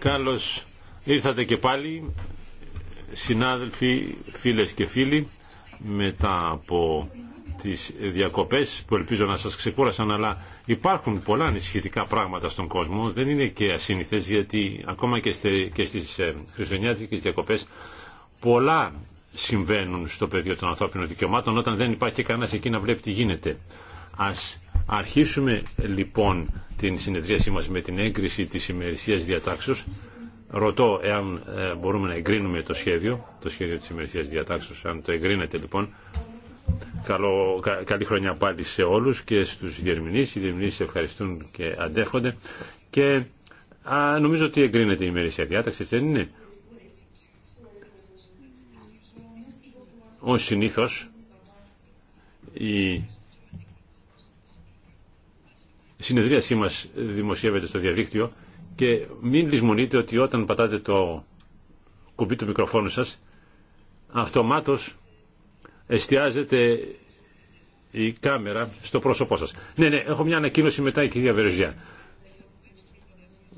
Καλώς ήρθατε και πάλι, συνάδελφοι, φίλες και φίλοι, μετά από τις διακοπές που ελπίζω να σας ξεκούρασαν, αλλά υπάρχουν πολλά ανησυχητικά πράγματα στον κόσμο, δεν είναι και ασύνηθες, γιατί ακόμα και στις ε, χριστουγεννιάτικες διακοπές πολλά συμβαίνουν στο πεδίο των ανθρώπινων δικαιωμάτων όταν δεν υπάρχει κανένα εκεί να βλέπει τι γίνεται. Ας Αρχίσουμε λοιπόν την συνεδρίασή μας με την έγκριση της ημερησίας διατάξεως. Ρωτώ εάν ε, μπορούμε να εγκρίνουμε το σχέδιο, το σχέδιο της ημερησίας διατάξεως, αν το εγκρίνετε λοιπόν. Καλό, καλή χρονιά πάλι σε όλους και στους διερμηνείς. Οι διερμηνείς ευχαριστούν και αντέχονται. Και α, νομίζω ότι εγκρίνεται η ημερησία διάταξη, έτσι δεν είναι. Ως συνήθως η συνεδρίασή μας δημοσιεύεται στο διαδίκτυο και μην λησμονείτε ότι όταν πατάτε το κουμπί του μικροφόνου σας αυτομάτως εστιάζεται η κάμερα στο πρόσωπό σας. Ναι, ναι, έχω μια ανακοίνωση μετά η κυρία Βεροζιά.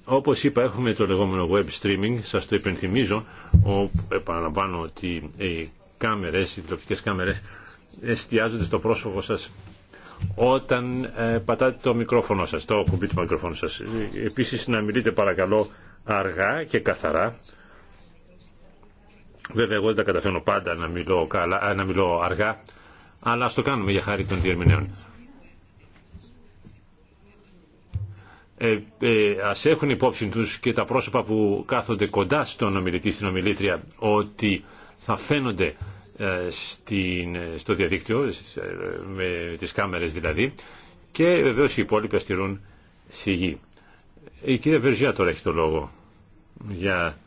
Όπως είπα έχουμε το λεγόμενο web streaming, σας το υπενθυμίζω, όπου επαναλαμβάνω ότι οι κάμερες, οι τηλεοπτικές κάμερες εστιάζονται στο πρόσωπο σας όταν ε, πατάτε το μικρόφωνο σας, το κουμπί του μικρόφωνο σας. Επίσης να μιλείτε παρακαλώ αργά και καθαρά. Βέβαια εγώ δεν τα καταφέρνω πάντα να μιλώ, καλά, ε, να μιλώ αργά, αλλά ας το κάνουμε για χάρη των διερμηνέων. Ε, ε, ας έχουν υπόψη τους και τα πρόσωπα που κάθονται κοντά στον ομιλητή, στην ομιλήτρια, ότι θα φαίνονται ε, στο διαδίκτυο, ε, με τις κάμερες δηλαδή, και βεβαίως οι υπόλοιποι αστηρούν σιγή. Η κυρία Βερζιά τώρα έχει το λόγο για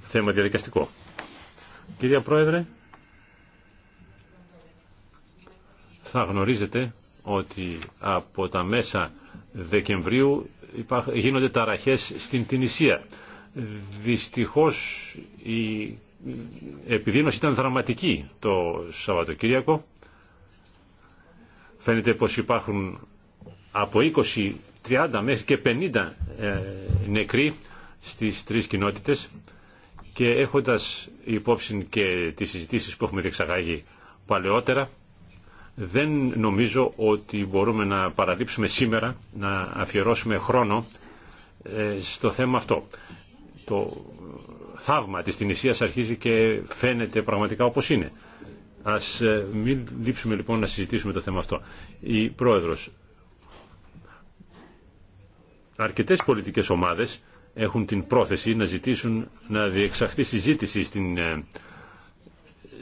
θέμα διαδικαστικό. Κυρία Πρόεδρε, θα γνωρίζετε ότι από τα μέσα Δεκεμβρίου γίνονται ταραχές στην Τινησία. Δυστυχώς η ε, επιδείνωση ήταν δραματική το Σαββατοκύριακο. Φαίνεται πως υπάρχουν από 20, 30 μέχρι και 50 ε, νεκροί στις τρεις κοινότητες και έχοντας υπόψη και τις συζητήσεις που έχουμε διεξαγάγει παλαιότερα δεν νομίζω ότι μπορούμε να παραλείψουμε σήμερα να αφιερώσουμε χρόνο ε, στο θέμα αυτό. Το θαύμα της Τινησίας αρχίζει και φαίνεται πραγματικά όπως είναι. Ας ε, μην λείψουμε λοιπόν να συζητήσουμε το θέμα αυτό. Η Πρόεδρος, αρκετές πολιτικές ομάδες έχουν την πρόθεση να ζητήσουν να διεξαχθεί συζήτηση στην, ε,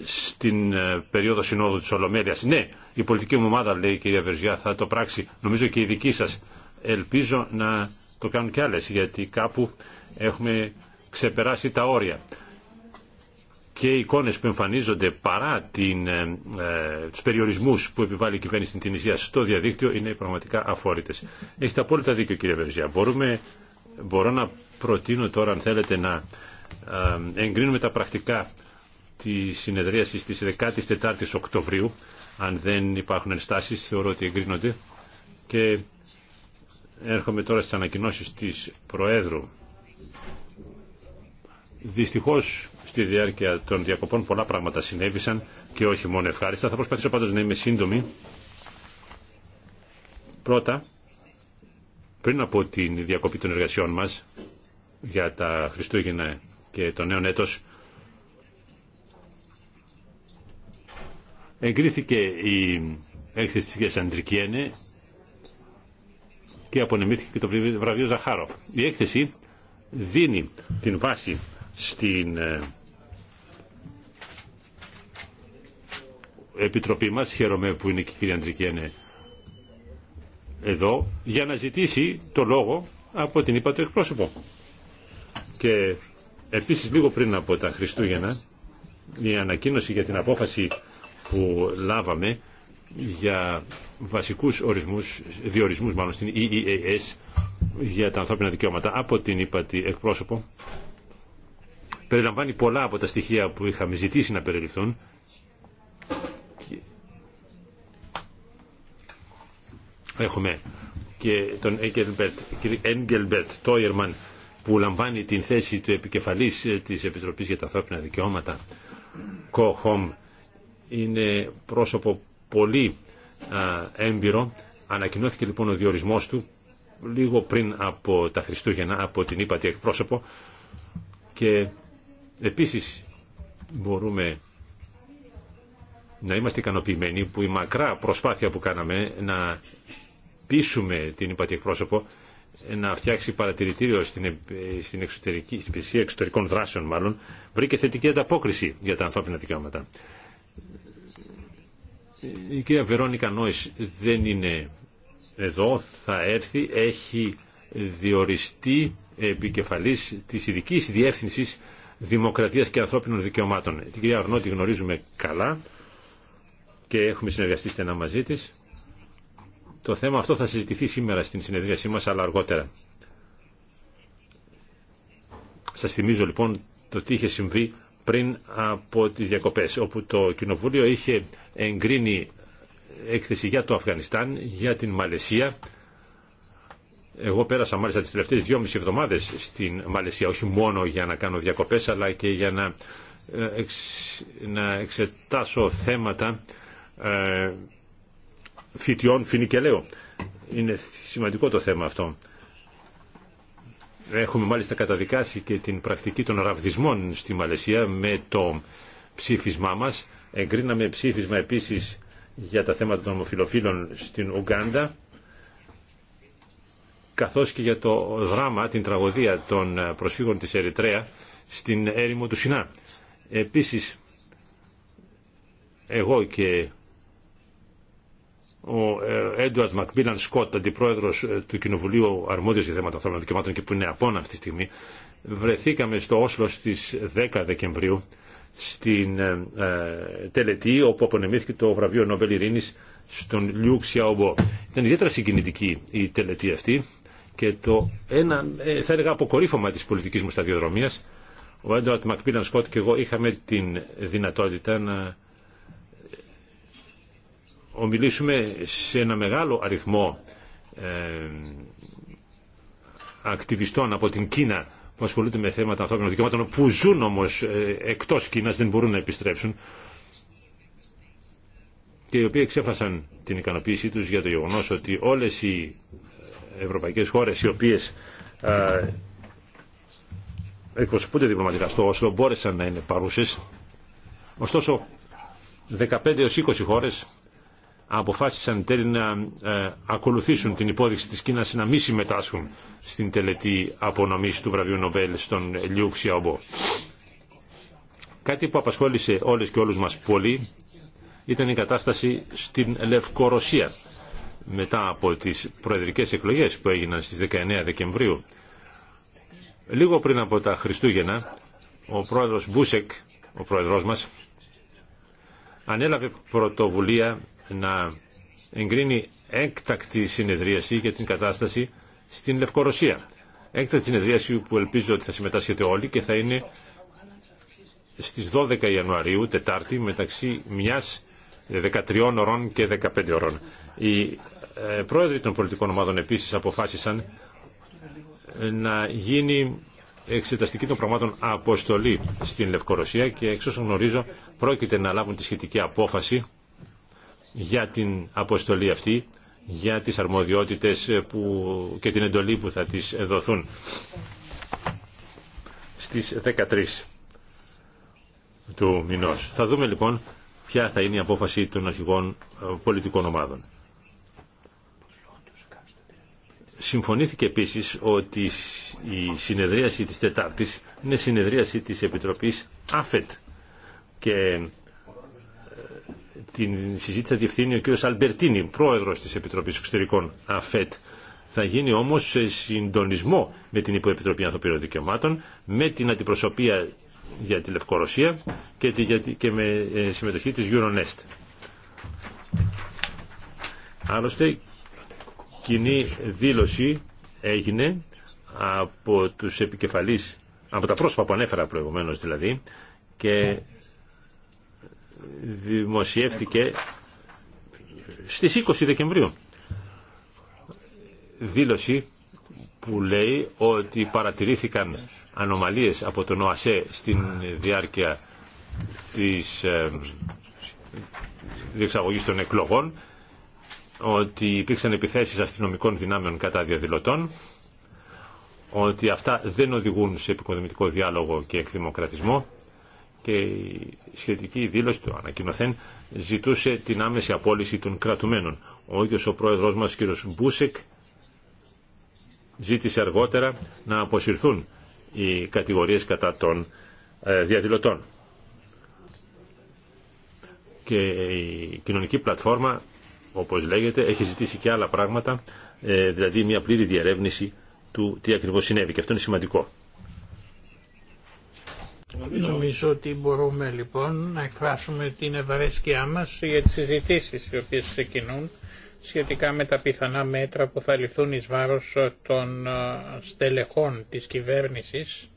στην ε, περίοδο συνόδου της Ολομέλειας. Ναι, η πολιτική μου ομάδα, λέει η κυρία Βερζιά, θα το πράξει. Νομίζω και η δική σας. Ελπίζω να το κάνουν κι άλλες, γιατί κάπου έχουμε ξεπεράσει τα όρια. Και οι εικόνες που εμφανίζονται παρά την, ε, ε, τους περιορισμούς που επιβάλλει η κυβέρνηση στην Τινησία στο διαδίκτυο είναι πραγματικά αφόρητες. Έχετε απόλυτα δίκιο κύριε Βερζιά. Μπορούμε, μπορώ να προτείνω τώρα αν θέλετε να ε, εγκρίνουμε τα πρακτικά τη συνεδρίαση τη 14η Οκτωβρίου. Αν δεν υπάρχουν ενστάσεις θεωρώ ότι εγκρίνονται. Και έρχομαι τώρα στις ανακοινώσει τη Προέδρου. Δυστυχώ στη διάρκεια των διακοπών πολλά πράγματα συνέβησαν και όχι μόνο ευχάριστα. Θα προσπαθήσω πάντω να είμαι σύντομη. Πρώτα, πριν από την διακοπή των εργασιών μας για τα Χριστούγεννα και το νέο έτος, εγκρίθηκε η έκθεση τη κυρίας και απονεμήθηκε και το βραβείο Ζαχάροφ. Η έκθεση δίνει την βάση στην ε, Επιτροπή μας, χαίρομαι που είναι και η κυρία Αντρικένε εδώ, για να ζητήσει το λόγο από την είπα εκπρόσωπο. Και επίσης λίγο πριν από τα Χριστούγεννα, η ανακοίνωση για την απόφαση που λάβαμε για βασικούς ορισμούς, διορισμούς μάλλον στην EEAS για τα ανθρώπινα δικαιώματα από την είπατη εκπρόσωπο περιλαμβάνει πολλά από τα στοιχεία που είχαμε ζητήσει να περιληφθούν. Έχουμε και τον Έγγελμπερτ Τόιερμαν που λαμβάνει την θέση του επικεφαλής της Επιτροπής για τα Ανθρώπινα Δικαιώματα. Κοχόμ είναι πρόσωπο πολύ έμπειρο. Ανακοινώθηκε λοιπόν ο διορισμός του λίγο πριν από τα Χριστούγεννα από την ύπατη εκπρόσωπο και Επίσης μπορούμε να είμαστε ικανοποιημένοι που η μακρά προσπάθεια που κάναμε να πείσουμε την υπατή εκπρόσωπο να φτιάξει παρατηρητήριο στην, στην εξωτερική, στην υπηρεσία εξωτερικών δράσεων μάλλον, βρήκε θετική ανταπόκριση για τα ανθρώπινα δικαιώματα. Ε, η κυρία Βερόνικα Νόης δεν είναι εδώ, θα έρθει, έχει διοριστεί επικεφαλής της ειδική διεύθυνση Δημοκρατίας και Ανθρώπινων Δικαιωμάτων. Την κυρία Αγνώτη γνωρίζουμε καλά και έχουμε συνεργαστεί στενά μαζί της. Το θέμα αυτό θα συζητηθεί σήμερα στην συνεδρίασή μας, αλλά αργότερα. Σας θυμίζω λοιπόν το τι είχε συμβεί πριν από τις διακοπές, όπου το Κοινοβούλιο είχε εγκρίνει έκθεση για το Αφγανιστάν, για την Μαλαισία, εγώ πέρασα μάλιστα τις τελευταίες δυόμιση εβδομάδες στην Μαλαισία, όχι μόνο για να κάνω διακοπές, αλλά και για να, ε, να εξετάσω θέματα ε, φοιτιών φινικελαίου. Είναι σημαντικό το θέμα αυτό. Έχουμε μάλιστα καταδικάσει και την πρακτική των ραβδισμών στη Μαλαισία με το ψήφισμά μας. Εγκρίναμε ψήφισμα επίσης για τα θέματα των ομοφιλοφίλων στην Ουγκάντα καθώς και για το δράμα, την τραγωδία των προσφύγων της Ερυτρέα στην έρημο του Σινά. Επίσης, εγώ και ο ε, Έντουαρτ Μακμίλαν Σκότ, αντιπρόεδρος ε, του Κοινοβουλίου Αρμόδιος για θέματα ανθρώπινων δικαιωμάτων και που είναι απόν αυτή τη στιγμή, βρεθήκαμε στο Όσλο στις 10 Δεκεμβρίου στην ε, τελετή όπου απονεμήθηκε το βραβείο Νόμπελ Ειρήνης στον Λιούξια Ομπο. Ήταν ιδιαίτερα συγκινητική η τελετή αυτή και το ένα, ε, θα έλεγα, αποκορύφωμα της πολιτικής μου σταδιοδρομίας. Ο Έντουαρτ Μακπίλαν Σκότ και εγώ είχαμε την δυνατότητα να ε, ομιλήσουμε σε ένα μεγάλο αριθμό ε, ακτιβιστών από την Κίνα που ασχολούνται με θέματα ανθρώπινων δικαιωμάτων που ζουν όμως εκτός Κίνας δεν μπορούν να επιστρέψουν και οι οποίοι εξέφασαν την ικανοποίησή τους για το γεγονός ότι όλες οι ευρωπαϊκές χώρες οι οποίες ε, εκπροσωπούνται διπλωματικά στο Όσλο μπόρεσαν να είναι παρούσες. Ωστόσο, 15 έως 20 χώρες αποφάσισαν τέλει να ε, ακολουθήσουν την υπόδειξη της Κίνας να μην συμμετάσχουν στην τελετή απονομής του βραβείου Νομπέλ στον Λιού Ξιαομπό. Κάτι που απασχόλησε όλες και όλους μας πολύ ήταν η κατάσταση στην Λευκορωσία μετά από τις προεδρικές εκλογές που έγιναν στις 19 Δεκεμβρίου. Λίγο πριν από τα Χριστούγεννα, ο πρόεδρος Μπούσεκ, ο πρόεδρός μας, ανέλαβε πρωτοβουλία να εγκρίνει έκτακτη συνεδρίαση για την κατάσταση στην Λευκορωσία. Έκτακτη συνεδρίαση που ελπίζω ότι θα συμμετάσχετε όλοι και θα είναι στις 12 Ιανουαρίου, Τετάρτη, μεταξύ μιας 13 ωρών και 15 ωρών. Ε, πρόεδροι των πολιτικών ομάδων επίσης αποφάσισαν να γίνει εξεταστική των πραγμάτων αποστολή στην Λευκορωσία και εξ όσων γνωρίζω πρόκειται να λάβουν τη σχετική απόφαση για την αποστολή αυτή, για τις αρμοδιότητες που, και την εντολή που θα τις δοθούν στις 13 του μηνός. Θα δούμε λοιπόν ποια θα είναι η απόφαση των αρχηγών ε, πολιτικών ομάδων. Συμφωνήθηκε επίσης ότι η συνεδρίαση της Τετάρτης είναι συνεδρίαση της Επιτροπής ΑΦΕΤ και ε, την συζήτηση διευθύνει ο κ. Αλμπερτίνη, πρόεδρος της Επιτροπής Εξωτερικών ΑΦΕΤ. Θα γίνει όμως σε συντονισμό με την Υποεπιτροπή Ανθρωπίνων Δικαιωμάτων, με την Αντιπροσωπεία για τη Λευκορωσία και, και με ε, συμμετοχή της Euronest. Άλλωστε κοινή δήλωση έγινε από τους επικεφαλείς, από τα πρόσωπα που ανέφερα προηγουμένως δηλαδή και δημοσιεύθηκε στις 20 Δεκεμβρίου δήλωση που λέει ότι παρατηρήθηκαν ανομαλίες από τον ΟΑΣΕ στην διάρκεια της ε, διεξαγωγής των εκλογών ότι υπήρξαν επιθέσεις αστυνομικών δυνάμεων κατά διαδηλωτών, ότι αυτά δεν οδηγούν σε επικοδομητικό διάλογο και εκδημοκρατισμό και η σχετική δήλωση του ανακοινωθέν ζητούσε την άμεση απόλυση των κρατουμένων. Ο ίδιος ο πρόεδρος μας κ. Μπούσεκ ζήτησε αργότερα να αποσυρθούν οι κατηγορίες κατά των ε, διαδηλωτών. Και η κοινωνική πλατφόρμα όπως λέγεται, έχει ζητήσει και άλλα πράγματα, ε, δηλαδή μια πλήρη διερεύνηση του τι ακριβώς συνέβη και αυτό είναι σημαντικό. Νομίζω ότι μπορούμε λοιπόν να εκφράσουμε την ευαρέσκειά μας για τις συζητήσεις οι οποίες ξεκινούν σχετικά με τα πιθανά μέτρα που θα ληφθούν εις βάρος των ε, στελεχών της κυβέρνησης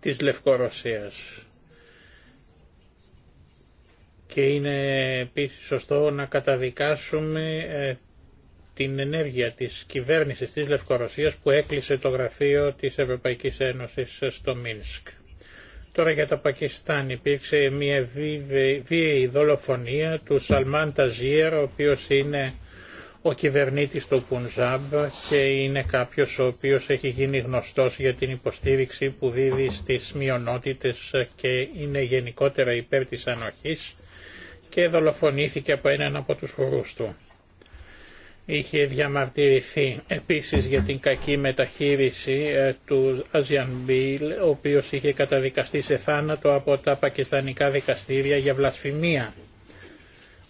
της Λευκορωσίας και είναι επίσης σωστό να καταδικάσουμε ε, την ενέργεια της κυβέρνησης της Λευκορωσίας που έκλεισε το γραφείο της Ευρωπαϊκής Ένωσης στο Μίνσκ. Τώρα για το Πακιστάν υπήρξε μια βίαιη δολοφονία του Σαλμάν Ταζίερ, ο οποίος είναι ο κυβερνήτης του Πουντζάμπ και είναι κάποιος ο οποίος έχει γίνει γνωστός για την υποστήριξη που δίδει στις μειονότητες και είναι γενικότερα υπέρ της ανοχής και δολοφονήθηκε από έναν από τους φορούς του. Είχε διαμαρτυρηθεί επίσης για την κακή μεταχείριση ε, του Αζιαν Μπίλ, ο οποίος είχε καταδικαστεί σε θάνατο από τα πακιστανικά δικαστήρια για βλασφημία.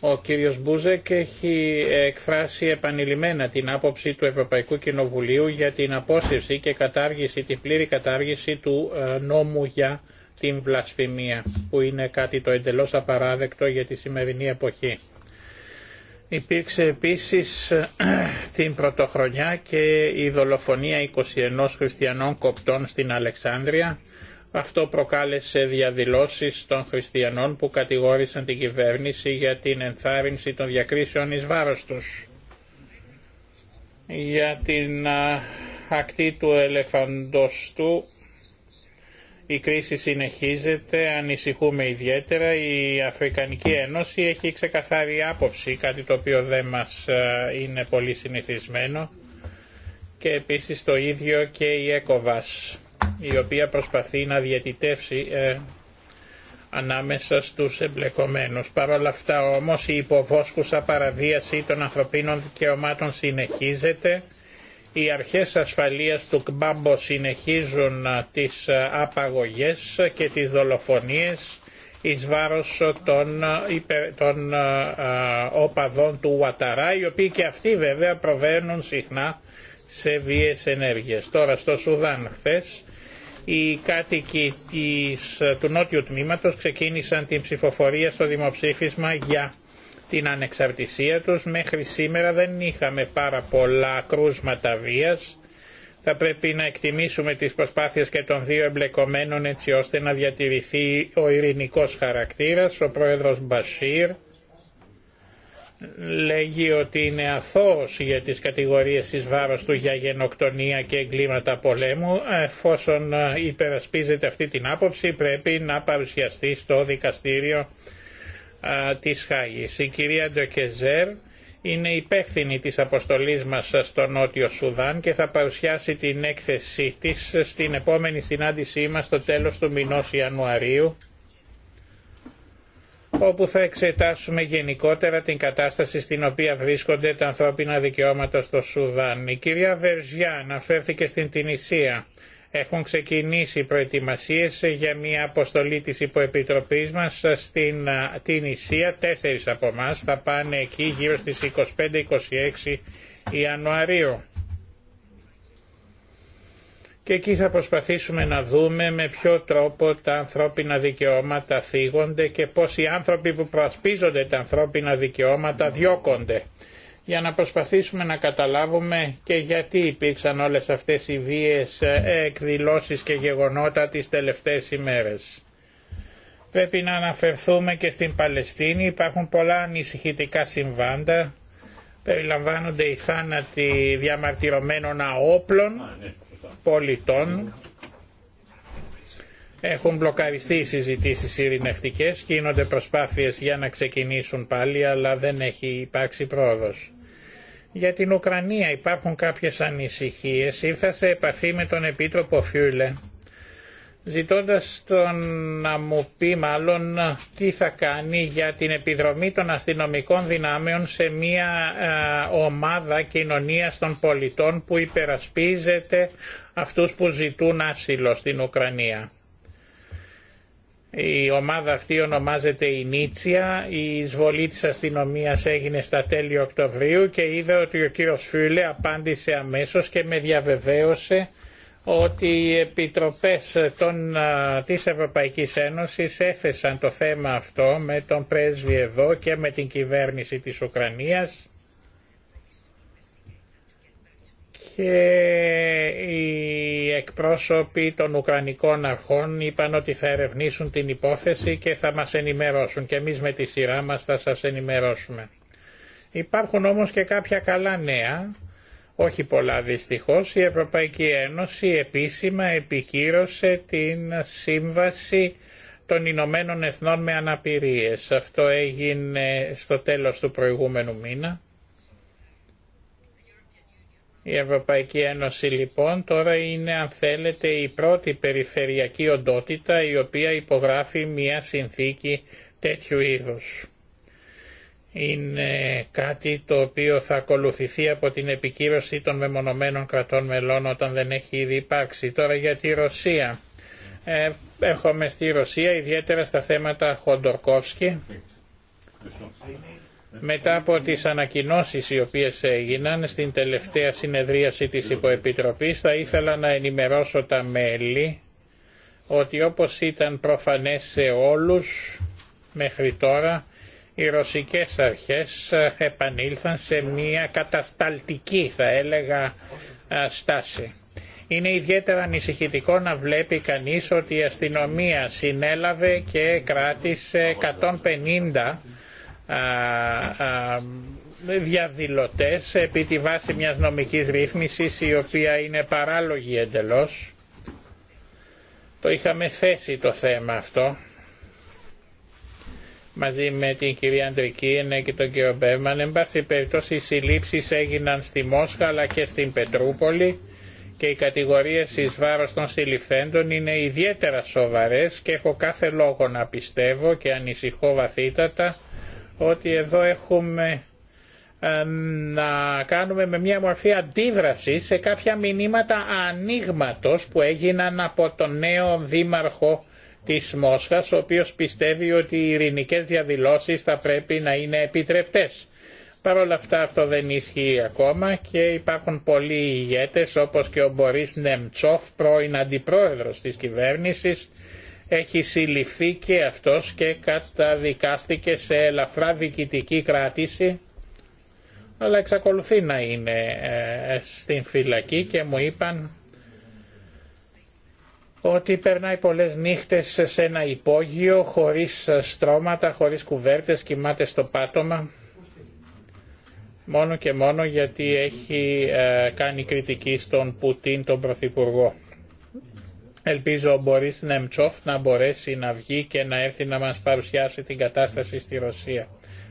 Ο κύριος Μπούζεκ έχει εκφράσει επανειλημμένα την άποψη του Ευρωπαϊκού Κοινοβουλίου για την απόσυρση και κατάργηση, την πλήρη κατάργηση του ε, νόμου για την βλασφημία που είναι κάτι το εντελώς απαράδεκτο για τη σημερινή εποχή. Υπήρξε επίσης την πρωτοχρονιά και η δολοφονία 21 χριστιανών κοπτών στην Αλεξάνδρεια. Αυτό προκάλεσε διαδηλώσεις των χριστιανών που κατηγόρησαν την κυβέρνηση για την ενθάρρυνση των διακρίσεων εις βάρος τους. Για την ακτή του ελεφαντοστού η κρίση συνεχίζεται, ανησυχούμε ιδιαίτερα. Η Αφρικανική Ένωση έχει ξεκαθαρή άποψη, κάτι το οποίο δεν μας ε, είναι πολύ συνηθισμένο. Και επίσης το ίδιο και η ΕΚΟΒΑΣ, η οποία προσπαθεί να διαιτητεύσει ε, ανάμεσα στους εμπλεκομένους. Παρ' όλα αυτά όμως η υποβόσκουσα παραβίαση των ανθρωπίνων δικαιωμάτων συνεχίζεται οι αρχές ασφαλείας του Κμπάμπο συνεχίζουν τις απαγωγές και τις δολοφονίες εις βάρος των, οπαδών του Ουαταρά, οι οποίοι και αυτοί βέβαια προβαίνουν συχνά σε βίες ενέργειες. Τώρα στο Σουδάν χθε οι κάτοικοι του νότιου τμήματος ξεκίνησαν την ψηφοφορία στο δημοψήφισμα για την ανεξαρτησία τους. Μέχρι σήμερα δεν είχαμε πάρα πολλά κρούσματα βίας. Θα πρέπει να εκτιμήσουμε τις προσπάθειες και των δύο εμπλεκομένων έτσι ώστε να διατηρηθεί ο ειρηνικός χαρακτήρας. Ο πρόεδρος Μπασίρ λέγει ότι είναι αθώος για τις κατηγορίες εις βάρος του για γενοκτονία και εγκλήματα πολέμου. Εφόσον υπερασπίζεται αυτή την άποψη πρέπει να παρουσιαστεί στο δικαστήριο της Χάγης. Η κυρία Ντοκεζέρ είναι υπεύθυνη της αποστολής μας στο Νότιο Σουδάν και θα παρουσιάσει την έκθεσή της στην επόμενη συνάντησή μας στο τέλος του μηνός Ιανουαρίου όπου θα εξετάσουμε γενικότερα την κατάσταση στην οποία βρίσκονται τα ανθρώπινα δικαιώματα στο Σουδάν. Η κυρία Βερζιά αναφέρθηκε στην Τινησία. Έχουν ξεκινήσει προετοιμασίες για μια αποστολή της υποεπιτροπής μας στην την Ισία. Τέσσερις από εμά θα πάνε εκεί γύρω στις 25-26 Ιανουαρίου. Και εκεί θα προσπαθήσουμε να δούμε με ποιο τρόπο τα ανθρώπινα δικαιώματα θίγονται και πώς οι άνθρωποι που προασπίζονται τα ανθρώπινα δικαιώματα διώκονται για να προσπαθήσουμε να καταλάβουμε και γιατί υπήρξαν όλες αυτές οι βίες ε, εκδηλώσεις και γεγονότα τις τελευταίες ημέρες. Πρέπει να αναφερθούμε και στην Παλαιστίνη, υπάρχουν πολλά ανησυχητικά συμβάντα, περιλαμβάνονται οι θάνατοι διαμαρτυρωμένων αόπλων πολιτών, έχουν μπλοκαριστεί οι συζητήσεις ειρηνευτικές, Κίνονται προσπάθειες για να ξεκινήσουν πάλι, αλλά δεν έχει υπάρξει πρόοδος. Για την Ουκρανία υπάρχουν κάποιες ανησυχίες. Ήρθα σε επαφή με τον Επίτροπο Φιούλε ζητώντας τον να μου πει μάλλον τι θα κάνει για την επιδρομή των αστυνομικών δυνάμεων σε μια ε, ομάδα κοινωνίας των πολιτών που υπερασπίζεται αυτούς που ζητούν άσυλο στην Ουκρανία. Η ομάδα αυτή ονομάζεται η Νίτσια, η εισβολή της αστυνομίας έγινε στα τέλη Οκτωβρίου και είδα ότι ο κύριος Φιούλε απάντησε αμέσως και με διαβεβαίωσε ότι οι επιτροπές των, της Ευρωπαϊκής Ένωσης έθεσαν το θέμα αυτό με τον πρέσβη εδώ και με την κυβέρνηση της Ουκρανίας και οι εκπρόσωποι των Ουκρανικών αρχών είπαν ότι θα ερευνήσουν την υπόθεση και θα μας ενημερώσουν και εμείς με τη σειρά μας θα σας ενημερώσουμε. Υπάρχουν όμως και κάποια καλά νέα, όχι πολλά δυστυχώς. Η Ευρωπαϊκή Ένωση επίσημα επικύρωσε την σύμβαση των Ηνωμένων Εθνών με αναπηρίες. Αυτό έγινε στο τέλος του προηγούμενου μήνα η Ευρωπαϊκή Ένωση λοιπόν τώρα είναι αν θέλετε η πρώτη περιφερειακή οντότητα η οποία υπογράφει μια συνθήκη τέτοιου είδους. Είναι κάτι το οποίο θα ακολουθηθεί από την επικύρωση των μεμονωμένων κρατών μελών όταν δεν έχει ήδη υπάρξει. Τώρα για τη Ρωσία. Ε, έρχομαι στη Ρωσία ιδιαίτερα στα θέματα Χοντορκόφσκι μετά από τις ανακοινώσεις οι οποίες έγιναν στην τελευταία συνεδρίαση της Υποεπιτροπής θα ήθελα να ενημερώσω τα μέλη ότι όπως ήταν προφανές σε όλους μέχρι τώρα οι ρωσικές αρχές επανήλθαν σε μια κατασταλτική θα έλεγα στάση. Είναι ιδιαίτερα ανησυχητικό να βλέπει κανείς ότι η αστυνομία συνέλαβε και κράτησε 150 διαδηλωτές επί τη βάση μιας νομικής ρύθμισης η οποία είναι παράλογη εντελώς. Το είχαμε θέσει το θέμα αυτό μαζί με την κυρία Αντρική και τον κύριο Μπέρμαν. Εν πάση περιπτώσει οι συλλήψεις έγιναν στη Μόσχα αλλά και στην Πετρούπολη και οι κατηγορίες εις βάρος των συλληφθέντων είναι ιδιαίτερα σοβαρές και έχω κάθε λόγο να πιστεύω και ανησυχώ βαθύτατα ότι εδώ έχουμε ε, να κάνουμε με μια μορφή αντίδραση σε κάποια μηνύματα ανοίγματο που έγιναν από τον νέο δήμαρχο της Μόσχας, ο οποίος πιστεύει ότι οι ειρηνικές διαδηλώσεις θα πρέπει να είναι επιτρεπτές. Παρ' όλα αυτά αυτό δεν ισχύει ακόμα και υπάρχουν πολλοί ηγέτες όπως και ο Μπορίς Νεμτσόφ, πρώην αντιπρόεδρος της κυβέρνησης, έχει συλληφθεί και αυτός και καταδικάστηκε σε ελαφρά διοικητική κράτηση αλλά εξακολουθεί να είναι ε, στην φυλακή και μου είπαν ότι περνάει πολλές νύχτες σε ένα υπόγειο χωρίς στρώματα, χωρίς κουβέρτες, κοιμάται στο πάτωμα μόνο και μόνο γιατί έχει ε, κάνει κριτική στον Πουτίν τον Πρωθυπουργό. Ελπίζω ο Μπορίς Νεμτσόφ να μπορέσει να βγει και να έρθει να μας παρουσιάσει την κατάσταση στη Ρωσία.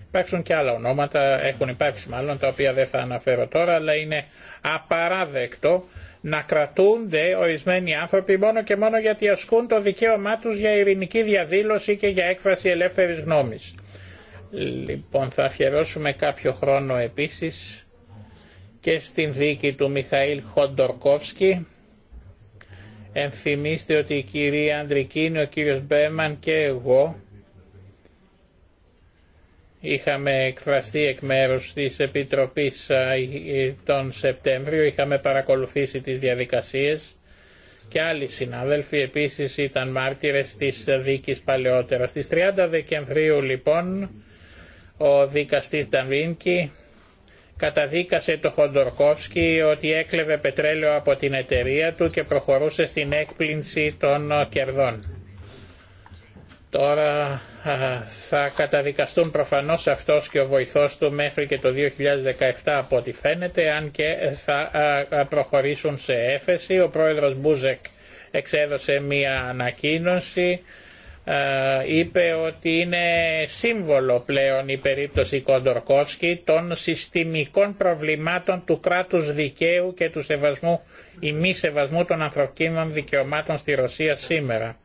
Υπάρχουν και άλλα ονόματα, έχουν υπάρξει μάλλον, τα οποία δεν θα αναφέρω τώρα, αλλά είναι απαράδεκτο να κρατούνται ορισμένοι άνθρωποι μόνο και μόνο γιατί ασκούν το δικαίωμά τους για ειρηνική διαδήλωση και για έκφραση ελεύθερης γνώμης. Λοιπόν, θα αφιερώσουμε κάποιο χρόνο επίσης και στην δίκη του Μιχαήλ Χοντορκόφσκι Ενθυμίστε ότι η κυρία Ανδρικίνη, ο κύριος Μπέμαν και εγώ είχαμε εκφραστεί εκ μέρους της Επιτροπής τον Σεπτέμβριο, είχαμε παρακολουθήσει τις διαδικασίες και άλλοι συνάδελφοι επίσης ήταν μάρτυρες της δίκης παλαιότερα. Στις 30 Δεκεμβρίου λοιπόν ο δικαστής Νταβίνκι καταδίκασε το Χοντορκόφσκι ότι έκλεβε πετρέλαιο από την εταιρεία του και προχωρούσε στην έκπληνση των ε, κερδών. Τώρα θα καταδικαστούν προφανώς αυτός και ο βοηθός του μέχρι και το 2017 από ό,τι φαίνεται, αν και θα προχωρήσουν σε έφεση. Ο πρόεδρος Μπούζεκ εξέδωσε μία ανακοίνωση ε, είπε ότι είναι σύμβολο πλέον η περίπτωση Κοντορκόσκη των συστημικών προβλημάτων του κράτους δικαίου και του σεβασμού ή μη σεβασμού των ανθρωπίνων δικαιωμάτων στη Ρωσία σήμερα.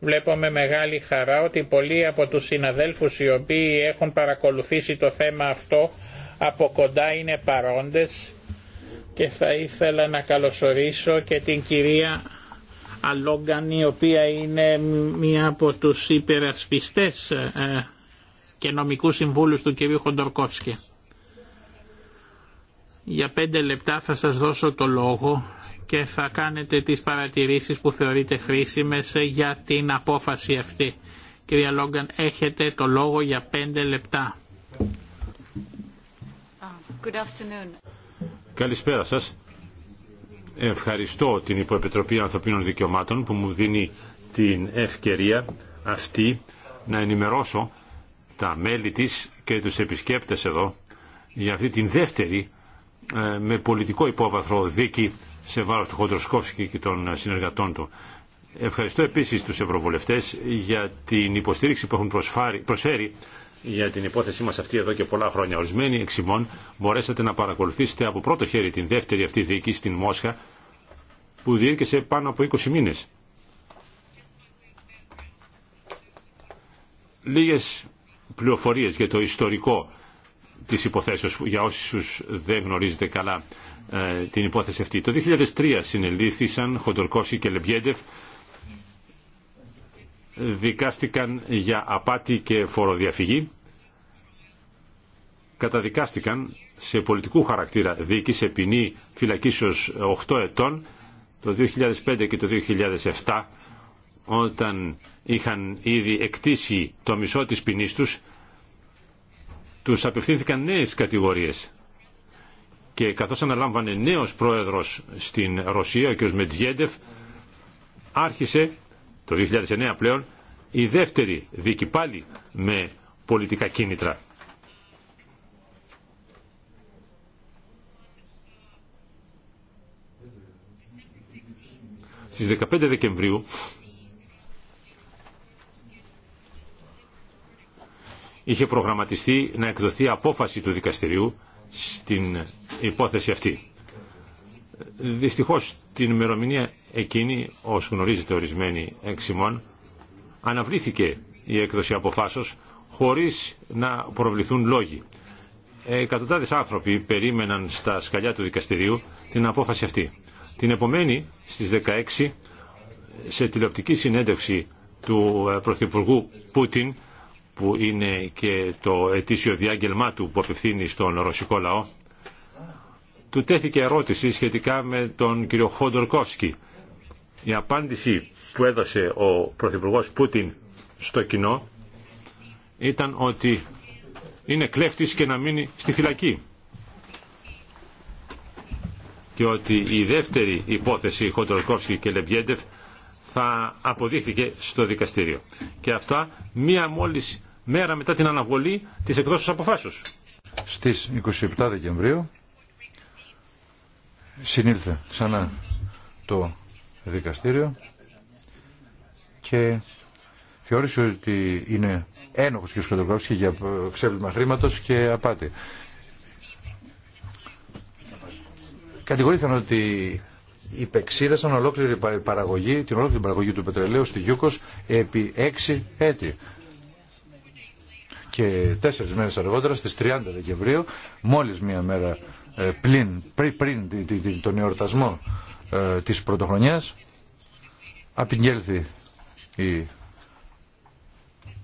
Βλέπω με μεγάλη χαρά ότι πολλοί από τους συναδέλφους οι οποίοι έχουν παρακολουθήσει το θέμα αυτό από κοντά είναι παρόντες και θα ήθελα να καλωσορίσω και την κυρία Αλόγκαν η οποία είναι μία από τους υπερασπιστές ε, και νομικούς συμβούλους του κυρίου Χοντορκόφσκη. Για πέντε λεπτά θα σας δώσω το λόγο και θα κάνετε τις παρατηρήσεις που θεωρείτε χρήσιμες ε, για την απόφαση αυτή. Κυρία Λόγκαν, έχετε το λόγο για πέντε λεπτά. Ah, Καλησπέρα σας. Ευχαριστώ την Υποεπιτροπή Ανθρωπίνων Δικαιωμάτων που μου δίνει την ευκαιρία αυτή να ενημερώσω τα μέλη της και τους επισκέπτες εδώ για αυτή την δεύτερη ε, με πολιτικό υπόβαθρο δίκη σε βάρος του Χοντροσκόφσκη και των συνεργατών του. Ευχαριστώ επίσης τους Ευρωβουλευτές για την υποστήριξη που έχουν προσφέρει για την υπόθεσή μας αυτή εδώ και πολλά χρόνια. Ορισμένοι εξ ημών μπορέσατε να παρακολουθήσετε από πρώτο χέρι την δεύτερη αυτή δίκη στην Μόσχα που διήρκεσε πάνω από 20 μήνες. Λίγες πληροφορίες για το ιστορικό της υποθέσεως για όσους δεν γνωρίζετε καλά ε, την υπόθεση αυτή. Το 2003 συνελήφθησαν Χοντορκόφσκι και Λεμπιέντεφ δικάστηκαν για απάτη και φοροδιαφυγή καταδικάστηκαν σε πολιτικού χαρακτήρα δίκη σε ποινή φυλακίσεως 8 ετών το 2005 και το 2007 όταν είχαν ήδη εκτίσει το μισό της ποινή τους τους απευθύνθηκαν νέες κατηγορίες και καθώς αναλάμβανε νέος πρόεδρος στην Ρωσία ο κ. Μετζιέντεφ άρχισε το 2009 πλέον η δεύτερη δίκη πάλι με πολιτικά κίνητρα. Στις 15 Δεκεμβρίου είχε προγραμματιστεί να εκδοθεί απόφαση του δικαστηρίου στην υπόθεση αυτή. Δυστυχώς την ημερομηνία εκείνη, ως γνωρίζετε ορισμένη εξημών, αναβλήθηκε η έκδοση αποφάσεως χωρίς να προβληθούν λόγοι. Εκατοντάδες άνθρωποι περίμεναν στα σκαλιά του δικαστηρίου την απόφαση αυτή. Την επομένη, στις 16, σε τηλεοπτική συνέντευξη του ε, Πρωθυπουργού Πούτιν, που είναι και το ετήσιο διάγγελμά του που απευθύνει στον ρωσικό λαό, του τέθηκε ερώτηση σχετικά με τον κύριο Χοντορκόφσκι, η απάντηση που έδωσε ο Πρωθυπουργό Πούτιν στο κοινό ήταν ότι είναι κλέφτης και να μείνει στη φυλακή. Και ότι η δεύτερη υπόθεση Χοντορκόφσκι και Λεμπιέντεφ θα αποδείχθηκε στο δικαστήριο. Και αυτά μία μόλις μέρα μετά την αναβολή της εκδόσης αποφάσεως. Στις 27 Δεκεμβρίου συνήλθε ξανά το δικαστήριο και θεώρησε ότι είναι ένοχος και σκοτωγράφηση για ξέπλυμα χρήματος και απάτη. Κατηγορήθηκαν ότι υπεξήρασαν ολόκληρη παραγωγή, την ολόκληρη παραγωγή του πετρελαίου στη Γιούκος επί έξι έτη. Και τέσσερις μέρες αργότερα, στις 30 Δεκεμβρίου, μόλις μία μέρα ε, πλην, πριν, πριν τον εορτασμό ε, της πρωτοχρονιάς απειγγέλθη η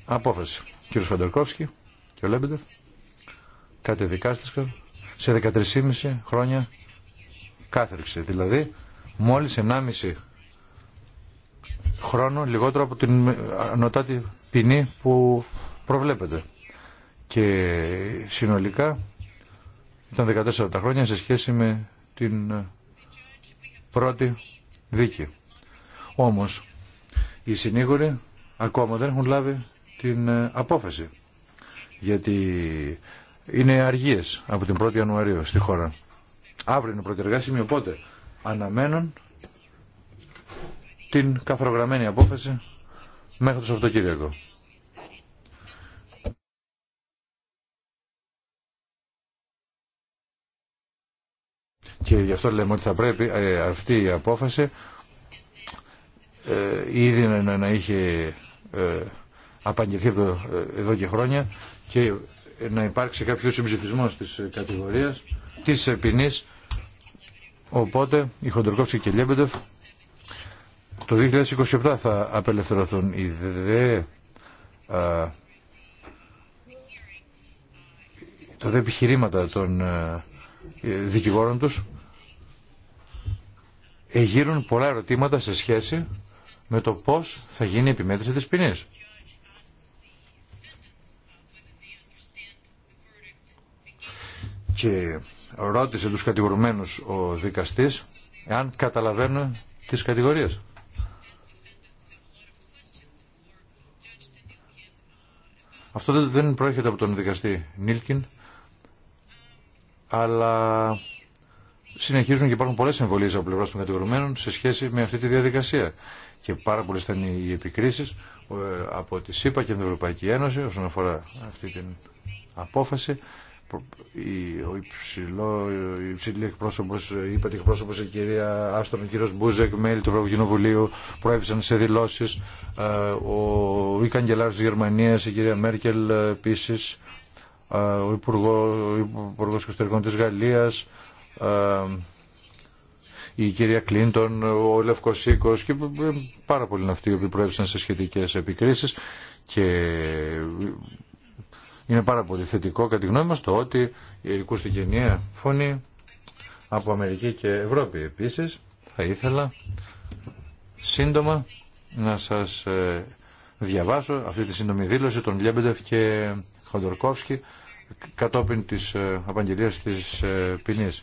απόφαση. Κύριο Φαντερκόφσκι και ο Λέμπεντερ κατεδικάστηκαν σε 13,5 χρόνια κάθεξε, Δηλαδή μόλις 1,5 χρόνο λιγότερο από την ανωτάτη ποινή που προβλέπεται. Και συνολικά ήταν 14 τα χρόνια σε σχέση με την πρώτη δίκη. Όμως, οι συνήγοροι ακόμα δεν έχουν λάβει την ε, απόφαση. Γιατί είναι αργίες από την 1η Ιανουαρίου στη χώρα. Αύριο είναι πρώτη οπότε αναμένουν την καθρογραμμένη απόφαση μέχρι το Σαββατοκύριακο. Και γι' αυτό λέμε ότι θα πρέπει ε, αυτή η απόφαση ε, ήδη να είχε ε, απαγγελθεί εδώ και χρόνια και να υπάρξει κάποιος συμψηφισμό της κατηγορίας, της ποινή. Οπότε η Χοντροκόφσκι και Λέμπετεφ το 2027 θα απελευθερωθούν οι δε, το δε επιχειρήματα των ε, δικηγόρων τους εγείρουν πολλά ερωτήματα σε σχέση με το πώς θα γίνει η επιμέτρηση της ποινής. Και ρώτησε τους κατηγορουμένους ο δικαστής αν καταλαβαίνουν τις κατηγορίες. Αυτό δεν προέρχεται από τον δικαστή Νίλκιν, αλλά συνεχίζουν και υπάρχουν πολλές εμβολίες από πλευρά των κατηγορουμένων σε σχέση με αυτή τη διαδικασία. Και πάρα πολλές ήταν οι επικρίσεις ε, από τη ΣΥΠΑ και την Ευρωπαϊκή Ένωση όσον αφορά αυτή την απόφαση. Ο υψηλό, η υψηλή εκπρόσωπο, η είπατε εκπρόσωπο, η κυρία Άστον, ο κύριο Μπούζεκ, μέλη του Ευρωπαϊκού Κοινοβουλίου, προέβησαν σε δηλώσει. Ε, ο, ο καγκελάριο τη Γερμανία, η κυρία Μέρκελ, ε, επίση, ε, ο Υπουργός Εξωτερικών της Γαλλίας, ε, η κυρία Κλίντον, ο Λευκός Σίκος και ε, πάρα πολλοί αυτοί οι οποίοι προέβησαν σε σχετικές επικρίσεις και είναι πάρα πολύ θετικό κατά τη γνώμη μας το ότι στην γενία φωνή από Αμερική και Ευρώπη. Επίσης θα ήθελα σύντομα να σας διαβάσω αυτή τη σύντομη δήλωση των Λιέμπεντεφ και Χοντορκόφσκι κατόπιν της ε, απαγγελίας της ε, ποινής.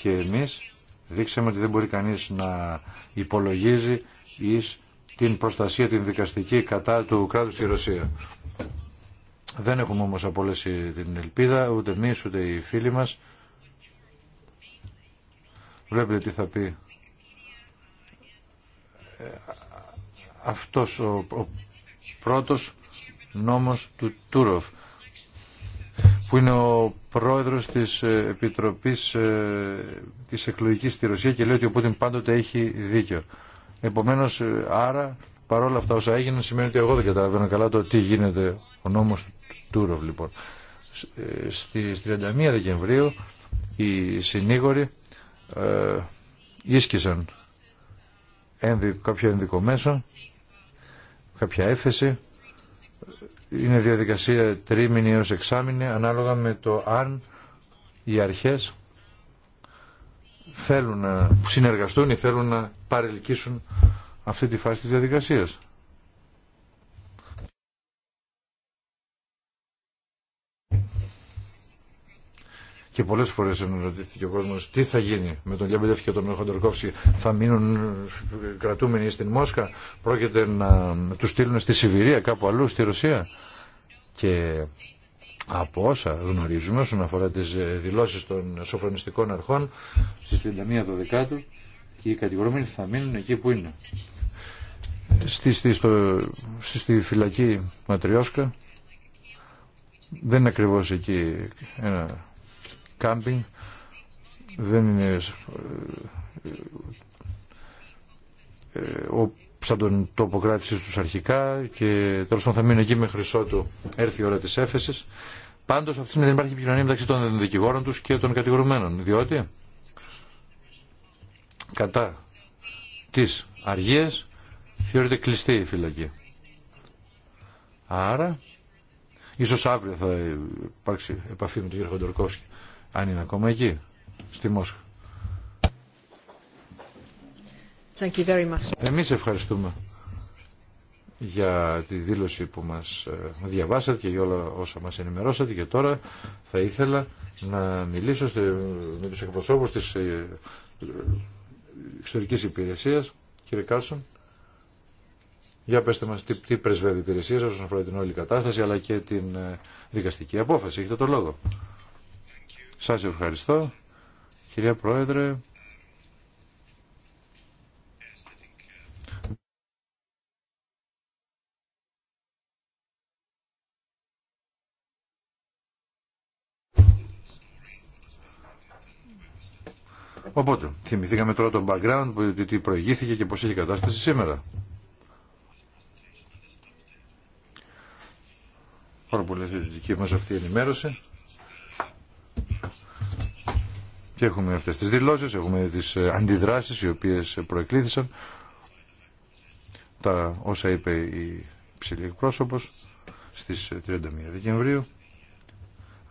Και εμείς δείξαμε ότι δεν μπορεί κανείς να υπολογίζει εις την προστασία την δικαστική κατά του κράτους στη Ρωσία. Δεν έχουμε όμως απολέσει την ελπίδα, ούτε εμεί ούτε οι φίλοι μας. Βλέπετε τι θα πει ε, αυτός ο, ο πρώτος νόμος του Τούροφ που είναι ο πρόεδρος της ε, Επιτροπής ε, της Εκλογικής στη Ρωσία και λέει ότι ο Πούτιν πάντοτε έχει δίκιο. Επομένως, ε, άρα, παρόλα αυτά όσα έγιναν, σημαίνει ότι εγώ δεν καταλαβαίνω καλά το τι γίνεται ο νόμος του Τούροφ, λοιπόν. Στις 31 Δεκεμβρίου οι συνήγοροι ε, ίσκησαν κάποιο ένδικο μέσο, κάποια έφεση είναι διαδικασία τρίμηνη έως εξάμηνη ανάλογα με το αν οι αρχές θέλουν να συνεργαστούν ή θέλουν να παρελκύσουν αυτή τη φάση της διαδικασίας. Και πολλέ φορέ ρωτήθηκε ο κόσμο τι θα γίνει με τον Λιαμπεντεφ και τον Χοντερκόφσκι. Θα μείνουν κρατούμενοι στην Μόσχα, πρόκειται να του στείλουν στη Σιβηρία, κάπου αλλού, στη Ρωσία. Και από όσα γνωρίζουμε όσον αφορά τι δηλώσει των σοφρονιστικών αρχών στι 31 Δεκάτου, οι κατηγορούμενοι θα μείνουν εκεί που είναι. Στη, στη, στη φυλακή Ματριόσκα δεν είναι ακριβώς εκεί ένα κάμπινγκ δεν είναι ε, ε, ο, σαν τον τόπο κράτηση τους αρχικά και τέλος πάντων θα μείνουν εκεί μέχρι ότου έρθει η ώρα της έφεσης. Πάντως αυτή δεν υπάρχει επικοινωνία μεταξύ των δικηγόρων τους και των κατηγορουμένων, διότι κατά τις αργίες θεωρείται κλειστή η φυλακή. Άρα, ίσως αύριο θα υπάρξει επαφή με τον κ. Χοντορκόφσκι αν είναι ακόμα εκεί, στη Μόσχα. Thank Εμείς ευχαριστούμε για τη δήλωση που μας ε, διαβάσατε και για όλα όσα μας ενημερώσατε και τώρα θα ήθελα να μιλήσω με τους εκπροσώπους της ε, εξωτερικής υπηρεσίας κύριε Κάρσον για πέστε μας τι, τι πρεσβεύει η υπηρεσία σας όσον αφορά την όλη κατάσταση αλλά και την ε, δικαστική απόφαση έχετε το λόγο σας ευχαριστώ, κυρία Πρόεδρε. Οπότε, θυμηθήκαμε τώρα τον background, που, τι προηγήθηκε και πώς έχει κατάσταση σήμερα. Πάρα πολύ θετική μας αυτή η ενημέρωση. Και έχουμε αυτές τις δηλώσεις, έχουμε τις ε, αντιδράσεις οι οποίες προεκλήθησαν, τα όσα είπε η ψηλή εκπρόσωπος στις 31 ε, Δεκεμβρίου,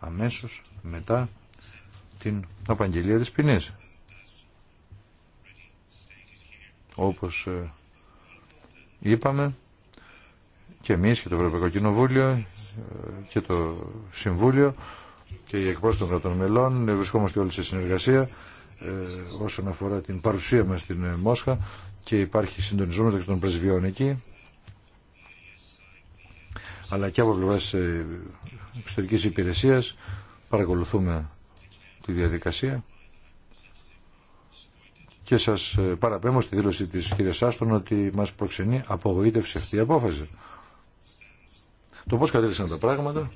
αμέσως μετά την απαγγελία της ποινής. Όπως ε, είπαμε, και εμείς και το Ευρωπαϊκό Κοινοβούλιο και το Συμβούλιο και οι εκπρόσωποι των κρατών μελών. Ε, βρισκόμαστε όλοι σε συνεργασία ε, όσον αφορά την παρουσία μας στην ε, Μόσχα και υπάρχει συντονισμό μεταξύ των πρεσβειών εκεί αλλά και από πλευράς εξωτερική υπηρεσία παρακολουθούμε τη διαδικασία και σας παραπέμπω στη δήλωση της κυρίας Άστον ότι μας προξενεί απογοήτευση αυτή η απόφαση. Το πώς κατέληξαν τα πράγματα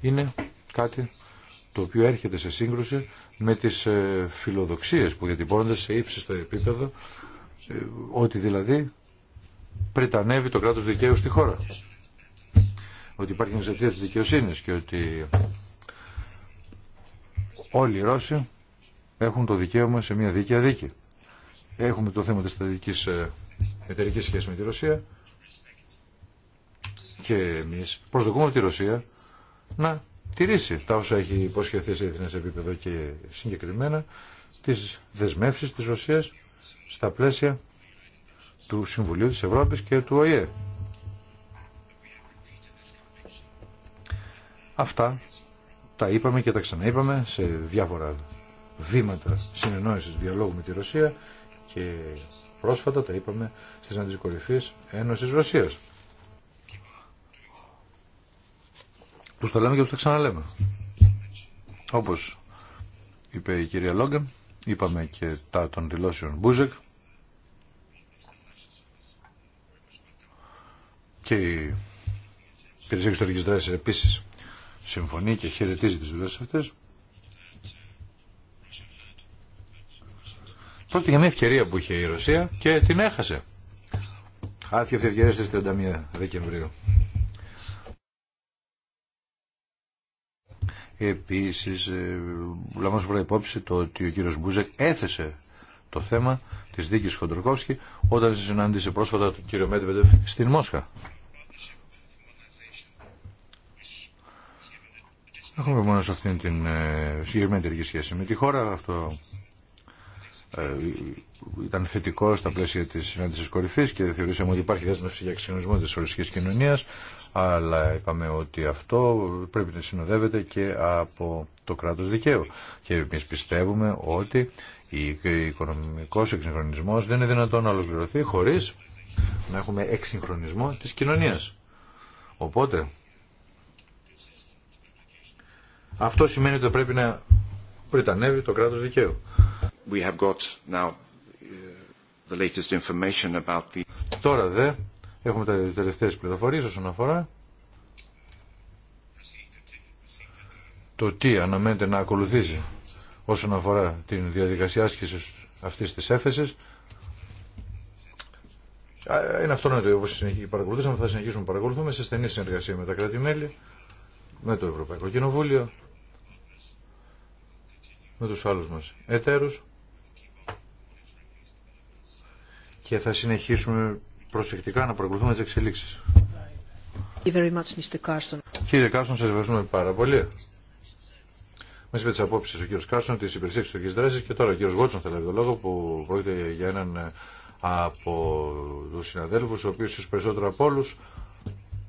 είναι κάτι το οποίο έρχεται σε σύγκρουση με τις ε, φιλοδοξίες που διατυπώνονται σε ύψιστο επίπεδο ε, ότι δηλαδή πρετανεύει το κράτος δικαίου στη χώρα. Ότι υπάρχει ανεξαρτησία της δικαιοσύνης και ότι όλοι οι Ρώσοι έχουν το δικαίωμα σε μια δίκαια δίκη. Έχουμε το θέμα της στρατηγικής ε, εταιρικής σχέση με τη Ρωσία και εμείς προσδοκούμε τη Ρωσία να τηρήσει τα όσα έχει υποσχεθεί σε εθνές επίπεδο και συγκεκριμένα τις δεσμεύσει της Ρωσίας στα πλαίσια του Συμβουλίου της Ευρώπης και του ΟΗΕ. Αυτά τα είπαμε και τα ξαναείπαμε σε διάφορα βήματα συνεννόησης διαλόγου με τη Ρωσία και πρόσφατα τα είπαμε στις κορυφής Ένωσης Ρωσίας. Του το λέμε και του τα ξαναλέμε. Όπω είπε η κυρία Λόγκεν, είπαμε και τα των δηλώσεων Μπούζεκ και η υπηρεσία εξωτερικής δράσης επίσης συμφωνεί και χαιρετίζει τις δηλώσεις αυτές. Πρώτη για μια ευκαιρία που είχε η Ρωσία και την έχασε. Χάθηκε αυτή η ευκαιρία στις 31 Δεκεμβρίου. Επίσης, ε, λαμβάνω σοβαρά υπόψη το ότι ο κύριος Μπούζεκ έθεσε το θέμα της δίκης Χοντροκόφσκη όταν συνάντησε πρόσφατα τον κύριο Μέντεβεντεφ στην Μόσχα. Έχουμε μόνο σε αυτήν την ε, συγκεκριμένη σχέση με τη χώρα. Αυτό ε, ήταν θετικό στα πλαίσια τη συνάντηση κορυφή και θεωρήσαμε ότι υπάρχει δέσμευση για ξενισμό τη οριστική κοινωνία. Αλλά είπαμε ότι αυτό πρέπει να συνοδεύεται και από το κράτο δικαίου. Και εμεί πιστεύουμε ότι ο οικονομικό εξυγχρονισμό δεν είναι δυνατόν να ολοκληρωθεί χωρί να έχουμε εξυγχρονισμό τη κοινωνία. Οπότε. Αυτό σημαίνει ότι πρέπει να πριτανεύει το κράτος δικαίου. Τώρα δε έχουμε τα τελευταίες πληροφορίες όσον αφορά το τι αναμένεται να ακολουθήσει όσον αφορά την διαδικασία άσκησης αυτής της έφεσης. Είναι αυτό αυτονόητο όπως παρακολουθήσαμε, θα συνεχίσουμε παρακολουθούμε σε στενή συνεργασία με τα κράτη-μέλη, με το Ευρωπαϊκό Κοινοβούλιο, με τους άλλους μας εταίρους. και θα συνεχίσουμε προσεκτικά να παρακολουθούμε τις εξελίξεις. Κύριε Κάρσον, σας ευχαριστούμε πάρα πολύ. Μα είπε τι απόψει ο κύριο Κάρσον τη Υπηρεσία Εξωτερική Δράση και τώρα ο κύριο Γότσον θα λέει το λόγο που πρόκειται για έναν από του συναδέλφου, ο οποίο ίσω περισσότερο από όλου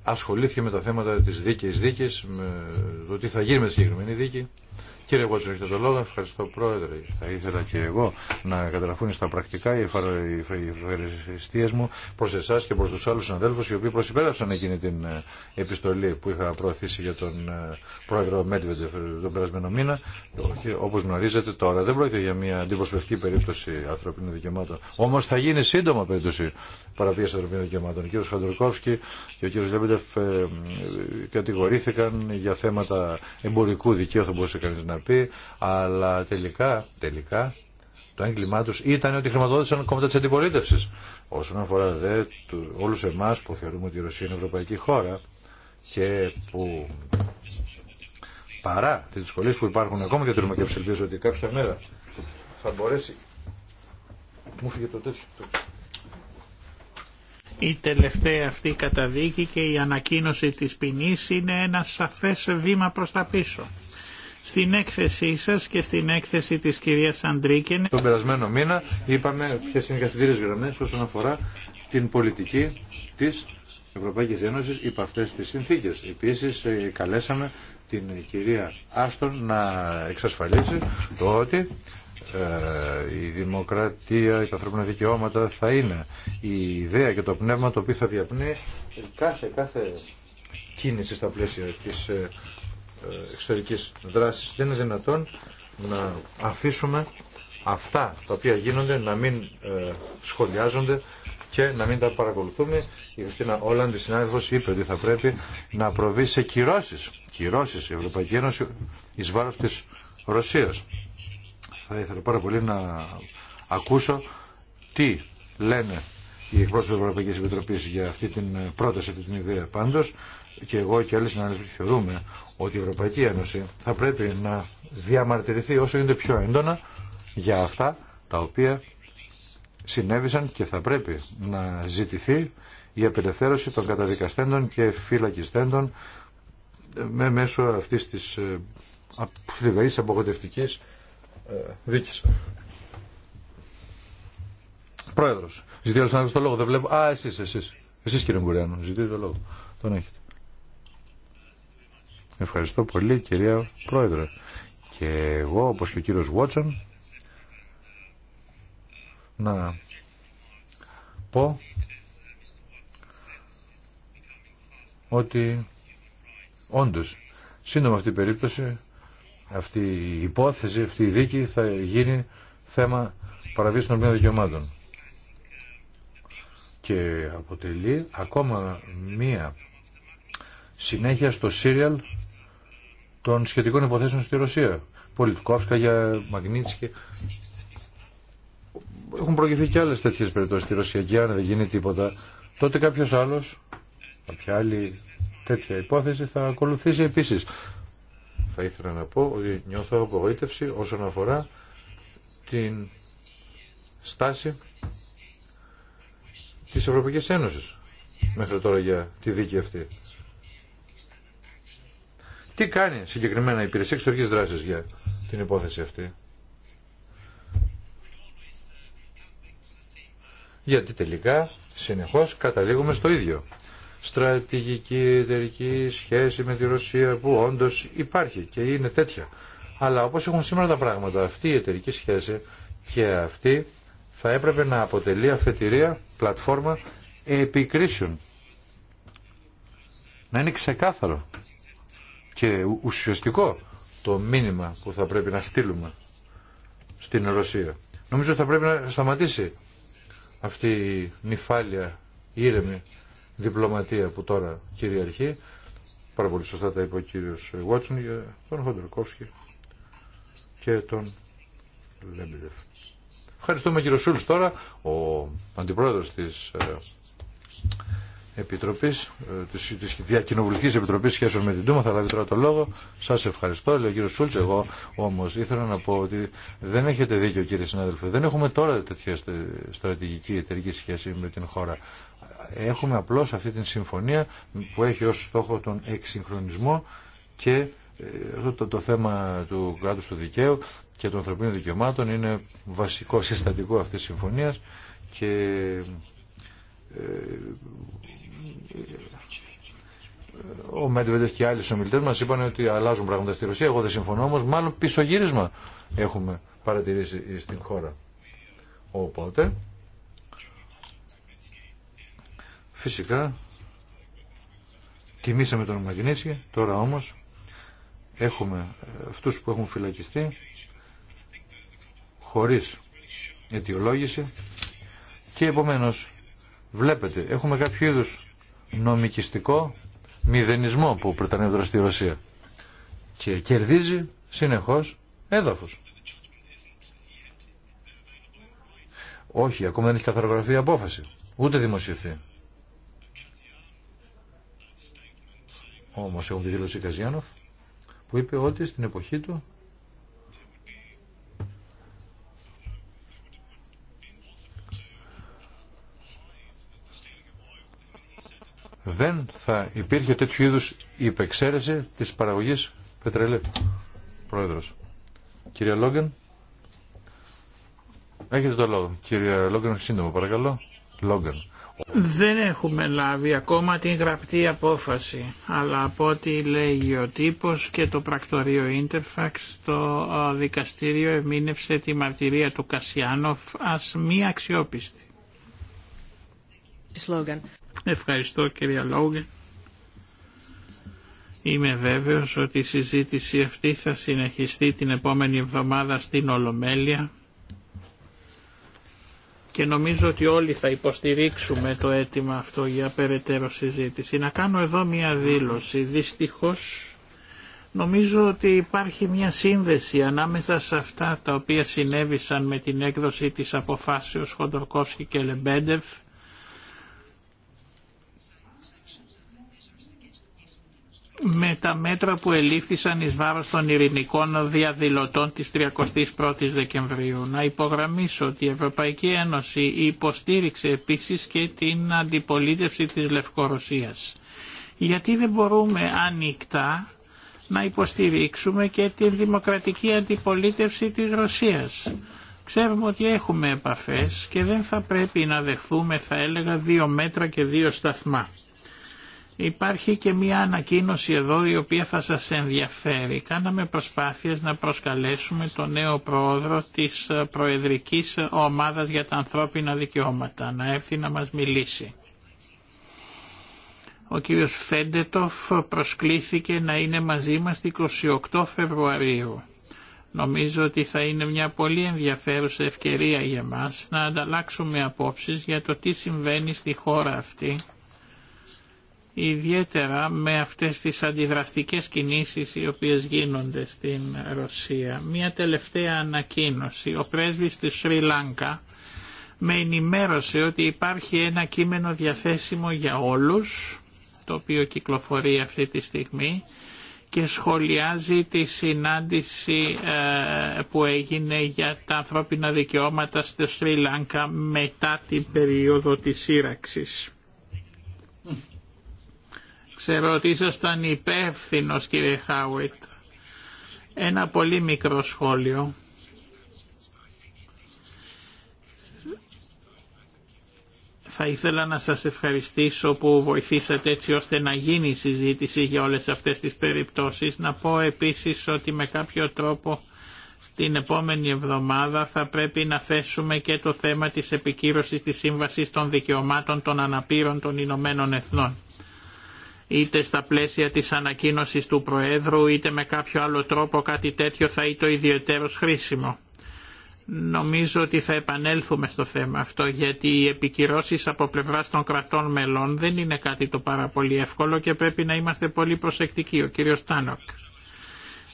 ασχολήθηκε με τα θέματα τη δίκαιη δίκη, με το τι θα γίνει με τη συγκεκριμένη δίκη. Κύριε Βότσον, έχετε το λόγο. Ευχαριστώ, Πρόεδρε. Θα ήθελα και εγώ να καταγραφούν στα πρακτικά οι ευχαριστίε μου προ εσά και προ του άλλου συναδέλφου οι οποίοι προσυπέραψαν εκείνη την ε, επιστολή που είχα προωθήσει για τον ε, Πρόεδρο Μέντβεντεφ ε, τον περασμένο μήνα. Όπω γνωρίζετε τώρα δεν πρόκειται για μια αντιπροσωπευτική περίπτωση ανθρωπίνων δικαιωμάτων. Όμω θα γίνει σύντομα περίπτωση παραβίαση ανθρωπίνων δικαιωμάτων. Ο κ. Χαντροκόφσκι και ο κ. Λέμπεντεφ κατηγορήθηκαν για θέματα εμπορικού δικαίου, θα μπορούσε κανεί να αλλά τελικά, τελικά το έγκλημά του ήταν ότι χρηματοδότησαν κόμματα τη αντιπολίτευση. Όσον αφορά δε όλου εμά που θεωρούμε ότι η Ρωσία είναι ευρωπαϊκή χώρα και που παρά τι δυσκολίε που υπάρχουν ακόμα και θεωρούμε και ελπίζω ότι κάποια μέρα θα μπορέσει. Μου φύγε το τέτοιο. Η τελευταία αυτή καταδίκη και η ανακοίνωση της ποινής είναι ένα σαφές βήμα προς τα πίσω. Στην έκθεσή σας και στην έκθεση της κυρίας Αντρίκεν. Τον περασμένο μήνα είπαμε ποιες είναι οι καθητήρες γραμμές όσον αφορά την πολιτική της Ευρωπαϊκής Ένωσης υπ' αυτές τις συνθήκες. Επίσης ε, καλέσαμε την κυρία Άστον να εξασφαλίσει το ότι ε, η δημοκρατία, τα ανθρώπινα δικαιώματα θα είναι η ιδέα και το πνεύμα το οποίο θα διαπνέει κάθε, κάθε κίνηση στα πλαίσια της ε, εξωτερικής δράσης. Δεν είναι δυνατόν να αφήσουμε αυτά τα οποία γίνονται να μην ε, σχολιάζονται και να μην τα παρακολουθούμε. Η Χριστίνα Όλαντη συνάδελφο, είπε ότι θα πρέπει να προβεί σε κυρώσει. Κυρώσει η Ευρωπαϊκή Ένωση ει βάρο τη Ρωσία. Θα ήθελα πάρα πολύ να ακούσω τι λένε οι εκπρόσωποι τη Ευρωπαϊκή Επιτροπή για αυτή την πρόταση, αυτή την ιδέα. Πάντω και εγώ και άλλοι συνάδελφοι θεωρούμε ότι η Ευρωπαϊκή Ένωση θα πρέπει να διαμαρτυρηθεί όσο γίνεται πιο έντονα για αυτά τα οποία συνέβησαν και θα πρέπει να ζητηθεί η απελευθέρωση των καταδικαστέντων και φυλακιστέντων με μέσω αυτής της ε, θλιβερής απογοητευτικής ε, δίκης. Πρόεδρος, ζητήω να το λόγο, δεν βλέπω. Α, εσείς, εσείς. Εσείς κύριε Γκουριάνο, ζητείτε το λόγο. Τον έχετε. Ευχαριστώ πολύ κυρία Πρόεδρε. Και εγώ όπως και ο κύριος Βότσον να πω ότι όντως σύντομα αυτή η περίπτωση αυτή η υπόθεση, αυτή η δίκη θα γίνει θέμα παραβίαση των οποίων δικαιωμάτων. Και αποτελεί ακόμα μία συνέχεια στο σύριαλ των σχετικών υποθέσεων στη Ρωσία. Πολιτικόφσκα για Μαγνίτσκι. Έχουν προηγηθεί και άλλε τέτοιε περιπτώσει στη Ρωσία και αν δεν γίνει τίποτα, τότε κάποιο άλλο, κάποια άλλη τέτοια υπόθεση θα ακολουθήσει επίση. Θα ήθελα να πω ότι νιώθω απογοήτευση όσον αφορά την στάση της Ευρωπαϊκής Ένωσης μέχρι τώρα για τη δίκη αυτή. Τι κάνει συγκεκριμένα η υπηρεσία εξωτερική δράση για την υπόθεση αυτή. Γιατί τελικά συνεχώς καταλήγουμε στο ίδιο. Στρατηγική εταιρική σχέση με τη Ρωσία που όντως υπάρχει και είναι τέτοια. Αλλά όπως έχουν σήμερα τα πράγματα, αυτή η εταιρική σχέση και αυτή θα έπρεπε να αποτελεί αφετηρία, πλατφόρμα επικρίσεων. Να είναι ξεκάθαρο και ουσιαστικό το μήνυμα που θα πρέπει να στείλουμε στην Ρωσία. Νομίζω ότι θα πρέπει να σταματήσει αυτή η νυφάλια, ήρεμη διπλωματία που τώρα κυριαρχεί. Πάρα πολύ σωστά τα είπε ο κύριος Βότσον για τον Χοντροκόφσκι και τον Λέμπιδεφ. Ευχαριστούμε κύριο Σούλς τώρα, ο αντιπρόεδρος της ε, Επιτροπής, ε, της, της Διακοινοβουλικής Επιτροπής σχέσεων με την Τούμα θα λάβει τώρα το λόγο. Σας ευχαριστώ, λέει ο κύριος Εγώ όμως ήθελα να πω ότι δεν έχετε δίκιο κύριε συνάδελφε. Δεν έχουμε τώρα τέτοια στρατηγική εταιρική σχέση με την χώρα. Έχουμε απλώς αυτή την συμφωνία που έχει ως στόχο τον εξυγχρονισμό και ε, το, το θέμα του κράτους του δικαίου και των ανθρωπίνων δικαιωμάτων είναι βασικό συστατικό αυτής της συμφωνίας και ε, ο Μέντεβεντεφ και άλλοι ομιλητέ μα είπαν ότι αλλάζουν πράγματα στη Ρωσία. Εγώ δεν συμφωνώ όμω, μάλλον πισωγύρισμα έχουμε παρατηρήσει στην χώρα. Οπότε, φυσικά, τιμήσαμε τον Μαγνίτσι, τώρα όμως έχουμε αυτού που έχουν φυλακιστεί χωρίς αιτιολόγηση και επομένως βλέπετε έχουμε κάποιο είδους νομικιστικό μηδενισμό που πρετανεύδρα στη Ρωσία και κερδίζει συνεχώς έδαφος. Όχι, ακόμα δεν έχει καθαρογραφεί η απόφαση, ούτε δημοσιευθεί. Όμως έχουν τη δήλωση Καζιάνοφ που είπε ότι στην εποχή του δεν θα υπήρχε τέτοιου είδους υπεξαίρεση της παραγωγής πετρελαίου. Πρόεδρος. Κυρία Λόγκεν, έχετε το λόγο. Κυρία Λόγκεν, σύντομο παρακαλώ. Λόγκεν. Δεν έχουμε λάβει ακόμα την γραπτή απόφαση, αλλά από ό,τι λέει ο τύπος και το πρακτορείο Interfax, το δικαστήριο εμήνευσε τη μαρτυρία του Κασιάνοφ ας μη αξιόπιστη. Ευχαριστώ κυρία Λόγκεν. Είμαι βέβαιος ότι η συζήτηση αυτή θα συνεχιστεί την επόμενη εβδομάδα στην Ολομέλεια και νομίζω ότι όλοι θα υποστηρίξουμε το αίτημα αυτό για περαιτέρω συζήτηση. Να κάνω εδώ μία δήλωση. Δυστυχώς νομίζω ότι υπάρχει μία σύνδεση ανάμεσα σε αυτά τα οποία συνέβησαν με την έκδοση της αποφάσεως Χοντορκόφσκι και Λεμπέντεφ με τα μέτρα που ελήφθησαν εις βάρος των ειρηνικών διαδηλωτών της 31ης Δεκεμβρίου. Να υπογραμμίσω ότι η Ευρωπαϊκή Ένωση υποστήριξε επίσης και την αντιπολίτευση της Λευκορωσίας. Γιατί δεν μπορούμε ανοιχτά να υποστηρίξουμε και την δημοκρατική αντιπολίτευση της Ρωσίας. Ξέρουμε ότι έχουμε επαφές και δεν θα πρέπει να δεχθούμε, θα έλεγα, δύο μέτρα και δύο σταθμά. Υπάρχει και μια ανακοίνωση εδώ η οποία θα σας ενδιαφέρει. Κάναμε προσπάθειες να προσκαλέσουμε τον νέο πρόεδρο της Προεδρικής Ομάδας για τα Ανθρώπινα Δικαιώματα να έρθει να μας μιλήσει. Ο κύριος Φέντετοφ προσκλήθηκε να είναι μαζί μας 28 Φεβρουαρίου. Νομίζω ότι θα είναι μια πολύ ενδιαφέρουσα ευκαιρία για μας να ανταλλάξουμε απόψεις για το τι συμβαίνει στη χώρα αυτή ιδιαίτερα με αυτές τις αντιδραστικές κινήσεις οι οποίες γίνονται στην Ρωσία. Μια τελευταία ανακοίνωση. Ο πρέσβης της Σρι με ενημέρωσε ότι υπάρχει ένα κείμενο διαθέσιμο για όλους, το οποίο κυκλοφορεί αυτή τη στιγμή και σχολιάζει τη συνάντηση ε, που έγινε για τα ανθρώπινα δικαιώματα στη Σρι Λάνκα μετά την περίοδο της σύραξης. Ξέρω ότι ήσασταν υπεύθυνο κύριε Χάουιτ. Ένα πολύ μικρό σχόλιο. Θα ήθελα να σας ευχαριστήσω που βοηθήσατε έτσι ώστε να γίνει η συζήτηση για όλες αυτές τις περιπτώσεις. Να πω επίσης ότι με κάποιο τρόπο στην επόμενη εβδομάδα θα πρέπει να θέσουμε και το θέμα της επικύρωσης της Σύμβασης των Δικαιωμάτων των Αναπήρων των Ηνωμένων Εθνών είτε στα πλαίσια της ανακοίνωσης του Προέδρου είτε με κάποιο άλλο τρόπο κάτι τέτοιο θα το ιδιαιτέρως χρήσιμο. Νομίζω ότι θα επανέλθουμε στο θέμα αυτό γιατί οι επικυρώσεις από πλευράς των κρατών μελών δεν είναι κάτι το πάρα πολύ εύκολο και πρέπει να είμαστε πολύ προσεκτικοί. Ο κύριος Τάνοκ.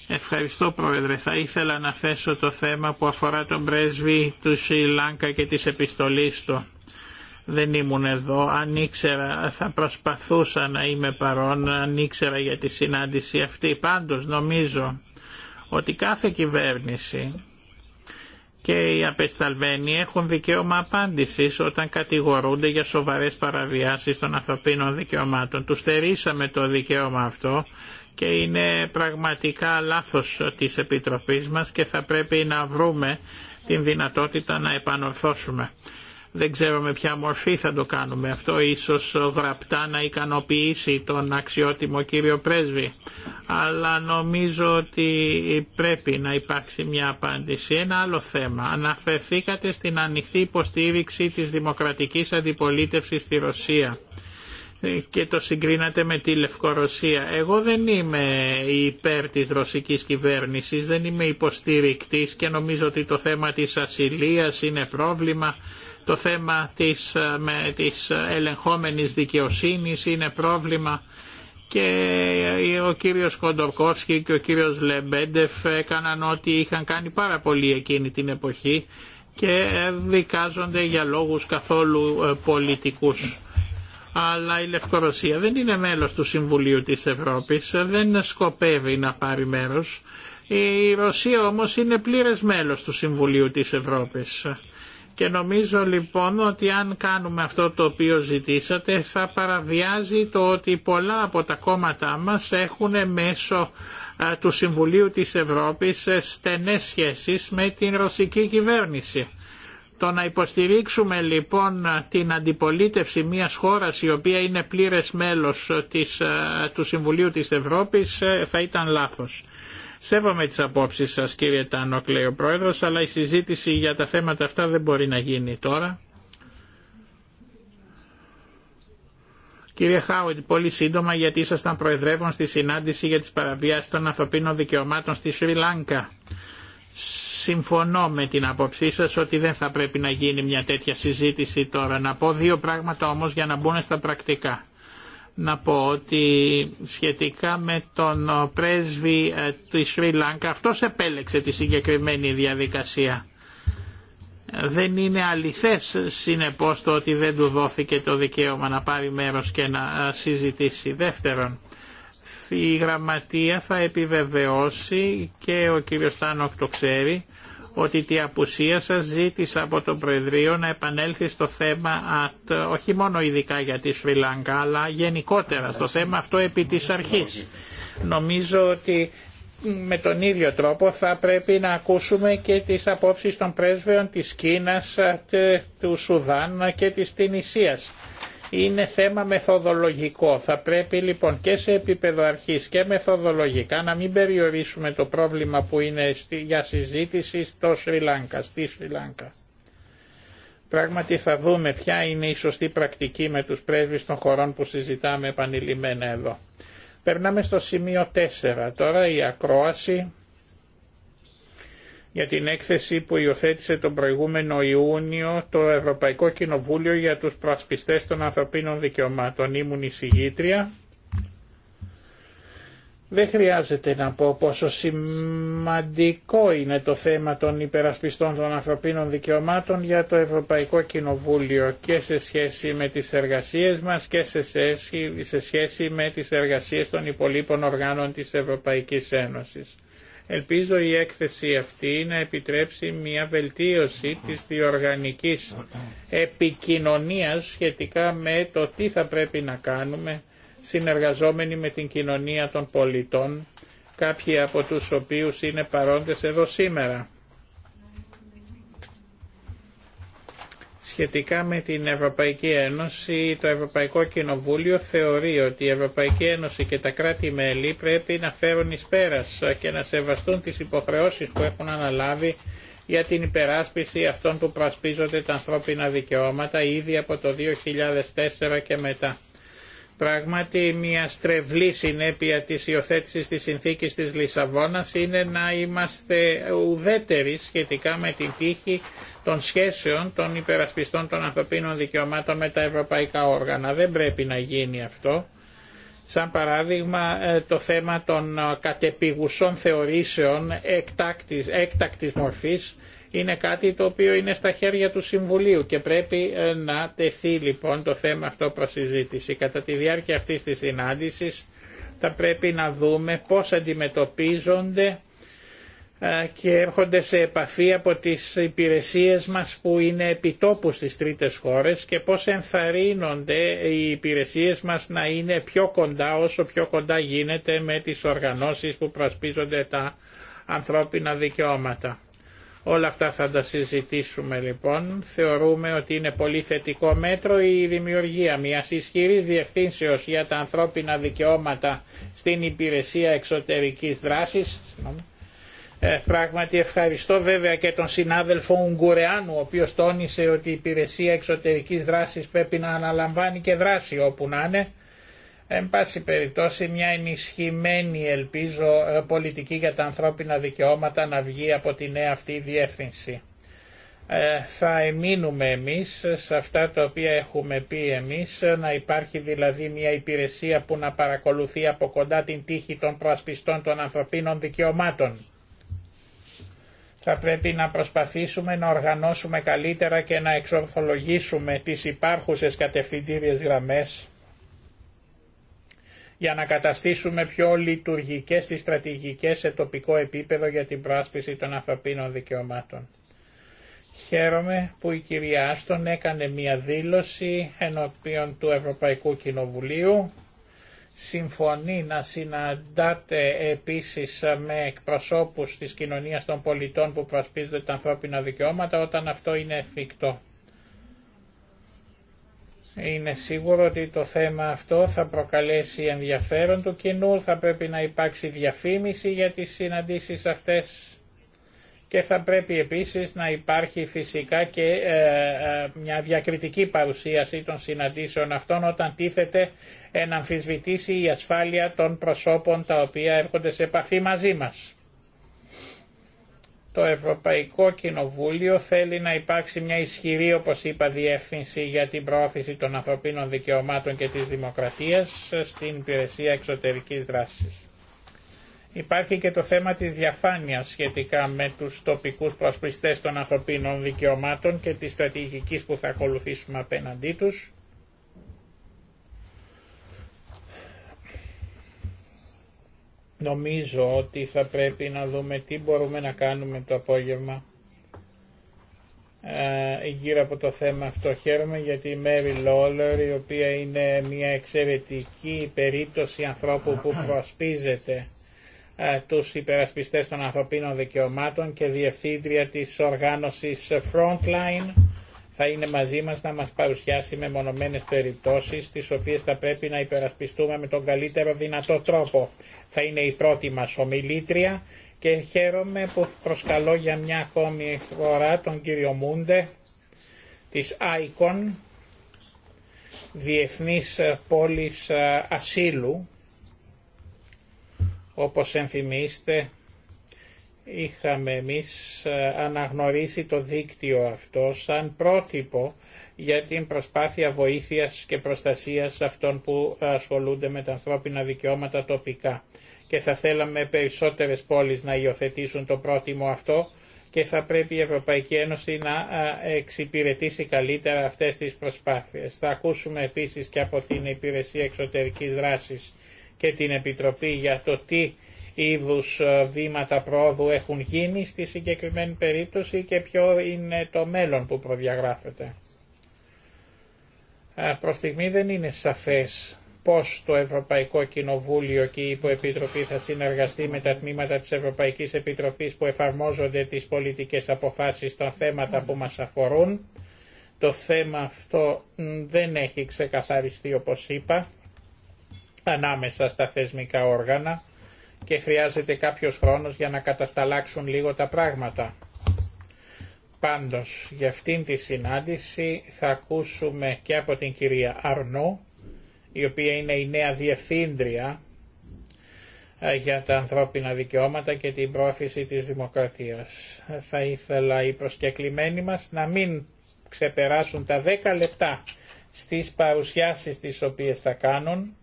Ευχαριστώ Πρόεδρε. Θα ήθελα να θέσω το θέμα που αφορά τον πρέσβη του Σιλάνκα και της επιστολής του δεν ήμουν εδώ, αν ήξερα θα προσπαθούσα να είμαι παρόν, αν ήξερα για τη συνάντηση αυτή. Πάντως νομίζω ότι κάθε κυβέρνηση και οι απεσταλμένοι έχουν δικαίωμα απάντησης όταν κατηγορούνται για σοβαρές παραβιάσεις των ανθρωπίνων δικαιωμάτων. Του θερήσαμε το δικαίωμα αυτό και είναι πραγματικά λάθος της Επιτροπής μας και θα πρέπει να βρούμε την δυνατότητα να επανορθώσουμε. Δεν ξέρω με ποια μορφή θα το κάνουμε αυτό, ίσως γραπτά να ικανοποιήσει τον αξιότιμο κύριο πρέσβη. Αλλά νομίζω ότι πρέπει να υπάρξει μια απάντηση. Ένα άλλο θέμα. Αναφερθήκατε στην ανοιχτή υποστήριξη της δημοκρατικής αντιπολίτευσης στη Ρωσία και το συγκρίνατε με τη Λευκορωσία. Εγώ δεν είμαι υπέρ της ρωσικής κυβέρνησης, δεν είμαι υποστηρικτής και νομίζω ότι το θέμα της ασυλίας είναι πρόβλημα το θέμα της, ε, με, της ε, ελεγχόμενης δικαιοσύνης είναι πρόβλημα και ε, ο κύριος Κοντορκόφσκι και ο κύριος Λεμπέντεφ έκαναν ό,τι είχαν κάνει πάρα πολύ εκείνη την εποχή και δικάζονται για λόγους καθόλου πολιτικούς. Αλλά η Λευκορωσία δεν είναι μέλος του Συμβουλίου της Ευρώπης, δεν σκοπεύει να πάρει μέρος. Η Ρωσία όμως είναι πλήρες μέλος του Συμβουλίου της Ευρώπης και νομίζω λοιπόν ότι αν κάνουμε αυτό το οποίο ζητήσατε θα παραβιάζει το ότι πολλά από τα κόμματα μας έχουν μέσω του Συμβουλίου της Ευρώπης ε, στενές σχέσεις με την ρωσική κυβέρνηση. Το να υποστηρίξουμε λοιπόν την αντιπολίτευση μιας χώρας η οποία είναι πλήρες μέλος της, του Συμβουλίου της Ευρώπης ε, θα ήταν λάθος. Σέβομαι τι απόψει σα, κύριε Τάνοκ, λέει ο πρόεδρο, αλλά η συζήτηση για τα θέματα αυτά δεν μπορεί να γίνει τώρα. Κύριε Χάουιτ, πολύ σύντομα γιατί ήσασταν προεδρεύων στη συνάντηση για τις παραβιάσεις των ανθρωπίνων δικαιωμάτων στη Σρι Λάνκα. Συμφωνώ με την άποψή σας ότι δεν θα πρέπει να γίνει μια τέτοια συζήτηση τώρα. Να πω δύο πράγματα όμως για να μπουν στα πρακτικά να πω ότι σχετικά με τον ε, πρέσβη ε, του Σρι Λάνκα αυτός επέλεξε τη συγκεκριμένη διαδικασία. Δεν είναι αληθές συνεπώς το ότι δεν του δόθηκε το δικαίωμα να πάρει μέρος και να ε, συζητήσει. Δεύτερον, η γραμματεία θα επιβεβαιώσει και ο κύριος Τάνοκ το ξέρει ότι τη απουσία σας ζήτησα από τον Προεδρείο να επανέλθει στο θέμα όχι μόνο ειδικά για τη Σφυλάνκα αλλά γενικότερα στο θέμα αυτό επί της αρχής. Νομίζω ότι με τον ίδιο τρόπο θα πρέπει να ακούσουμε και τις απόψεις των πρέσβεων της Κίνας, του Σουδάν και της Τινησίας είναι θέμα μεθοδολογικό. Θα πρέπει λοιπόν και σε επίπεδο αρχής και μεθοδολογικά να μην περιορίσουμε το πρόβλημα που είναι για συζήτηση στο Σρι στη Σρι Πράγματι θα δούμε ποια είναι η σωστή πρακτική με τους πρέσβεις των χωρών που συζητάμε επανειλημμένα εδώ. Περνάμε στο σημείο 4. Τώρα η ακρόαση για την έκθεση που υιοθέτησε τον προηγούμενο Ιούνιο το Ευρωπαϊκό Κοινοβούλιο για τους προασπιστές των ανθρωπίνων δικαιωμάτων. Ήμουν εισηγήτρια. Δεν χρειάζεται να πω πόσο σημαντικό είναι το θέμα των υπερασπιστών των ανθρωπίνων δικαιωμάτων για το Ευρωπαϊκό Κοινοβούλιο και σε σχέση με τις εργασίες μας και σε σχέση με τις εργασίες των υπολείπων οργάνων της Ευρωπαϊκής Ένωσης. Ελπίζω η έκθεση αυτή να επιτρέψει μια βελτίωση της διοργανικής επικοινωνίας σχετικά με το τι θα πρέπει να κάνουμε συνεργαζόμενοι με την κοινωνία των πολιτών, κάποιοι από τους οποίους είναι παρόντες εδώ σήμερα. σχετικά με την Ευρωπαϊκή Ένωση, το Ευρωπαϊκό Κοινοβούλιο θεωρεί ότι η Ευρωπαϊκή Ένωση και τα κράτη-μέλη πρέπει να φέρουν εις πέρας και να σεβαστούν τις υποχρεώσεις που έχουν αναλάβει για την υπεράσπιση αυτών που προασπίζονται τα ανθρώπινα δικαιώματα ήδη από το 2004 και μετά. Πράγματι μια στρεβλή συνέπεια της υιοθέτηση της συνθήκης της Λισαβόνας είναι να είμαστε ουδέτεροι σχετικά με την τύχη των σχέσεων των υπερασπιστών των ανθρωπίνων δικαιωμάτων με τα ευρωπαϊκά όργανα. Δεν πρέπει να γίνει αυτό. Σαν παράδειγμα ε, το θέμα των ε, κατεπηγουσών θεωρήσεων έκτακτης, έκτακτης μορφής είναι κάτι το οποίο είναι στα χέρια του Συμβουλίου και πρέπει ε, να τεθεί λοιπόν το θέμα αυτό προς συζήτηση. Κατά τη διάρκεια αυτής της συνάντησης θα πρέπει να δούμε πώς αντιμετωπίζονται και έρχονται σε επαφή από τις υπηρεσίες μας που είναι επιτόπου στις τρίτες χώρες και πώς ενθαρρύνονται οι υπηρεσίες μας να είναι πιο κοντά όσο πιο κοντά γίνεται με τις οργανώσεις που προσπίζονται τα ανθρώπινα δικαιώματα. Όλα αυτά θα τα συζητήσουμε λοιπόν. Θεωρούμε ότι είναι πολύ θετικό μέτρο η δημιουργία μιας ισχυρής διευθύνσεως για τα ανθρώπινα δικαιώματα στην υπηρεσία εξωτερικής δράσης ε, πράγματι ευχαριστώ βέβαια και τον συνάδελφο Ουγγουρεάνου ο οποίος τόνισε ότι η υπηρεσία εξωτερικής δράσης πρέπει να αναλαμβάνει και δράση όπου να είναι. Εν πάση περιπτώσει μια ενισχυμένη ελπίζω ε, πολιτική για τα ανθρώπινα δικαιώματα να βγει από τη νέα αυτή διεύθυνση. Ε, θα εμείνουμε εμείς σε αυτά τα οποία έχουμε πει εμείς, να υπάρχει δηλαδή μια υπηρεσία που να παρακολουθεί από κοντά την τύχη των προασπιστών των ανθρωπίνων δικαιωμάτων θα πρέπει να προσπαθήσουμε να οργανώσουμε καλύτερα και να εξορθολογήσουμε τις υπάρχουσες κατευθυντήριες γραμμές για να καταστήσουμε πιο λειτουργικές τις στρατηγικές σε τοπικό επίπεδο για την πράσπιση των ανθρωπίνων δικαιωμάτων. Χαίρομαι που η κυρία Άστον έκανε μία δήλωση ενώπιον του Ευρωπαϊκού Κοινοβουλίου συμφωνεί να συναντάτε επίσης με εκπροσώπους της κοινωνίας των πολιτών που προσπίζονται τα ανθρώπινα δικαιώματα όταν αυτό είναι εφικτό. Είναι σίγουρο ότι το θέμα αυτό θα προκαλέσει ενδιαφέρον του κοινού, θα πρέπει να υπάρξει διαφήμιση για τις συναντήσεις αυτές και θα πρέπει επίσης να υπάρχει φυσικά και ε, ε, μια διακριτική παρουσίαση των συναντήσεων αυτών όταν τίθεται να αμφισβητήσει η ασφάλεια των προσώπων τα οποία έρχονται σε επαφή μαζί μας. Το Ευρωπαϊκό Κοινοβούλιο θέλει να υπάρξει μια ισχυρή, όπως είπα, διεύθυνση για την προώθηση των ανθρωπίνων δικαιωμάτων και της δημοκρατίας στην υπηρεσία εξωτερικής δράσης. Υπάρχει και το θέμα της διαφάνειας σχετικά με τους τοπικούς προσπιστές των ανθρωπίνων δικαιωμάτων και της στρατηγικής που θα ακολουθήσουμε απέναντί τους. Νομίζω ότι θα πρέπει να δούμε τι μπορούμε να κάνουμε το απόγευμα ε, γύρω από το θέμα αυτό. Χαίρομαι γιατί η Μέρι Λόλερ, η οποία είναι μια εξαιρετική περίπτωση ανθρώπου που προσπίζεται ε, τους υπερασπιστές των ανθρωπίνων δικαιωμάτων και διευθύντρια της οργάνωσης Frontline θα είναι μαζί μας να μας παρουσιάσει με περιπτώσει, περιπτώσεις τις οποίες θα πρέπει να υπερασπιστούμε με τον καλύτερο δυνατό τρόπο. Θα είναι η πρώτη μας ομιλήτρια και χαίρομαι που προσκαλώ για μια ακόμη φορά τον κύριο Μούντε της ICON Διεθνής Πόλης Ασύλου όπως ενθυμίστε, είχαμε εμείς ε, αναγνωρίσει το δίκτυο αυτό σαν πρότυπο για την προσπάθεια βοήθειας και προστασίας αυτών που ασχολούνται με τα ανθρώπινα δικαιώματα τοπικά. Και θα θέλαμε περισσότερες πόλεις να υιοθετήσουν το πρότυπο αυτό και θα πρέπει η Ευρωπαϊκή Ένωση να ε, εξυπηρετήσει καλύτερα αυτές τις προσπάθειες. Θα ακούσουμε επίσης και από την Υπηρεσία Εξωτερικής Δράσης και την Επιτροπή για το τι είδου ε, βήματα πρόοδου έχουν γίνει στη συγκεκριμένη περίπτωση και ποιο είναι το μέλλον που προδιαγράφεται. Ε, προς στιγμή δεν είναι σαφές πώς το Ευρωπαϊκό Κοινοβούλιο και η Υποεπιτροπή θα συνεργαστεί με τα τμήματα της Ευρωπαϊκής Επιτροπής που εφαρμόζονται τις πολιτικές αποφάσεις στα θέματα που μας αφορούν. Το θέμα αυτό δεν έχει ξεκαθαριστεί όπως είπα ανάμεσα στα θεσμικά όργανα και χρειάζεται κάποιος χρόνος για να κατασταλάξουν λίγο τα πράγματα. Πάντως, για αυτήν τη συνάντηση θα ακούσουμε και από την κυρία Αρνού, η οποία είναι η νέα διευθύντρια ε, για τα ανθρώπινα δικαιώματα και την πρόθεση της δημοκρατίας. Θα ήθελα οι προσκεκλημένοι μας να μην ξεπεράσουν τα 10 λεπτά στις παρουσιάσεις τις οποίες θα κάνουν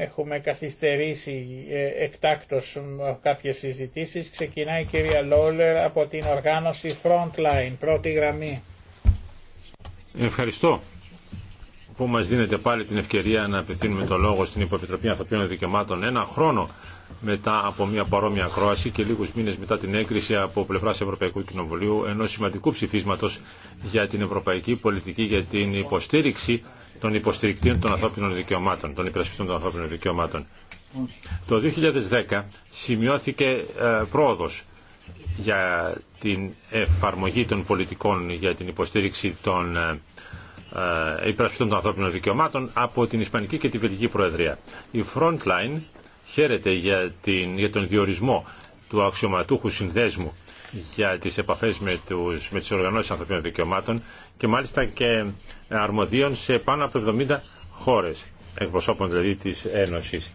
Έχουμε καθυστερήσει ε, εκτάκτως κάποιες συζητήσεις. Ξεκινάει η κυρία Λόλερ από την οργάνωση Frontline, πρώτη γραμμή. Ευχαριστώ που μας δίνετε πάλι την ευκαιρία να απευθύνουμε το λόγο στην Υποεπιτροπή Ανθρωπίνων Δικαιωμάτων ένα χρόνο μετά από μια παρόμοια κρόαση και λίγους μήνες μετά την έγκριση από πλευράς Ευρωπαϊκού Κοινοβουλίου ενός σημαντικού ψηφίσματος για την ευρωπαϊκή πολιτική για την υποστήριξη των υποστηρικτήων των ανθρώπινων δικαιωμάτων, των υπερασπιστών των ανθρώπινων δικαιωμάτων. Το 2010 σημειώθηκε ε, πρόοδος για την εφαρμογή των πολιτικών για την υποστήριξη των ε, ε, υπερασπιστών των ανθρώπινων δικαιωμάτων από την Ισπανική και την Βελγική Προεδρία. Η Frontline χαίρεται για, την, για τον διορισμό του αξιωματούχου συνδέσμου για τις επαφές με, τους, με τις οργανώσεις ανθρωπίνων δικαιωμάτων και μάλιστα και ε, αρμοδίων σε πάνω από 70 χώρες, εκπροσώπων δηλαδή της Ένωσης,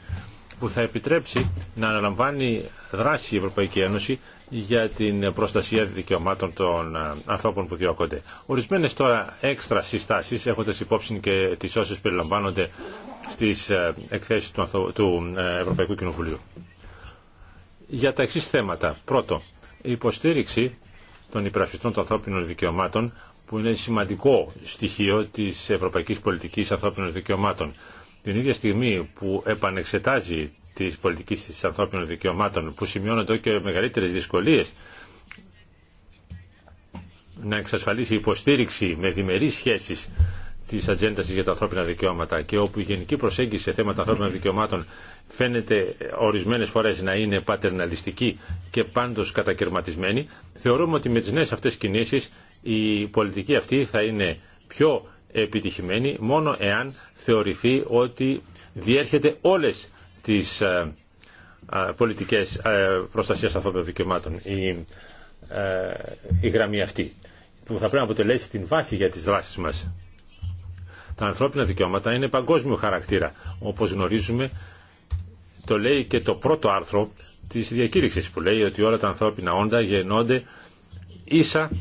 που θα επιτρέψει να αναλαμβάνει δράση η Ευρωπαϊκή Ένωση για την προστασία δικαιωμάτων των ε, ανθρώπων που διώκονται. Ορισμένες τώρα έξτρα συστάσεις, έχοντας υπόψη και τις όσες περιλαμβάνονται στις ε, εκθέσεις του Ευρωπαϊκού Κοινοβουλίου. Για τα εξής θέματα. Πρώτο, η υποστήριξη των υπερασπιστών των ανθρώπινων δικαιωμάτων που είναι σημαντικό στοιχείο της ευρωπαϊκής πολιτικής ανθρώπινων δικαιωμάτων. Την ίδια στιγμή που επανεξετάζει τις πολιτικές της ανθρώπινων δικαιωμάτων που σημειώνονται και μεγαλύτερες δυσκολίες να εξασφαλίσει υποστήριξη με διμερείς σχέσεις τη ατζέντα για τα ανθρώπινα δικαιώματα και όπου η γενική προσέγγιση σε θέματα ανθρώπινων δικαιωμάτων φαίνεται ορισμένε φορέ να είναι πατερναλιστική και πάντω κατακαιρματισμένη, θεωρούμε ότι με τι νέε αυτέ κινήσει η πολιτική αυτή θα είναι πιο επιτυχημένη μόνο εάν θεωρηθεί ότι διέρχεται όλες τις ε, ε, πολιτικές ε, προστασίας αυτών των δικαιωμάτων η, η γραμμή αυτή που θα πρέπει να αποτελέσει την βάση για τις δράσεις μας. Τα ανθρώπινα δικαιώματα είναι παγκόσμιο χαρακτήρα. Όπως γνωρίζουμε το λέει και το πρώτο άρθρο της διακήρυξης που λέει ότι όλα τα ανθρώπινα όντα γεννώνται ίσα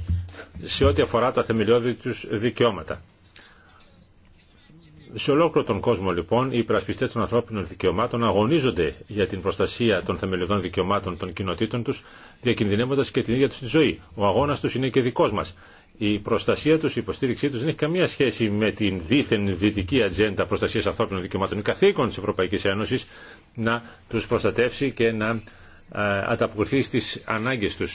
σε ό,τι αφορά τα θεμελιώδη τους δικαιώματα. Σε ολόκληρο τον κόσμο, λοιπόν, οι υπερασπιστέ των ανθρώπινων δικαιωμάτων αγωνίζονται για την προστασία των θεμελιωδών δικαιωμάτων των κοινοτήτων του, διακινδυνεύοντα και την ίδια του τη ζωή. Ο αγώνα του είναι και δικό μα. Η προστασία του, η υποστήριξή του δεν έχει καμία σχέση με την δίθεν δυτική ατζέντα προστασία ανθρώπινων δικαιωμάτων. ή καθήκον τη Ευρωπαϊκή Ένωση να του προστατεύσει και να ε, ανταποκριθεί στι ανάγκε του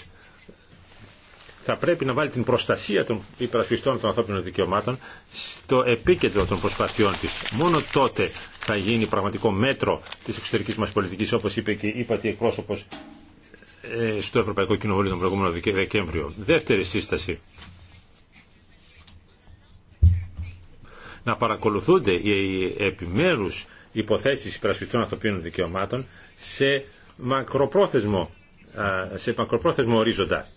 θα πρέπει να βάλει την προστασία των υπερασπιστών των ανθρώπινων δικαιωμάτων στο επίκεντρο των προσπαθειών της. Μόνο τότε θα γίνει πραγματικό μέτρο της εξωτερικής μας πολιτικής, όπως είπε και είπα και εκπρόσωπος ε, στο Ευρωπαϊκό Κοινοβούλιο τον προηγούμενο Δεκέμβριο. Δεύτερη σύσταση. Να παρακολουθούνται οι επιμέρους υποθέσεις υπερασπιστών ανθρωπίνων δικαιωμάτων σε μακροπρόθεσμο, σε μακροπρόθεσμο ορίζοντα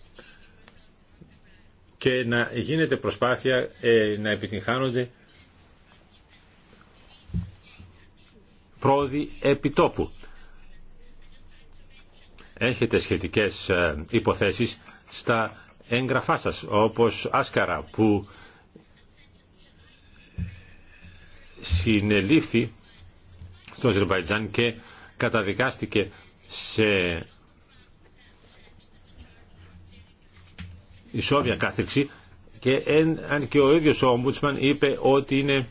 και να γίνεται προσπάθεια ε, να επιτυγχάνονται πρόοδοι επιτόπου. Έχετε σχετικές ε, υποθέσεις στα έγγραφά σας, όπως Άσκαρα, που συνελήφθη στο Αζερβαϊτζάν και καταδικάστηκε σε ισόβια κάθεξη και εν, αν και ο ίδιος ο Ομπούτσμαν είπε ότι είναι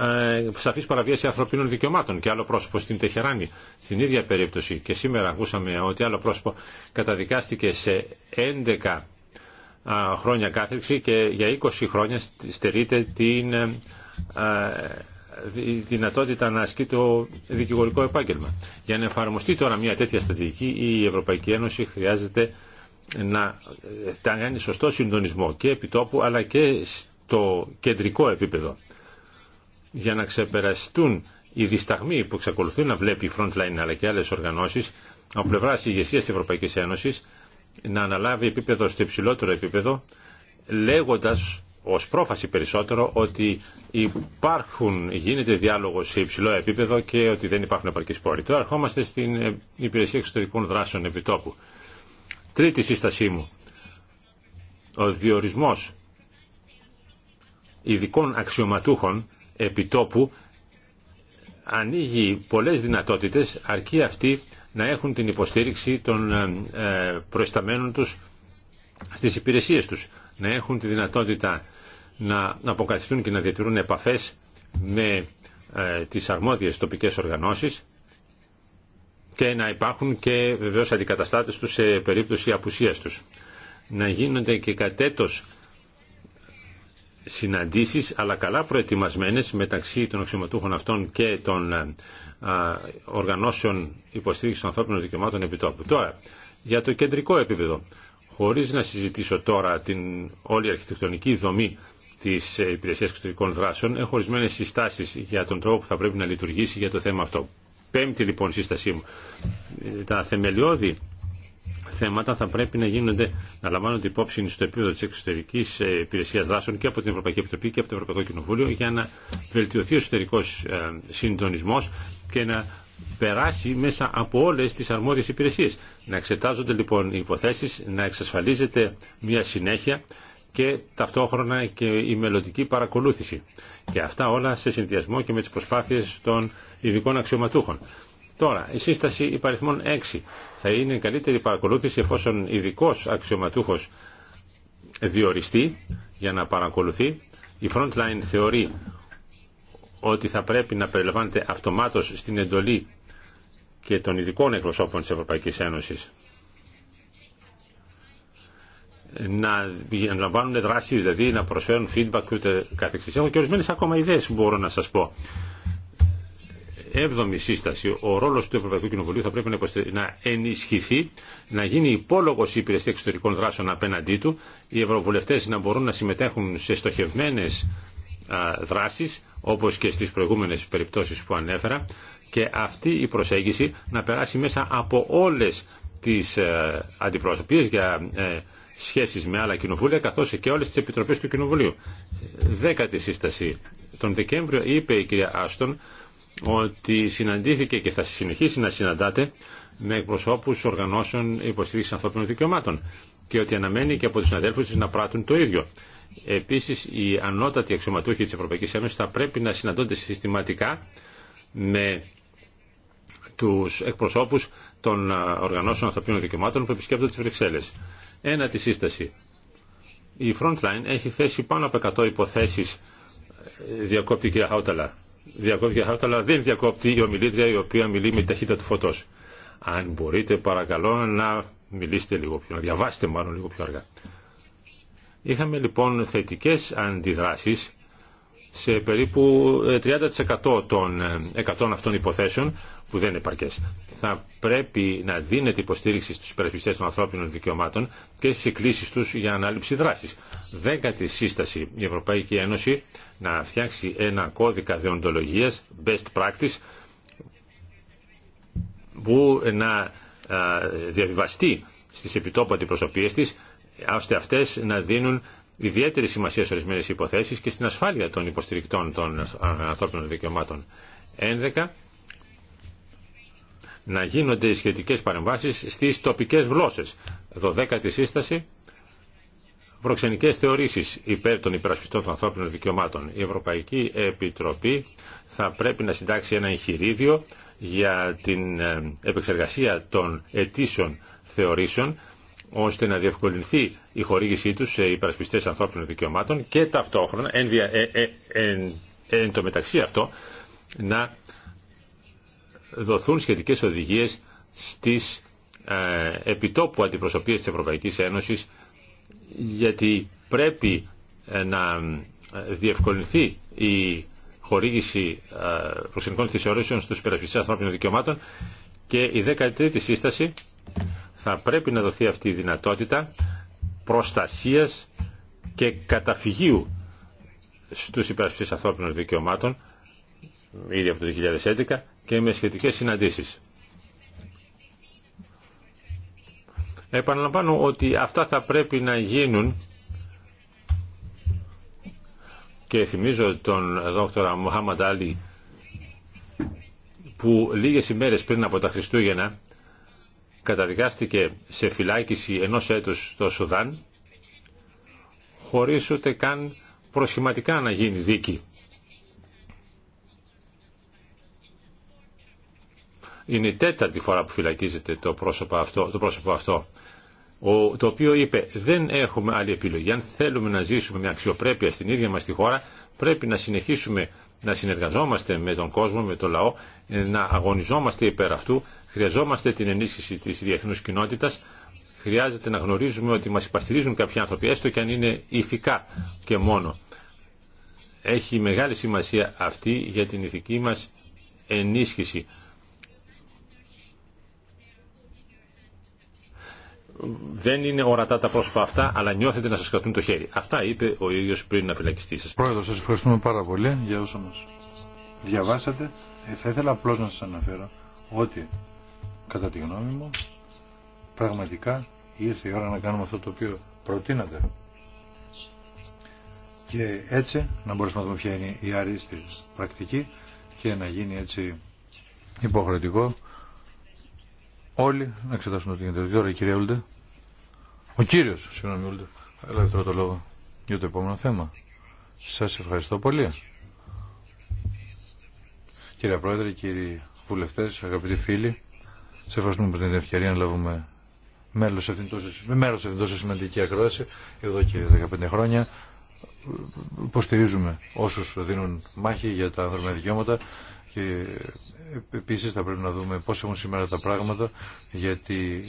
ε, σαφής παραβίαση ανθρωπίνων δικαιωμάτων και άλλο πρόσωπο στην Τεχεράνη. Στην ίδια περίπτωση και σήμερα ακούσαμε ότι άλλο πρόσωπο καταδικάστηκε σε 11 χρόνια κάθεξη και για 20 χρόνια στερείται την ε, δυνατότητα να ασκεί το δικηγορικό επάγγελμα. Για να εφαρμοστεί τώρα μια τέτοια στρατηγική η Ευρωπαϊκή Ένωση χρειάζεται να κάνει σωστό συντονισμό και επιτόπου αλλά και στο κεντρικό επίπεδο για να ξεπεραστούν οι δισταγμοί που εξακολουθούν να βλέπει η Frontline αλλά και άλλες οργανώσεις από πλευρά ηγεσία της Ευρωπαϊκής Ένωσης να αναλάβει επίπεδο στο υψηλότερο επίπεδο λέγοντας ως πρόφαση περισσότερο ότι υπάρχουν, γίνεται διάλογο σε υψηλό επίπεδο και ότι δεν υπάρχουν επαρκείς πόροι. Τώρα ερχόμαστε στην Υπηρεσία Εξωτερικών Δράσεων Επιτόπου. Τρίτη σύστασή μου. Ο διορισμός ειδικών αξιωματούχων επιτόπου ανοίγει πολλές δυνατότητες αρκεί αυτοί να έχουν την υποστήριξη των ε, ε, προϊσταμένων τους στις υπηρεσίες τους. Να έχουν τη δυνατότητα να αποκαθιστούν και να διατηρούν επαφές με ε, τις αρμόδιες τοπικές οργανώσεις και να υπάρχουν και βεβαίως αντικαταστάτες τους σε περίπτωση απουσίας τους. Να γίνονται και κατέτος συναντήσεις αλλά καλά προετοιμασμένες μεταξύ των αξιωματούχων αυτών και των οργανώσεων υποστήριξης των ανθρώπινων δικαιωμάτων επιτόπου. Τώρα, για το κεντρικό επίπεδο, χωρίς να συζητήσω τώρα την όλη αρχιτεκτονική δομή της ε, Υπηρεσίας Εξωτερικών Δράσεων, έχω ορισμένε συστάσεις για τον τρόπο που θα πρέπει να λειτουργήσει για το θέμα αυτό. Πέμπτη λοιπόν σύστασή μου. Ε, τα θεμελιώδη θέματα θα πρέπει να γίνονται, να λαμβάνονται υπόψη στο επίπεδο τη εξωτερική ε, υπηρεσία δάσων και από την Ευρωπαϊκή Επιτροπή και από το Ευρωπαϊκό Κοινοβούλιο για να βελτιωθεί ο εσωτερικό ε, συντονισμό και να περάσει μέσα από όλες τις αρμόδιες υπηρεσίες. Να εξετάζονται λοιπόν οι υποθέσεις, να εξασφαλίζεται μια συνέχεια και ταυτόχρονα και η μελλοντική παρακολούθηση. Και αυτά όλα σε συνδυασμό και με τις προσπάθειες των ειδικών αξιωματούχων. Τώρα, η σύσταση υπαριθμών 6 θα είναι καλύτερη παρακολούθηση εφόσον ειδικό αξιωματούχο διοριστεί για να παρακολουθεί. Η Frontline θεωρεί ότι θα πρέπει να περιλαμβάνεται αυτομάτως στην εντολή και των ειδικών εκπροσώπων της Ευρωπαϊκής Ένωσης να λαμβάνουν δράση, δηλαδή να προσφέρουν feedback και ούτε καθεξής. Έχω και ορισμένες ακόμα ιδέες που μπορώ να σας πω. 7η σύσταση, ο ρόλο του Ευρωπαϊκού Κοινοβουλίου θα πρέπει να ενισχυθεί, να γίνει υπόλογο η υπηρεσία εξωτερικών δράσεων απέναντί του, οι ευρωβουλευτέ να μπορούν να συμμετέχουν σε στοχευμένε δράσει, όπω και στι προηγούμενε περιπτώσει που ανέφερα, και αυτή η προσέγγιση να περάσει μέσα από όλε τι ε, αντιπροσωπείε για ε, σχέσει με άλλα κοινοβούλια, καθώ και όλε τι επιτροπέ του Κοινοβουλίου. Δέκατη σύσταση. Τον Δεκέμβριο είπε η κυρία Άστον ότι συναντήθηκε και θα συνεχίσει να συναντάτε με εκπροσώπους οργανώσεων υποστήριξης ανθρώπινων δικαιωμάτων και ότι αναμένει και από τους συναδέλφους της να πράττουν το ίδιο. Επίσης, οι ανώτατοι αξιωματούχοι της Ευρωπαϊκής Ένωσης θα πρέπει να συναντώνται συστηματικά με τους εκπροσώπους των ε, οργανώσεων ανθρωπίνων δικαιωμάτων που επισκέπτονται τις Βρυξέλλες. Ένα τη σύσταση. Η Frontline έχει θέσει πάνω από 100 υποθέσεις, ε, διακόπτη κ. Χάουταλα. Διακόπτει η αλλά δεν διακόπτει η ομιλήτρια η οποία μιλεί με ταχύτητα του φωτό. Αν μπορείτε παρακαλώ να μιλήσετε λίγο πιο, να διαβάσετε μάλλον λίγο πιο αργά. Είχαμε λοιπόν θετικές αντιδράσεις σε περίπου 30% ε, των 100 ε, αυτών υποθέσεων που δεν είναι επαρκέ. Θα πρέπει να δίνεται υποστήριξη στου υπερασπιστέ των ανθρώπινων δικαιωμάτων και στι εκκλήσει του για ανάληψη δράσης. Δέκατη σύσταση η Ευρωπαϊκή Ένωση να φτιάξει ένα κώδικα διοντολογία, best practice, που να διαβιβαστεί στις επιτόπου αντιπροσωπείες τη ώστε αυτέ να δίνουν ιδιαίτερη σημασία σε ορισμένε υποθέσει και στην ασφάλεια των υποστηρικτών των ανθρώπινων δικαιωμάτων. 11 να γίνονται οι σχετικές παρεμβάσεις στις τοπικές γλώσσες. Δωδέκατη σύσταση, προξενικές θεωρήσεις υπέρ των υπερασπιστών των ανθρώπινων δικαιωμάτων. Η Ευρωπαϊκή Επιτροπή θα πρέπει να συντάξει ένα εγχειρίδιο για την ε, επεξεργασία των αιτήσεων θεωρήσεων ώστε να διευκολυνθεί η χορήγησή τους σε υπερασπιστές ανθρώπινων δικαιωμάτων και ταυτόχρονα, εν, ε, ε, εν, εν το μεταξύ αυτό, να δοθούν σχετικές οδηγίες στις ε, επιτόπου αντιπροσωπείες της Ευρωπαϊκής Ένωσης γιατί πρέπει ε, να ε, διευκολυνθεί η χορήγηση προξενικών θυσιορήσεων στους υπερασπιστές ανθρώπινων δικαιωμάτων και η 13η σύσταση θα πρέπει να δοθεί αυτή η δυνατότητα προστασίας και καταφυγίου στους υπερασπιστές ανθρώπινων δικαιωμάτων ήδη από το 2011 και με σχετικές συναντήσεις. Επαναλαμβάνω ότι αυτά θα πρέπει να γίνουν και θυμίζω τον δόκτωρα Μοχάμαντ Άλλη που λίγες ημέρες πριν από τα Χριστούγεννα καταδικάστηκε σε φυλάκιση ενός έτους στο Σουδάν χωρίς ούτε καν προσχηματικά να γίνει δίκη. Είναι η τέταρτη φορά που φυλακίζεται το πρόσωπο αυτό, το πρόσωπο αυτό ο, το οποίο είπε δεν έχουμε άλλη επιλογή. Αν θέλουμε να ζήσουμε με αξιοπρέπεια στην ίδια μας τη χώρα, πρέπει να συνεχίσουμε να συνεργαζόμαστε με τον κόσμο, με τον λαό, να αγωνιζόμαστε υπέρ αυτού. Χρειαζόμαστε την ενίσχυση της διεθνούς κοινότητας. Χρειάζεται να γνωρίζουμε ότι μας υπαστηρίζουν κάποιοι άνθρωποι, έστω και αν είναι ηθικά και μόνο. Έχει μεγάλη σημασία αυτή για την ηθική μας ενίσχυση. δεν είναι ορατά τα πρόσωπα αυτά, αλλά νιώθετε να σας κρατούν το χέρι. Αυτά είπε ο ίδιο πριν να φυλακιστεί σα. Πρόεδρο, Σα ευχαριστούμε πάρα πολύ για όσα μας διαβάσατε. Ε, θα ήθελα απλώ να σας αναφέρω ότι, κατά τη γνώμη μου, πραγματικά ήρθε η ώρα να κάνουμε αυτό το οποίο προτείνατε. Και έτσι να μπορέσουμε να δούμε ποια είναι η άριστη πρακτική και να γίνει έτσι υποχρεωτικό όλοι να εξετάσουν ότι γίνεται. Τώρα η κυρία Ούλτε. Ο κύριος, συγγνώμη Ούλτε. Έλα τώρα το λόγο για το επόμενο θέμα. Σας ευχαριστώ πολύ. Κύριε Πρόεδρε, κύριοι βουλευτέ, αγαπητοί φίλοι, σε ευχαριστούμε που την ευκαιρία να λάβουμε μέρο αυτήν τόσο, σε αυτήν τόσο σημαντική ακρόαση εδώ και 15 χρόνια υποστηρίζουμε όσους δίνουν μάχη για τα ανθρώπινα δικαιώματα και επίσης θα πρέπει να δούμε πώς έχουν σήμερα τα πράγματα γιατί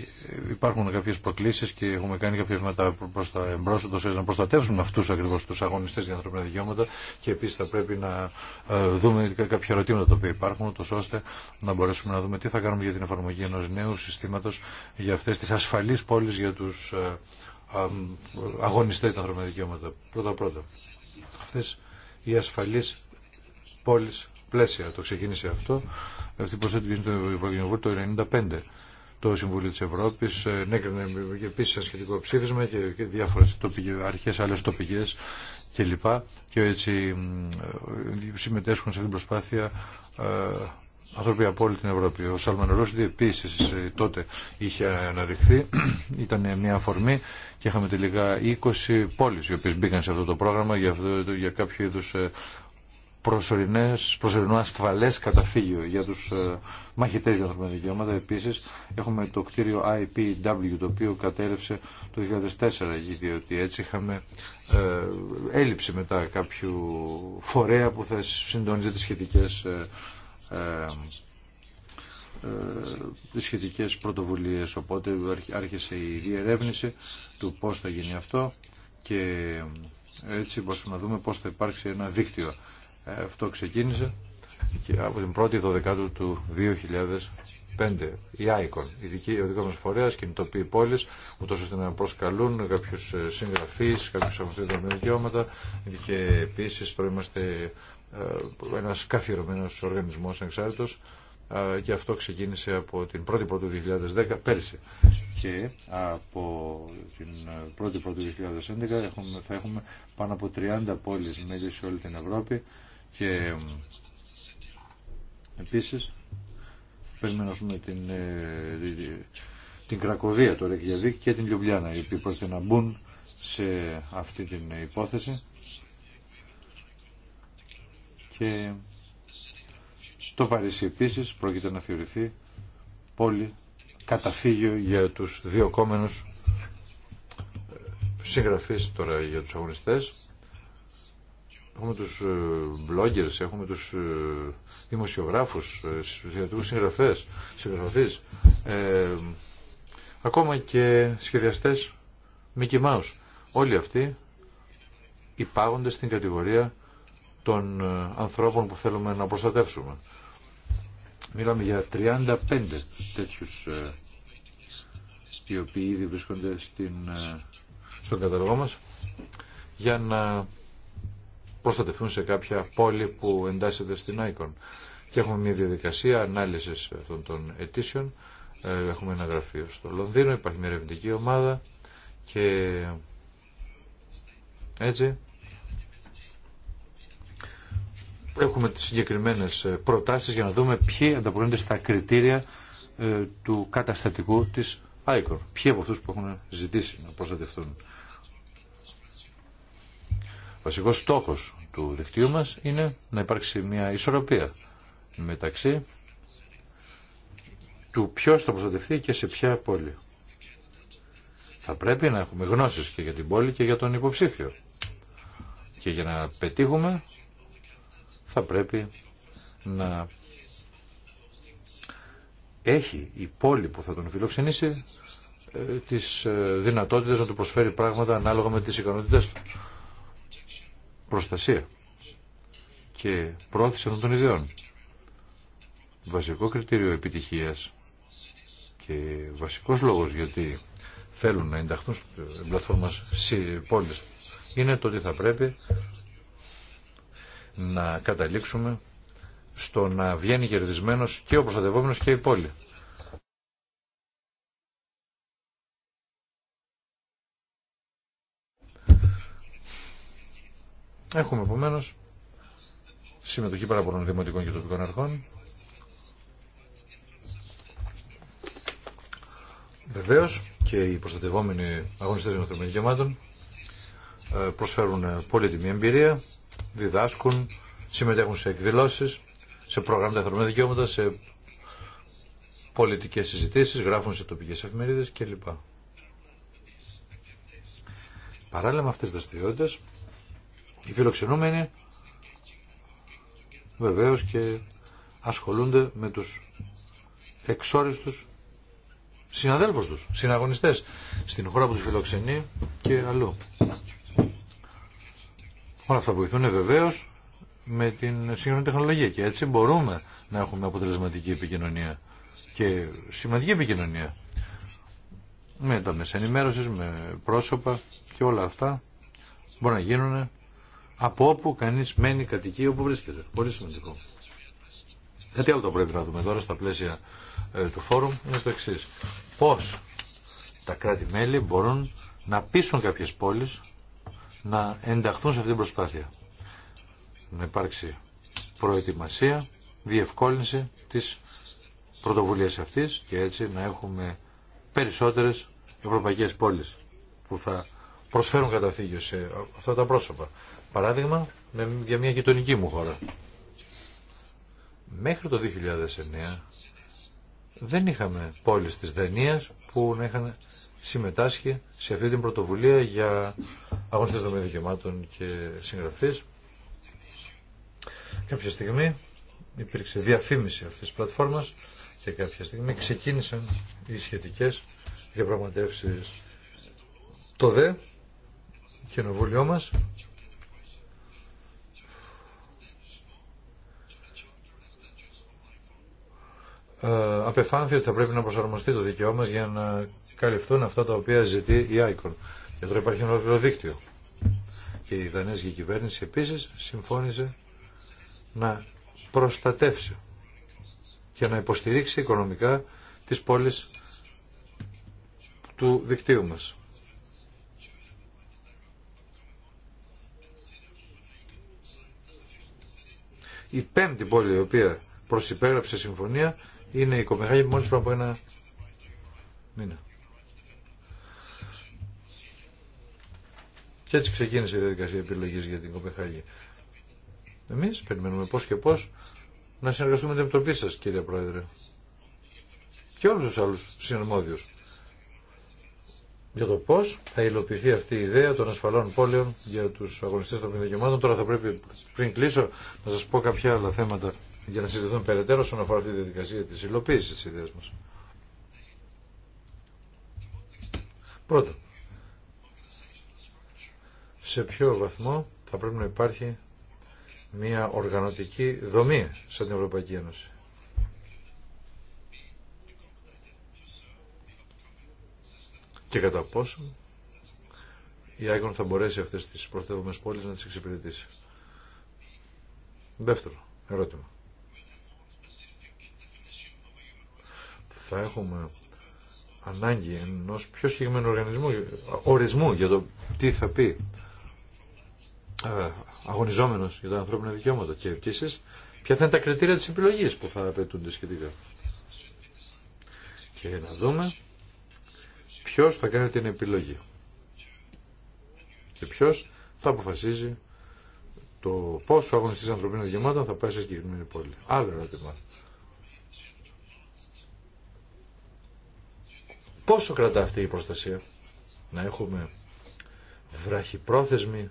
υπάρχουν κάποιες προκλήσεις και έχουμε κάνει κάποια βήματα προς τα εμπρός ώστε να προστατεύσουμε αυτούς ακριβώς τους αγωνιστές για ανθρώπινα δικαιώματα και επίσης θα πρέπει να ε, δούμε κάποια ερωτήματα τα οποία υπάρχουν τόσο ώστε να μπορέσουμε να δούμε τι θα κάνουμε για την εφαρμογή ενός νέου συστήματος για αυτές τις ασφαλείς πόλεις για τους ε, ε, αγωνιστές για ανθρώπινα δικαιώματα. Πρώτα πρώτα. Αυτές οι ασφαλείς πόλεις πλαίσια. Το ξεκίνησε αυτό, αυτή η προσθέτει του Ευρωκοινοβούλου το 1995. Το Συμβούλιο της Ευρώπης ε, ναι, έκανε επίση ένα σχετικό ψήφισμα και διάφορες αρχέ αρχές, άλλες τοπικές κλπ. Και, έτσι ε, συμμετέσχουν σε αυτή την προσπάθεια ε, άνθρωποι από όλη την Ευρώπη. Ο Σαλμαν Ρώσντι επίση τότε είχε αναδειχθεί, ήταν μια αφορμή και είχαμε τελικά 20 πόλει οι οποίε μπήκαν σε αυτό το πρόγραμμα για, αυτό, για κάποιο είδου προσωρινό ασφαλέ καταφύγιο για του ε, μαχητές για ανθρώπινα δικαιώματα. Επίση έχουμε το κτίριο IPW το οποίο κατέρευσε το 2004 διότι έτσι είχαμε ε, έλλειψη μετά κάποιου φορέα που θα συντονίζει τι σχετικέ ε, ε, τις σχετικές πρωτοβουλίες οπότε άρχισε η διερεύνηση του πώς θα γίνει αυτό και έτσι μπορούμε να δούμε πώς θα υπάρξει ένα δίκτυο αυτό ξεκίνησε και από την 1η 12η του 2005 η ICON, η δική, ο δικό μας φορέας, κινητοποιεί πόλεις, ούτως ώστε να προσκαλούν κάποιους ε, συγγραφείς, κάποιους αγωστήτων με δικαιώματα και επίσης τώρα είμαστε ε, ένας καθιερωμένος οργανισμός εξάρτητος και αυτό ξεκίνησε από την 1η Πρώτου 2010 πέρσι και από την 1η Πρώτου 2011 θα έχουμε πάνω από 30 πόλεις μέλη σε όλη την Ευρώπη και επίσης περιμένουμε την, ε, την Κρακοβία, το Ρεκιαβίκ και την Λιουμπλιάνα, οι οποίοι πρόκειται να μπουν σε αυτή την υπόθεση. Και το Παρίσι επίσης πρόκειται να θεωρηθεί πόλη καταφύγιο για τους διοκόμενους ε, συγγραφείς τώρα για τους αγωνιστές Έχουμε τους ε, bloggers, έχουμε τους ε, δημοσιογράφους, ε, τους συγγραφές, συγγραφείς, ε, ακόμα και σχεδιαστές Mickey Όλοι αυτοί υπάγονται στην κατηγορία των ανθρώπων που θέλουμε να προστατεύσουμε. Μιλάμε για 35 τέτοιους οι οποίοι ήδη βρίσκονται στην, στον καταλογό μας για να προστατευτούν σε κάποια πόλη που εντάσσεται στην ICON. Και έχουμε μια διαδικασία ανάλυση αυτών των αιτήσεων. Ε, έχουμε ένα γραφείο στο Λονδίνο, υπάρχει μια ερευνητική ομάδα και έτσι έχουμε τις συγκεκριμένες προτάσεις για να δούμε ποιοι ανταποκρίνονται στα κριτήρια ε, του καταστατικού της ICON. Ποιοι από αυτούς που έχουν ζητήσει να προστατευτούν. Βασικός στόχος του δικτύου μας είναι να υπάρξει μια ισορροπία μεταξύ του ποιος θα προστατευτεί και σε ποια πόλη. Θα πρέπει να έχουμε γνώσεις και για την πόλη και για τον υποψήφιο. Και για να πετύχουμε θα πρέπει να έχει η πόλη που θα τον φιλοξενήσει ε, τις ε, δυνατότητες να του προσφέρει πράγματα ανάλογα με τις ικανότητες του προστασία και πρόθεση αυτών των ιδεών. Βασικό κριτήριο επιτυχίας και βασικός λόγος γιατί θέλουν να ενταχθούν στην πλατφόρμα πόλεις είναι το ότι θα πρέπει να καταλήξουμε στο να βγαίνει κερδισμένος και ο προστατευόμενος και η πόλη. Έχουμε επομένω συμμετοχή πάρα πολλών δημοτικών και τοπικών αρχών. Βεβαίω και οι προστατευόμενοι αγωνιστέ των ανθρωπίνων δικαιωμάτων ε, προσφέρουν ε, πολύτιμη εμπειρία, διδάσκουν, συμμετέχουν σε εκδηλώσει, σε προγράμματα ανθρωπίνων δικαιώματα, σε πολιτικέ συζητήσει, γράφουν σε τοπικέ εφημερίδε κλπ. Παράλληλα με αυτέ τι δραστηριότητε, οι φιλοξενούμενοι βεβαίως και ασχολούνται με τους εξόριστους συναδέλφους τους, συναγωνιστές στην χώρα που τους φιλοξενεί και αλλού. Όλα αυτά βοηθούν βεβαίως με την σύγχρονη τεχνολογία και έτσι μπορούμε να έχουμε αποτελεσματική επικοινωνία και σημαντική επικοινωνία με τα μέσα με πρόσωπα και όλα αυτά μπορεί να γίνουν από όπου κανείς μένει, κατοικεί, όπου βρίσκεται. Πολύ σημαντικό. Κάτι άλλο το πρέπει να δούμε τώρα στα πλαίσια ε, του φόρουμ είναι το εξή. Πώς τα κράτη-μέλη μπορούν να πείσουν κάποιες πόλεις να ενταχθούν σε αυτή την προσπάθεια. Να υπάρξει προετοιμασία, διευκόλυνση της πρωτοβουλίας αυτής και έτσι να έχουμε περισσότερες ευρωπαϊκές πόλεις που θα προσφέρουν καταφύγιο σε αυτά τα πρόσωπα. Παράδειγμα, με, για μια γειτονική μου χώρα. Μέχρι το 2009 δεν είχαμε πόλεις της Δανίας που να είχαν συμμετάσχει σε αυτή την πρωτοβουλία για αγωνιστές δομή δικαιωμάτων και συγγραφείς. Κάποια στιγμή υπήρξε διαφήμιση αυτής της πλατφόρμας και κάποια στιγμή ξεκίνησαν οι σχετικές διαπραγματεύσεις. Το ΔΕ, κοινοβούλιο μας, Ε, απεφάνθη ότι θα πρέπει να προσαρμοστεί το δικαίωμα για να καλυφθούν αυτά τα οποία ζητεί η ICON. Και τώρα υπάρχει ένα ολόκληρο δίκτυο. Και η Δανέζικη κυβέρνηση επίσης συμφώνησε να προστατεύσει και να υποστηρίξει οικονομικά τις πόλεις του δικτύου μας. Η πέμπτη πόλη η οποία προσυπέγραψε συμφωνία είναι η Κοπεχάγη μόλις πριν από ένα μήνα. Και έτσι ξεκίνησε η διαδικασία επιλογής για την Κοπεχάγη. Εμείς περιμένουμε πώς και πώς να συνεργαστούμε με την Επιτροπή σας, κύριε Πρόεδρε. Και όλους τους άλλους συναρμόδιους. Για το πώς θα υλοποιηθεί αυτή η ιδέα των ασφαλών πόλεων για τους αγωνιστές των δικαιωμάτων. Τώρα θα πρέπει πριν κλείσω να σας πω κάποια άλλα θέματα για να συζητηθούν περαιτέρω όσον αφορά αυτή τη διαδικασία της υλοποίησης της ιδέας μας. Πρώτον, σε ποιο βαθμό θα πρέπει να υπάρχει μια οργανωτική δομή σαν την Ευρωπαϊκή Ένωση. Και κατά πόσο η Άγκον θα μπορέσει αυτές τις προστατευόμενες πόλεις να τις εξυπηρετήσει. Δεύτερο ερώτημα. θα έχουμε ανάγκη ενό πιο συγκεκριμένου οργανισμού, ορισμού για το τι θα πει ε, αγωνιζόμενο για τα ανθρώπινα δικαιώματα και επίση ποια θα είναι τα κριτήρια της επιλογής που θα απαιτούνται σχετικά. Και να δούμε ποιο θα κάνει την επιλογή και ποιο θα αποφασίζει το πόσο αγωνιστής ανθρωπίνων δικαιωμάτων θα πάει σε συγκεκριμένη πόλη. Άλλο ερώτημα. Πόσο κρατά αυτή η προστασία να έχουμε βραχυπρόθεσμη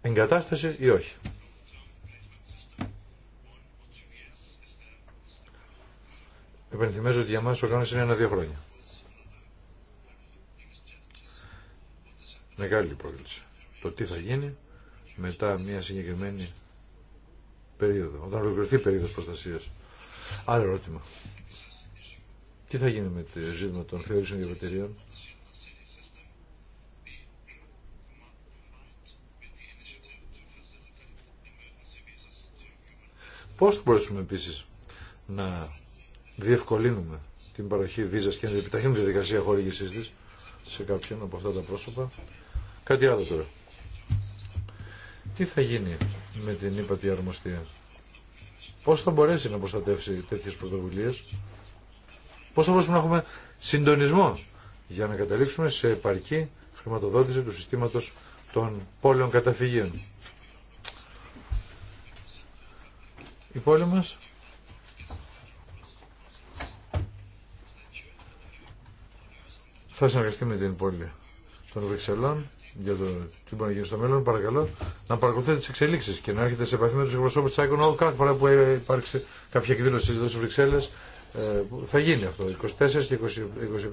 εγκατάσταση ή όχι. Επενθυμίζω ότι για μας ο κανόνας είναι ένα-δύο χρόνια. Μεγάλη πρόκληση. Το τι θα γίνει μετά μια συγκεκριμένη περίοδο, όταν ολοκληρωθεί η περίοδος προστασίας. Άλλο ερώτημα. Τι θα γίνει με το ζήτημα των θεωρήσεων διαβατηρίων. Πώς θα μπορέσουμε επίσης να διευκολύνουμε την παροχή βίζας και να επιταχύνουμε τη διαδικασία χορήγησής της σε κάποιον από αυτά τα πρόσωπα. Κάτι άλλο τώρα. Τι θα γίνει με την ύπατη αρμοστία. Πώς θα μπορέσει να προστατεύσει τέτοιες πρωτοβουλίες Πώς θα μπορούσαμε να έχουμε συντονισμό για να καταλήξουμε σε επαρκή χρηματοδότηση του συστήματος των πόλεων καταφυγίων. Η πόλη μας θα συνεργαστεί με την πόλη των Βρυξελών για το τι μπορεί να γίνει στο μέλλον. Παρακαλώ να παρακολουθείτε τι εξελίξει και να έρχεται σε επαφή με του εκπροσώπου τη κάθε φορά που υπάρξει κάποια εκδήλωση εδώ στι Βρυξέλλε ε, θα γίνει αυτό, 24 και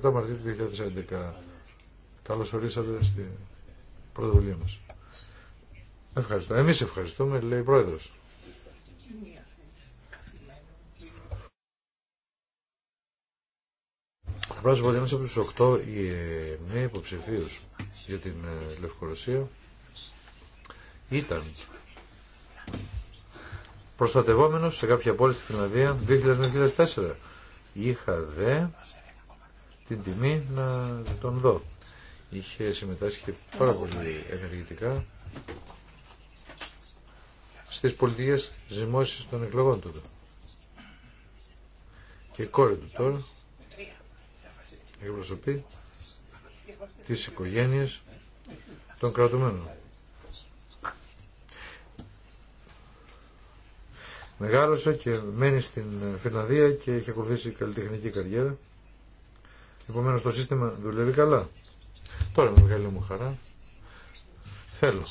27 Μαρτίου του 2011. Καλώ ορίσατε στην πρωτοβουλία μας. Ευχαριστώ. Εμείς ευχαριστούμε, λέει η Πρόεδρος. Θα πρέπει να από τους 8 ή 9 υποψηφίους για την ε, Λευκορωσία ήταν προστατευόμενος σε κάποια πόλη στη φιλανδια 2000-2004 Είχα δε την τιμή να τον δω. Είχε συμμετάσχει πάρα πολύ ενεργητικά στις πολιτικές ζημώσεις των εκλογών του. Και η κόρη του τώρα εκπροσωπεί τις οικογένειες των κρατουμένων. Μεγάλωσε και μένει στην Φιλανδία και έχει ακολουθήσει καλλιτεχνική καριέρα. Επομένως το σύστημα δουλεύει καλά. Τώρα με μεγάλη μου χαρά θέλω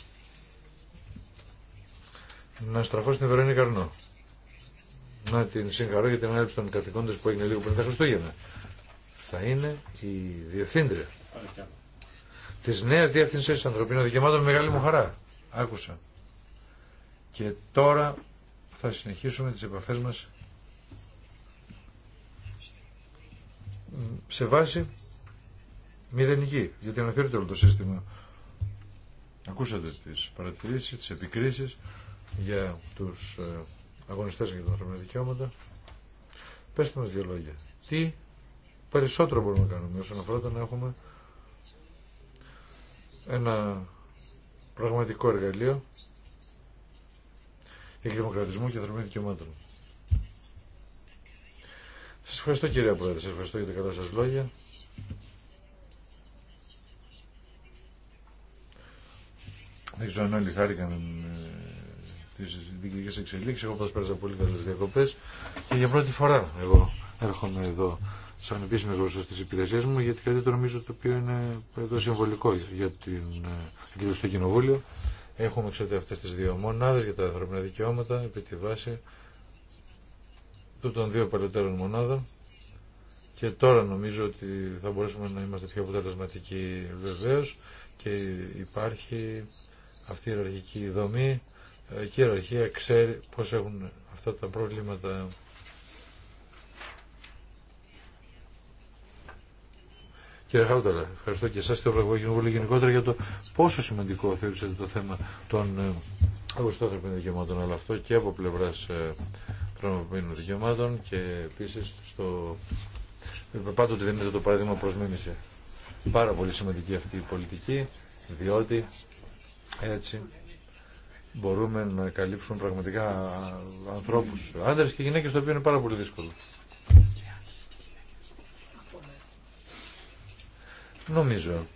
να στραφώ στην Βερόνη Καρνό. Να την συγχαρώ για την ανάληψη των καθηκόντων που έγινε λίγο πριν τα Χριστούγεννα. Θα είναι η διευθύντρια τη νέα διεύθυνση ανθρωπίνων δικαιωμάτων με μεγάλη μου χαρά. Άκουσα. Και τώρα θα συνεχίσουμε τις επαφές μας σε βάση μηδενική, γιατί αναφέρεται όλο το σύστημα. Ακούσατε τις παρατηρήσεις, τις επικρίσεις για τους ε, αγωνιστές για τα ανθρώπινα δικαιώματα. Πεςτε μας δύο λόγια. Τι περισσότερο μπορούμε να κάνουμε όσον αφορά το να έχουμε ένα πραγματικό εργαλείο δημοκρατισμό και ανθρωπίνων δικαιωμάτων. Σα ευχαριστώ κύριε Πρόεδρε, σα ευχαριστώ για τα καλά σα λόγια. Δεν ξέρω αν όλοι χάρηκαν ε, τις δικαιωτικέ εξελίξει. Εγώ πάντω πέρασα πολύ καλέ διακοπέ και για πρώτη φορά εγώ έρχομαι εδώ σαν επίσημη γλώσσα τη υπηρεσία μου γιατί κάτι το νομίζω το οποίο είναι το συμβολικό για την εκδήλωση στο Κοινοβούλιο Έχουμε ξέρετε αυτές τις δύο μονάδες για τα ανθρώπινα δικαιώματα επί τη βάση του των δύο παλαιότερων μονάδων και τώρα νομίζω ότι θα μπορέσουμε να είμαστε πιο αποτελεσματικοί βεβαίω και υπάρχει αυτή η ιεραρχική δομή ε, και η ιεραρχία ξέρει πώς έχουν αυτά τα προβλήματα Κύριε Χάουταλα, ευχαριστώ και εσά και το Ευρωπαϊκό Κοινοβούλιο γενικότερα για το πόσο σημαντικό θεωρήσατε το θέμα των ε, αγωστόθρωπων δικαιωμάτων, αλλά αυτό και από πλευρά ε, τρομοποιημένων δικαιωμάτων και επίση στο. Ε, πάντοτε δίνετε το παράδειγμα προ μίμηση. Πάρα πολύ σημαντική αυτή η πολιτική, διότι έτσι μπορούμε να καλύψουμε πραγματικά ανθρώπους, άντρες και γυναίκες, το οποίο είναι πάρα πολύ δύσκολο. Νομίζω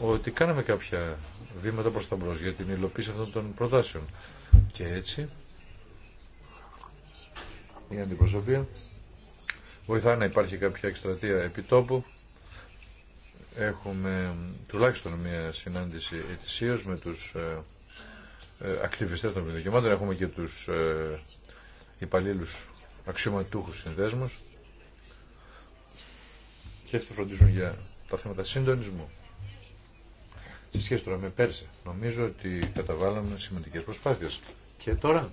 ότι κάναμε κάποια βήματα προς τα μπρος για την υλοποίηση αυτών των προτάσεων. Και έτσι η αντιπροσωπεία βοηθά να υπάρχει κάποια εκστρατεία επιτόπου. Έχουμε τουλάχιστον μια συνάντηση ετησίως με τους ε, ε, ακτιβιστές των δικαιωμάτων. Έχουμε και τους ε, υπαλλήλους αξιωματούχους συνδέσμους και αυτοί φροντίζουν για τα θέματα συντονισμού. Σε σχέση τώρα με πέρσι, νομίζω ότι καταβάλαμε σημαντικές προσπάθειες. Και τώρα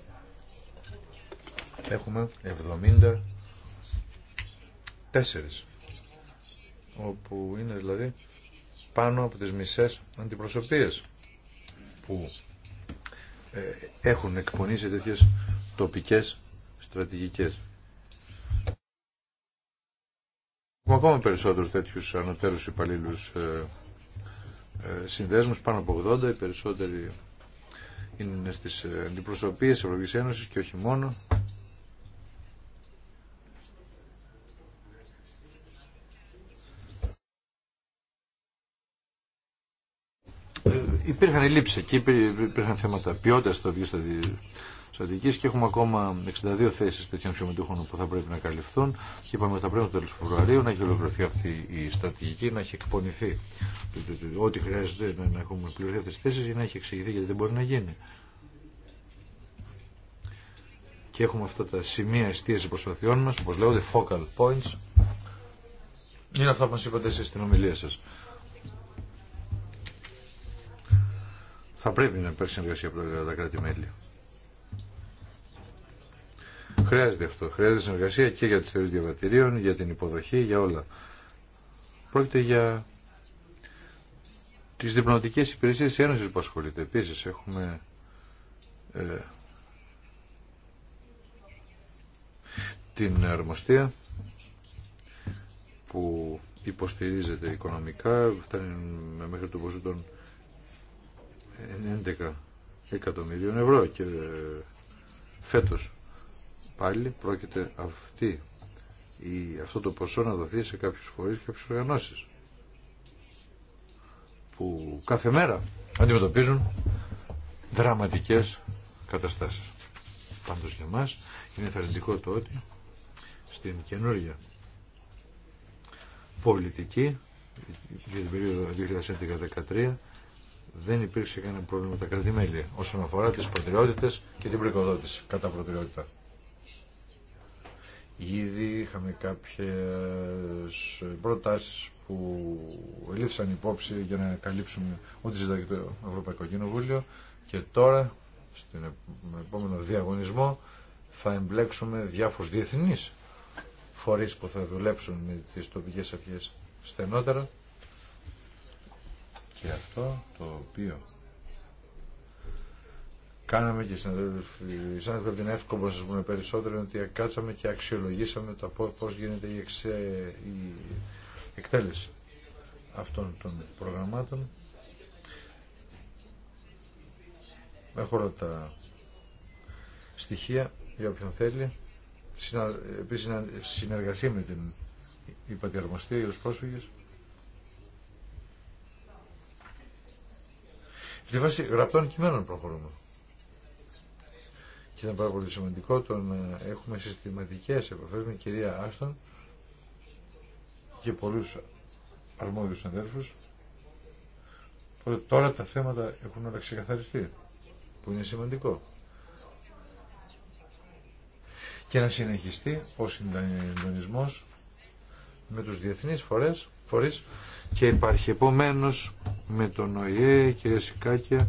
έχουμε 74 όπου είναι δηλαδή πάνω από τις μισές αντιπροσωπείες που ε, έχουν εκπονήσει τέτοιες τοπικές στρατηγικές. Έχουμε ακόμα περισσότερους τέτοιους ανωτέρους υπαλλήλους ε, ε, συνδέσμους, πάνω από 80, οι περισσότεροι είναι στις ε, αντιπροσωπείες της Ευρωπαϊκής Ένωσης και όχι μόνο. Ε, υπήρχαν λήψεις εκεί, υπήρχαν θέματα ποιότητας στο οποίο στρατηγική και έχουμε ακόμα 62 θέσει τέτοιων συμμετούχων που θα πρέπει να καλυφθούν. Και είπαμε ότι θα πρέπει το τέλο Φεβρουαρίου να έχει ολοκληρωθεί αυτή η στρατηγική, να έχει εκπονηθεί ό,τι χρειάζεται να έχουμε πληρωθεί αυτέ τι θέσει ή να έχει εξηγηθεί γιατί δεν μπορεί να γίνει. Και έχουμε αυτά τα σημεία εστίαση προσπαθειών μα, όπω λέγονται focal points. Είναι αυτά που μα είπατε εσεί στην ομιλία σα. Θα πρέπει να υπάρξει συνεργασία από τα κράτη-μέλη. Χρειάζεται αυτό. Χρειάζεται συνεργασία και για τις θεωρίες διαβατηρίων, για την υποδοχή, για όλα. Πρόκειται για τις διπλωματικές υπηρεσίες της Ένωσης που ασχολείται. Επίσης έχουμε ε, την αρμοστία που υποστηρίζεται οικονομικά, φτάνει μέχρι το ποσό των 11 εκατομμυρίων ευρώ και ε, φέτος πάλι πρόκειται αυτή, η, αυτό το ποσό να δοθεί σε κάποιους φορείς και κάποιες οργανώσεις που κάθε μέρα αντιμετωπίζουν δραματικές καταστάσεις. Πάντως για μας είναι θαρρυντικό το ότι στην καινούργια πολιτική για την περιοδο 2011-2013 δεν υπήρξε κανένα πρόβλημα τα κρατημέλια όσον αφορά τις προτεραιότητες και την προοικοδότηση κατά προτεραιότητα. Ήδη είχαμε κάποιες προτάσεις που ελήφθησαν υπόψη για να καλύψουμε ό,τι ζητάει το Ευρωπαϊκό Κοινοβούλιο και τώρα, στην επόμενο διαγωνισμό, θα εμπλέξουμε διάφορους διεθνείς φορείς που θα δουλέψουν με τις τοπικές αρχές στενότερα και αυτό το οποίο κάναμε και οι συνάδελφοι την εύκολο να πούνε περισσότερο ότι κάτσαμε και αξιολογήσαμε το πώς γίνεται η, εξε, η εκτέλεση αυτών των προγραμμάτων. Έχω όλα τα στοιχεία για όποιον θέλει. Συνα, επίσης συνεργασία με την υπατιαρμοστία για τους πρόσφυγες. Στη βάση γραπτών κειμένων προχωρούμε και ήταν πάρα πολύ σημαντικό το να έχουμε συστηματικές επαφές με κυρία Άστον και πολλούς αρμόδιους που Τώρα τα θέματα έχουν όλα ξεκαθαριστεί, που είναι σημαντικό. Και να συνεχιστεί ο συντονισμός με τους διεθνείς φορές, φορείς και υπάρχει επομένως με τον ΟΗΕ, κυρία Σικάκια,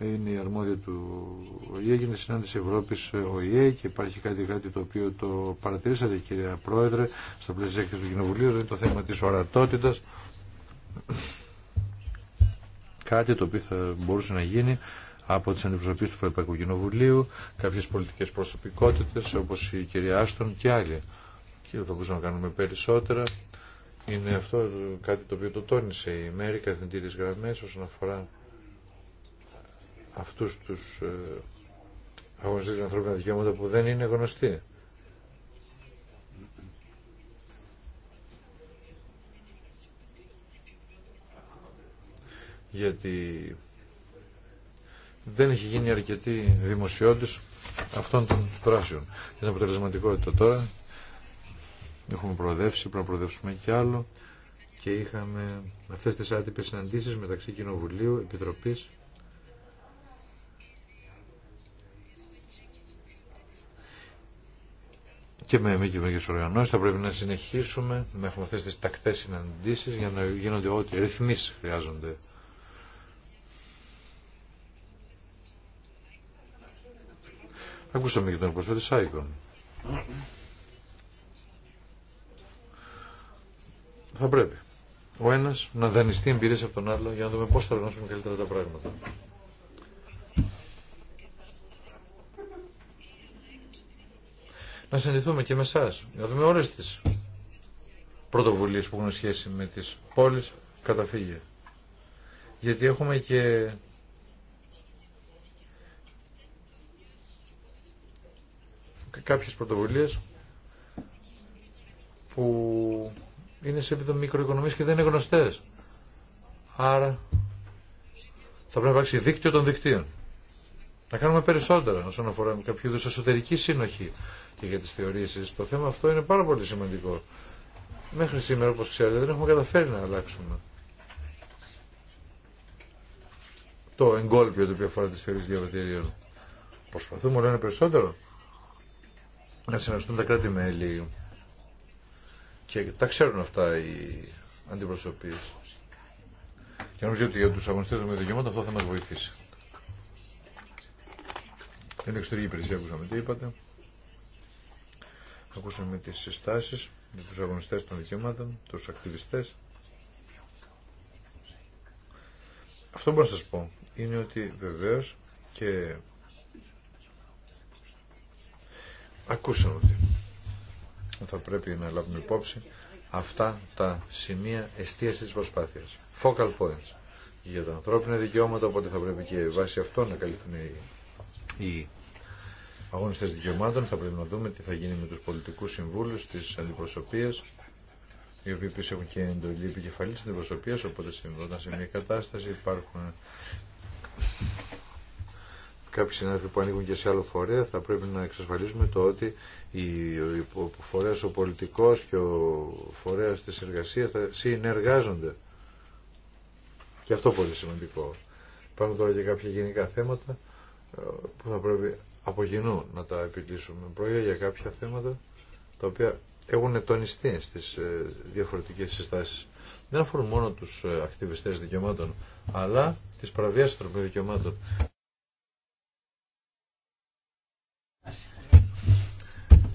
είναι η αρμόδια του ΟΗΕ, έγινε συνάντηση Ευρώπης ΟΗΕ και υπάρχει κάτι, κάτι το οποίο το παρατηρήσατε κυρία Πρόεδρε στα πλαίσια έκθεση του Κοινοβουλίου, Είναι δηλαδή το θέμα της ορατότητας. Κάτι το οποίο θα μπορούσε να γίνει από τις αντιπροσωπείς του Ευρωπαϊκού Κοινοβουλίου, κάποιες πολιτικές προσωπικότητες όπως η κυρία Άστον και άλλοι. Και θα μπορούσαμε να κάνουμε περισσότερα. Είναι αυτό κάτι το οποίο το τόνισε η Μέρη, καθεντήρες γραμμές όσον αφορά αυτούς τους ε, αγωνιστές ανθρώπινα δικαιώματα που δεν είναι γνωστοί. Γιατί δεν έχει γίνει αρκετή δημοσιότητα αυτών των πράσεων. Την αποτελεσματικότητα τώρα έχουμε προοδεύσει, πρέπει να προοδεύσουμε και άλλο και είχαμε αυτές τις άτυπες συναντήσεις μεταξύ Κοινοβουλίου, Επιτροπής και με μη κυβερνικές οργανώσεις θα πρέπει να συνεχίσουμε να έχουμε τις τακτές συναντήσεις για να γίνονται ό,τι ρυθμίσεις χρειάζονται. Ακούσαμε και τον τη Σάικον. Θα πρέπει ο ένας να δανειστεί εμπειρίες από τον άλλο για να δούμε πώς θα οργανώσουμε καλύτερα τα πράγματα. να συνδεθούμε και με εσά, να δούμε όλε τι πρωτοβουλίε που έχουν σχέση με τι πόλει καταφύγια. Γιατί έχουμε και κάποιες πρωτοβουλίες που είναι σε επίπεδο μικροοικονομίας και δεν είναι γνωστές. Άρα θα πρέπει να υπάρξει δίκτυο των δικτύων να κάνουμε περισσότερα όσον αφορά κάποιο είδου εσωτερική συνοχή και για τι θεωρήσει. Το θέμα αυτό είναι πάρα πολύ σημαντικό. Μέχρι σήμερα, όπω ξέρετε, δεν έχουμε καταφέρει να αλλάξουμε το εγκόλπιο το οποίο αφορά τι θεωρίε διαβατηρίων. Προσπαθούμε όλο ένα περισσότερο να συνεργαστούν τα κράτη-μέλη και τα ξέρουν αυτά οι αντιπροσωπείς. Και νομίζω ότι για τους αγωνιστές με δικαιώματα αυτό θα μας βοηθήσει. Είναι εξωτερική υπηρεσία ακούσαμε τι είπατε. Ακούσαμε τις συστάσεις για τους αγωνιστές των δικαιωμάτων, τους ακτιβιστές. Αυτό που να σας πω είναι ότι βεβαίω, και ακούσαμε ότι θα πρέπει να λάβουμε υπόψη αυτά τα σημεία εστίαση τη προσπάθεια. Focal points για τα ανθρώπινα δικαιώματα, οπότε θα πρέπει και βάσει αυτό να καλυφθούν οι αγωνιστές δικαιωμάτων. Θα πρέπει να δούμε τι θα γίνει με τους πολιτικούς συμβούλους της αντιπροσωπείας, οι οποίοι επίσης έχουν και εντολή επικεφαλής της αντιπροσωπείας, οπότε συμβούνταν σε μια κατάσταση υπάρχουν κάποιοι συνάδελφοι που ανοίγουν και σε άλλο φορέα, θα πρέπει να εξασφαλίσουμε το ότι ο φορέας ο πολιτικός και ο φορέας της εργασίας θα συνεργάζονται. Και αυτό πολύ σημαντικό. Πάμε τώρα για κάποια γενικά θέματα που θα πρέπει από κοινού να τα επιλύσουμε. Πρόκειται για κάποια θέματα τα οποία έχουν τονιστεί στις ε, διαφορετικές συστάσεις. Δεν αφορούν μόνο τους ε, ακτιβιστές δικαιωμάτων, αλλά τις παραβιάσεις των δικαιωμάτων.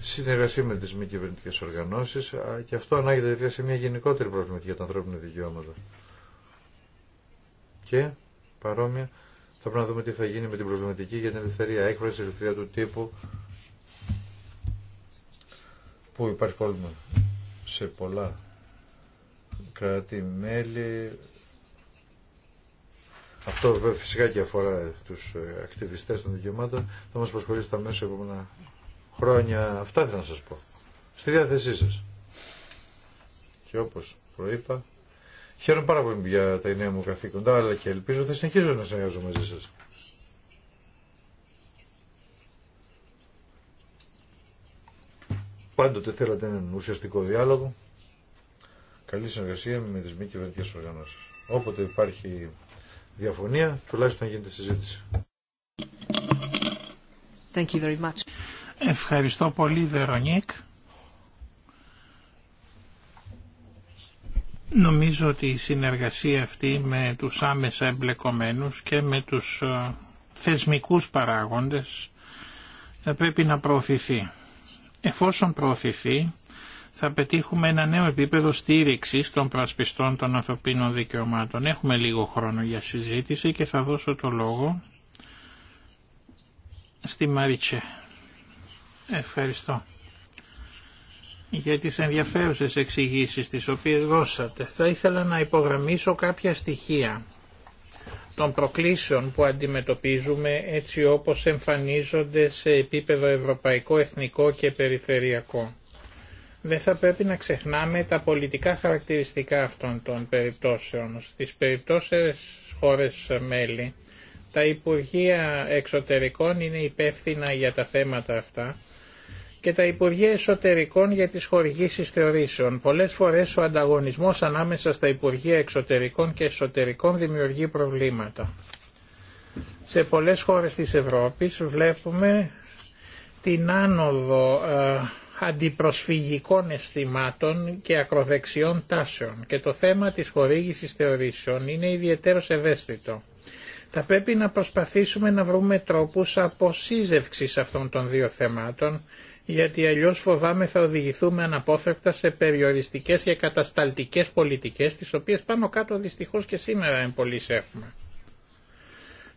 Συνεργασία με τις μη κυβερνητικέ οργανώσεις και αυτό ανάγεται σε μια γενικότερη προβληματική για τα ανθρώπινα δικαιώματα. Και παρόμοια θα πρέπει να δούμε τι θα γίνει με την προβληματική για την ελευθερία έκφραση, ελευθερία του τύπου. Πού υπάρχει πρόβλημα σε πολλά κράτη-μέλη. Αυτό φυσικά και αφορά τους ε, ακτιβιστές των δικαιωμάτων. Θα μας προσχωρήσει τα μέσα επόμενα χρόνια. Αυτά θέλω να σας πω. Στη διάθεσή σας. Και όπως προείπα, Χαίρομαι πάρα πολύ για τα νέα μου καθήκοντα, αλλά και ελπίζω θα συνεχίζω να συνεργάζω μαζί σας. Πάντοτε θέλατε έναν ουσιαστικό διάλογο, καλή συνεργασία με τις μη κυβερνητικές οργανώσεις. Όποτε υπάρχει διαφωνία, τουλάχιστον γίνεται συζήτηση. Thank you very much. Ευχαριστώ πολύ, Βερονίκ. Νομίζω ότι η συνεργασία αυτή με τους άμεσα εμπλεκομένους και με τους ε, θεσμικούς παράγοντες θα πρέπει να προωθηθεί. Εφόσον προωθηθεί, θα πετύχουμε ένα νέο επίπεδο στήριξης των προασπιστών των ανθρωπίνων δικαιωμάτων. Έχουμε λίγο χρόνο για συζήτηση και θα δώσω το λόγο στη Μαριτσέ. Ευχαριστώ για τις ενδιαφέρουσες εξηγήσεις τις οποίες δώσατε. Θα ήθελα να υπογραμμίσω κάποια στοιχεία των προκλήσεων που αντιμετωπίζουμε έτσι όπως εμφανίζονται σε επίπεδο ευρωπαϊκό, εθνικό και περιφερειακό. Δεν θα πρέπει να ξεχνάμε τα πολιτικά χαρακτηριστικά αυτών των περιπτώσεων. Στις περιπτώσεις χώρες μέλη, τα Υπουργεία Εξωτερικών είναι υπεύθυνα για τα θέματα αυτά και τα Υπουργεία Εσωτερικών για τις χορηγήσεις θεωρήσεων. Πολλές φορές ο ανταγωνισμός ανάμεσα στα Υπουργεία Εξωτερικών και Εσωτερικών δημιουργεί προβλήματα. Σε πολλές χώρες της Ευρώπης βλέπουμε την άνοδο ε, αντιπροσφυγικών αισθημάτων και ακροδεξιών τάσεων και το θέμα της χορήγησης θεωρήσεων είναι ιδιαίτερος ευαίσθητο. Θα πρέπει να προσπαθήσουμε να βρούμε τρόπους αποσύζευξης αυτών των δύο θεμάτων γιατί αλλιώς φοβάμαι θα οδηγηθούμε αναπόφευκτα σε περιοριστικές και κατασταλτικές πολιτικές, τις οποίες πάνω κάτω δυστυχώς και σήμερα εμπολείς έχουμε.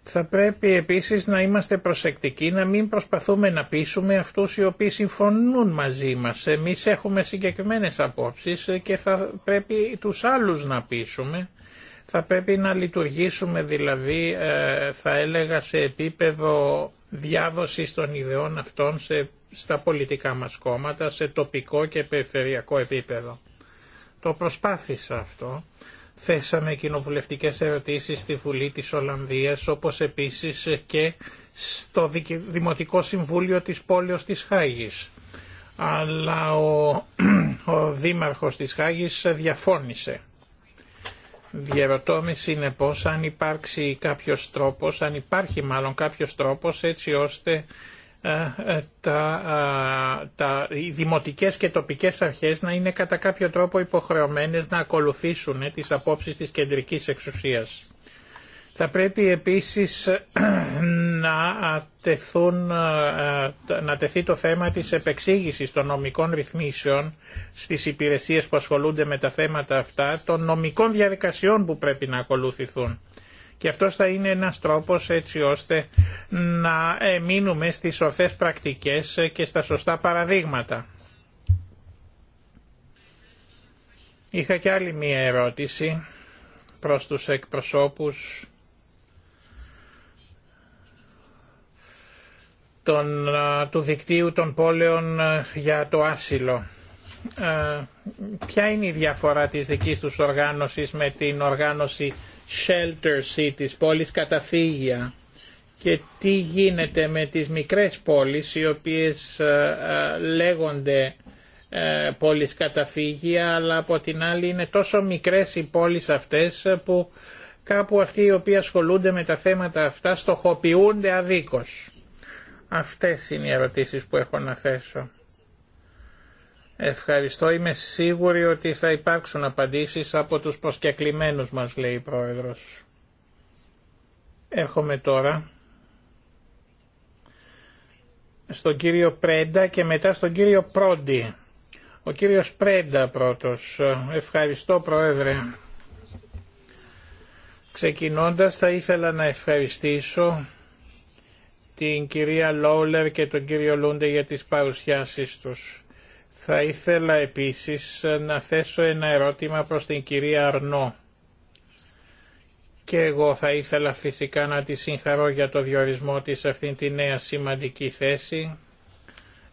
Θα πρέπει επίσης να είμαστε προσεκτικοί, να μην προσπαθούμε να πείσουμε αυτούς οι οποίοι συμφωνούν μαζί μας. Εμείς έχουμε συγκεκριμένες απόψεις και θα πρέπει τους άλλους να πείσουμε θα πρέπει να λειτουργήσουμε δηλαδή ε, θα έλεγα σε επίπεδο διάδοσης των ιδεών αυτών σε, στα πολιτικά μας κόμματα σε τοπικό και περιφερειακό επίπεδο. Το προσπάθησα αυτό. Θέσαμε κοινοβουλευτικές ερωτήσεις στη Βουλή της Ολλανδίας όπως επίσης και στο Δημοτικό Συμβούλιο της Πόλεως της Χάγης. Αλλά ο, ο Δήμαρχος της Χάγης διαφώνησε με συνεπώς αν υπάρξει κάποιος τρόπος, αν υπάρχει μάλλον κάποιος τρόπος έτσι ώστε ε, ε, τα, ε, τα, οι δημοτικές και τοπικές αρχές να είναι κατά κάποιο τρόπο υποχρεωμένες να ακολουθήσουν τις απόψεις της κεντρικής εξουσίας. Θα πρέπει επίσης να, να τεθεί το θέμα της επεξήγησης των νομικών ρυθμίσεων στις υπηρεσίες που ασχολούνται με τα θέματα αυτά, των νομικών διαδικασιών που πρέπει να ακολουθηθούν. Και αυτός θα είναι ένας τρόπος έτσι ώστε να μείνουμε στις ορθές πρακτικές και στα σωστά παραδείγματα. Είχα και άλλη μία ερώτηση προς τους εκπροσώπους των, του δικτύου των πόλεων για το άσυλο. Ποια είναι η διαφορά της δικής τους οργάνωσης με την οργάνωση Shelter Cities, πόλης καταφύγια και τι γίνεται με τις μικρές πόλεις οι οποίες λέγονται πόλεις καταφύγια αλλά από την άλλη είναι τόσο μικρές οι πόλεις αυτές που κάπου αυτοί οι οποίοι ασχολούνται με τα θέματα αυτά στοχοποιούνται αδίκως. Αυτές είναι οι ερωτήσεις που έχω να θέσω. Ευχαριστώ. Είμαι σίγουρη ότι θα υπάρξουν απαντήσεις από τους προσκεκλημένους μας, λέει η Πρόεδρος. Έρχομαι τώρα στον κύριο Πρέντα και μετά στον κύριο Πρόντι. Ο κύριος Πρέντα πρώτος. Ευχαριστώ Πρόεδρε. Ξεκινώντας θα ήθελα να ευχαριστήσω την κυρία Λόουλερ και τον κύριο Λούντε για τις παρουσιάσεις τους. Θα ήθελα επίσης να θέσω ένα ερώτημα προς την κυρία Αρνό. Και εγώ θα ήθελα φυσικά να τη συγχαρώ για το διορισμό της σε αυτήν τη νέα σημαντική θέση.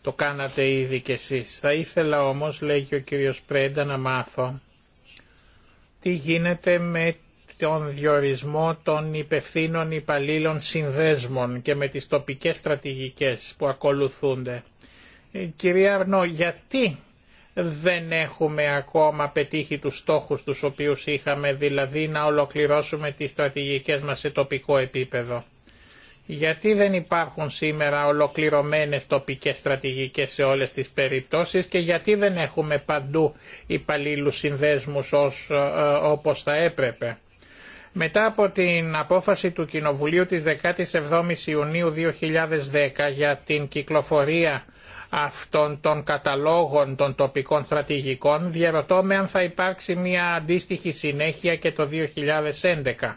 Το κάνατε ήδη κι εσείς. Θα ήθελα όμως, λέγει ο κύριος Πρέντα, να μάθω τι γίνεται με τον διορισμό των υπευθύνων υπαλλήλων συνδέσμων και με τις τοπικές στρατηγικές που ακολουθούνται. Ε, Κυρία Αρνό, γιατί δεν έχουμε ακόμα πετύχει τους στόχους τους οποίους είχαμε, δηλαδή να ολοκληρώσουμε τις στρατηγικές μας σε τοπικό επίπεδο. Γιατί δεν υπάρχουν σήμερα ολοκληρωμένες τοπικές στρατηγικές σε όλες τις περιπτώσεις και γιατί δεν έχουμε παντού υπαλλήλους συνδέσμους ως, ε, ε, όπως θα έπρεπε. Μετά από την απόφαση του Κοινοβουλίου της 17ης Ιουνίου 2010 για την κυκλοφορία αυτών των καταλόγων των τοπικών στρατηγικών, διαρωτώ με αν θα υπάρξει μια αντίστοιχη συνέχεια και το 2011.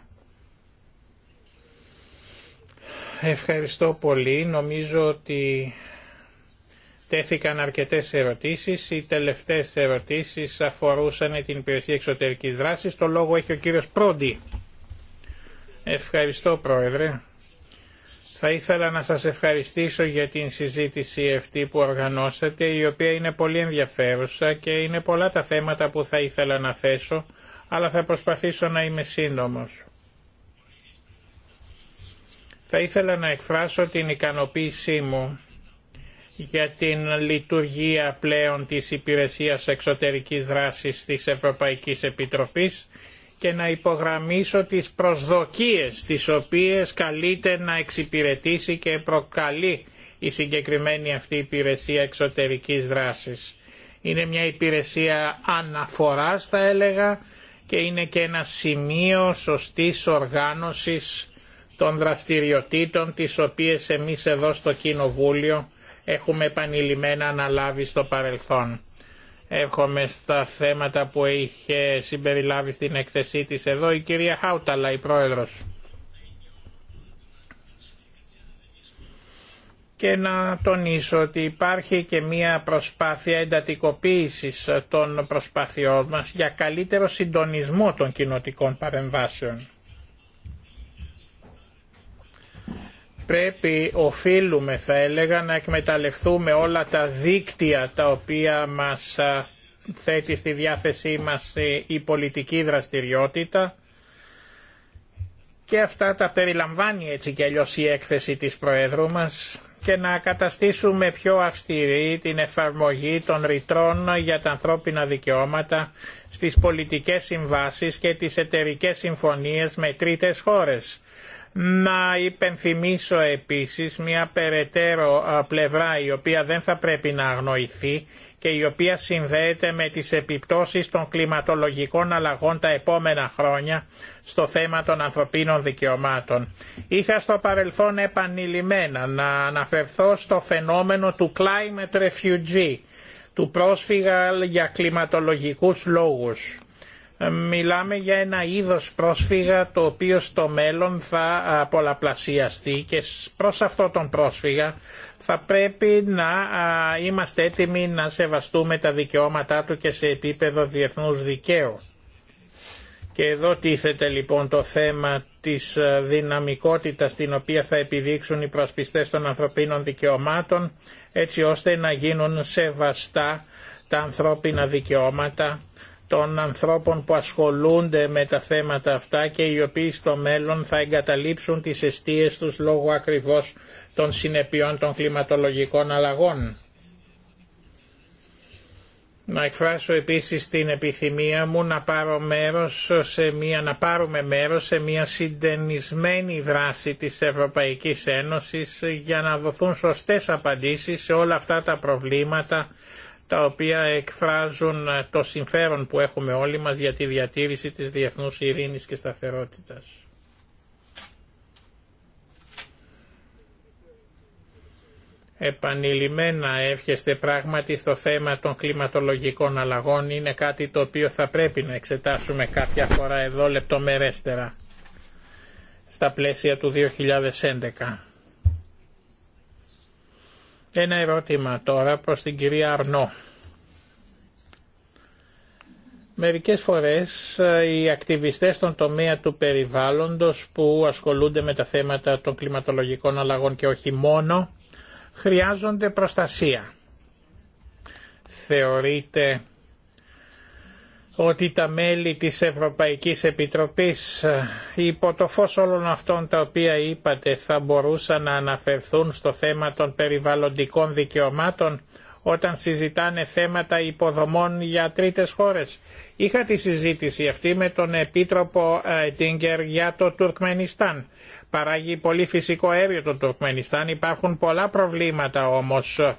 Ευχαριστώ πολύ. Νομίζω ότι τέθηκαν αρκετές ερωτήσεις. Οι τελευταίες ερωτήσεις αφορούσαν την υπηρεσία εξωτερικής δράσης. Το λόγο έχει ο κύριος Πρόντι. Ευχαριστώ Πρόεδρε. Θα ήθελα να σας ευχαριστήσω για την συζήτηση αυτή που οργανώσατε, η οποία είναι πολύ ενδιαφέρουσα και είναι πολλά τα θέματα που θα ήθελα να θέσω, αλλά θα προσπαθήσω να είμαι σύντομος. Θα ήθελα να εκφράσω την ικανοποίησή μου για την λειτουργία πλέον της Υπηρεσίας Εξωτερικής Δράσης της Ευρωπαϊκής Επιτροπής και να υπογραμμίσω τις προσδοκίες τις οποίες καλείται να εξυπηρετήσει και προκαλεί η συγκεκριμένη αυτή υπηρεσία εξωτερικής δράσης. Είναι μια υπηρεσία αναφοράς θα έλεγα και είναι και ένα σημείο σωστής οργάνωσης των δραστηριοτήτων τις οποίες εμείς εδώ στο Κοινοβούλιο έχουμε επανειλημμένα αναλάβει στο παρελθόν. Έρχομαι στα θέματα που είχε συμπεριλάβει στην έκθεσή της εδώ η κυρία Χάουταλα, η πρόεδρος. Και να τονίσω ότι υπάρχει και μία προσπάθεια εντατικοποίησης των προσπαθειών μας για καλύτερο συντονισμό των κοινοτικών παρεμβάσεων. πρέπει, οφείλουμε θα έλεγα, να εκμεταλλευτούμε όλα τα δίκτυα τα οποία μας θέτει στη διάθεσή μας ε, η πολιτική δραστηριότητα και αυτά τα περιλαμβάνει έτσι και αλλιώς η έκθεση της Προέδρου μας και να καταστήσουμε πιο αυστηρή την εφαρμογή των ρητρών για τα ανθρώπινα δικαιώματα στις πολιτικές συμβάσεις και τις εταιρικές συμφωνίες με τρίτες χώρες να υπενθυμίσω επίσης μια περαιτέρω πλευρά η οποία δεν θα πρέπει να αγνοηθεί και η οποία συνδέεται με τις επιπτώσεις των κλιματολογικών αλλαγών τα επόμενα χρόνια στο θέμα των ανθρωπίνων δικαιωμάτων. Είχα στο παρελθόν επανειλημμένα να αναφερθώ στο φαινόμενο του climate refugee, του πρόσφυγα για κλιματολογικούς λόγους Μιλάμε για ένα είδος πρόσφυγα το οποίο στο μέλλον θα πολλαπλασιαστεί και προς αυτό τον πρόσφυγα θα πρέπει να είμαστε έτοιμοι να σεβαστούμε τα δικαιώματά του και σε επίπεδο διεθνούς δικαίου. Και εδώ τίθεται λοιπόν το θέμα της δυναμικότητας την οποία θα επιδείξουν οι προσπιστές των ανθρωπίνων δικαιωμάτων έτσι ώστε να γίνουν σεβαστά τα ανθρώπινα δικαιώματα των ανθρώπων που ασχολούνται με τα θέματα αυτά και οι οποίοι στο μέλλον θα εγκαταλείψουν τις αιστείες τους λόγω ακριβώς των συνεπειών των κλιματολογικών αλλαγών. Να εκφράσω επίσης την επιθυμία μου να, πάρω μέρος σε μια, να πάρουμε μέρος σε μια συντενισμένη δράση της Ευρωπαϊκής Ένωσης για να δοθούν σωστές απαντήσεις σε όλα αυτά τα προβλήματα τα οποία εκφράζουν ε, το συμφέρον που έχουμε όλοι μας για τη διατήρηση της διεθνούς ειρήνης και σταθερότητας. επανειλημμένα εύχεστε πράγματι στο θέμα των κλιματολογικών αλλαγών είναι κάτι το οποίο θα πρέπει να εξετάσουμε κάποια φορά εδώ λεπτομερέστερα στα πλαίσια του 2011. Ένα ερώτημα τώρα προς την κυρία Αρνό. Μερικές φορές ε, οι ακτιβιστές στον τομέα του περιβάλλοντος που ασχολούνται με τα θέματα των κλιματολογικών αλλαγών και όχι μόνο, χρειάζονται προστασία. Θεωρείται ότι τα μέλη της Ευρωπαϊκής Επιτροπής ε, υπό το φως όλων αυτών τα οποία είπατε θα μπορούσαν να αναφερθούν στο θέμα των περιβαλλοντικών δικαιωμάτων όταν συζητάνε θέματα υποδομών για τρίτες χώρες. Είχα τη συζήτηση αυτή με τον Επίτροπο Τίνκερ για το Τουρκμενιστάν. Παράγει πολύ φυσικό αέριο το Τουρκμενιστάν, υπάρχουν πολλά προβλήματα όμως ε,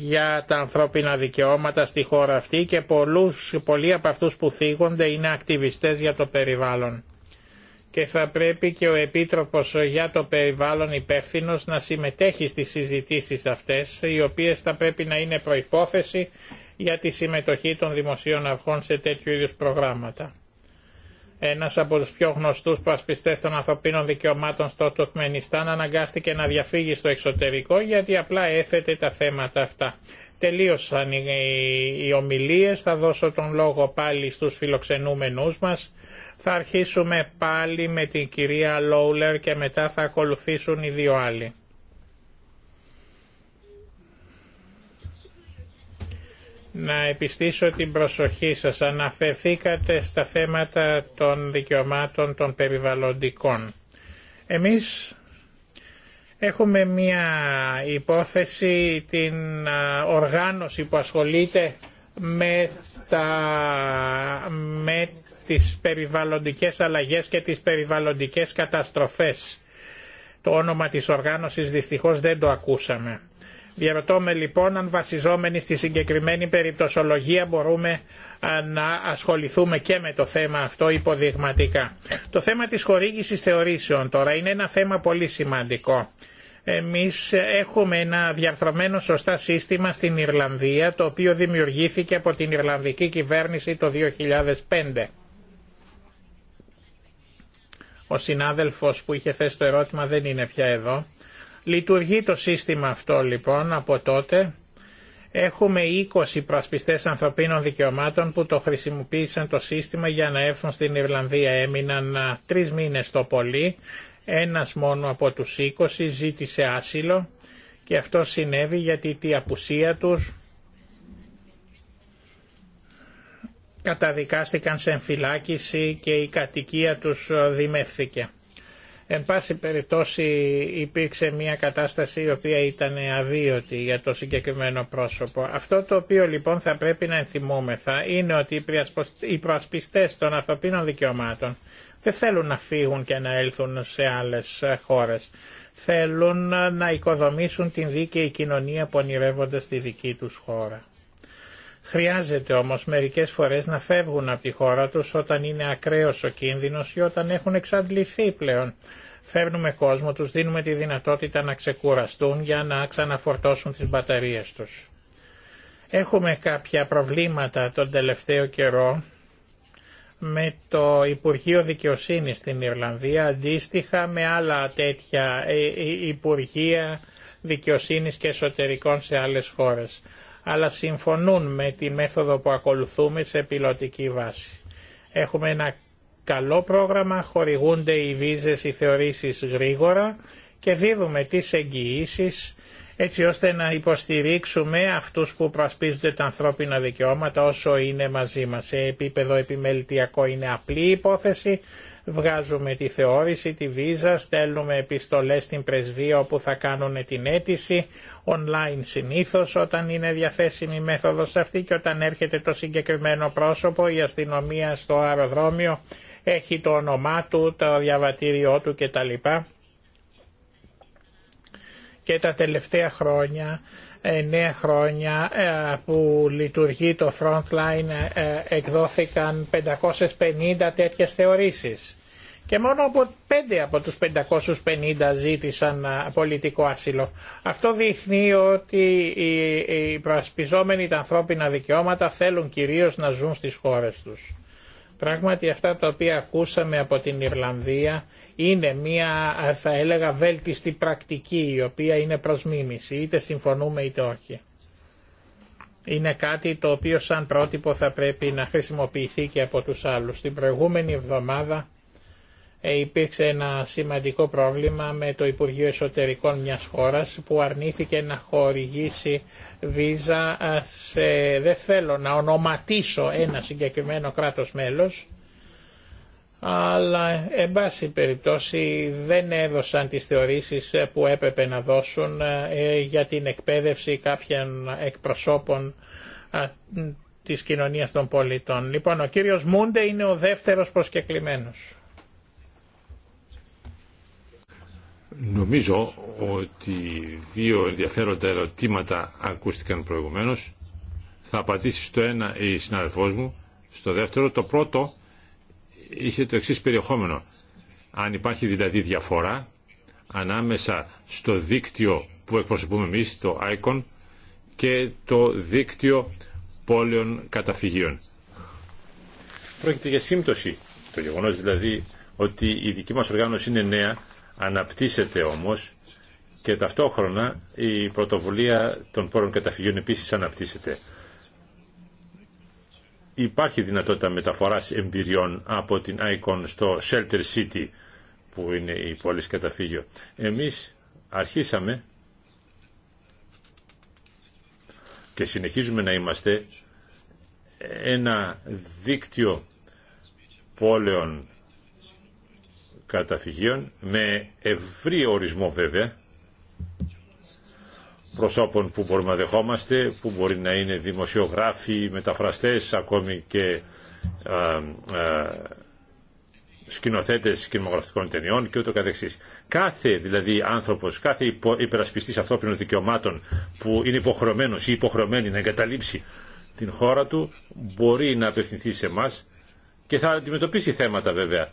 για τα ανθρώπινα δικαιώματα στη χώρα αυτή και πολλούς, πολλοί από αυτούς που θίγονται είναι ακτιβιστές για το περιβάλλον. Και θα πρέπει και ο Επίτροπος για το Περιβάλλον υπεύθυνο να συμμετέχει στις συζητήσεις αυτές, οι οποίες θα πρέπει να είναι προϋπόθεση για τη συμμετοχή των δημοσίων αρχών σε τέτοιου είδους προγράμματα. Ένας από τους πιο γνωστούς πασπιστέ των ανθρωπίνων δικαιωμάτων στο Τουρκμενιστάν αναγκάστηκε να διαφύγει στο εξωτερικό γιατί απλά έθετε τα θέματα αυτά. Τελείωσαν οι ομιλίες, θα δώσω τον λόγο πάλι στους φιλοξενούμενούς μας. Θα αρχίσουμε πάλι με την κυρία Λόουλερ και μετά θα ακολουθήσουν οι δύο άλλοι. να επιστήσω την προσοχή σας. Αναφερθήκατε στα θέματα των δικαιωμάτων των περιβαλλοντικών. Εμείς έχουμε μία υπόθεση, την οργάνωση που ασχολείται με, τα, με τις περιβαλλοντικές αλλαγές και τις περιβαλλοντικές καταστροφές. Το όνομα της οργάνωσης δυστυχώς δεν το ακούσαμε. Διερωτώμε λοιπόν αν βασιζόμενοι στη συγκεκριμένη περιπτωσολογία μπορούμε να ασχοληθούμε και με το θέμα αυτό υποδειγματικά. Το θέμα της χορήγησης θεωρήσεων τώρα είναι ένα θέμα πολύ σημαντικό. Εμείς έχουμε ένα διαρθρωμένο σωστά σύστημα στην Ιρλανδία το οποίο δημιουργήθηκε από την Ιρλανδική κυβέρνηση το 2005. Ο συνάδελφος που είχε θέσει το ερώτημα δεν είναι πια εδώ Λειτουργεί το σύστημα αυτό λοιπόν από τότε. Έχουμε 20 προασπιστές ανθρωπίνων δικαιωμάτων που το χρησιμοποίησαν το σύστημα για να έρθουν στην Ιρλανδία. Έμειναν τρει μήνες το πολύ. Ένας μόνο από τους 20 ζήτησε άσυλο και αυτό συνέβη γιατί η απουσία τους καταδικάστηκαν σε εμφυλάκηση και η κατοικία τους δημεύθηκε. Εν πάση περιπτώσει υπήρξε μια κατάσταση η οποία ήταν αδίωτη για το συγκεκριμένο πρόσωπο. Αυτό το οποίο λοιπόν θα πρέπει να ενθυμούμεθα είναι ότι οι προασπιστές των ανθρωπίνων δικαιωμάτων δεν θέλουν να φύγουν και να έλθουν σε άλλες χώρες. Θέλουν να οικοδομήσουν την δίκαιη κοινωνία που ονειρεύονται στη δική τους χώρα. Χρειάζεται όμως μερικές φορές να φεύγουν από τη χώρα τους όταν είναι ακραίος ο κίνδυνος ή όταν έχουν εξαντληθεί πλέον. Φέρνουμε κόσμο, τους δίνουμε τη δυνατότητα να ξεκουραστούν για να ξαναφορτώσουν τις μπαταρίες τους. Έχουμε κάποια προβλήματα τον τελευταίο καιρό με το Υπουργείο Δικαιοσύνης στην Ιρλανδία, αντίστοιχα με άλλα τέτοια ε, ε, Υπουργεία Δικαιοσύνης και Εσωτερικών σε άλλες χώρες αλλά συμφωνούν με τη μέθοδο που ακολουθούμε σε πιλωτική βάση. Έχουμε ένα καλό πρόγραμμα, χορηγούνται οι βίζες, οι θεωρήσεις γρήγορα και δίδουμε τις εγγυήσει έτσι ώστε να υποστηρίξουμε αυτούς που προσπίζονται τα ανθρώπινα δικαιώματα όσο είναι μαζί μας. Σε επίπεδο επιμελητιακό είναι απλή υπόθεση, Βγάζουμε τη θεώρηση, τη βίζα, στέλνουμε επιστολές στην πρεσβεία όπου θα κάνουν την αίτηση, online συνήθως όταν είναι διαθέσιμη η μέθοδος αυτή και όταν έρχεται το συγκεκριμένο πρόσωπο η αστυνομία στο αεροδρόμιο έχει το όνομά του, το διαβατήριό του κτλ. Και τα τελευταία χρόνια εννέα χρόνια ε, που λειτουργεί το Frontline ε, εκδόθηκαν 550 τέτοιες θεωρήσεις και μόνο από 5 από τους 550 ζήτησαν πολιτικό άσυλο. Αυτό δείχνει ότι οι προασπιζόμενοι τα ανθρώπινα δικαιώματα θέλουν κυρίως να ζουν στις χώρες τους. Πράγματι αυτά τα οποία ακούσαμε από την Ιρλανδία είναι μια θα έλεγα βέλτιστη πρακτική η οποία είναι προς μίμηση, είτε συμφωνούμε είτε όχι. Είναι κάτι το οποίο σαν πρότυπο θα πρέπει να χρησιμοποιηθεί και από τους άλλους. Την προηγούμενη εβδομάδα ε, υπήρξε ένα σημαντικό πρόβλημα με το Υπουργείο Εσωτερικών μιας χώρας που αρνήθηκε να χορηγήσει βίζα σε, δεν θέλω να ονοματίσω ένα συγκεκριμένο κράτος μέλος, αλλά εν πάση περιπτώσει δεν έδωσαν τις θεωρήσεις που έπρεπε να δώσουν ε, για την εκπαίδευση κάποιων εκπροσώπων της κοινωνίας των πολιτών. Λοιπόν, ο κύριος Μούντε είναι ο δεύτερος προσκεκλημένος. Νομίζω ότι δύο ενδιαφέροντα ερωτήματα ακούστηκαν προηγουμένως. Θα απαντήσει στο ένα η συνάδελφός μου, στο δεύτερο. Το πρώτο είχε το εξής περιεχόμενο. Αν υπάρχει δηλαδή διαφορά ανάμεσα στο δίκτυο που εκπροσωπούμε εμείς, το ICON, και το δίκτυο πόλεων καταφυγίων. Πρόκειται για σύμπτωση. Το γεγονός δηλαδή ότι η δική μας οργάνωση είναι νέα Αναπτύσσεται όμως και ταυτόχρονα η πρωτοβουλία των πόρων καταφυγιών επίσης αναπτύσσεται. Υπάρχει δυνατότητα μεταφοράς εμπειριών από την ICON στο Shelter City που είναι η πόλη καταφύγιο. Εμείς αρχίσαμε και συνεχίζουμε να είμαστε ένα δίκτυο πόλεων καταφυγίων με ευρύ ορισμό βέβαια προσώπων που μπορούμε να δεχόμαστε, που μπορεί να είναι δημοσιογράφοι, μεταφραστές, ακόμη και α, α, σκηνοθέτες κινηματογραφικών ταινιών και ούτω καθεξής. Κάθε δηλαδή άνθρωπος, κάθε υπο, υπερασπιστής ανθρώπινων δικαιωμάτων που είναι υποχρεωμένος ή υποχρεωμένη να εγκαταλείψει την χώρα του μπορεί να απευθυνθεί σε εμά και θα αντιμετωπίσει θέματα βέβαια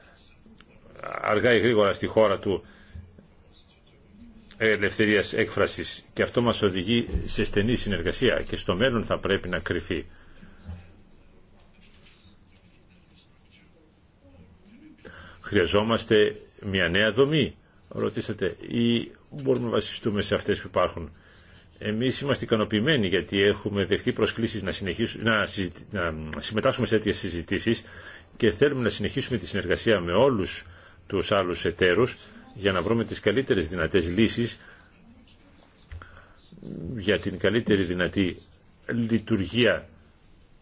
αργά ή γρήγορα στη χώρα του ελευθερίας έκφρασης και αυτό μας οδηγεί σε στενή συνεργασία και στο μέλλον θα πρέπει να κρυφεί. Χρειαζόμαστε μια νέα δομή, ρωτήσατε, ή μπορούμε να βασιστούμε σε αυτές που υπάρχουν. Εμείς είμαστε ικανοποιημένοι γιατί έχουμε δεχτεί προσκλήσεις να, να, να συμμετάσχουμε σε τέτοιε συζητήσεις και θέλουμε να συνεχίσουμε τη συνεργασία με όλους τους άλλους εταίρους για να βρούμε τις καλύτερες δυνατές λύσεις για την καλύτερη δυνατή λειτουργία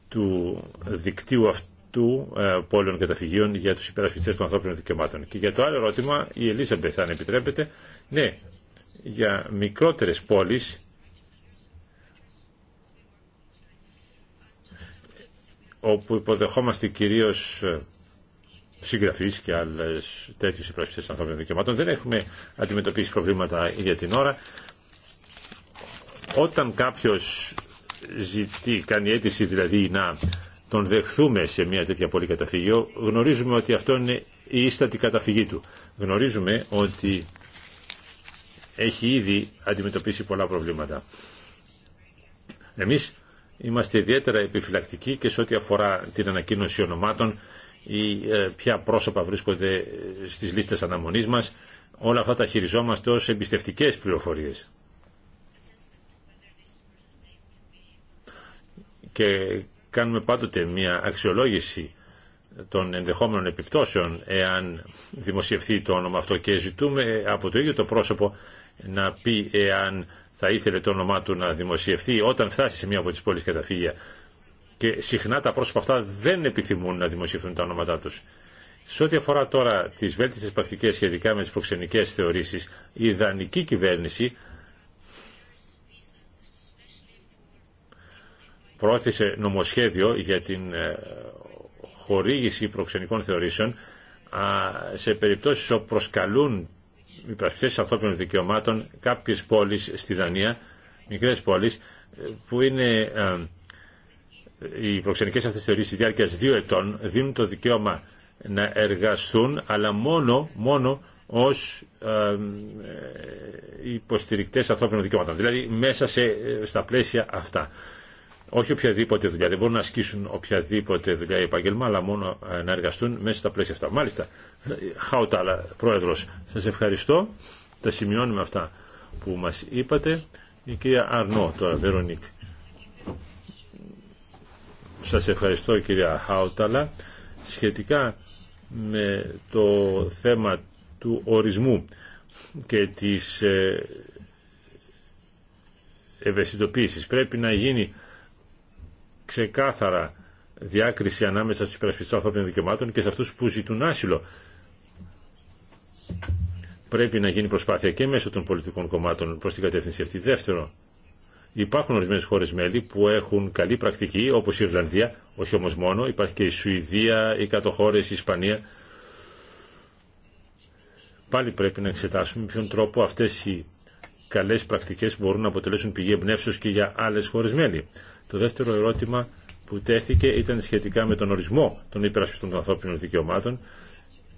του δικτύου αυτού ε, πόλεων καταφυγίων για τους υπερασπιστές των ανθρώπινων δικαιωμάτων. Και για το άλλο ερώτημα, η Ελίζα, αν επιτρέπετε, ναι, για μικρότερες πόλεις όπου υποδεχόμαστε κυρίως ε, συγγραφείς και άλλε τέτοιου υπερασπιστές ανθρώπινων δικαιωμάτων. Δεν έχουμε αντιμετωπίσει προβλήματα για την ώρα. Όταν κάποιος ζητεί, κάνει αίτηση δηλαδή να τον δεχθούμε σε μια τέτοια πολύ καταφύγιο γνωρίζουμε ότι αυτό είναι η ίστατη καταφυγή του. Γνωρίζουμε ότι έχει ήδη αντιμετωπίσει πολλά προβλήματα. Εμείς είμαστε ιδιαίτερα επιφυλακτικοί και σε ό,τι αφορά την ανακοίνωση ονομάτων ή ε, ποια πρόσωπα βρίσκονται ε, στις λίστες αναμονής μας. Όλα αυτά τα χειριζόμαστε ως εμπιστευτικές πληροφορίες. Και κάνουμε πάντοτε μια αξιολόγηση των ενδεχόμενων επιπτώσεων εάν δημοσιευθεί το όνομα αυτό και ζητούμε από το ίδιο το πρόσωπο να πει εάν θα ήθελε το όνομά του να δημοσιευθεί όταν φτάσει σε μία από τις πόλεις καταφύγια και συχνά τα πρόσωπα αυτά δεν επιθυμούν να δημοσιευθούν τα ονόματά τους. Σε ό,τι αφορά τώρα τις βέλτιστες πρακτικέ σχετικά με τι προξενικέ θεωρήσει, η ιδανική κυβέρνηση πρόθεσε νομοσχέδιο για την ε, χορήγηση προξενικών θεωρήσεων σε περιπτώσεις όπου προσκαλούν οι πρασπιστέ ανθρώπινων δικαιωμάτων κάποιες πόλεις στη Δανία, μικρές πόλεις, ε, που είναι ε, οι προξενικές αυτές θεωρήσεις διάρκεια δύο ετών δίνουν το δικαίωμα να εργαστούν αλλά μόνο, μόνο ως ε, υποστηρικτές ανθρώπινων δικαιωμάτων. Δηλαδή μέσα σε, ε, στα πλαίσια αυτά. Όχι οποιαδήποτε δουλειά. Δεν μπορούν να ασκήσουν οποιαδήποτε δουλειά ή επάγγελμα, αλλά μόνο ε, να εργαστούν μέσα στα πλαίσια αυτά. Μάλιστα, Χάουταλα, πρόεδρο. Σα ευχαριστώ. Τα σημειώνουμε αυτά που μας είπατε. Η κυρία Αρνό τώρα, Βερονίκ. Σας ευχαριστώ κυρία Χάουταλα. Σχετικά με το θέμα του ορισμού και της ε, ευαισθητοποίησης πρέπει να γίνει ξεκάθαρα διάκριση ανάμεσα στους υπερασπιστές ανθρώπινων δικαιωμάτων και σε αυτούς που ζητούν άσυλο. Πρέπει να γίνει προσπάθεια και μέσω των πολιτικών κομμάτων προς την κατεύθυνση αυτή. Δεύτερο, Υπάρχουν ορισμένε χώρε μέλη που έχουν καλή πρακτική, όπω η Ιρλανδία, όχι όμω μόνο, υπάρχει και η Σουηδία, οι κατοχώρε, η Ισπανία. Πάλι πρέπει να εξετάσουμε ποιον τρόπο αυτέ οι καλέ πρακτικέ μπορούν να αποτελέσουν πηγή εμπνεύσεω και για άλλε χώρε μέλη. Το δεύτερο ερώτημα που τέθηκε ήταν σχετικά με τον ορισμό των υπερασπιστών των ανθρώπινων δικαιωμάτων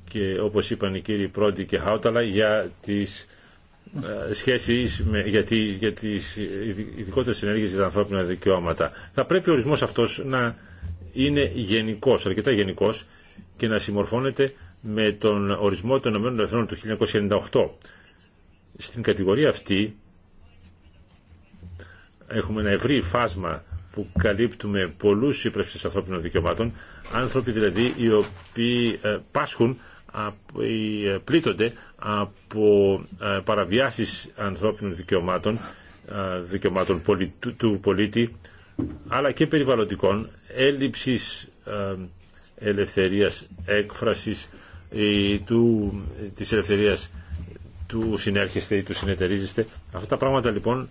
και όπως είπαν οι κύριοι Πρόντι και Χάουταλα για τις ε, σχέση με, γιατί, για τις ειδικότερες ενέργειες για τα ανθρώπινα δικαιώματα. Θα πρέπει ο ορισμός αυτός να είναι γενικός, αρκετά γενικός και να συμμορφώνεται με τον ορισμό των ΗΕ του 1998. Στην κατηγορία αυτή έχουμε ένα ευρύ φάσμα που καλύπτουμε πολλούς υπρέψεις ανθρώπινων δικαιωμάτων, άνθρωποι δηλαδή οι οποίοι ε, πάσχουν ε, πλήττονται από ε, παραβιάσεις ανθρώπινων δικαιωμάτων, ε, δικαιωμάτων του πολίτη, αλλά και περιβαλλοντικών, έλλειψης ελευθερίας έκφρασης, του, της ελευθερίας του συνέρχεστε ή του συνεταιρίζεστε. Αυτά τα πράγματα λοιπόν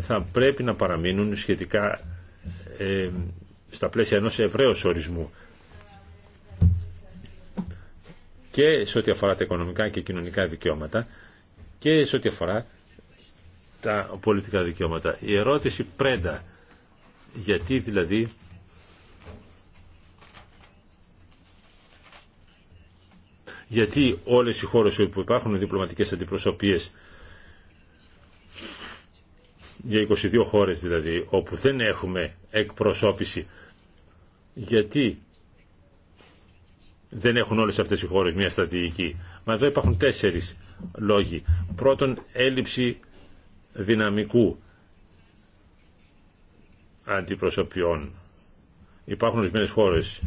θα πρέπει να παραμείνουν σχετικά στα πλαίσια ενός ευρέως ορισμού. και σε ό,τι αφορά τα οικονομικά και κοινωνικά δικαιώματα και σε ό,τι αφορά τα πολιτικά δικαιώματα. Η ερώτηση πρέντα, γιατί δηλαδή γιατί όλες οι χώρες όπου υπάρχουν διπλωματικές αντιπροσωπείες για 22 χώρες δηλαδή όπου δεν έχουμε εκπροσώπηση γιατί δεν έχουν όλες αυτές οι χώρες μια στρατηγική. Μα εδώ υπάρχουν τέσσερις λόγοι. Πρώτον, έλλειψη δυναμικού αντιπροσωπιών. Υπάρχουν ορισμένε χώρες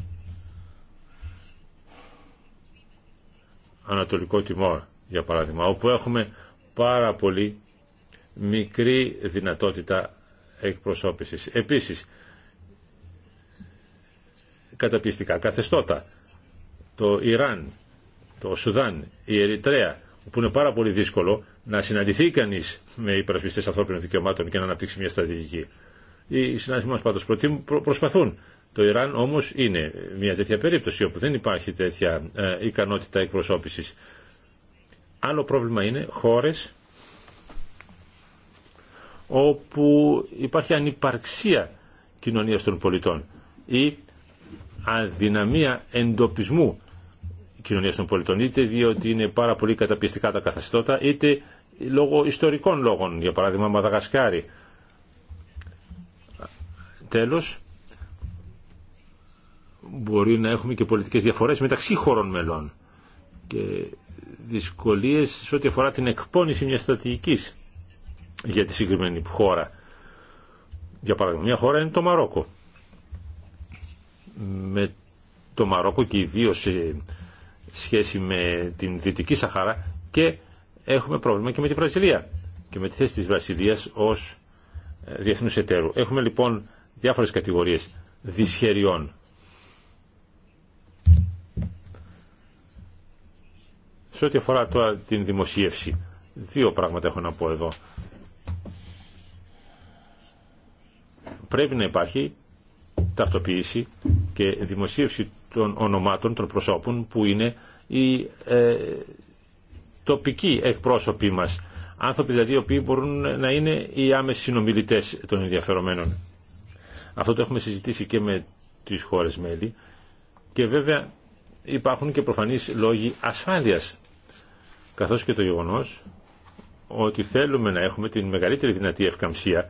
Ανατολικό Τιμόρ, για παράδειγμα, όπου έχουμε πάρα πολύ μικρή δυνατότητα εκπροσώπησης. Επίσης, καταπιστικά καθεστώτα το Ιράν, το Σουδάν, η Ερυτρέα, που είναι πάρα πολύ δύσκολο να συναντηθεί κανεί με υπερασπιστέ ανθρώπινων δικαιωμάτων και να αναπτύξει μια στρατηγική. Οι συνάδελφοί μα πάντω προσπαθούν. Το Ιράν όμω είναι μια τέτοια περίπτωση όπου δεν υπάρχει τέτοια ε, ικανότητα εκπροσώπηση. Άλλο πρόβλημα είναι χώρε όπου υπάρχει ανυπαρξία κοινωνίας των πολιτών ή αδυναμία εντοπισμού Κοινωνία των πολιτών, είτε διότι είναι πάρα πολύ καταπιστικά τα καθεστώτα, είτε λόγω ιστορικών λόγων, για παράδειγμα Μαδαγασκάρη. Τέλος, μπορεί να έχουμε και πολιτικές διαφορές μεταξύ χωρών μελών και δυσκολίες σε ό,τι αφορά την εκπόνηση μιας στρατηγική για τη συγκεκριμένη χώρα. Για παράδειγμα, μια χώρα είναι το Μαρόκο. Με το Μαρόκο και ιδίω σχέση με την Δυτική Σαχάρα και έχουμε πρόβλημα και με τη Βραζιλία και με τη θέση της Βραζιλίας ως ε, διεθνούς εταίρου. Έχουμε λοιπόν διάφορες κατηγορίες δυσχεριών. Σε ό,τι αφορά τώρα την δημοσίευση, δύο πράγματα έχω να πω εδώ. Πρέπει να υπάρχει ταυτοποίηση και δημοσίευση των ονομάτων των προσώπων που είναι οι ε, τοπικοί εκπρόσωποι μας. Άνθρωποι δηλαδή οι οποίοι μπορούν να είναι οι άμεσοι συνομιλητές των ενδιαφερομένων. Αυτό το έχουμε συζητήσει και με τις χώρες μέλη και βέβαια υπάρχουν και προφανείς λόγοι ασφάλειας καθώς και το γεγονός ότι θέλουμε να έχουμε την μεγαλύτερη δυνατή ευκαμψία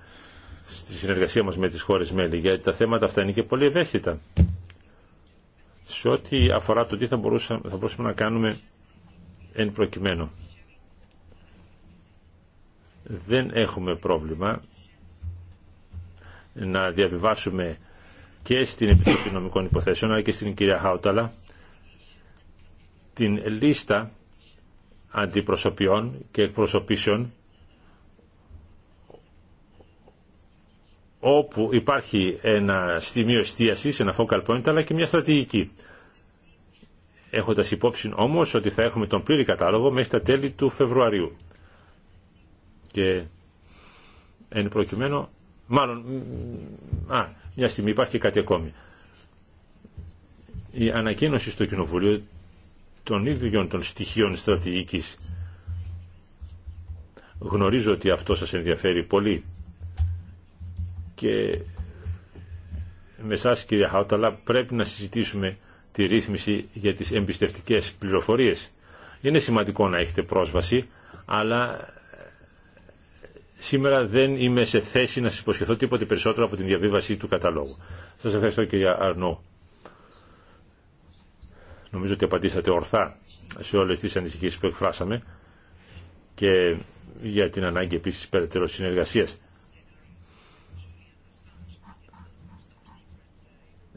στη συνεργασία μας με τις χώρες μέλη, γιατί τα θέματα αυτά είναι και πολύ ευαίσθητα. Σε ό,τι αφορά το τι θα, μπορούσαμε, θα μπορούσαμε να κάνουμε εν προκειμένου. Δεν έχουμε πρόβλημα να διαβιβάσουμε και στην Επιτροπή Νομικών Υποθέσεων αλλά και στην κυρία Χάουταλα την λίστα αντιπροσωπιών και εκπροσωπήσεων όπου υπάρχει ένα σημείο εστίασης, ένα focal point, αλλά και μια στρατηγική. Έχοντας υπόψη όμως ότι θα έχουμε τον πλήρη κατάλογο μέχρι τα τέλη του Φεβρουαρίου. Και εν προκειμένου, μάλλον, α, μια στιγμή υπάρχει και κάτι ακόμη. Η ανακοίνωση στο Κοινοβούλιο των ίδιων των στοιχείων στρατηγικής. Γνωρίζω ότι αυτό σας ενδιαφέρει πολύ και με εσά κύριε Χαουταλά πρέπει να συζητήσουμε τη ρύθμιση για τις εμπιστευτικές πληροφορίες. Είναι σημαντικό να έχετε πρόσβαση, αλλά σήμερα δεν είμαι σε θέση να σας υποσχεθώ τίποτε περισσότερο από την διαβίβαση του καταλόγου. Σας ευχαριστώ κυρία Αρνό. Νομίζω ότι απαντήσατε ορθά σε όλες τις ανησυχίες που εκφράσαμε και για την ανάγκη επίσης περαιτέρω συνεργασίας.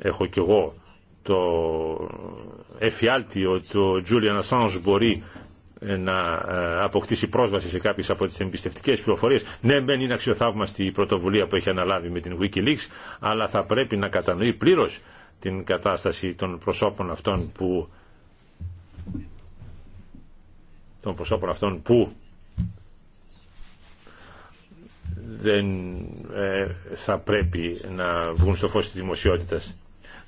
έχω κι εγώ το εφιάλτη ότι ο Julian Assange μπορεί ε, να ε, αποκτήσει πρόσβαση σε κάποιες από τις εμπιστευτικές πληροφορίες. Ναι, μεν είναι αξιοθαύμαστη η πρωτοβουλία που έχει αναλάβει με την Wikileaks, αλλά θα πρέπει να κατανοεί πλήρως την κατάσταση των προσώπων αυτών που των προσώπων αυτών που δεν ε, θα πρέπει να βγουν στο φως της δημοσιότητας.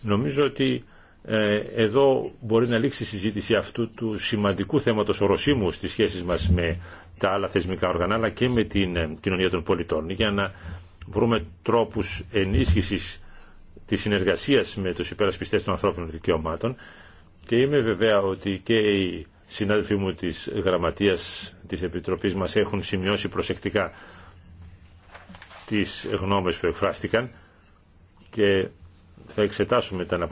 Νομίζω ότι ε, εδώ μπορεί να λήξει η συζήτηση αυτού του σημαντικού θέματος οροσίμου στις σχέσεις μας με τα άλλα θεσμικά οργανά αλλά και με την ε, κοινωνία των πολιτών για να βρούμε τρόπους ενίσχυσης της συνεργασίας με τους υπερασπιστές των ανθρώπινων δικαιωμάτων και είμαι βεβαία ότι και οι συνάδελφοί μου της Γραμματείας της Επιτροπής μας έχουν σημειώσει προσεκτικά τις γνώμες που εκφράστηκαν και θα εξετάσουμε τα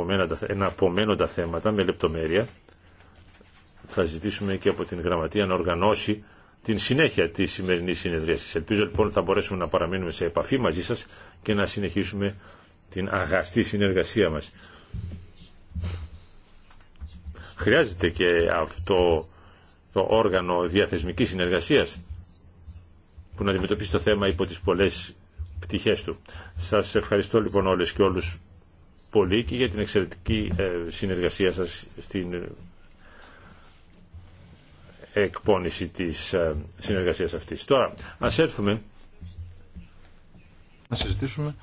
εναπομένοντα θέματα με λεπτομέρεια. Θα ζητήσουμε και από την Γραμματεία να οργανώσει την συνέχεια της σημερινής συνεδρίασης. Ελπίζω λοιπόν θα μπορέσουμε να παραμείνουμε σε επαφή μαζί σας και να συνεχίσουμε την αγαστή συνεργασία μας. Χρειάζεται και αυτό το όργανο διαθεσμικής συνεργασίας που να αντιμετωπίσει το θέμα υπό τις πολλές πτυχές του. Σας ευχαριστώ λοιπόν όλες και όλους πολύ και για την εξαιρετική ε, συνεργασία σας στην ε, εκπόνηση της ε, συνεργασίας αυτής. Τώρα, ας έρθουμε να συζητήσουμε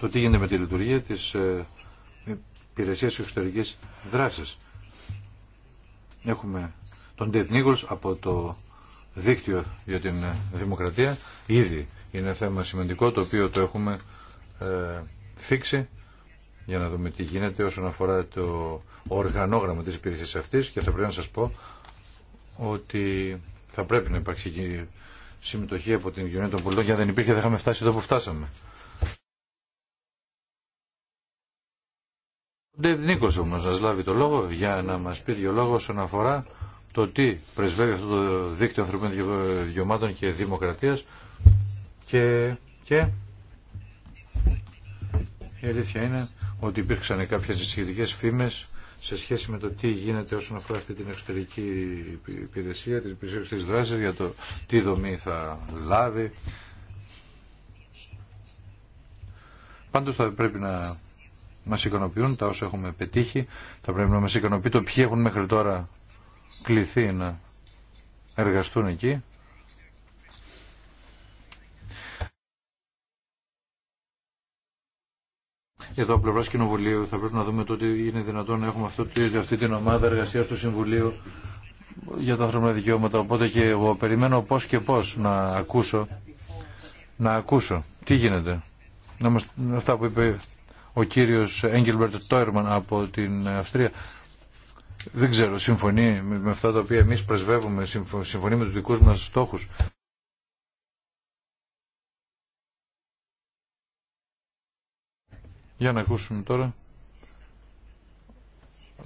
το τι γίνεται με τη λειτουργία της υπηρεσία εξωτερικής δράσης. Έχουμε τον Τιτ από το δίκτυο για την δημοκρατία. Ήδη είναι θέμα σημαντικό το οποίο το έχουμε ε, φίξει για να δούμε τι γίνεται όσον αφορά το οργανόγραμμα της υπηρεσίας αυτής και θα πρέπει να σας πω ότι θα πρέπει να υπάρξει συμμετοχή από την κοινωνία των πολιτών και αν δεν υπήρχε δεν είχαμε φτάσει εδώ που φτάσαμε. Ο Ντέιβ Νίκος όμως να λάβει το λόγο για να μας πει δύο λόγο όσον αφορά το τι πρεσβεύει αυτό το δίκτυο ανθρωπίνων δικαιωμάτων και δημοκρατίας και, και η αλήθεια είναι ότι υπήρξαν κάποιες σχετικές φήμες σε σχέση με το τι γίνεται όσον αφορά αυτή την εξωτερική υπηρεσία, την υπηρεσία της δράσης, για το τι δομή θα λάβει. Πάντως θα πρέπει να μας ικανοποιούν τα όσα έχουμε πετύχει, θα πρέπει να μας ικανοποιεί το ποιοι έχουν μέχρι τώρα κληθεί να εργαστούν εκεί. Εδώ, πλευρά Κοινοβουλίου, θα πρέπει να δούμε το ότι είναι δυνατόν να έχουμε αυτή, αυτή την ομάδα εργασία του Συμβουλίου για τα ανθρώπινα δικαιώματα. Οπότε και εγώ περιμένω πώ και πώ να ακούσω. Να ακούσω τι γίνεται. Να μας, αυτά που είπε ο κύριος Έγκελμπερτ Τόιρμαν από την Αυστρία. Δεν ξέρω, συμφωνεί με αυτά τα οποία εμεί πρεσβεύουμε, συμφωνεί με του δικού μα στόχου. Για να ακούσουμε τώρα.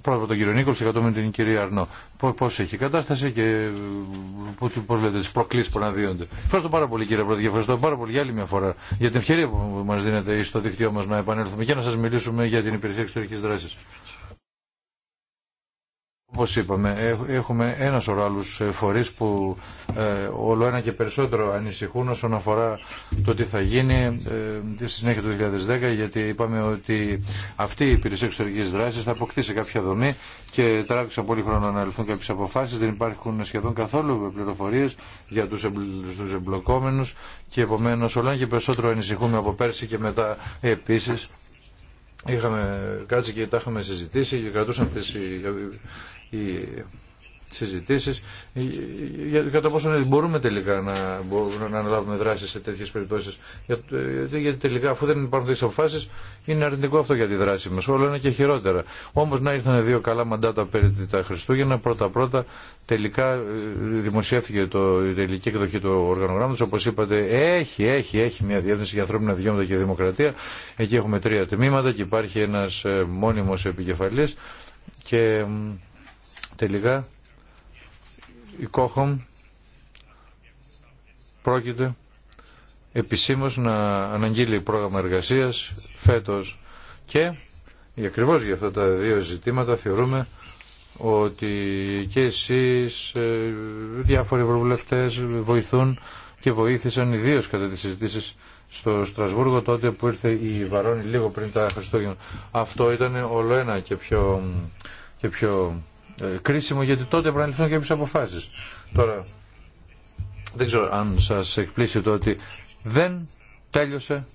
Πρώτα τον κύριο Νίκολ, με την κυρία Αρνό. Πώ έχει η κατάσταση και ε, πώ λέτε, τι προκλήσει που αναδύονται. Ευχαριστώ πάρα πολύ κύριε Πρόεδρε και ευχαριστώ πάρα πολύ για άλλη μια φορά για την ευκαιρία που μα δίνετε στο δίκτυό μα να επανέλθουμε και να σα μιλήσουμε για την υπηρεσία εξωτερική δράση. Όπως είπαμε, ε, έχουμε ένα σωρό άλλους ε, φορείς που ε, όλο ένα και περισσότερο ανησυχούν όσον αφορά το τι θα γίνει ε, στη συνέχεια του 2010, γιατί είπαμε ότι αυτή η υπηρεσία εξωτερική δράση θα αποκτήσει κάποια δομή και τράβηξαν πολύ χρόνο να ληφθούν κάποιε αποφάσει. Δεν υπάρχουν σχεδόν καθόλου πληροφορίε για του εμπλοκόμενου και επομένω όλο ένα και περισσότερο ανησυχούμε από πέρσι και μετά επίση. Είχαμε κάτσει και τα είχαμε συζητήσει και κρατούσαν αυτές οι συζητήσεις ε, για το πόσο μπορούμε τελικά να, μπορούμε να αναλάβουμε δράσεις σε τέτοιες περιπτώσεις γιατί, ε, γιατί τελικά αφού δεν υπάρχουν τέτοιες αποφάσεις είναι αρνητικό αυτό για τη δράση μας όλο είναι και χειρότερα όμως να ήρθαν δύο καλά μαντάτα περί τα Χριστούγεννα πρώτα πρώτα τελικά ε, δημοσιεύθηκε το, η τελική εκδοχή του οργανογράμματος όπως είπατε έχει, έχει, έχει μια διεύθυνση για ανθρώπινα δικαιώματα και δημοκρατία εκεί έχουμε τρία τμήματα και υπάρχει ένας μόνιμος επικεφαλής και τελικά η Κόχομ πρόκειται επισήμως να αναγγείλει πρόγραμμα εργασίας φέτος και ακριβώς για αυτά τα δύο ζητήματα θεωρούμε ότι και εσείς ε, διάφοροι ευρωβουλευτές βοηθούν και βοήθησαν ιδίω κατά τις συζητήσεις στο Στρασβούργο τότε που ήρθε η Βαρόνη λίγο πριν τα Χριστούγεννα. Αυτό ήταν όλο ένα και πιο, και πιο ε, κρίσιμο γιατί τότε πρέπει να ληφθούν κάποιε αποφάσεις. Τώρα, δεν ξέρω αν σας εκπλήσει το ότι δεν τέλειωσε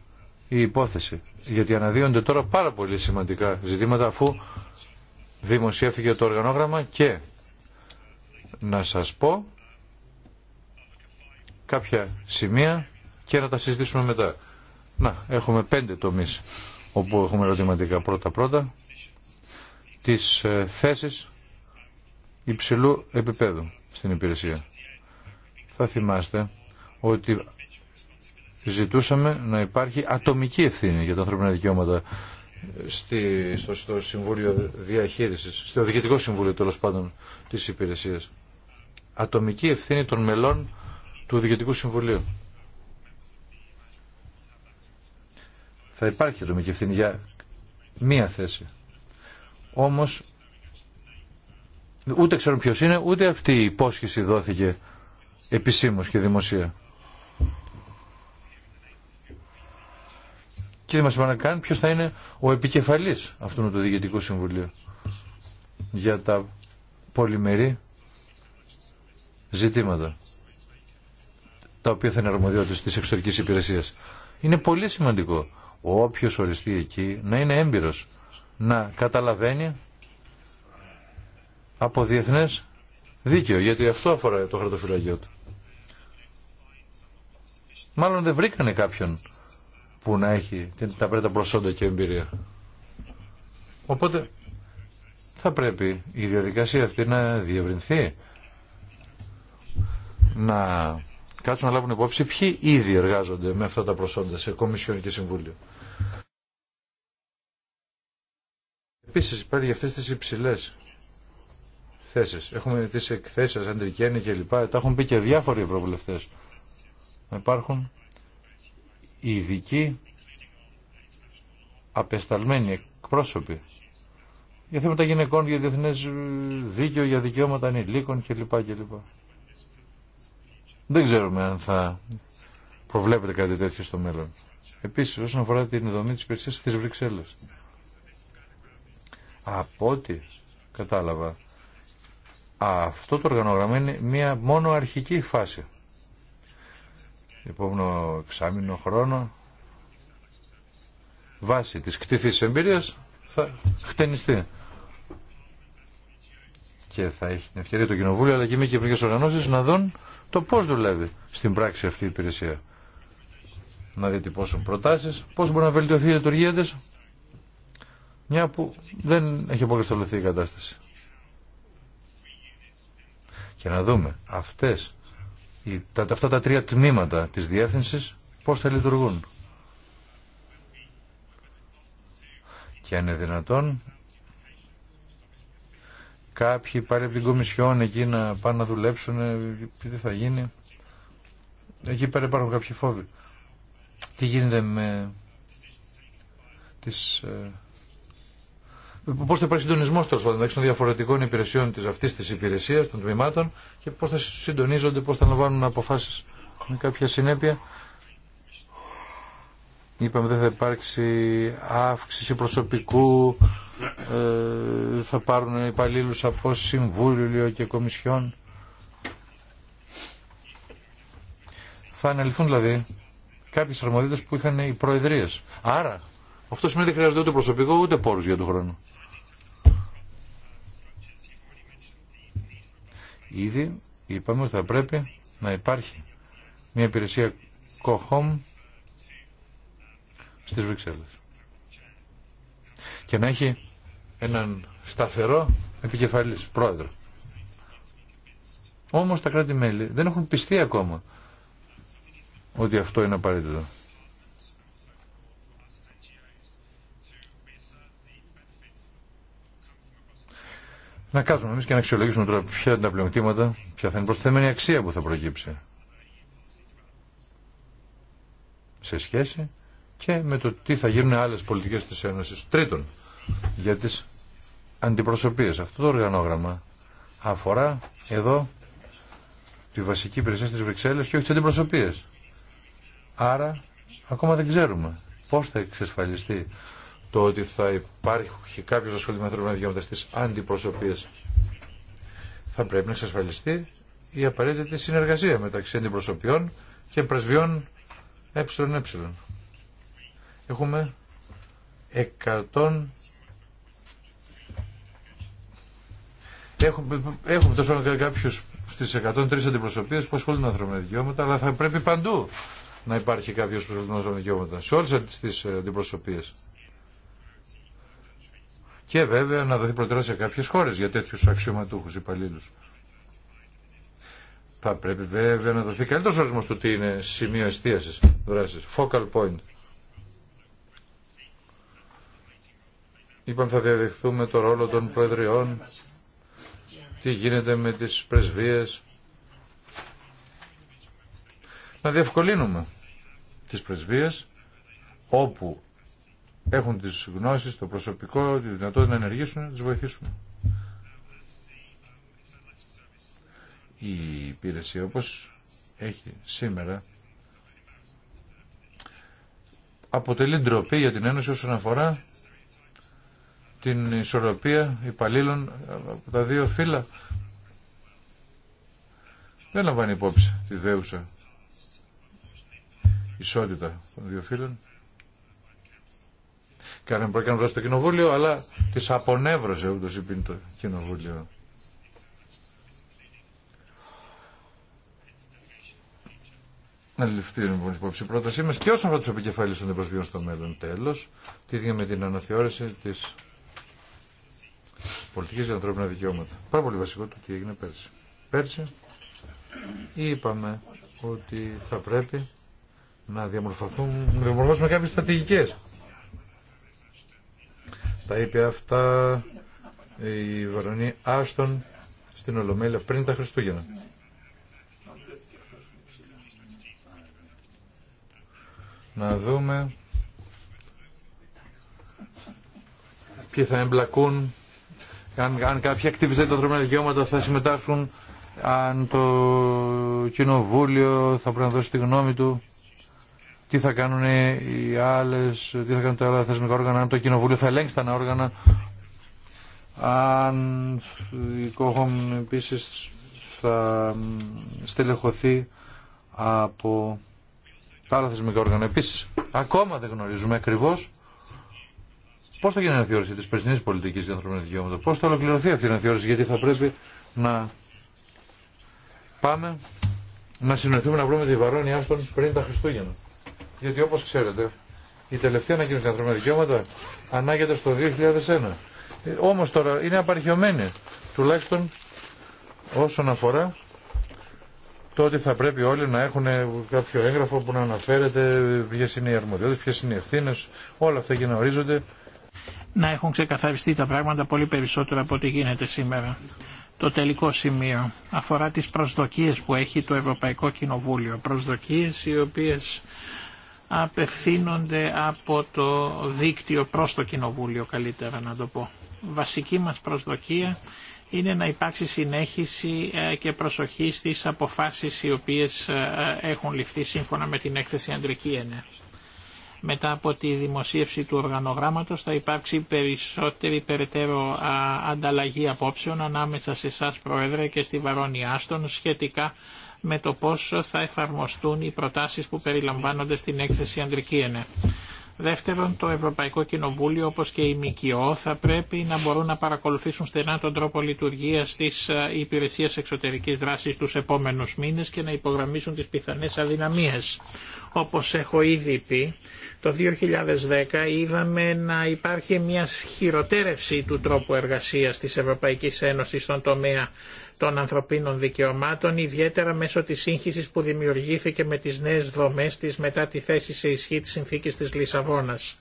η υπόθεση. Γιατί αναδύονται τώρα πάρα πολύ σημαντικά ζητήματα αφού δημοσιεύθηκε το οργανόγραμμα και να σας πω κάποια σημεία και να τα συζητήσουμε μετά. Να, έχουμε πέντε τομείς όπου έχουμε ερωτηματικά πρώτα-πρώτα τις ε, θέσεις υψηλού επίπεδου στην υπηρεσία. Θα θυμάστε ότι ζητούσαμε να υπάρχει ατομική ευθύνη για τα ανθρώπινα δικαιώματα στη, στο, στο Συμβούλιο Διαχείρισης, στο Διοικητικό Συμβούλιο τέλο πάντων της υπηρεσίας. Ατομική ευθύνη των μελών του Διοικητικού Συμβουλίου. Θα υπάρχει ατομική ευθύνη για μία θέση. Όμως Ούτε ξέρουν ποιος είναι, ούτε αυτή η υπόσχεση δόθηκε επισήμως και δημοσία. Και δεν μας είπαν καν ποιος θα είναι ο επικεφαλής αυτού του Διοικητικού Συμβουλίου για τα πολυμερή ζητήματα τα οποία θα είναι αρμοδιότητες της εξωτερικής υπηρεσίας. Είναι πολύ σημαντικό όποιος οριστεί εκεί να είναι έμπειρος, να καταλαβαίνει από διεθνέ δίκαιο, γιατί αυτό αφορά το χαρτοφυλακείο του. Μάλλον δεν βρήκανε κάποιον που να έχει τα πρώτα προσόντα και εμπειρία. Οπότε θα πρέπει η διαδικασία αυτή να διευρυνθεί, να κάτσουν να λάβουν υπόψη ποιοι ήδη εργάζονται με αυτά τα προσόντα σε Κομισιόν και Συμβούλιο. Επίσης υπάρχει αυτές τις υψηλές Έχουμε τι εκθέσει αντρικένη και λοιπά. Τα έχουν πει και διάφοροι ευρωβουλευτές. Υπάρχουν ειδικοί απεσταλμένοι εκπρόσωποι για θέματα γυναικών, για διεθνέ δίκαιο, για δικαιώματα ανηλίκων κλπ. κλπ. Δεν ξέρουμε αν θα προβλέπετε κάτι τέτοιο στο μέλλον. Επίσης, όσον αφορά την δομή της υπηρεσίας τη Βρυξέλλες. Από ό,τι κατάλαβα, αυτό το οργανόγραμμα είναι μία μόνο αρχική φάση. Επόμενο εξάμεινο χρόνο, βάσει της κτήθης εμπειρίας, θα χτενιστεί. Και θα έχει την ευκαιρία το Κοινοβούλιο, αλλά και οι μη κυβερνικές οργανώσεις να δουν το πώς δουλεύει στην πράξη αυτή η υπηρεσία. Να διατυπώσουν προτάσεις, πώς μπορεί να βελτιωθεί η λειτουργία της, μια που δεν έχει αποκρισταλωθεί η κατάσταση και να δούμε αυτές, τα, αυτά τα τρία τμήματα της διεύθυνσης πώς θα λειτουργούν. Και αν είναι δυνατόν κάποιοι πάρει από την Κομισιόν εκεί να πάνε να δουλέψουν, ε, τι θα γίνει. Εκεί πέρα υπάρχουν κάποιοι φόβοι. Τι γίνεται με τις ε, Πώ θα υπάρχει συντονισμό τέλο μεταξύ των διαφορετικών υπηρεσιών τη αυτή τη υπηρεσία, των τμήματων και πώ θα συντονίζονται, πώ θα λαμβάνουν αποφάσει με κάποια συνέπεια. Είπαμε δεν θα υπάρξει αύξηση προσωπικού, ε, θα πάρουν υπαλλήλου από συμβούλιο και κομισιόν. Θα αναλυθούν δηλαδή κάποιε αρμοδίτες που είχαν οι προεδρίες. Άρα αυτό σημαίνει ότι δεν χρειάζεται ούτε προσωπικό ούτε πόρου για τον χρόνο. Ήδη είπαμε ότι θα πρέπει να υπάρχει μια υπηρεσία κοχόμ στις Βρυξέλλες. Και να έχει έναν σταθερό επικεφαλής πρόεδρο. Όμως τα κράτη-μέλη δεν έχουν πιστεί ακόμα ότι αυτό είναι απαραίτητο. να κάτσουμε εμεί και να αξιολογήσουμε τώρα ποια είναι τα πλεονεκτήματα, ποια θα είναι η προσθεμένη αξία που θα προκύψει. Σε σχέση και με το τι θα γίνουν άλλε πολιτικές της Ένωση Τρίτον, για τι αντιπροσωπείε. Αυτό το οργανόγραμμα αφορά εδώ τη βασική υπηρεσία της Βρυξέλλε και όχι τις αντιπροσωπείε. Άρα, ακόμα δεν ξέρουμε πώ θα εξασφαλιστεί το ότι θα υπάρχει κάποιο ασχολείται με ανθρώπινα δικαιώματα στι αντιπροσωπείε. Θα πρέπει να εξασφαλιστεί η απαραίτητη συνεργασία μεταξύ αντιπροσωπιών και πρεσβειών ΕΕ. Έχουμε 100 Έχουμε, έχουμε τόσο κάποιου στι 103 αντιπροσωπείε που ασχολούνται με ανθρώπινα δικαιώματα, αλλά θα πρέπει παντού να υπάρχει κάποιο που ασχολείται με ανθρώπινα δικαιώματα. Σε όλε τι αντιπροσωπείε και βέβαια να δοθεί προτεραιότητα σε κάποιες χώρες για τέτοιους αξιωματούχους υπαλλήλου. Θα πρέπει βέβαια να δοθεί καλύτερος ορισμός του τι είναι σημείο εστίασης δράσης. Focal point. Είπαμε θα διαδεχθούμε το ρόλο των προεδριών, τι γίνεται με τις πρεσβείες. Να διευκολύνουμε τις πρεσβείες όπου έχουν τις γνώσεις, το προσωπικό, τη δυνατότητα να ενεργήσουν, να τις βοηθήσουν. Η υπηρεσία όπως έχει σήμερα αποτελεί ντροπή για την Ένωση όσον αφορά την ισορροπία υπαλλήλων από τα δύο φύλλα. Δεν λαμβάνει υπόψη τη δέουσα ισότητα των δύο φύλων. Κάναμε πρόκειται στο κοινοβούλιο, αλλά τις απονεύρωσε ή είπε το κοινοβούλιο. Να ληφθεί λοιπόν υπόψη πρότασή μα και όσον αφορά του επικεφαλεί των προσφύγων στο μέλλον. Τέλο, τι ίδια με την αναθεώρηση τη πολιτική για ανθρώπινα δικαιώματα. Πάρα πολύ βασικό το τι έγινε πέρσι. Πέρσι είπαμε ότι θα πρέπει να διαμορφωθούμε, να διαμορφώσουμε κάποιε στρατηγικέ τα είπε αυτά η Βαρονή Άστον στην Ολομέλεια πριν τα Χριστούγεννα. Να δούμε ποιοι θα εμπλακούν, αν, αν κάποιοι τα τρομερά δικαιώματα θα συμμετάσχουν, αν το κοινοβούλιο θα πρέπει να δώσει τη γνώμη του τι θα κάνουν οι άλλες, τι θα κάνουν τα άλλα θεσμικά όργανα, αν το κοινοβούλιο θα ελέγξει τα όργανα, αν η ΚΟΧΟΜ επίσης θα στελεχωθεί από τα άλλα θεσμικά όργανα. Επίσης, ακόμα δεν γνωρίζουμε ακριβώς πώς θα γίνει η αναθεώρηση της περσινής πολιτικής για ανθρώπινα δικαιώματα, πώς θα ολοκληρωθεί αυτή η αναθεώρηση, γιατί θα πρέπει να πάμε να συνοηθούμε να βρούμε τη Βαρόνια στον πριν τα Χριστούγεννα γιατί όπως ξέρετε, η τελευταία ανακοίνωση ανθρώπινων δικαιώματα ανάγεται στο 2001. Ε, όμως τώρα είναι απαρχιωμένη, τουλάχιστον όσον αφορά το ότι θα πρέπει όλοι να έχουν κάποιο έγγραφο που να αναφέρεται ποιε είναι οι αρμοδιότητες, ποιε είναι οι ευθύνε, όλα αυτά και να ορίζονται. Να έχουν ξεκαθαριστεί τα πράγματα πολύ περισσότερο από ό,τι γίνεται σήμερα. Το τελικό σημείο αφορά τις προσδοκίες που έχει το Ευρωπαϊκό Κοινοβούλιο. Προσδοκίες οι οποίες απευθύνονται από το δίκτυο προς το Κοινοβούλιο καλύτερα να το πω. Βασική μας προσδοκία είναι να υπάρξει συνέχιση ε, και προσοχή στις αποφάσεις οι οποίες ε, ε, έχουν ληφθεί σύμφωνα με την έκθεση Αντρική Ένε. Μετά από τη δημοσίευση του οργανογράμματος θα υπάρξει περισσότερη περαιτέρω ανταλλαγή απόψεων ανάμεσα σε εσά Πρόεδρε και στη Βαρόνια Άστον σχετικά με το πόσο θα εφαρμοστούν οι προτάσεις που περιλαμβάνονται στην έκθεση Αντρική ΕΝΕ. Δεύτερον, το Ευρωπαϊκό Κοινοβούλιο όπως και η ΜΚΟ θα πρέπει να μπορούν να παρακολουθήσουν στενά τον τρόπο λειτουργίας της ε, υπηρεσίας εξωτερικής δράσης τους επόμενους μήνες και να υπογραμμίσουν τις πιθανές αδυναμίες. Όπως έχω ήδη πει, το 2010 είδαμε να υπάρχει μια χειροτέρευση του τρόπου εργασίας της Ευρωπαϊκής Ένωσης στον τομέα των ανθρωπίνων δικαιωμάτων, ιδιαίτερα μέσω της σύγχυσης που δημιουργήθηκε με τις νέες δομές της μετά τη θέση σε ισχύ της συνθήκης της Λισαβόνας.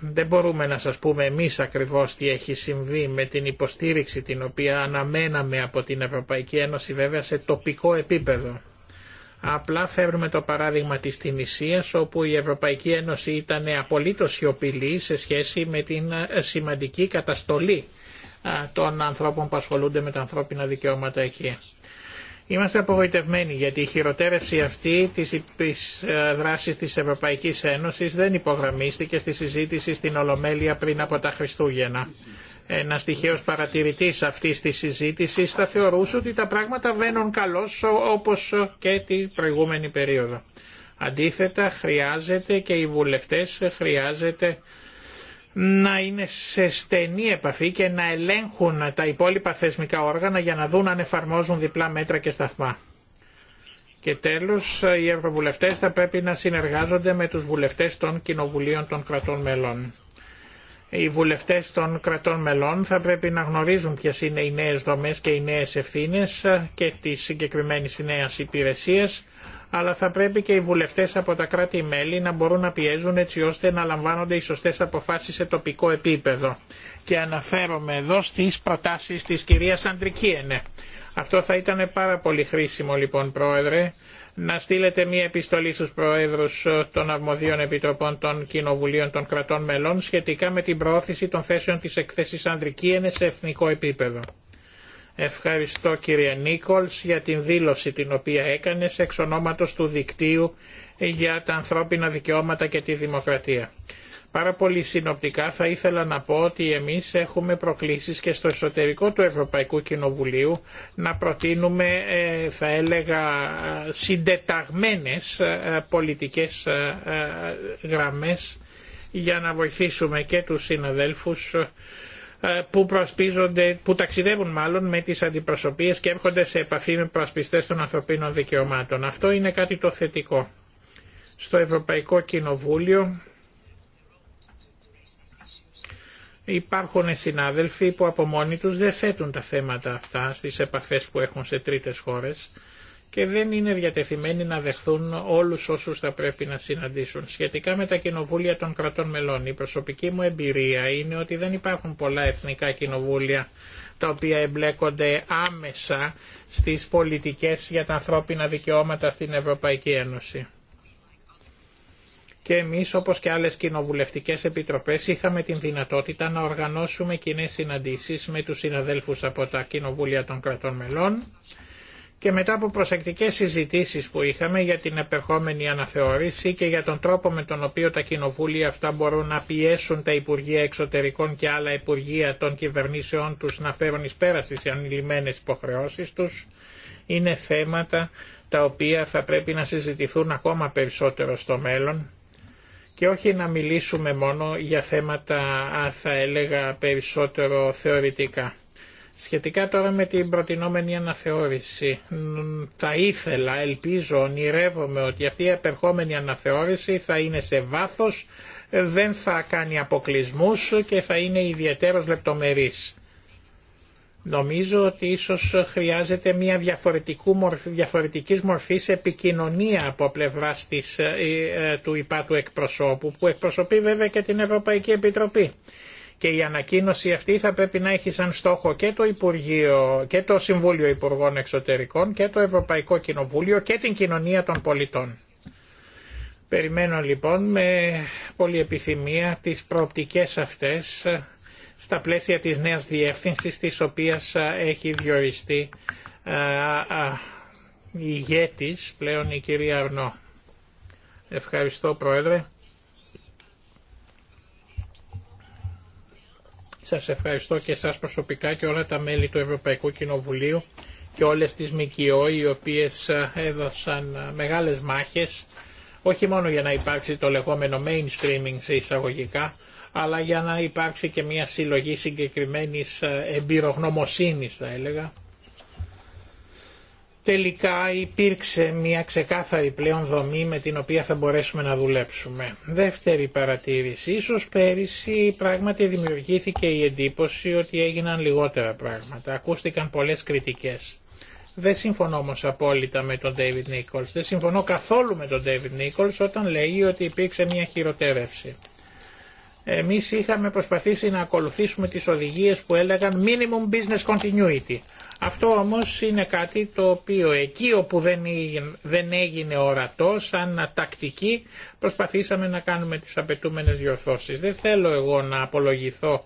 Δεν μπορούμε να σας πούμε εμείς ακριβώς τι έχει συμβεί με την υποστήριξη την οποία αναμέναμε από την Ευρωπαϊκή Ένωση βέβαια σε τοπικό επίπεδο. Απλά φέρνουμε το παράδειγμα της Τινησίας όπου η Ευρωπαϊκή Ένωση ήταν απολύτως σιωπηλή σε σχέση με την σημαντική καταστολή των ανθρώπων που ασχολούνται με τα ανθρώπινα δικαιώματα εκεί. Είμαστε απογοητευμένοι γιατί η χειροτέρευση αυτή της ε, δράσης της Ευρωπαϊκής Ένωσης δεν υπογραμμίστηκε στη συζήτηση στην Ολομέλεια πριν από τα Χριστούγεννα. Ένα τυχαίο παρατηρητή αυτή τη συζήτηση. θα θεωρούσε ότι τα πράγματα βαίνουν καλώ όπω και την προηγούμενη περίοδο. Αντίθετα χρειάζεται και οι βουλευτέ χρειάζεται να είναι σε στενή επαφή και να ελέγχουν τα υπόλοιπα θεσμικά όργανα για να δουν αν εφαρμόζουν διπλά μέτρα και σταθμά. Και τέλος, οι ευρωβουλευτές θα πρέπει να συνεργάζονται με τους βουλευτές των κοινοβουλίων των κρατών μελών. Οι βουλευτές των κρατών μελών θα πρέπει να γνωρίζουν ποιες είναι οι νέες δομές και οι νέες ευθύνες και τις συγκεκριμένες νέες υπηρεσίες αλλά θα πρέπει και οι βουλευτές από τα κράτη-μέλη να μπορούν να πιέζουν έτσι ώστε να λαμβάνονται οι σωστές αποφάσεις σε τοπικό επίπεδο. Και αναφέρομαι εδώ στις προτάσεις της κυρίας Αντρικίενε. Αυτό θα ήταν πάρα πολύ χρήσιμο λοιπόν Πρόεδρε, να στείλετε μία επιστολή στους Προέδρους των Αρμοδίων Επιτροπών των Κοινοβουλίων των Κρατών Μελών σχετικά με την προώθηση των θέσεων της εκθέσης Αντρικίενε σε εθνικό επίπεδο. Ευχαριστώ κύριε Νίκολς για την δήλωση την οποία έκανες εξ του δικτύου για τα ανθρώπινα δικαιώματα και τη δημοκρατία. Πάρα πολύ συνοπτικά θα ήθελα να πω ότι εμείς έχουμε προκλήσεις και στο εσωτερικό του Ευρωπαϊκού Κοινοβουλίου να προτείνουμε ε, θα έλεγα συντεταγμένες ε, πολιτικές ε, γραμμές για να βοηθήσουμε και τους συναδέλφους ε, που προσπίζονται, που ταξιδεύουν μάλλον με τις αντιπροσωπείες και έρχονται σε επαφή με προασπιστές των ανθρωπίνων δικαιωμάτων. Αυτό είναι κάτι το θετικό. Στο Ευρωπαϊκό Κοινοβούλιο υπάρχουν συνάδελφοι που από μόνοι τους δεν θέτουν τα θέματα αυτά στις επαφές που έχουν σε τρίτες χώρες και δεν είναι διατεθειμένοι να δεχθούν όλους όσους θα πρέπει να συναντήσουν. Σχετικά με τα κοινοβούλια των κρατών μελών, η προσωπική μου εμπειρία είναι ότι δεν υπάρχουν πολλά εθνικά κοινοβούλια τα οποία εμπλέκονται άμεσα στις πολιτικές για τα ανθρώπινα δικαιώματα στην Ευρωπαϊκή Ένωση. Και εμείς όπως και άλλες κοινοβουλευτικές επιτροπές είχαμε την δυνατότητα να οργανώσουμε κοινέ συναντήσεις με τους συναδέλφους από τα κοινοβούλια των κρατών μελών και μετά από προσεκτικές συζητήσεις που είχαμε για την επερχόμενη αναθεώρηση και για τον τρόπο με τον οποίο τα κοινοβούλια αυτά μπορούν να πιέσουν τα Υπουργεία Εξωτερικών και άλλα Υπουργεία των κυβερνήσεών τους να φέρουν εις πέρα στις ανηλυμένες υποχρεώσεις τους, είναι θέματα τα οποία θα πρέπει να συζητηθούν ακόμα περισσότερο στο μέλλον και όχι να μιλήσουμε μόνο για θέματα, θα έλεγα, περισσότερο θεωρητικά. Σχετικά τώρα με την προτινόμενη αναθεώρηση, τα ήθελα, ελπίζω, ονειρεύομαι ότι αυτή η επερχόμενη αναθεώρηση θα είναι σε βάθος, δεν θα κάνει αποκλεισμού και θα είναι ιδιαίτερος λεπτομερής. Νομίζω ότι ίσως χρειάζεται μια διαφορετικού μορφή, διαφορετικής μορφής επικοινωνία από πλευράς της, ε, ε, του υπάτου εκπροσώπου, που εκπροσωπεί βέβαια και την Ευρωπαϊκή Επιτροπή. Και η ανακοίνωση αυτή θα πρέπει να έχει σαν στόχο και το, Υπουργείο, και το Συμβούλιο Υπουργών Εξωτερικών και το Ευρωπαϊκό Κοινοβούλιο και την κοινωνία των πολιτών. Περιμένω λοιπόν με πολλή επιθυμία τις προοπτικές αυτές στα πλαίσια της νέας διεύθυνσης της οποίας έχει διοριστεί η ηγέτης πλέον η κυρία Αρνό. Ευχαριστώ Πρόεδρε. Σας ευχαριστώ και εσάς προσωπικά και όλα τα μέλη του Ευρωπαϊκού Κοινοβουλίου και όλες τις ΜΚΟ οι οποίες ε, έδωσαν ε, μεγάλες μάχες όχι μόνο για να υπάρξει το λεγόμενο mainstreaming σε εισαγωγικά αλλά για να υπάρξει και μια συλλογή συγκεκριμένης ε, εμπειρογνωμοσύνης θα έλεγα τελικά υπήρξε μια ξεκάθαρη πλέον δομή με την οποία θα μπορέσουμε να δουλέψουμε. Δεύτερη παρατήρηση, ίσως πέρυσι πράγματι δημιουργήθηκε η εντύπωση ότι έγιναν λιγότερα πράγματα. Ακούστηκαν πολλές κριτικές. Δεν συμφωνώ όμω απόλυτα με τον David Nichols. Δεν συμφωνώ καθόλου με τον David Nichols όταν λέει ότι υπήρξε μια χειροτέρευση. Εμείς είχαμε προσπαθήσει να ακολουθήσουμε τις οδηγίες που έλεγαν minimum business continuity. Αυτό όμως είναι κάτι το οποίο εκεί όπου δεν έγινε ορατό, σαν τακτική, προσπαθήσαμε να κάνουμε τις απαιτούμενες διορθώσεις. Δεν θέλω εγώ να απολογηθώ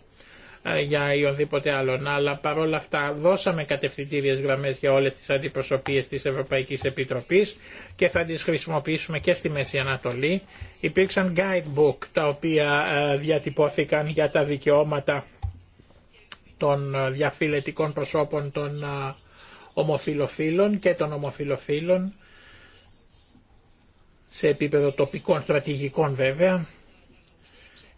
ε, για οτιδήποτε άλλον, αλλά παρόλα αυτά δώσαμε κατευθυντήριες γραμμές για όλες τις αντιπροσωπείες της Ευρωπαϊκής Επιτροπής και θα τις χρησιμοποιήσουμε και στη Μέση Ανατολή. Υπήρξαν guidebook τα οποία ε, διατυπώθηκαν για τα δικαιώματα των ε, διαφυλετικών προσώπων των ομοφιλοφίλων και των ομοφιλοφίλων σε επίπεδο τοπικών στρατηγικών βέβαια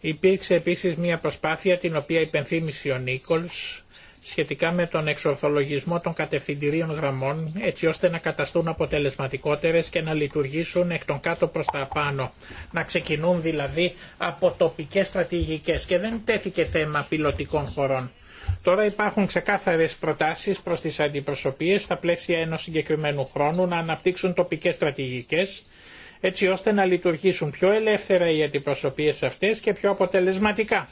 Υπήρξε επίσης μια προσπάθεια την οποία υπενθύμησε ο Νίκολς σχετικά με τον εξορθολογισμό των κατευθυντηρίων γραμμών έτσι ώστε να καταστούν αποτελεσματικότερες και να λειτουργήσουν εκ των κάτω προς τα πάνω. Να ξεκινούν δηλαδή από τοπικές στρατηγικές και δεν τέθηκε θέμα πιλωτικών χωρών. Τώρα υπάρχουν ξεκάθαρες προτάσεις προς τις αντιπροσωπείες στα πλαίσια ενός συγκεκριμένου χρόνου να αναπτύξουν τοπικές στρατηγικές έτσι ώστε να λειτουργήσουν πιο ελεύθερα οι αντιπροσωπείες αυτές και πιο αποτελεσματικά.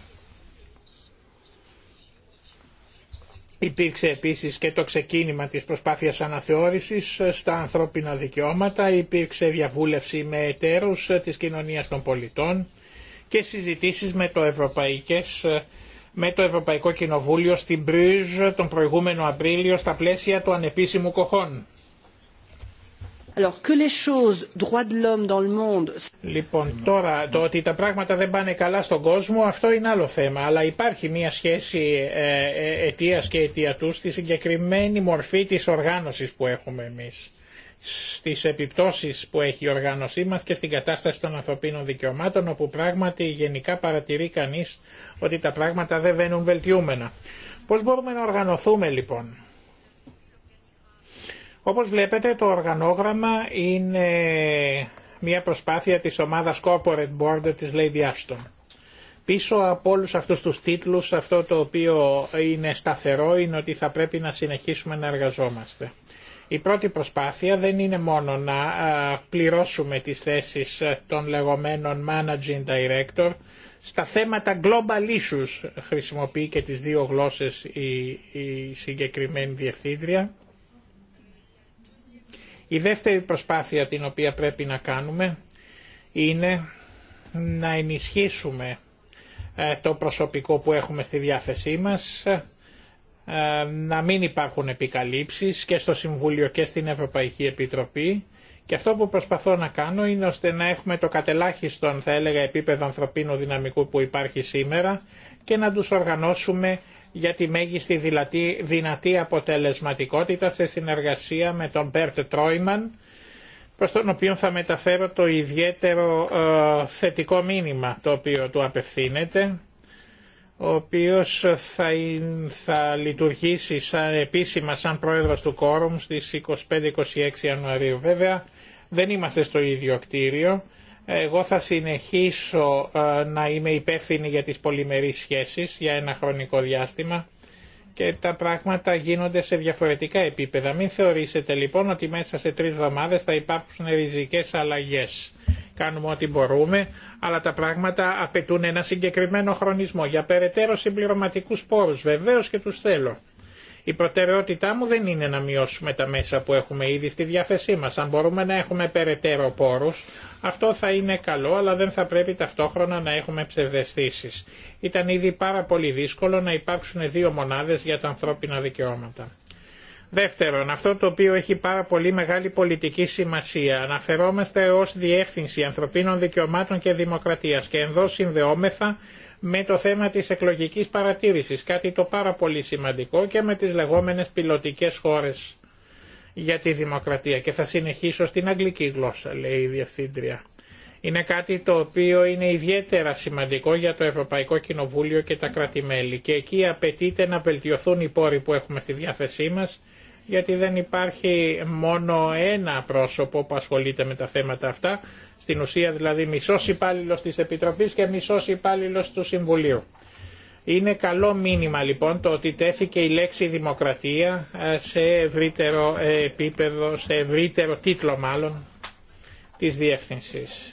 Υπήρξε επίσης και το ξεκίνημα της προσπάθειας αναθεώρησης στα ανθρώπινα δικαιώματα, υπήρξε διαβούλευση με εταίρους της κοινωνίας των πολιτών και συζητήσεις με το, Ευρωπαϊκές, με το Ευρωπαϊκό Κοινοβούλιο στην Μπρίζ τον προηγούμενο Απρίλιο στα πλαίσια του ανεπίσημου κοχών. Λοιπόν, τώρα το ότι τα πράγματα δεν πάνε καλά στον κόσμο, αυτό είναι άλλο θέμα. Αλλά υπάρχει μια σχέση ε, ε, αιτία και αιτιατού στη συγκεκριμένη μορφή τη οργάνωση που έχουμε εμεί. Στι επιπτώσει που έχει η οργάνωσή μα και στην κατάσταση των ανθρωπίνων δικαιωμάτων, όπου πράγματι γενικά παρατηρεί κανεί ότι τα πράγματα δεν βαίνουν βελτιούμενα. Πώ μπορούμε να οργανωθούμε λοιπόν όπως βλέπετε το οργανόγραμμα είναι μια προσπάθεια της ομάδας Corporate Board της Lady Ashton. Πίσω από όλους αυτούς τους τίτλους αυτό το οποίο είναι σταθερό είναι ότι θα πρέπει να συνεχίσουμε να εργαζόμαστε. Η πρώτη προσπάθεια δεν είναι μόνο να πληρώσουμε τις θέσεις των λεγόμενων Managing Director. Στα θέματα Global Issues χρησιμοποιεί και τις δύο γλώσσες η, η συγκεκριμένη διευθύντρια η δεύτερη προσπάθεια την οποία πρέπει να κάνουμε είναι να ενισχύσουμε ε, το προσωπικό που έχουμε στη διάθεσή μας, ε, να μην υπάρχουν επικαλύψεις και στο Συμβούλιο και στην Ευρωπαϊκή Επιτροπή και αυτό που προσπαθώ να κάνω είναι ώστε να έχουμε το κατελάχιστον θα έλεγα επίπεδο ανθρωπίνου δυναμικού που υπάρχει σήμερα και να τους οργανώσουμε για τη μέγιστη δυνατή, δυνατή αποτελεσματικότητα σε συνεργασία με τον Μπέρτ Τρόιμαν, προς τον οποίο θα μεταφέρω το ιδιαίτερο ε, θετικό μήνυμα το οποίο του απευθύνεται, ο οποίος θα, θα λειτουργήσει σαν, επίσημα σαν πρόεδρος του Κόρουμ στις 25-26 Ιανουαρίου. Βέβαια δεν είμαστε στο ίδιο κτίριο, εγώ θα συνεχίσω ε, να είμαι υπεύθυνη για τις πολυμερείς σχέσεις για ένα χρονικό διάστημα και τα πράγματα γίνονται σε διαφορετικά επίπεδα. Μην θεωρήσετε λοιπόν ότι μέσα σε τρεις εβδομάδες θα υπάρξουν ριζικές αλλαγές. Κάνουμε ό,τι μπορούμε, αλλά τα πράγματα απαιτούν ένα συγκεκριμένο χρονισμό για περαιτέρω συμπληρωματικούς πόρους. Βεβαίως και τους θέλω. Η προτεραιότητά μου δεν είναι να μειώσουμε τα μέσα που έχουμε ήδη στη διάθεσή μας. Αν μπορούμε να έχουμε περαιτέρω πόρους, αυτό θα είναι καλό, αλλά δεν θα πρέπει ταυτόχρονα να έχουμε ψευδεστήσεις. Ήταν ήδη πάρα πολύ δύσκολο να υπάρξουν δύο μονάδες για τα ανθρώπινα δικαιώματα. Δεύτερον, αυτό το οποίο έχει πάρα πολύ μεγάλη πολιτική σημασία. Αναφερόμαστε ως Διεύθυνση Ανθρωπίνων Δικαιωμάτων και Δημοκρατίας και ενδώ συνδεόμεθα με το θέμα της εκλογικής παρατήρησης, κάτι το πάρα πολύ σημαντικό και με τις λεγόμενες πιλωτικές χώρες για τη δημοκρατία και θα συνεχίσω στην αγγλική γλώσσα, λέει η Διευθύντρια. Είναι κάτι το οποίο είναι ιδιαίτερα σημαντικό για το Ευρωπαϊκό Κοινοβούλιο και τα κράτη-μέλη και εκεί απαιτείται να βελτιωθούν οι πόροι που έχουμε στη διάθεσή μας γιατί δεν υπάρχει μόνο ένα πρόσωπο που ασχολείται με τα θέματα αυτά, στην ουσία δηλαδή μισός υπάλληλος της Επιτροπής και μισός υπάλληλος του Συμβουλίου. Είναι καλό μήνυμα λοιπόν το ότι τέθηκε η λέξη δημοκρατία σε ευρύτερο επίπεδο, σε ευρύτερο τίτλο μάλλον της διεύθυνσης.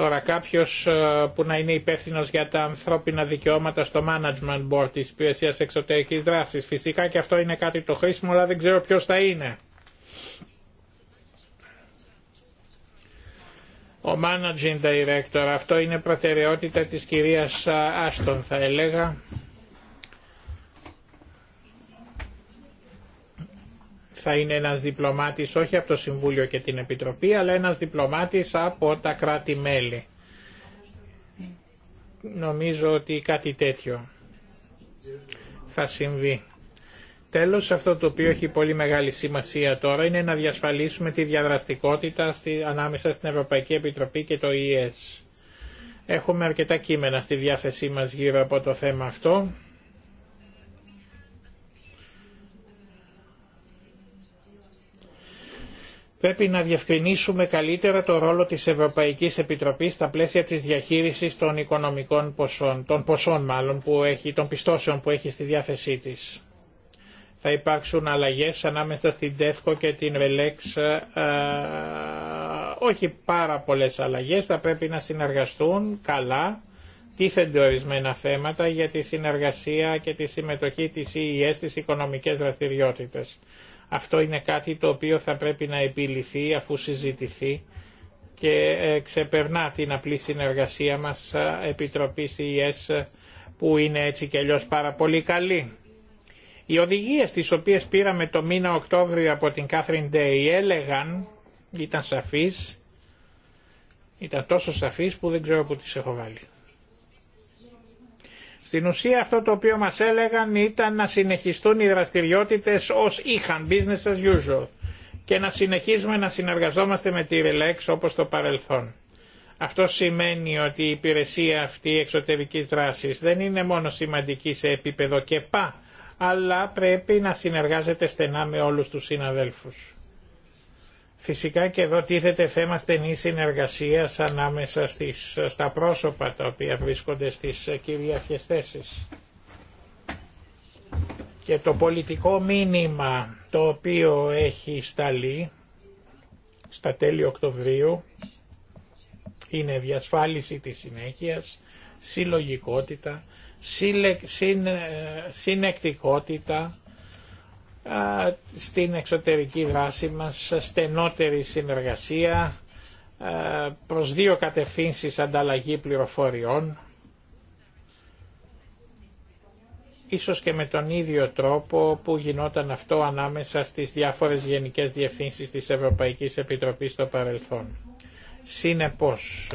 Τώρα κάποιος ε, που να είναι υπεύθυνο για τα ανθρώπινα δικαιώματα στο Management Board τη υπηρεσία Εξωτερική Δράση. Φυσικά και αυτό είναι κάτι το χρήσιμο, αλλά δεν ξέρω ποιο θα είναι. Ο Managing Director, αυτό είναι προτεραιότητα της κυρίας Άστον θα έλεγα. θα είναι ένας διπλωμάτης όχι από το Συμβούλιο και την Επιτροπή, αλλά ένας διπλωμάτης από τα κράτη-μέλη. Νομίζω ότι κάτι τέτοιο θα συμβεί. Τέλος, αυτό το οποίο έχει πολύ μεγάλη σημασία τώρα είναι να διασφαλίσουμε τη διαδραστικότητα στη, ανάμεσα στην Ευρωπαϊκή Επιτροπή και το ΙΕΣ. Έχουμε αρκετά κείμενα στη διάθεσή μας γύρω από το θέμα αυτό. Πρέπει να διευκρινίσουμε καλύτερα το ρόλο της Ευρωπαϊκής Επιτροπής στα πλαίσια της διαχείρισης των οικονομικών ποσών, των ποσών μάλλον που έχει, των πιστώσεων που έχει στη διάθεσή της. Θα υπάρξουν αλλαγές ανάμεσα στην ΤΕΦΚΟ και την ΡΕΛΕΞ, όχι πάρα πολλές αλλαγές, θα πρέπει να συνεργαστούν καλά, τίθενται ορισμένα θέματα για τη συνεργασία και τη συμμετοχή της ΙΕΣ στις οικονομικές δραστηριότητες. Αυτό είναι κάτι το οποίο θα πρέπει να επιληθεί αφού συζητηθεί και ε, ξεπερνά την απλή συνεργασία μας ε, Επιτροπής ΙΕΣ που είναι έτσι και αλλιώς πάρα πολύ καλή. Οι οδηγίες τις οποίες πήραμε το μήνα Οκτώβριο από την Κάθριν Ντέι έλεγαν, ήταν σαφείς, ήταν τόσο σαφείς που δεν ξέρω που τις έχω βάλει. Στην ουσία αυτό το οποίο μας έλεγαν ήταν να συνεχιστούν οι δραστηριότητες ως είχαν, business as usual, και να συνεχίζουμε να συνεργαζόμαστε με τη Relax όπως το παρελθόν. Αυτό σημαίνει ότι η υπηρεσία αυτή εξωτερικής δράσης δεν είναι μόνο σημαντική σε επίπεδο και πα, αλλά πρέπει να συνεργάζεται στενά με όλους τους συναδέλφους. Φυσικά και εδώ τίθεται θέμα στενής συνεργασία ανάμεσα στις, στα πρόσωπα τα οποία βρίσκονται στις κυριαρχές θέσεις. Και το πολιτικό μήνυμα το οποίο έχει σταλεί στα τέλη Οκτωβρίου είναι διασφάλιση της συνέχειας, συλλογικότητα, ε, συνεκτικότητα στην εξωτερική δράση μας στενότερη συνεργασία προς δύο κατευθύνσεις ανταλλαγή πληροφοριών ίσως και με τον ίδιο τρόπο που γινόταν αυτό ανάμεσα στις διάφορες γενικές διευθύνσεις της Ευρωπαϊκής Επιτροπής στο παρελθόν. Συνεπώς,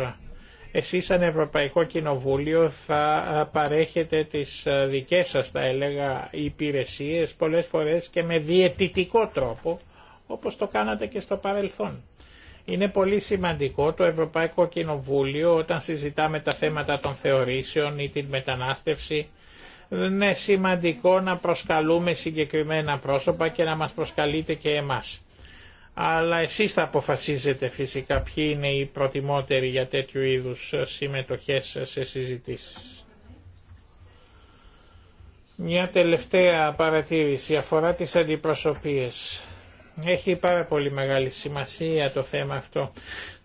εσείς σαν Ευρωπαϊκό Κοινοβούλιο θα ε, παρέχετε τις ε, δικές σας θα έλεγα υπηρεσίες πολλές φορές και με διαιτητικό τρόπο όπως το κάνατε και στο παρελθόν. Είναι πολύ σημαντικό το Ευρωπαϊκό Κοινοβούλιο όταν συζητάμε τα θέματα των θεωρήσεων ή την μετανάστευση είναι σημαντικό να προσκαλούμε συγκεκριμένα πρόσωπα και να μας προσκαλείτε και εμάς αλλά εσείς θα αποφασίζετε φυσικά ποιοι είναι οι προτιμότεροι για τέτοιου είδους συμμετοχές σε συζητήσεις. Μια τελευταία παρατήρηση αφορά τις αντιπροσωπίες. Έχει πάρα πολύ μεγάλη σημασία το θέμα αυτό.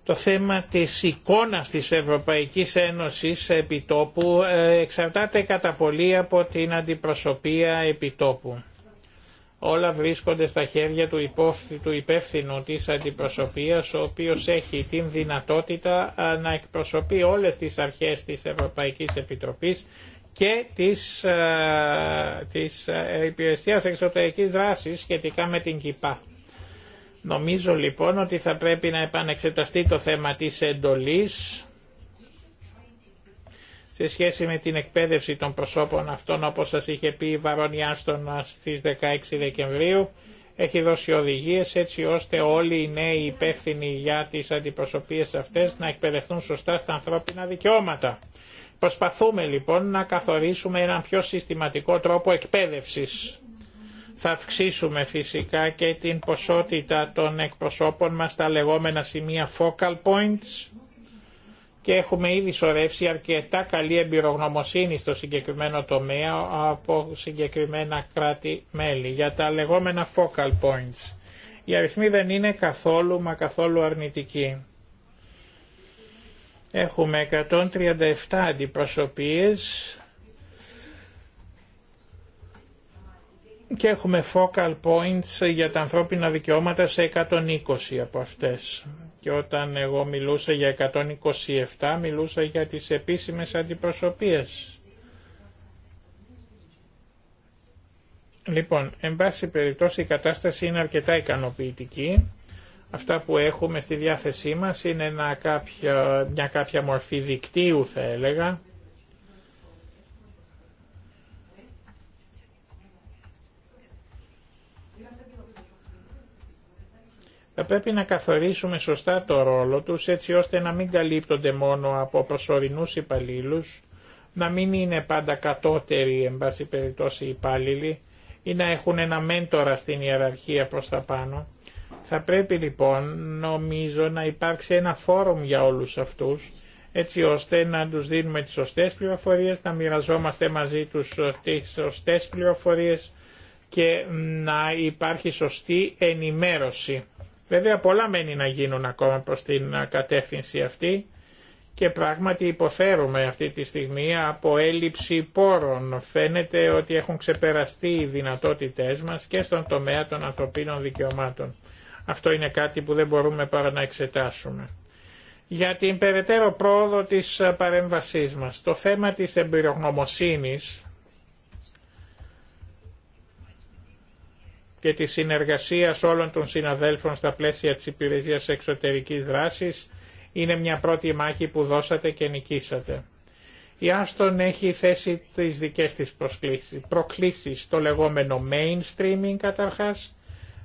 Το θέμα της εικόνας της Ευρωπαϊκής Ένωσης επιτόπου ε, εξαρτάται κατά πολύ από την αντιπροσωπεία επιτόπου όλα βρίσκονται στα χέρια του, του υπεύθυνου της αντιπροσωπείας, ο οποίος έχει την δυνατότητα να εκπροσωπεί όλες τις αρχές της Ευρωπαϊκής Επιτροπής και της, της Υπηρεσίας Εξωτερικής Δράσης σχετικά με την ΚΙΠΑ. Νομίζω λοιπόν ότι θα πρέπει να επανεξεταστεί το θέμα της εντολής, σε σχέση με την εκπαίδευση των προσώπων αυτών, όπως σας είχε πει η Βαρονιά στις 16 Δεκεμβρίου, έχει δώσει οδηγίες έτσι ώστε όλοι οι νέοι υπεύθυνοι για τις αντιπροσωπείες αυτές να εκπαιδευτούν σωστά στα ανθρώπινα δικαιώματα. Προσπαθούμε λοιπόν να καθορίσουμε έναν πιο συστηματικό τρόπο εκπαίδευσης. Θα αυξήσουμε φυσικά και την ποσότητα των εκπροσώπων μας στα λεγόμενα σημεία focal points, και έχουμε ήδη σωρεύσει αρκετά καλή εμπειρογνωμοσύνη στο συγκεκριμένο τομέα από συγκεκριμένα κράτη-μέλη για τα λεγόμενα focal points. Οι αριθμοί δεν είναι καθόλου μα καθόλου αρνητικοί. Έχουμε 137 αντιπροσωπείες και έχουμε focal points για τα ανθρώπινα δικαιώματα σε 120 από αυτές. Και όταν εγώ μιλούσα για 127 μιλούσα για τις επίσημες αντιπροσωπίες. Λοιπόν, εν πάση περιπτώσει η κατάσταση είναι αρκετά ικανοποιητική. Αυτά που έχουμε στη διάθεσή μας είναι ένα μια κάποια μορφή δικτύου θα έλεγα Θα πρέπει να καθορίσουμε σωστά το ρόλο τους έτσι ώστε να μην καλύπτονται μόνο από προσωρινούς υπαλλήλου, να μην είναι πάντα κατώτεροι εν πάση περιπτώσει υπάλληλοι ή να έχουν ένα μέντορα στην ιεραρχία προς τα πάνω. Θα πρέπει λοιπόν νομίζω να υπάρξει ένα φόρουμ για όλους αυτούς έτσι ώστε να τους δίνουμε τις σωστές πληροφορίες, να μοιραζόμαστε μαζί τους τις σωστές πληροφορίες και να υπάρχει σωστή ενημέρωση Βέβαια πολλά μένει να γίνουν ακόμα προς την κατεύθυνση αυτή και πράγματι υποφέρουμε αυτή τη στιγμή από έλλειψη πόρων. Φαίνεται ότι έχουν ξεπεραστεί οι δυνατότητές μας και στον τομέα των ανθρωπίνων δικαιωμάτων. Αυτό είναι κάτι που δεν μπορούμε παρά να εξετάσουμε. Για την περαιτέρω πρόοδο της παρέμβασής μας, το θέμα της εμπειρογνωμοσύνης και τη συνεργασία όλων των συναδέλφων στα πλαίσια της υπηρεσίας εξωτερικής δράσης είναι μια πρώτη μάχη που δώσατε και νικήσατε. Η Άστον έχει θέσει τις δικές της προκλήσεις, το λεγόμενο mainstreaming καταρχάς.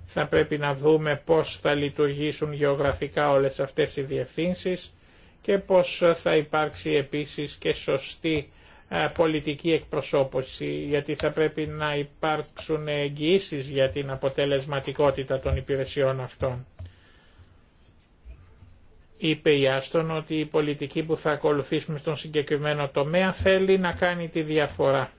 Θα πρέπει να δούμε πώς θα λειτουργήσουν γεωγραφικά όλες αυτές οι διευθύνσεις και πώς θα υπάρξει επίσης και σωστή ε, πολιτική εκπροσώπωση, γιατί θα πρέπει να υπάρξουν εγγυήσει για την αποτελεσματικότητα των υπηρεσιών αυτών. Είπε η Άστον ότι η πολιτική που θα ακολουθήσουμε στον συγκεκριμένο τομέα θέλει να κάνει τη διαφορά.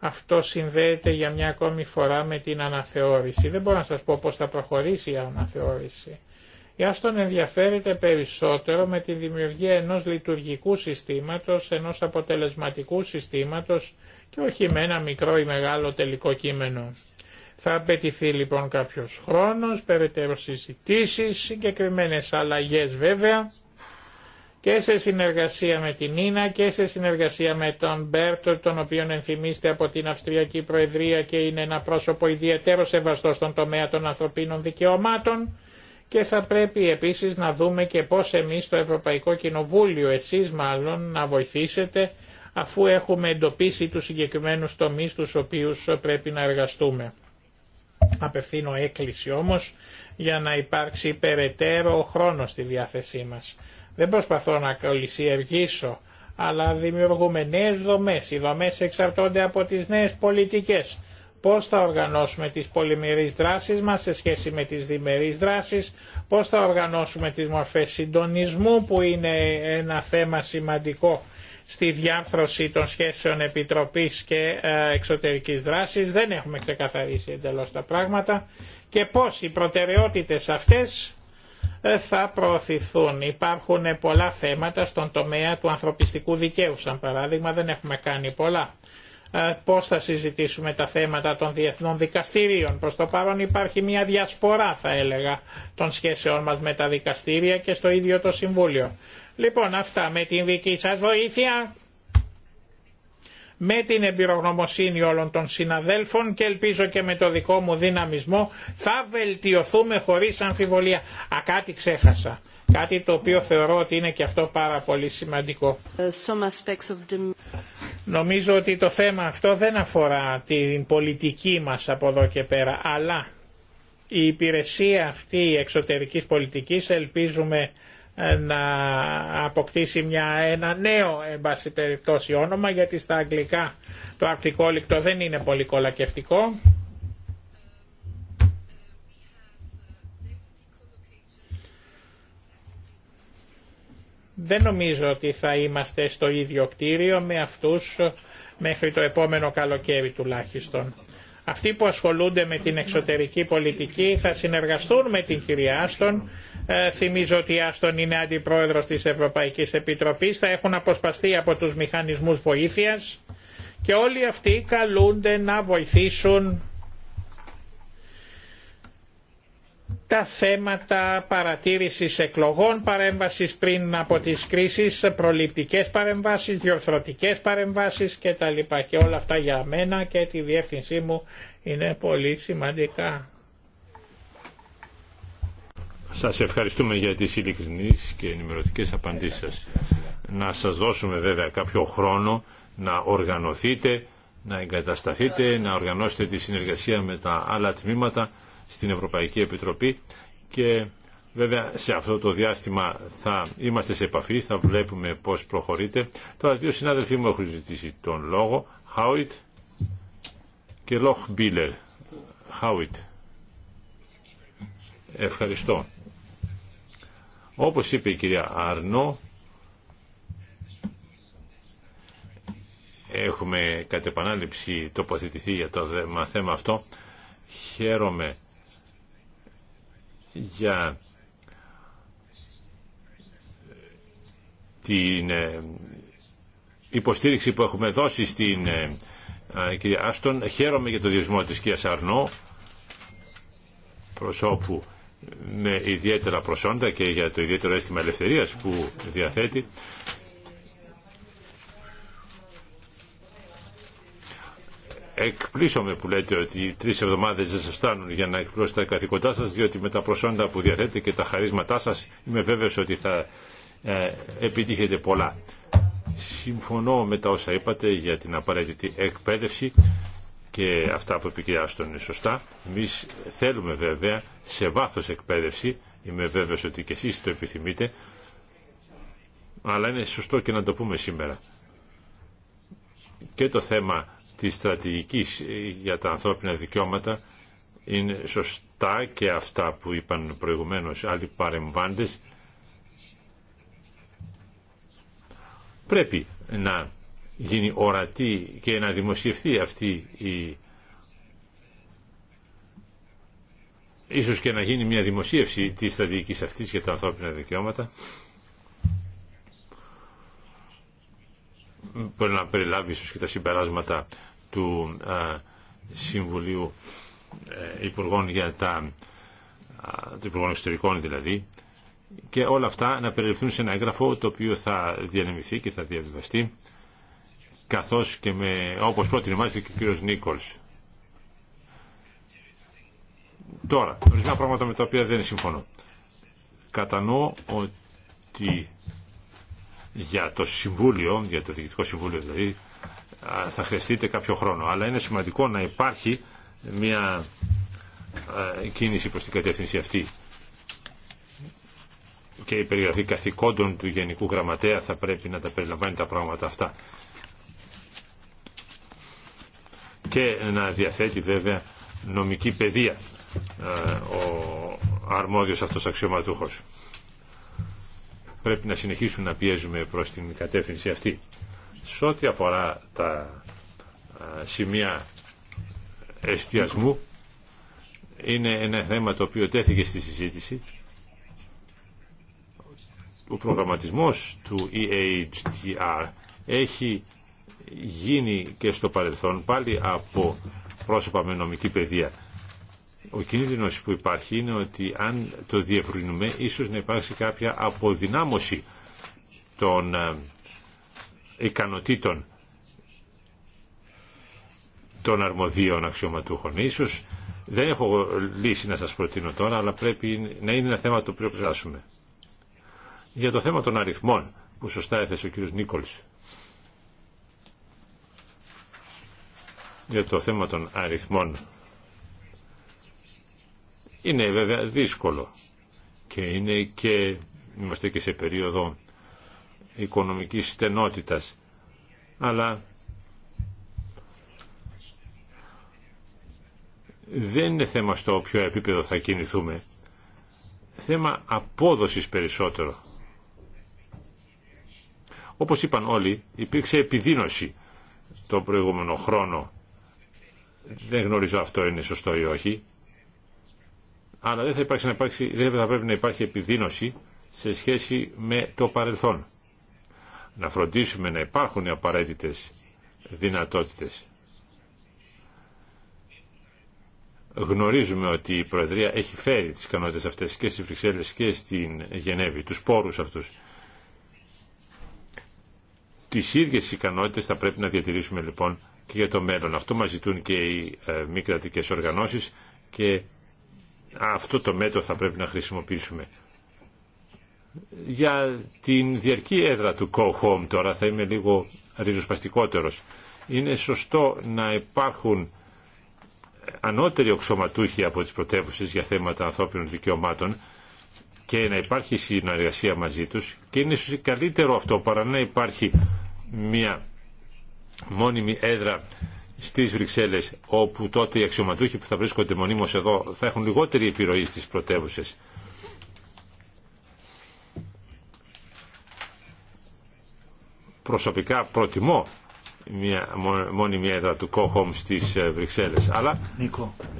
Αυτό συνδέεται για μια ακόμη φορά με την αναθεώρηση. Δεν μπορώ να σας πω πώς θα προχωρήσει η αναθεώρηση. Η τον ενδιαφέρεται περισσότερο με τη δημιουργία ενός λειτουργικού συστήματος, ενός αποτελεσματικού συστήματος και όχι με ένα μικρό ή μεγάλο τελικό κείμενο. Θα απαιτηθεί λοιπόν κάποιος χρόνος, περαιτέρω συζητήσει, συγκεκριμένες αλλαγές βέβαια και σε συνεργασία με την Ίνα και σε συνεργασία με τον Μπέρτο, τον οποίον ενθυμίστε από την Αυστριακή Προεδρία και είναι ένα πρόσωπο ιδιαίτερο σεβαστό στον τομέα των ανθρωπίνων δικαιωμάτων και θα πρέπει επίσης να δούμε και πώς εμείς το Ευρωπαϊκό Κοινοβούλιο, εσείς μάλλον, να βοηθήσετε αφού έχουμε εντοπίσει τους συγκεκριμένους τομείς τους οποίους πρέπει να εργαστούμε. Απευθύνω έκκληση όμως για να υπάρξει περαιτέρω χρόνο στη διάθεσή μας. Δεν προσπαθώ να κολυσιεργήσω, αλλά δημιουργούμε νέες δομές. Οι δομές εξαρτώνται από τις νέες πολιτικές πώς θα οργανώσουμε τις πολυμερείς δράσεις μας σε σχέση με τις διμερείς δράσεις, πώς θα οργανώσουμε τις μορφές συντονισμού που είναι ένα θέμα σημαντικό στη διάρθρωση των σχέσεων Επιτροπής και ε, Εξωτερικής Δράσης. Δεν έχουμε ξεκαθαρίσει εντελώς τα πράγματα και πώς οι προτεραιότητες αυτές ε, θα προωθηθούν. Υπάρχουν πολλά θέματα στον τομέα του ανθρωπιστικού δικαίου, σαν παράδειγμα δεν έχουμε κάνει πολλά. Ε, πώς θα συζητήσουμε τα θέματα των διεθνών δικαστηρίων. Προς το παρόν υπάρχει μια διασπορά θα έλεγα των σχέσεών μας με τα δικαστήρια και στο ίδιο το Συμβούλιο. Λοιπόν αυτά με την δική σας βοήθεια, με την εμπειρογνωμοσύνη όλων των συναδέλφων και ελπίζω και με το δικό μου δυναμισμό θα βελτιωθούμε χωρίς αμφιβολία. Α ξέχασα. Κάτι το οποίο θεωρώ ότι είναι και αυτό πάρα πολύ σημαντικό. Νομίζω ότι το θέμα αυτό δεν αφορά την πολιτική μας από εδώ και πέρα, αλλά η υπηρεσία αυτή εξωτερικής πολιτικής ελπίζουμε ε, να αποκτήσει μια, ένα νέο εν περιπτώσει όνομα γιατί στα αγγλικά το αρκτικό δεν είναι πολύ κολακευτικό Δεν νομίζω ότι θα είμαστε στο ίδιο κτίριο με αυτούς μέχρι το επόμενο καλοκαίρι τουλάχιστον. Αυτοί που ασχολούνται με την εξωτερική πολιτική θα συνεργαστούν με την κυρία Άστον. Ε, θυμίζω ότι η Άστον είναι αντιπρόεδρος της Ευρωπαϊκής Επιτροπής. Θα έχουν αποσπαστεί από τους μηχανισμούς βοήθειας και όλοι αυτοί καλούνται να βοηθήσουν τα θέματα παρατήρησης εκλογών, παρέμβασης πριν από τις κρίσεις, προληπτικές παρεμβάσεις, διορθωτικές παρεμβάσεις κτλ. Και όλα αυτά για μένα και τη διεύθυνσή μου είναι πολύ σημαντικά. Σας ευχαριστούμε για τις ειλικρινείς και ενημερωτικές απαντήσεις σας. Να σας δώσουμε βέβαια κάποιο χρόνο να οργανωθείτε, να εγκατασταθείτε, να οργανώσετε τη συνεργασία με τα άλλα τμήματα στην Ευρωπαϊκή Επιτροπή και βέβαια σε αυτό το διάστημα θα είμαστε σε επαφή, θα βλέπουμε πώς προχωρείτε. Τώρα δύο συνάδελφοί μου έχουν ζητήσει τον λόγο, Χάουιτ και Λόχ Μπίλερ. Χάουιτ. Ευχαριστώ. Όπως είπε η κυρία Αρνό, έχουμε κατ' επανάληψη τοποθετηθεί για το θέμα αυτό. Χαίρομαι για την ε, υποστήριξη που έχουμε δώσει στην ε, κυρία Άστον. Χαίρομαι για το διορισμό της κυρίας Αρνό, προσώπου με ιδιαίτερα προσόντα και για το ιδιαίτερο αίσθημα ελευθερίας που διαθέτει. με που λέτε ότι οι τρει εβδομάδε δεν σα φτάνουν για να εκπλώσετε τα καθήκοντά σα, διότι με τα προσόντα που διαθέτετε και τα χαρίσματά σα, είμαι βέβαιο ότι θα ε, επιτύχετε πολλά. Συμφωνώ με τα όσα είπατε για την απαραίτητη εκπαίδευση και αυτά που επικοινωνήσατε είναι σωστά. Εμεί θέλουμε βέβαια σε βάθο εκπαίδευση, είμαι βέβαιο ότι και εσεί το επιθυμείτε, αλλά είναι σωστό και να το πούμε σήμερα. Και το θέμα της στρατηγικής για τα ανθρώπινα δικαιώματα είναι σωστά και αυτά που είπαν προηγουμένως άλλοι παρεμβάντες. Πρέπει να γίνει ορατή και να δημοσιευθεί αυτή η ίσως και να γίνει μια δημοσίευση της στρατηγικής αυτής για τα ανθρώπινα δικαιώματα μπορεί να περιλάβει ίσως και τα συμπεράσματα του ε, Συμβουλίου ε, Υπουργών για τα ε, Υπουργών Εξωτερικών δηλαδή και όλα αυτά να περιληφθούν σε ένα έγγραφο το οποίο θα διανεμηθεί και θα διαβιβαστεί καθώς και με, όπως πρότεινε και ο κύριος Νίκολς. Τώρα, ορισμένα πράγματα με τα οποία δεν συμφωνώ. Κατανοώ ότι για το Συμβούλιο, για το Διοικητικό Συμβούλιο δηλαδή, θα χρειαστείτε κάποιο χρόνο. Αλλά είναι σημαντικό να υπάρχει μια κίνηση προς την κατεύθυνση αυτή και η περιγραφή καθηκόντων του Γενικού Γραμματέα θα πρέπει να τα περιλαμβάνει τα πράγματα αυτά και να διαθέτει βέβαια νομική παιδεία ο αρμόδιος αυτός αξιωματούχος. Πρέπει να συνεχίσουν να πιέζουμε προς την κατεύθυνση αυτή. Σε ό,τι αφορά τα σημεία εστιασμού, είναι ένα θέμα το οποίο τέθηκε στη συζήτηση. Ο προγραμματισμός του EHDR έχει γίνει και στο παρελθόν πάλι από πρόσωπα με νομική παιδεία. Ο κίνδυνος που υπάρχει είναι ότι αν το διευρύνουμε ίσως να υπάρξει κάποια αποδυνάμωση των ικανοτήτων των αρμοδίων αξιωματούχων. Ίσως δεν έχω λύση να σας προτείνω τώρα, αλλά πρέπει να είναι ένα θέμα το οποίο ψάσουμε. Για το θέμα των αριθμών που σωστά έθεσε ο κύριος Νίκολς. Για το θέμα των αριθμών. Είναι βέβαια δύσκολο και είναι και είμαστε και σε περίοδο οικονομικής στενότητας. Αλλά δεν είναι θέμα στο οποίο επίπεδο θα κινηθούμε. Θέμα απόδοσης περισσότερο. Όπως είπαν όλοι, υπήρξε επιδίνωση το προηγούμενο χρόνο. Δεν γνωρίζω αυτό είναι σωστό ή όχι. Αλλά δεν θα, υπάρξει, δεν θα πρέπει να υπάρχει επιδίνωση σε σχέση με το παρελθόν να φροντίσουμε να υπάρχουν οι απαραίτητες δυνατότητες. Γνωρίζουμε ότι η Προεδρία έχει φέρει τις ικανότητες αυτές και στις Βρυξέλλες και στην Γενέβη, τους πόρους αυτούς. Τις ίδιες ικανότητες θα πρέπει να διατηρήσουμε λοιπόν και για το μέλλον. Αυτό μας ζητούν και οι ε, μη κρατικέ οργανώσεις και αυτό το μέτρο θα πρέπει να χρησιμοποιήσουμε για την διαρκή έδρα του co Home τώρα θα είμαι λίγο ριζοσπαστικότερος. Είναι σωστό να υπάρχουν ανώτεροι οξωματούχοι από τις πρωτεύουσε για θέματα ανθρώπινων δικαιωμάτων και να υπάρχει συνεργασία μαζί τους και είναι καλύτερο αυτό παρά να υπάρχει μια μόνιμη έδρα στις Βρυξέλλες όπου τότε οι αξιωματούχοι που θα βρίσκονται μονίμως εδώ θα έχουν λιγότερη επιρροή στις πρωτεύουσε. προσωπικά προτιμώ μια μόνιμη έδρα του Κόχομ στις ε, Βρυξέλλες. Αλλά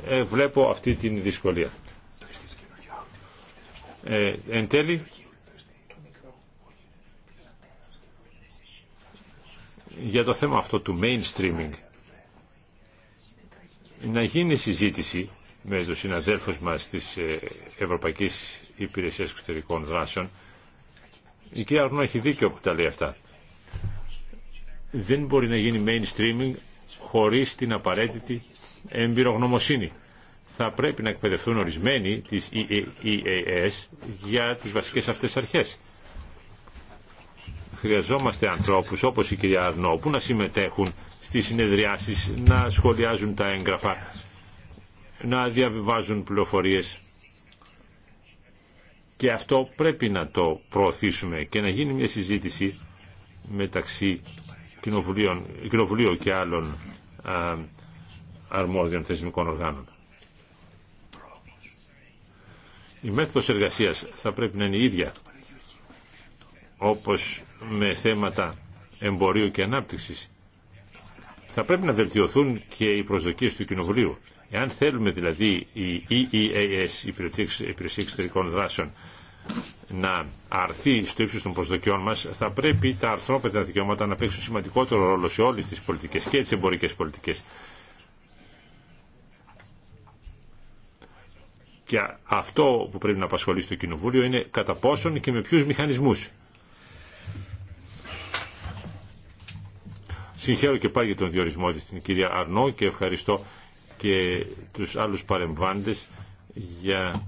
ε, βλέπω αυτή την δυσκολία. Ε, εν τέλει, για το θέμα αυτό του mainstreaming, να γίνει συζήτηση με τους συναδέλφους μας της ε, Ευρωπαϊκής Υπηρεσίας Εξωτερικών Δράσεων. Η κυρία Αρνό έχει δίκιο που τα λέει αυτά δεν μπορεί να γίνει mainstreaming χωρίς την απαραίτητη εμπειρογνωμοσύνη. Θα πρέπει να εκπαιδευτούν ορισμένοι της EAS για τις βασικές αυτές αρχές. Χρειαζόμαστε ανθρώπους όπως η κυρία Αρνό που να συμμετέχουν στις συνεδριάσεις, να σχολιάζουν τα έγγραφα, να διαβιβάζουν πληροφορίες. Και αυτό πρέπει να το προωθήσουμε και να γίνει μια συζήτηση μεταξύ κοινοβουλίων και άλλων ε, αρμόδιων θεσμικών οργάνων. Η μέθοδος εργασίας θα πρέπει να είναι η ίδια όπως με θέματα εμπορίου και ανάπτυξης. Θα πρέπει να βελτιωθούν και οι προσδοκίες του Κοινοβουλίου. Εάν θέλουμε δηλαδή η EEAS, η Υπηρεσία Εξωτερικών Δράσεων, να αρθεί στο ύψο των προσδοκιών μας, θα πρέπει τα αρθρόπαιτα δικαιώματα να παίξουν σημαντικότερο ρόλο σε όλες τις πολιτικές και τι εμπορικέ πολιτικέ. Και αυτό που πρέπει να απασχολήσει το Κοινοβούλιο είναι κατά πόσον και με ποιου μηχανισμούς. Συγχαίρω και πάλι για τον διορισμό της την κυρία Αρνό και ευχαριστώ και τους άλλους παρεμβάντες για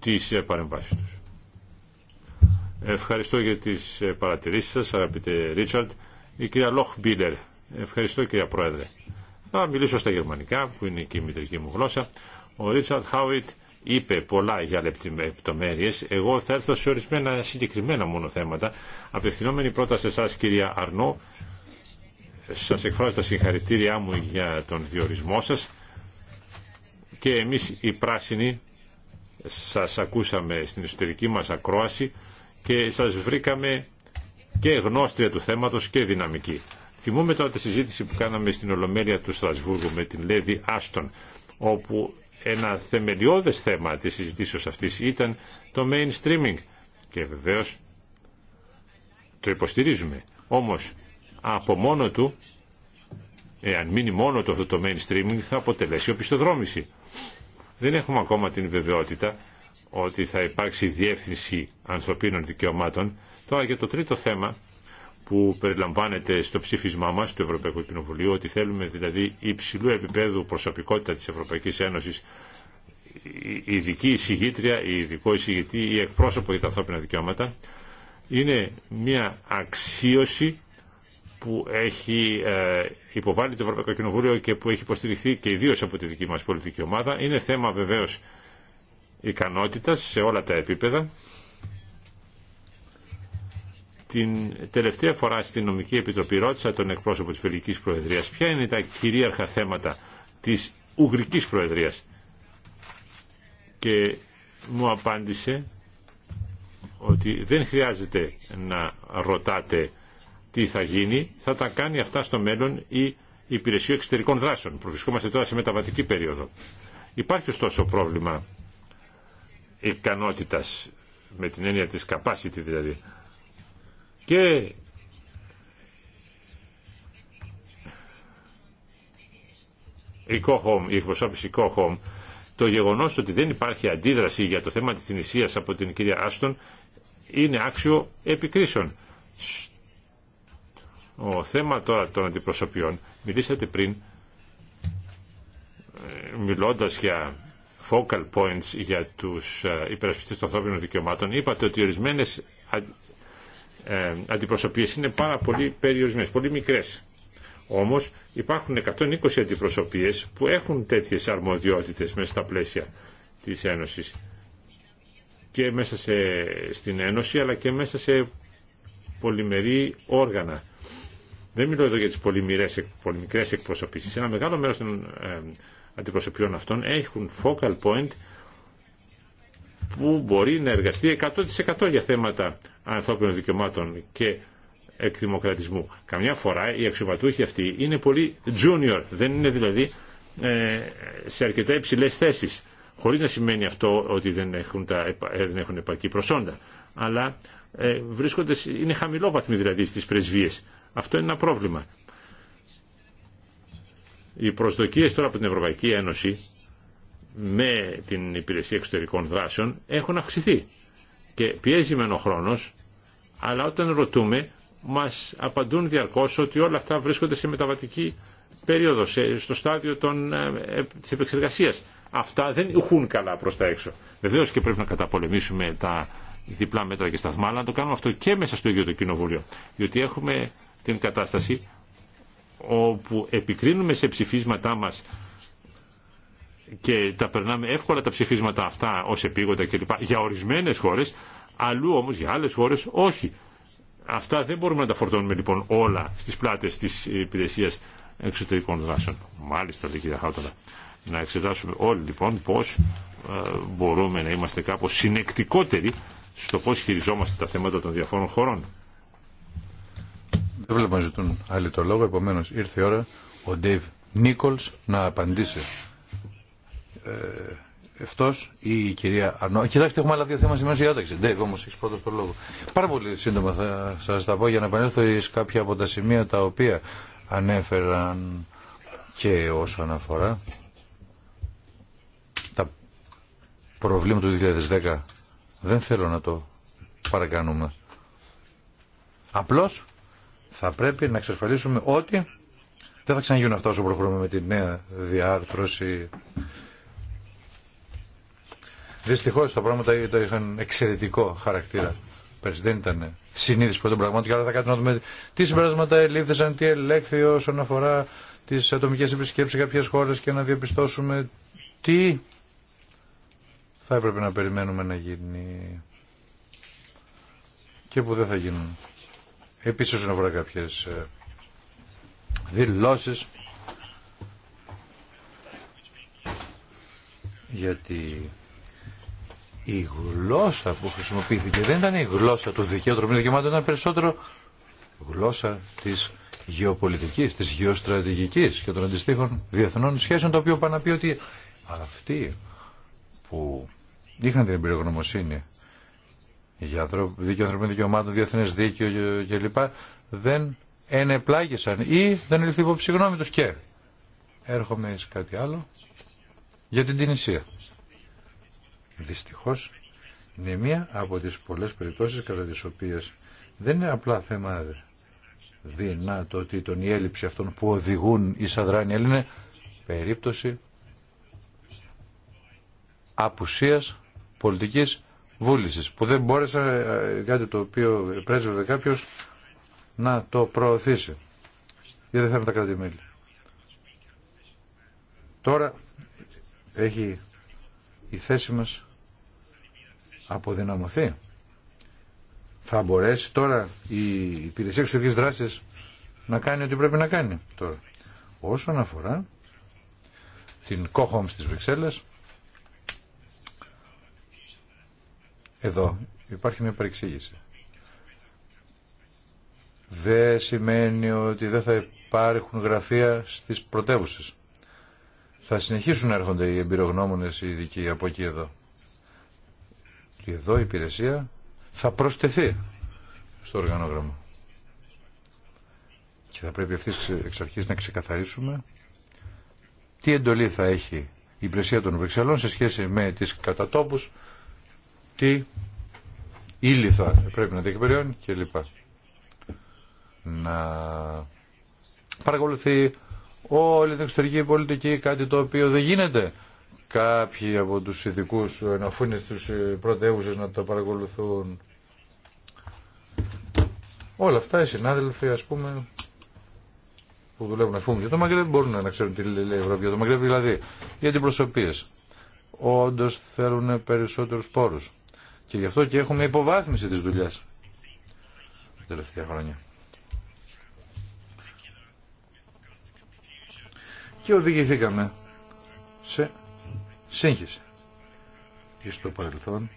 τις ε, παρεμβάσεις τους. Ευχαριστώ για τις ε, παρατηρήσεις σας, αγαπητέ Ρίτσαρντ. Η κυρία Λόχ Μπίλερ. Ευχαριστώ κυρία Πρόεδρε. Θα μιλήσω στα γερμανικά, που είναι και η μητρική μου γλώσσα. Ο Ρίτσαρντ Χάουιτ είπε πολλά για λεπτομέρειε. Εγώ θα έρθω σε ορισμένα συγκεκριμένα μόνο θέματα. Απευθυνόμενη πρώτα σε εσά, κυρία Αρνό, σα εκφράζω τα συγχαρητήριά μου για τον διορισμό σα και εμεί οι πράσινοι σας ακούσαμε στην εσωτερική μας ακρόαση και σας βρήκαμε και γνώστρια του θέματος και δυναμική. Θυμούμε τώρα τη συζήτηση που κάναμε στην Ολομέλεια του Στρασβούργου με την Λέβη Άστον, όπου ένα θεμελιώδες θέμα της συζητήσεως αυτής ήταν το mainstreaming και βεβαίως το υποστηρίζουμε. Όμως από μόνο του, εάν μείνει μόνο το αυτό το mainstreaming θα αποτελέσει οπισθοδρόμηση δεν έχουμε ακόμα την βεβαιότητα ότι θα υπάρξει διεύθυνση ανθρωπίνων δικαιωμάτων. Τώρα για το τρίτο θέμα που περιλαμβάνεται στο ψήφισμά μας του Ευρωπαϊκού Κοινοβουλίου, ότι θέλουμε δηλαδή υψηλού επίπεδου προσωπικότητα της Ευρωπαϊκής Ένωσης, ειδική εισηγήτρια, ειδικό εισηγητή ή εκπρόσωπο για τα ανθρώπινα δικαιώματα, είναι μια αξίωση που έχει ε, υποβάλλει το Ευρωπαϊκό Κοινοβούλιο και που έχει υποστηριχθεί και ιδίω από τη δική μα πολιτική ομάδα. Είναι θέμα βεβαίω ικανότητα σε όλα τα επίπεδα. Την τελευταία φορά στην Νομική Επιτροπή ρώτησα τον εκπρόσωπο της Βελγικής Προεδρίας ποια είναι τα κυρίαρχα θέματα της Ουγγρικής Προεδρίας και μου απάντησε ότι δεν χρειάζεται να ρωτάτε τι θα γίνει, θα τα κάνει αυτά στο μέλλον η Υπηρεσία Εξωτερικών Δράσεων. βρισκόμαστε τώρα σε μεταβατική περίοδο. Υπάρχει ωστόσο πρόβλημα ικανότητα με την έννοια της capacity δηλαδή. Και η εκπροσώπηση η εκπροσώπηση το γεγονός ότι δεν υπάρχει αντίδραση για το θέμα της θυνησίας από την κυρία Άστον είναι άξιο επικρίσεων ο θέμα τώρα των αντιπροσωπιών, μιλήσατε πριν, ε, μιλώντας για focal points για τους ε, υπερασπιστές των ανθρώπινων δικαιωμάτων, είπατε ότι ορισμένε ε, αντιπροσωπίες είναι πάρα πολύ περιορισμένες, πολύ μικρές. Όμως υπάρχουν 120 αντιπροσωπίες που έχουν τέτοιες αρμοδιότητες μέσα στα πλαίσια της Ένωσης και μέσα σε, στην Ένωση αλλά και μέσα σε πολυμερή όργανα. Δεν μιλώ εδώ για τις πολύ μικρές εκπροσωπήσεις. Ένα μεγάλο μέρος των αντιπροσωπιών αυτών έχουν focal point που μπορεί να εργαστεί 100% για θέματα ανθρώπινων δικαιωμάτων και εκδημοκρατισμού. Καμιά φορά οι αξιωματούχοι αυτοί είναι πολύ junior, δεν είναι δηλαδή ε, σε αρκετά υψηλέ θέσεις. Χωρίς να σημαίνει αυτό ότι δεν έχουν, ε, δεν έχουν επαρκή προσόντα. Αλλά ε, βρίσκονται, είναι χαμηλόβαθμοι δηλαδή στις πρεσβείες. Αυτό είναι ένα πρόβλημα. Οι προσδοκίες τώρα από την Ευρωπαϊκή Ένωση με την υπηρεσία εξωτερικών δράσεων έχουν αυξηθεί και πιέζει μεν ο χρόνος αλλά όταν ρωτούμε μας απαντούν διαρκώς ότι όλα αυτά βρίσκονται σε μεταβατική περίοδο, στο στάδιο των, ε, ε, της επεξεργασίας. Αυτά δεν έχουν καλά προς τα έξω. Βεβαίω και πρέπει να καταπολεμήσουμε τα διπλά μέτρα και σταθμά, αλλά να το κάνουμε αυτό και μέσα στο ίδιο το κοινοβούλιο. Διότι έχουμε την κατάσταση όπου επικρίνουμε σε ψηφίσματά μας και τα περνάμε εύκολα τα ψηφίσματα αυτά ως επίγοντα κλπ. Για ορισμένες χώρες, αλλού όμως για άλλες χώρες όχι. Αυτά δεν μπορούμε να τα φορτώνουμε λοιπόν όλα στις πλάτες της υπηρεσία εξωτερικών δράσεων. Μάλιστα, λέει κυρία Χάουταλα. Να εξετάσουμε όλοι λοιπόν πώς ε, μπορούμε να είμαστε κάπως συνεκτικότεροι στο πώς χειριζόμαστε τα θέματα των διαφόρων χωρών. Δεν βλέπω να ζητούν άλλοι το λόγο, επομένω ήρθε η ώρα ο Ντέιβ Νίκολ να απαντήσει. Ε, η κυρία Αρνό. Κοιτάξτε, έχουμε άλλα δύο θέματα σήμερα στη διάταξη. Ντέιβ, όμω έχει πρώτο το λόγο. Πάρα πολύ σύντομα θα σα τα πω για να επανέλθω ει κάποια από τα σημεία τα οποία ανέφεραν και όσον αναφορά τα προβλήματα του 2010. Δεν θέλω να το παρακάνουμε. Απλώς θα πρέπει να εξασφαλίσουμε ότι δεν θα ξαναγίνουν αυτά όσο προχωρούμε με τη νέα διάρθρωση. Δυστυχώ τα πράγματα είχαν εξαιρετικό χαρακτήρα. Πέρσι δεν ήταν συνείδηση πρώτων πραγμάτων και άρα θα κάτσουμε να δούμε τι συμπεράσματα ελήφθησαν, τι ελέγχθη όσον αφορά τι ατομικέ επισκέψει σε κάποιε χώρε και να διαπιστώσουμε τι θα έπρεπε να περιμένουμε να γίνει και που δεν θα γίνουν. Επίσης να βρω κάποιες ε, δηλώσεις γιατί η γλώσσα που χρησιμοποιήθηκε δεν ήταν η γλώσσα του δικαίου τροπίνου δικαιωμάτων, ήταν περισσότερο γλώσσα της γεωπολιτικής, της γεωστρατηγικής και των αντιστοίχων διεθνών σχέσεων, το οποίο πάνε να πει ότι αυτοί που είχαν την εμπειρογνωμοσύνη για δίκαιο ανθρωπίνων δικαιωμάτων, διεθνέ δίκαιο κλπ. δεν ενεπλάγησαν ή δεν ήρθε υπόψη γνώμη του και. Έρχομαι σε κάτι άλλο για την Τινησία. Δυστυχώ είναι μία από τι πολλέ περιπτώσει κατά τι οποίε δεν είναι απλά θέμα δυνατοτήτων η έλλειψη αυτών που οδηγούν εις αδράνεια είναι περίπτωση απουσίας πολιτικής βούληση. που δεν μπόρεσε ε, ε, κάτι το οποίο πρέσβευε κάποιος να το προωθήσει. Γιατί δεν θέλουμε τα κρατη Τώρα έχει η θέση μας αποδυναμωθεί. Θα μπορέσει τώρα η υπηρεσία εξωτερικής δράσης να κάνει ό,τι πρέπει να κάνει τώρα. Όσον αφορά την Κόχομ στις Βρυξέλλες, Εδώ υπάρχει μια παρεξήγηση. Δεν σημαίνει ότι δεν θα υπάρχουν γραφεία στις πρωτεύουσε. Θα συνεχίσουν να έρχονται οι εμπειρογνώμονες οι ειδικοί από εκεί εδώ. Και εδώ η υπηρεσία θα προσθεθεί στο οργανόγραμμα. Και θα πρέπει αυτής εξ αρχής να ξεκαθαρίσουμε τι εντολή θα έχει η υπηρεσία των Βρυξελών σε σχέση με τις κατατόπους τι ύλη θα πρέπει να και λοιπά Να παρακολουθεί όλη την εξωτερική πολιτική, κάτι το οποίο δεν γίνεται. Κάποιοι από τους ειδικού ε, αφού είναι στους ε, πρωτεύουσες να το παρακολουθούν. Όλα αυτά οι συνάδελφοι ας πούμε που δουλεύουν ας πούμε για το Μαγκρέβ μπορούν να ξέρουν τι λέει η Ευρώπη για το Μαγκρέβ δηλαδή για την προσωπίες. Όντως θέλουν περισσότερους πόρους. Και γι' αυτό και έχουμε υποβάθμιση της δουλειάς τα τελευταία χρόνια. Και οδηγηθήκαμε σε σύγχυση. Και στο παρελθόν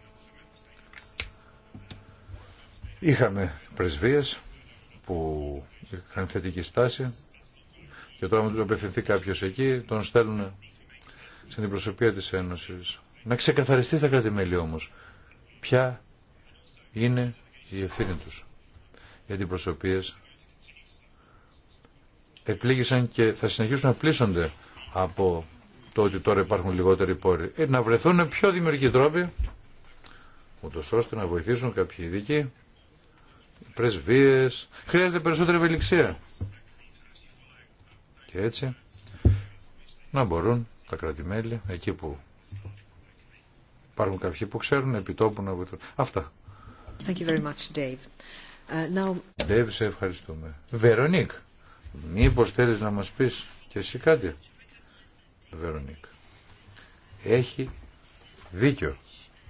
είχαμε πρεσβείες που είχαν θετική στάση και τώρα μου τους απευθυνθεί κάποιος εκεί, τον στέλνουν στην προσωπία της Ένωσης. Να ξεκαθαριστεί στα κράτη-μέλη όμως ποια είναι η ευθύνη τους. Γιατί οι προσωπίες επλήγησαν και θα συνεχίσουν να πλήσονται από το ότι τώρα υπάρχουν λιγότεροι πόροι. Ε, να βρεθούν πιο δημιουργικοί τρόποι, ούτως ώστε να βοηθήσουν κάποιοι ειδικοί, πρεσβείες. Χρειάζεται περισσότερη ευελιξία. Και έτσι να μπορούν τα κρατημέλη, εκεί που υπάρχουν κάποιοι που ξέρουν επιτόπου να βοηθούν. Αυτά. Thank you very much, Dave. Uh, now... Dave, σε ευχαριστούμε. Βερονίκ, μήπως θέλεις να μας πεις και εσύ κάτι. Βερονίκ. Έχει δίκιο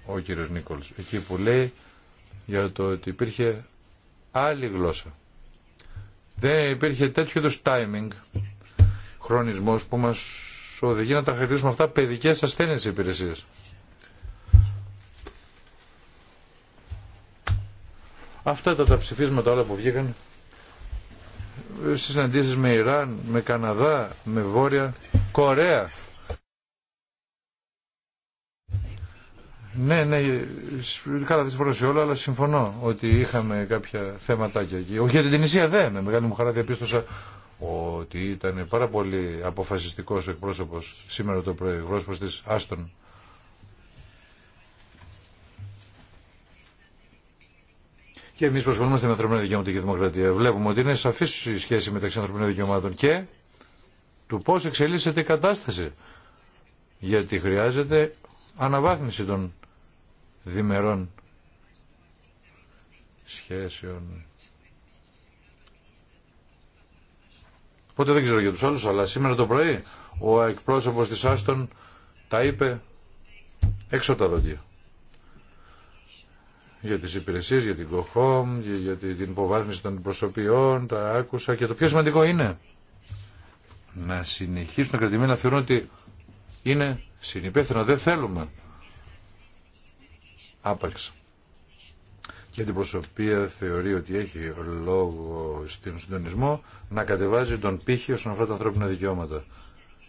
ο κύριος Νίκολς εκεί που λέει για το ότι υπήρχε άλλη γλώσσα. Δεν υπήρχε τέτοιο είδους timing, χρονισμός που μας οδηγεί να τα χαρακτηρίσουμε αυτά παιδικές ασθένειες υπηρεσίες. Αυτά τα, τα ψηφίσματα όλα που βγήκαν ε, συναντήσεις με Ιράν, με Καναδά, με Βόρεια, Κορέα. Ναι, ναι, καλά δεν όλα, αλλά συμφωνώ ότι είχαμε κάποια θέματάκια εκεί. Όχι για την Τινησία δεν με μεγάλη μου χαρά διαπίστωσα ότι ήταν πάρα πολύ αποφασιστικός ο εκπρόσωπος σήμερα το πρωί, εκπρόσωπος της Άστον Και εμεί προσχωρούμε στην με ανθρωπινά και δημοκρατία βλέπουμε ότι είναι σαφή η σχέση μεταξύ ανθρωπινών δικαιωμάτων και του πώ εξελίσσεται η κατάσταση. Γιατί χρειάζεται αναβάθμιση των διμερών σχέσεων. Οπότε δεν ξέρω για τους άλλους, αλλά σήμερα το πρωί ο εκπρόσωπος της Άστον τα είπε έξω τα δόντια για τις υπηρεσίες, για την κοχόμ, για την υποβάθμιση των προσωπιών, τα άκουσα και το πιο σημαντικό είναι να συνεχίσουν να κρατημένα να θεωρούν ότι είναι συνυπεύθυνα, δεν θέλουμε άπαξ. Και την προσωπία θεωρεί ότι έχει λόγο στην συντονισμό να κατεβάζει τον πύχη όσον αφορά τα ανθρώπινα δικαιώματα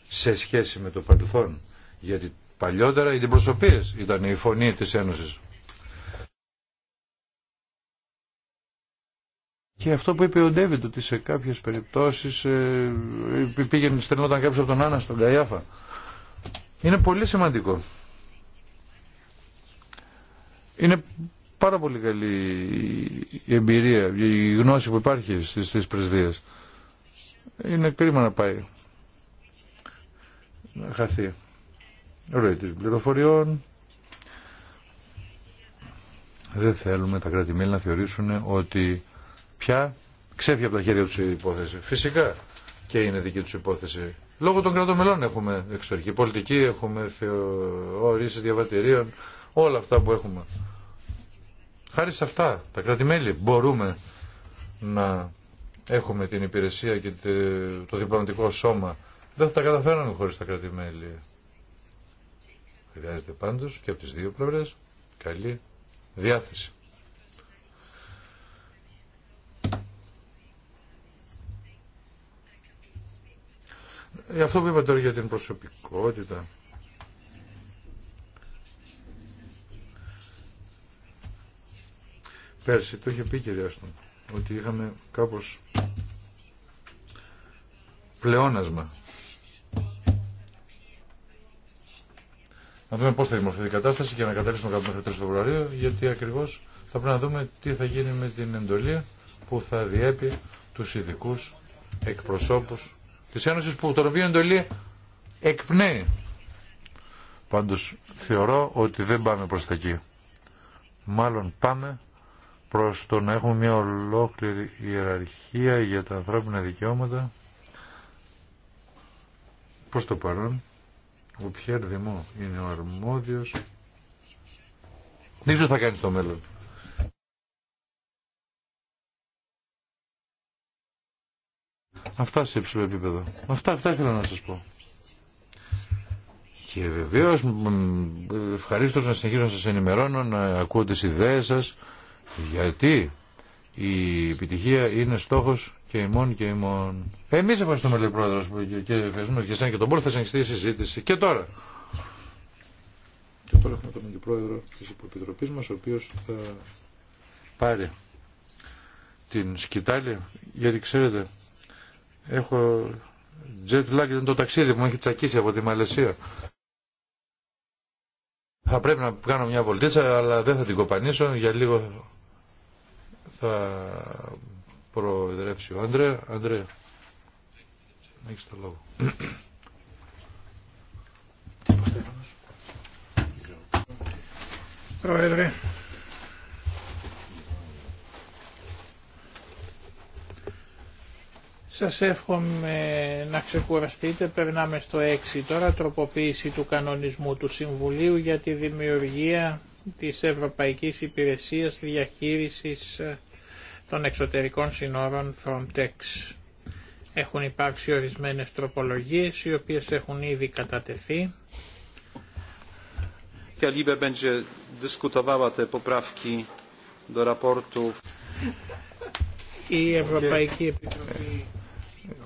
σε σχέση με το παρελθόν. Γιατί παλιότερα οι την ήταν η φωνή της Ένωσης. Και αυτό που είπε ο Ντέβιντ, ότι σε κάποιες περιπτώσεις ε, πήγαινε, στενόταν κάποιος από τον Άννα στον Καϊάφα. Είναι πολύ σημαντικό. Είναι πάρα πολύ καλή η εμπειρία, η γνώση που υπάρχει στις, στις Είναι κρίμα να πάει. Να χαθεί. Ροή τη πληροφοριών. Δεν θέλουμε τα κράτη-μέλη να θεωρήσουν ότι πια ξέφυγε από τα χέρια του η υπόθεση. Φυσικά και είναι δική του υπόθεση. Λόγω των κρατομελών έχουμε εξωτερική πολιτική, έχουμε θεωρήσει διαβατηρίων, όλα αυτά που έχουμε. Χάρη σε αυτά, τα κρατη μπορούμε να έχουμε την υπηρεσία και το διπλωματικό σώμα. Δεν θα τα καταφέραμε χωρίς τα κράτη-μέλη. Χρειάζεται πάντως και από τις δύο πλευρές καλή διάθεση. Ε, αυτό που είπα τώρα για την προσωπικότητα. Πέρσι το είχε πει η κυρία Στον, ότι είχαμε κάπως πλεόνασμα. Να δούμε πώς θα δημορφωθεί η κατάσταση και να καταλήξουμε κάπου μέχρι 3 Φεβρουαρίου, γιατί ακριβώς θα πρέπει να δούμε τι θα γίνει με την εντολή που θα διέπει τους ειδικού εκπροσώπους της Ένωσης που τον οποίο εντολή εκπνέει. Πάντως θεωρώ ότι δεν πάμε προς τα εκεί. Μάλλον πάμε προς το να έχουμε μια ολόκληρη ιεραρχία για τα ανθρώπινα δικαιώματα προς το παρόν ο Πιέρ είναι ο αρμόδιος δεν ξέρω θα κάνει στο μέλλον Αυτά σε υψηλό επίπεδο. Αυτά, αυτά ήθελα να σας πω. Και βεβαίω ευχαρίστω να συνεχίσω να σας ενημερώνω, να ακούω τις ιδέες σας, γιατί η επιτυχία είναι στόχος και ημών και ημών. Εμείς ευχαριστούμε λέει πρόεδρος και ευχαριστούμε και εσένα και τον πρόεδρο θα συνεχιστεί η συζήτηση. Και τώρα. Και τώρα έχουμε τον πρόεδρο της Υποπιτροπής μας, ο οποίος θα πάρει την σκητάλη, γιατί ξέρετε, Έχω jet lag ήταν το ταξίδι που μου έχει τσακίσει από τη Μαλαισία. Θα πρέπει να κάνω μια βολτίτσα, αλλά δεν θα την κοπανίσω. Για λίγο θα προεδρεύσει ο Άντρε. Άντρε, έχεις το λόγο. Πρόεδρε, Σας εύχομαι να ξεκουραστείτε. Περνάμε στο 6 τώρα, τροποποίηση του κανονισμού του Συμβουλίου για τη δημιουργία της Ευρωπαϊκής Υπηρεσίας Διαχείρισης των Εξωτερικών Συνόρων Frontex. Έχουν υπάρξει ορισμένες τροπολογίες οι οποίες έχουν ήδη κατατεθεί. Η Ευρωπαϊκή Επιτροπή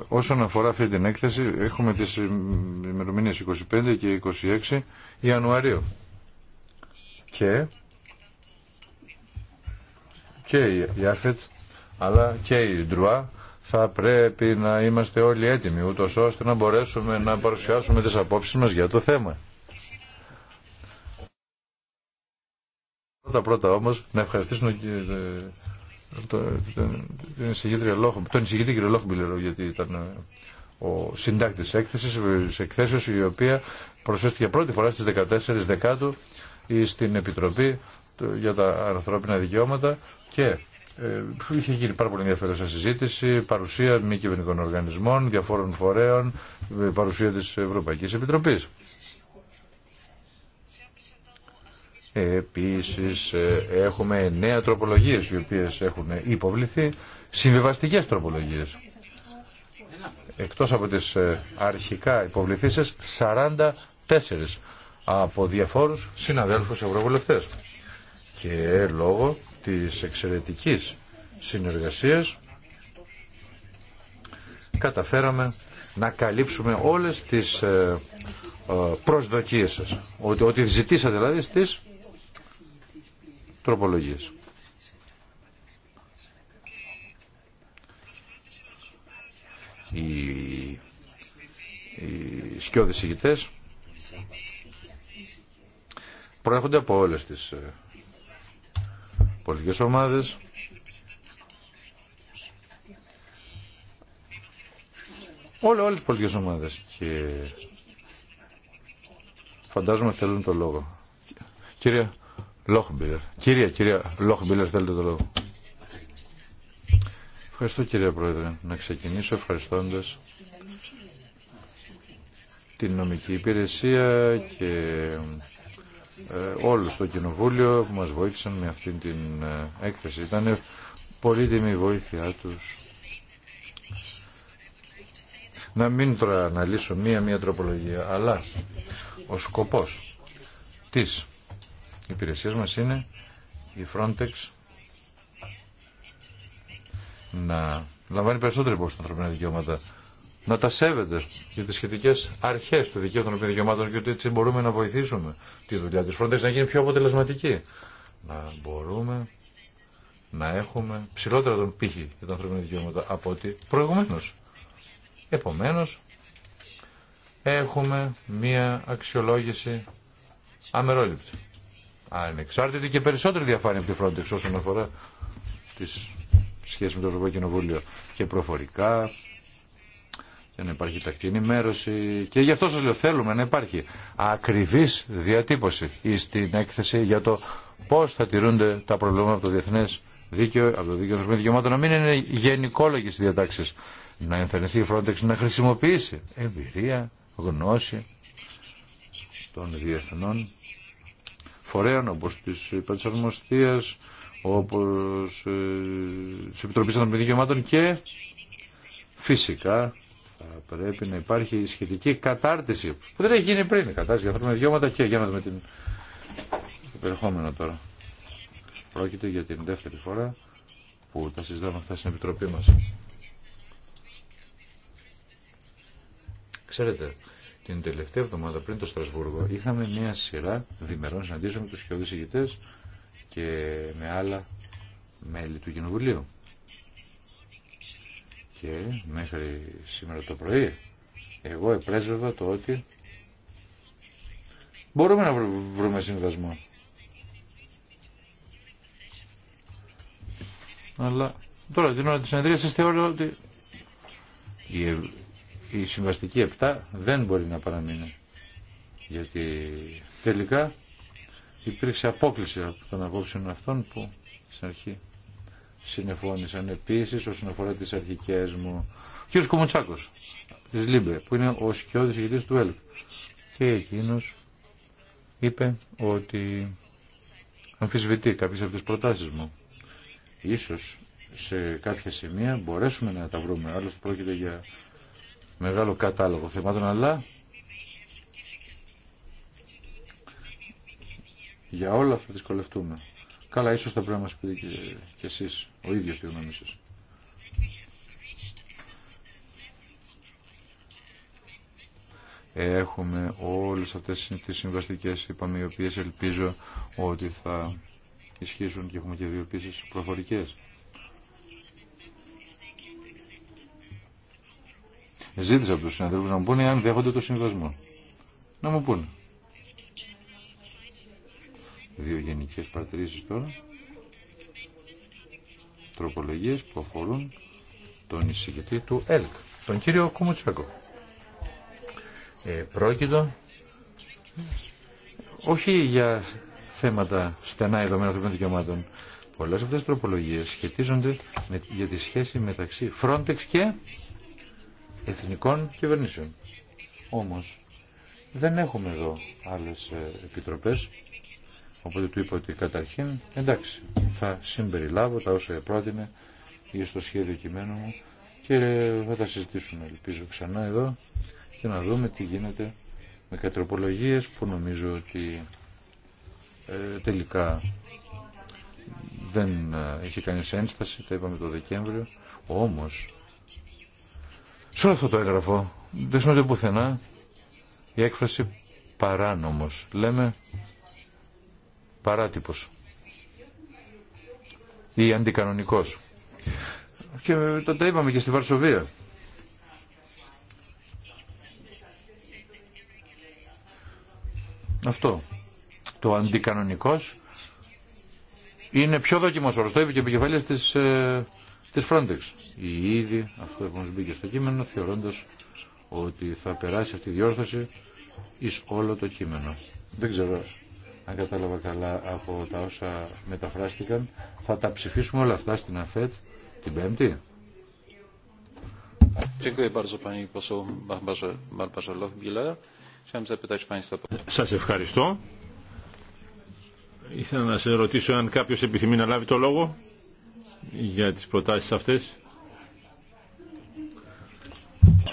όσον αφορά αυτή την έκθεση, έχουμε τις ημερομηνίε 25 και 26 Ιανουαρίου. Και, και η Άφετ, αλλά και η Ντρουά, θα πρέπει να είμαστε όλοι έτοιμοι, ούτως ώστε να μπορέσουμε να παρουσιάσουμε τις απόψεις μας για το θέμα. Πρώτα πρώτα όμως να ευχαριστήσουμε τον εισηγητή κύριο Λόχμπιλερο γιατί ήταν ε, ο συντάκτης έκθεσης, ε, της εκθέσεως η οποία προσέστηκε πρώτη φορά στις 14 Δεκάτου στην Επιτροπή για τα ανθρώπινα δικαιώματα και ε, είχε γίνει πάρα πολύ ενδιαφέρουσα συζήτηση, παρουσία μη κυβερνικών οργανισμών, διαφόρων φορέων, παρουσία της Ευρωπαϊκής Επιτροπής. Επίσης ε, έχουμε νέα τροπολογίες οι οποίες έχουν υποβληθεί, συμβιβαστικές τροπολογίες. Εκτός από τις ε, αρχικά υποβληθήσεις, 44 από διαφόρους συναδέλφους ευρωβουλευτές. Και λόγω της εξαιρετικής συνεργασίας καταφέραμε να καλύψουμε όλες τις ε, προσδοκίες σας. Ότι, ζητήσατε δηλαδή στις τροπολογίες. Οι, οι σκιώδες ηγητές προέρχονται από όλες τις ε, πολιτικές ομάδες Όλε, όλες τις πολιτικές ομάδες και φαντάζομαι θέλουν το λόγο. Κυρία Λόχμπιλερ. Κυρία, κυρία Λόχμπιλερ, θέλετε το λόγο. Ευχαριστώ κύριε Πρόεδρε. Να ξεκινήσω ευχαριστώντα την νομική υπηρεσία και ε, το Κοινοβούλιο που μας βοήθησαν με αυτήν την ε, έκθεση. Ήταν πολύτιμη η βοήθειά τους. Να μην τώρα αναλύσω μία-μία τροπολογία, αλλά ο σκοπός της η υπηρεσίε μα είναι η Frontex να λαμβάνει περισσότερη υπόψη τα ανθρωπινά δικαιώματα, να τα σέβεται για τι σχετικέ αρχέ του δικαίου των ανθρωπινών δικαιωμάτων και ότι έτσι μπορούμε να βοηθήσουμε τη δουλειά τη Frontex να γίνει πιο αποτελεσματική. Να μπορούμε να έχουμε ψηλότερα τον πύχη για τα ανθρωπινά δικαιώματα από ότι προηγουμένω. Επομένω έχουμε μία αξιολόγηση αμερόληπτη ανεξάρτητη και περισσότερη διαφάνεια από τη Frontex όσον αφορά τις σχέσεις με το Ευρωπαϊκό Κοινοβούλιο και προφορικά για να υπάρχει τακτική ενημέρωση και γι' αυτό σας λέω θέλουμε να υπάρχει ακριβής διατύπωση στην έκθεση για το πώς θα τηρούνται τα προβλήματα από το διεθνές δίκαιο, από το δίκαιο δικαιωμάτων, να μην είναι γενικόλογες οι διατάξεις. Να ενθαρρυνθεί η Frontex να χρησιμοποιήσει εμπειρία, γνώση των διεθνών φορέων όπως της Πατσαρμοστίας, όπως ε, της Επιτροπής των Δικαιωμάτων και φυσικά θα πρέπει να υπάρχει σχετική κατάρτιση που δεν έχει γίνει πριν, κατάρτιση για ανθρώπινα δικαιώματα και για να δούμε την... το περιεχόμενο τώρα. Πρόκειται για την δεύτερη φορά που τα συζητάμε αυτά στην Επιτροπή μας. Ξέρετε, την τελευταία εβδομάδα πριν το Στρασβούργο είχαμε μια σειρά διμερών συναντήσεων με τους σχεδόν και με άλλα μέλη του Κοινοβουλίου. Και μέχρι σήμερα το πρωί εγώ επρέσβευα το ότι μπορούμε να βρούμε συμβασμό. Αλλά τώρα την ώρα της συνεδρίασης θεωρώ ότι η η συμβαστική 7 δεν μπορεί να παραμείνει. Γιατί τελικά υπήρξε απόκληση από των απόψεων αυτών που στην αρχή συνεφώνησαν επίσης όσον αφορά τις αρχικές μου. Ο κ. Κομοτσάκος της Λίμπε που είναι ο σκιώδη ηγητής του ΕΛΚ και εκείνος είπε ότι αμφισβητεί κάποιες από τις προτάσεις μου. Ίσως σε κάποια σημεία μπορέσουμε να τα βρούμε, άλλωστε πρόκειται για μεγάλο κατάλογο θεμάτων, αλλά για όλα θα δυσκολευτούμε. Καλά, ίσως θα πρέπει να μας πείτε και, εσείς, ο ίδιος τη γνώμη Έχουμε όλες αυτές τις συμβαστικές, είπαμε, οι οποίες ελπίζω ότι θα ισχύσουν και έχουμε και δύο προφορικές. Ζήτησα από τους συναδέλφους να μου πούνε αν δέχονται το συμβασμό. Να μου πούνε. Δύο γενικές παρατηρήσεις τώρα. Τροπολογίες που αφορούν τον εισηγητή του ΕΛΚ, τον κύριο Κουμουτσέκο. Ε, πρόκειτο όχι για θέματα στενά ειδωμένα των δικαιωμάτων. Πολλές αυτές τις τροπολογίες σχετίζονται με, για τη σχέση μεταξύ Frontex και εθνικών κυβερνήσεων. Όμως δεν έχουμε εδώ άλλες ε, επιτροπές, οπότε του είπα ότι καταρχήν εντάξει θα συμπεριλάβω τα όσα πρότεινε ή στο σχέδιο κειμένου μου και ε, θα τα συζητήσουμε ελπίζω ξανά εδώ και να δούμε τι γίνεται με κατροπολογίες που νομίζω ότι ε, τελικά δεν έχει κανείς ένσταση, τα είπαμε το Δεκέμβριο, όμως σε όλο αυτό το έγγραφο δεν σημαίνει πουθενά η έκφραση παράνομος. Λέμε παράτυπος ή αντικανονικός. Και τα είπαμε και στη Βαρσοβία. Αυτό. Το αντικανονικός είναι πιο δοκιμός όρος. Το είπε και ο επικεφαλής της ε, της Frontex. Η ήδη, αυτό επομένως μπήκε στο κείμενο, θεωρώντας ότι θα περάσει αυτή η διόρθωση εις όλο το κείμενο. Δεν ξέρω αν κατάλαβα καλά από τα όσα μεταφράστηκαν. Θα τα ψηφίσουμε όλα αυτά στην ΑΦΕΤ την Πέμπτη. Σας ευχαριστώ. Ήθελα να σε ρωτήσω αν κάποιος επιθυμεί να λάβει το λόγο για τις προτάσεις αυτές.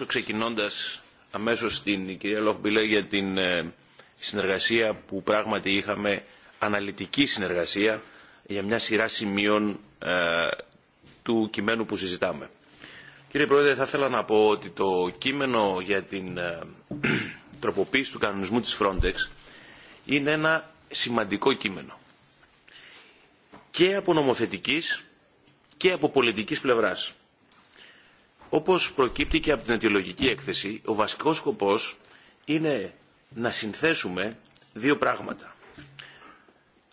Ξεκινώντας αμέσως την κυρία Λόχμπιλε για την ε, συνεργασία που πράγματι είχαμε, αναλυτική συνεργασία για μια σειρά σημείων ε, του κειμένου που συζητάμε. Κύριε Πρόεδρε, θα ήθελα να πω ότι το κείμενο για την ε, τροποποίηση του κανονισμού της Frontex είναι ένα σημαντικό κείμενο. Και από νομοθετικής και από πολιτικής πλευράς. Όπως προκύπτει και από την αιτιολογική έκθεση, ο βασικός σκοπός είναι να συνθέσουμε δύο πράγματα.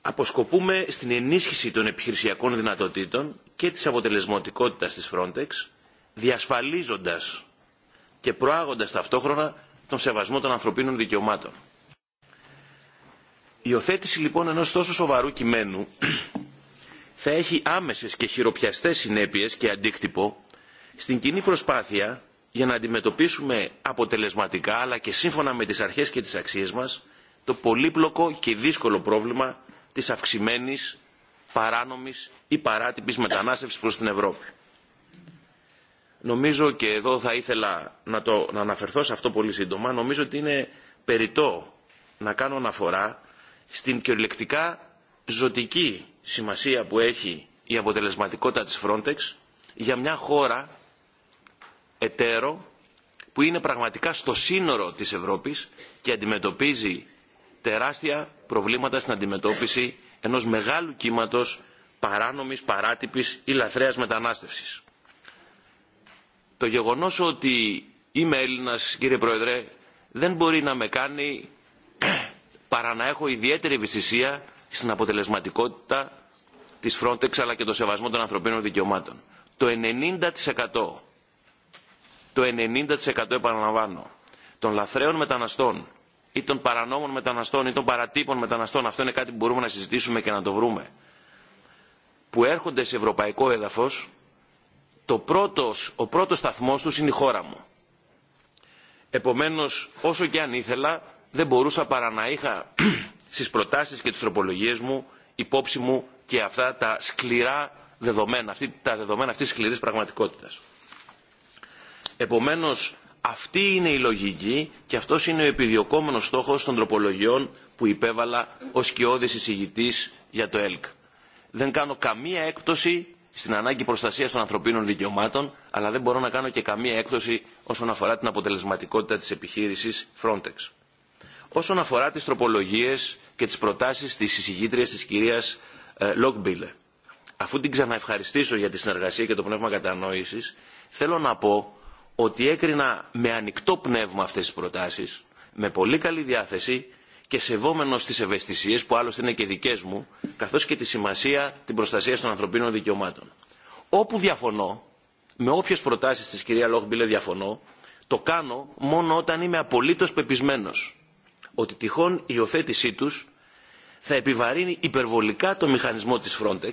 Αποσκοπούμε στην ενίσχυση των επιχειρησιακών δυνατοτήτων και της αποτελεσματικότητας της Frontex, διασφαλίζοντας και προάγοντας ταυτόχρονα τον σεβασμό των ανθρωπίνων δικαιωμάτων. Η οθέτηση λοιπόν ενός τόσο σοβαρού κειμένου θα έχει άμεσες και χειροπιαστές συνέπειες και αντίκτυπο στην κοινή προσπάθεια για να αντιμετωπίσουμε αποτελεσματικά αλλά και σύμφωνα με τις αρχές και τις αξίες μας το πολύπλοκο και δύσκολο πρόβλημα της αυξημένης παράνομης ή παράτυπης μετανάστευσης προς την Ευρώπη. Νομίζω και εδώ θα ήθελα να, το, να αναφερθώ σε αυτό πολύ σύντομα. Νομίζω ότι είναι περιττό να κάνω αναφορά στην κυριολεκτικά ζωτική σημασία που έχει η αποτελεσματικότητα της Frontex για μια χώρα εταίρο που είναι πραγματικά στο σύνορο της Ευρώπης και αντιμετωπίζει τεράστια προβλήματα στην αντιμετώπιση ενός μεγάλου κύματος παράνομης, παράτυπης ή λαθρέας μετανάστευσης. Το γεγονός ότι είμαι Έλληνας, κύριε Πρόεδρε, δεν μπορεί να με κάνει παρά να έχω ιδιαίτερη ευαισθησία στην αποτελεσματικότητα της Frontex αλλά και το σεβασμό των ανθρωπίνων δικαιωμάτων. Το 90% το 90% επαναλαμβάνω των λαθρέων μεταναστών ή των παρανόμων μεταναστών ή των παρατύπων μεταναστών αυτό είναι κάτι που μπορούμε να συζητήσουμε και να το βρούμε που έρχονται σε ευρωπαϊκό έδαφος το πρώτος, ο πρώτος σταθμός τους είναι η χώρα μου. Επομένως όσο και αν ήθελα δεν μπορούσα παρά να είχα στις προτάσεις και τις τροπολογίες μου υπόψη μου και αυτά τα σκληρά δεδομένα, αυτή, τα δεδομένα αυτής της σκληρής πραγματικότητας. Επομένως, αυτή είναι η λογική και αυτός είναι ο επιδιωκόμενος στόχος των τροπολογιών που υπέβαλα ως σκιώδης εισηγητής για το ΕΛΚ. Δεν κάνω καμία έκπτωση στην ανάγκη προστασίας των ανθρωπίνων δικαιωμάτων, αλλά δεν μπορώ να κάνω και καμία έκπτωση όσον αφορά την αποτελεσματικότητα της επιχείρησης Frontex όσον αφορά τις τροπολογίες και τις προτάσεις της εισηγήτριας της κυρίας ε, Λόγμπιλε. Αφού την ξαναευχαριστήσω για τη συνεργασία και το πνεύμα κατανόησης, θέλω να πω ότι έκρινα με ανοιχτό πνεύμα αυτές τις προτάσεις, με πολύ καλή διάθεση και σεβόμενος τις ευαισθησίες που άλλωστε είναι και δικές μου, καθώς και τη σημασία την προστασία των ανθρωπίνων δικαιωμάτων. Όπου διαφωνώ, με όποιες προτάσεις της κυρία Λόγμπιλε διαφωνώ, το κάνω μόνο όταν είμαι απολύτως πεπισμένος ότι τυχόν η υιοθέτησή τους θα επιβαρύνει υπερβολικά το μηχανισμό της Frontex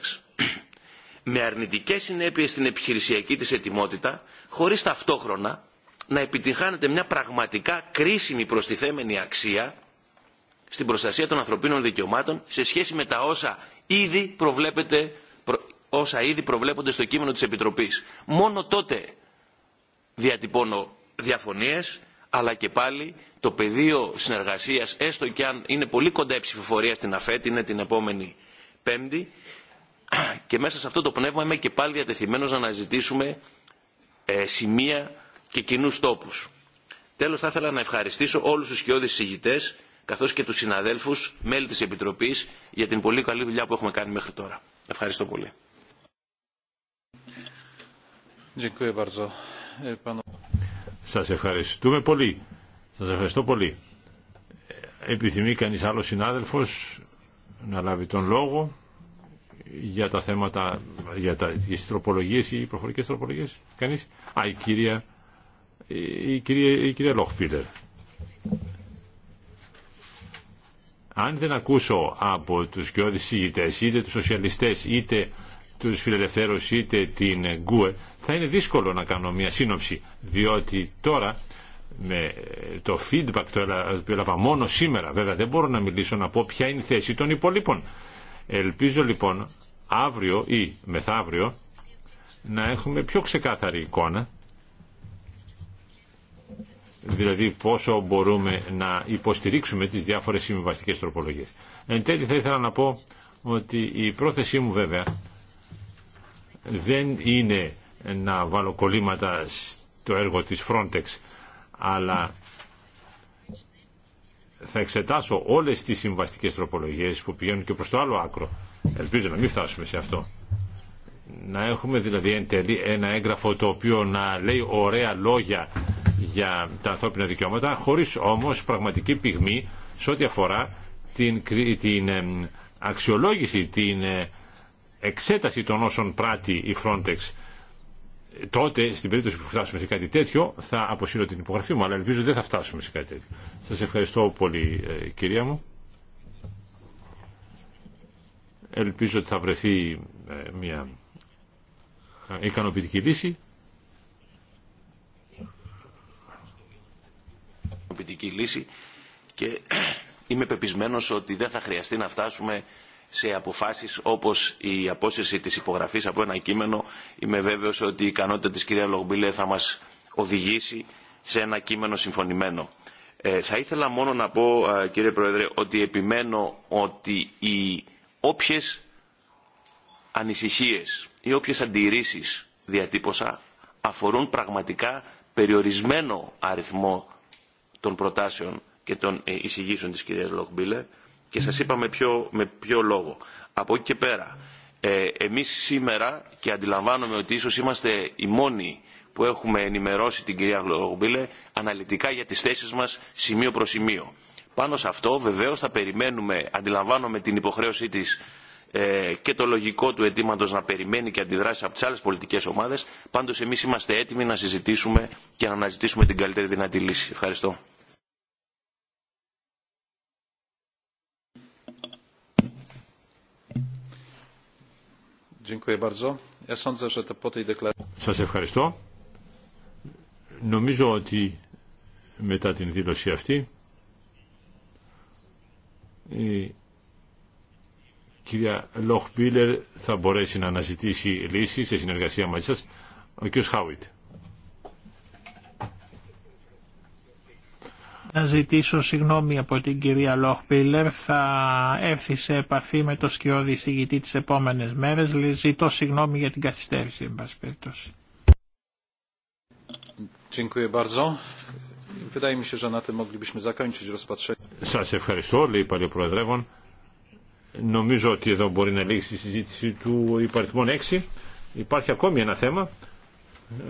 με αρνητικές συνέπειες στην επιχειρησιακή της ετοιμότητα χωρίς ταυτόχρονα να επιτυχάνεται μια πραγματικά κρίσιμη προστιθέμενη αξία στην προστασία των ανθρωπίνων δικαιωμάτων σε σχέση με τα όσα ήδη, προ όσα ήδη προβλέπονται στο κείμενο της Επιτροπής. Μόνο τότε διατυπώνω διαφωνίες αλλά και πάλι το πεδίο συνεργασίας, έστω και αν είναι πολύ κοντά η ψηφοφορία στην ΑΦΕΤ, είναι την επόμενη Πέμπτη, και μέσα σε αυτό το πνεύμα είμαι και πάλι διατεθειμένος να αναζητήσουμε ε, σημεία και κοινού τόπου. Τέλος θα ήθελα να ευχαριστήσω όλους τους σκιώδεις συγητές καθώς και τους συναδέλφους, μέλη της Επιτροπής για την πολύ καλή δουλειά που έχουμε κάνει μέχρι τώρα. Ευχαριστώ πολύ. Ε, σας ευχαριστούμε πολύ. Σας ευχαριστώ πολύ. Επιθυμεί κανείς άλλος συνάδελφος να λάβει τον λόγο για τα θέματα, για, τα, τις τροπολογίες ή προφορικές τροπολογίες. Κανείς. Α, η κυρία, η κυρία, η Λοχπίλερ. Αν δεν ακούσω από τους κοιόδης συγητές, είτε τους σοσιαλιστές, είτε τους φιλελευθέρους είτε την ΓΚΟΕ θα είναι δύσκολο να κάνω μια σύνοψη διότι τώρα με το feedback το έλαβα μόνο σήμερα βέβαια δεν μπορώ να μιλήσω να πω ποια είναι η θέση των υπολείπων ελπίζω λοιπόν αύριο ή μεθαύριο να έχουμε πιο ξεκάθαρη εικόνα δηλαδή πόσο μπορούμε να υποστηρίξουμε τις διάφορες συμβιβαστικές τροπολογίες. Εν τέλει θα ήθελα να πω ότι η πρόθεσή μου βέβαια δεν είναι να βάλω κολλήματα στο έργο της Frontex, αλλά θα εξετάσω όλες τις συμβαστικές τροπολογίες που πηγαίνουν και προς το άλλο άκρο. Ελπίζω να μην φτάσουμε σε αυτό. Να έχουμε δηλαδή εν τέλει ένα έγγραφο το οποίο να λέει ωραία λόγια για τα ανθρώπινα δικαιώματα, χωρίς όμως πραγματική πυγμή σε ό,τι αφορά την, την αξιολόγηση, την ε, εξέταση των όσων πράττει η Frontex τότε στην περίπτωση που φτάσουμε σε κάτι τέτοιο θα αποσύρω την υπογραφή μου αλλά ελπίζω δεν θα φτάσουμε σε κάτι τέτοιο Σας ευχαριστώ πολύ ε, κυρία μου ελπίζω ότι θα βρεθεί ε, μια ε, ικανοποιητική λύση ικανοποιητική λύση και είμαι πεπισμένος ότι δεν θα χρειαστεί να φτάσουμε σε αποφάσεις όπως η απόσυρση της υπογραφής από ένα κείμενο. Είμαι βέβαιος ότι η ικανότητα της κυρία Λογμπίλε θα μας οδηγήσει σε ένα κείμενο συμφωνημένο. Ε, θα ήθελα μόνο να πω, ε, κύριε Πρόεδρε, ότι επιμένω ότι οι όποιες ανησυχίες ή όποιες αντιρρήσεις διατύπωσα αφορούν πραγματικά περιορισμένο αριθμό των προτάσεων και των ε, εισηγήσεων της κυρίας Λοχμπίλε και σας είπα με ποιο, με ποιο λόγο. Από εκεί και πέρα, ε, εμείς σήμερα και αντιλαμβάνομαι ότι ίσως είμαστε οι μόνοι που έχουμε ενημερώσει την κυρία Γλωγομπίλε αναλυτικά για τις θέσεις μας σημείο προς σημείο. Πάνω σε αυτό βεβαίως θα περιμένουμε, αντιλαμβάνομαι την υποχρέωσή της ε, και το λογικό του αιτήματο να περιμένει και αντιδράσει από τι άλλε πολιτικέ ομάδε. Πάντω, εμεί είμαστε έτοιμοι να συζητήσουμε και να αναζητήσουμε την καλύτερη δυνατή λύση. Ευχαριστώ. Σας ευχαριστώ. Νομίζω ότι μετά την δήλωση αυτή η κυρία Λοχμπίλερ θα μπορέσει να αναζητήσει λύσεις σε συνεργασία μαζί σας. Ο κ. Χάουιτ. να ζητήσω συγγνώμη από την κυρία Λόχπιλερ. Θα έρθει σε επαφή με το σκιώδη εισηγητή τις επόμενες μέρες. Ζητώ συγγνώμη για την καθυστέρηση, εν πάση περιπτώσει. Σας ευχαριστώ, λέει πάλι ο Νομίζω ότι εδώ μπορεί να λήξει η συζήτηση του υπαριθμών 6. Υπάρχει ακόμη ένα θέμα.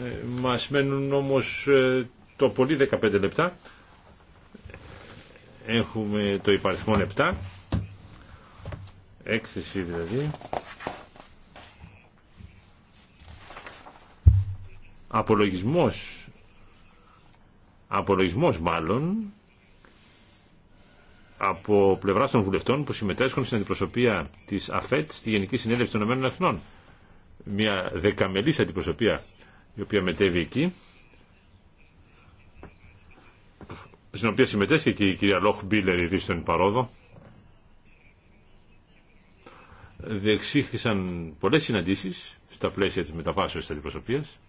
Ε, μας μένουν όμως ε, το πολύ 15 λεπτά έχουμε το υπαριθμό 7 έκθεση δηλαδή απολογισμός απολογισμός μάλλον από πλευρά των βουλευτών που συμμετέσχουν στην αντιπροσωπεία της ΑΦΕΤ στη Γενική Συνέλευση των Ηνωμένων Εθνών. Μια δεκαμελής αντιπροσωπεία η οποία μετέβη εκεί στην οποία συμμετέσχε και η κυρία Λόχ Μπίλερ, η στον Παρόδο, διεξήχθησαν πολλές συναντήσεις στα πλαίσια της μεταβάσεως της αντιπροσωπείας.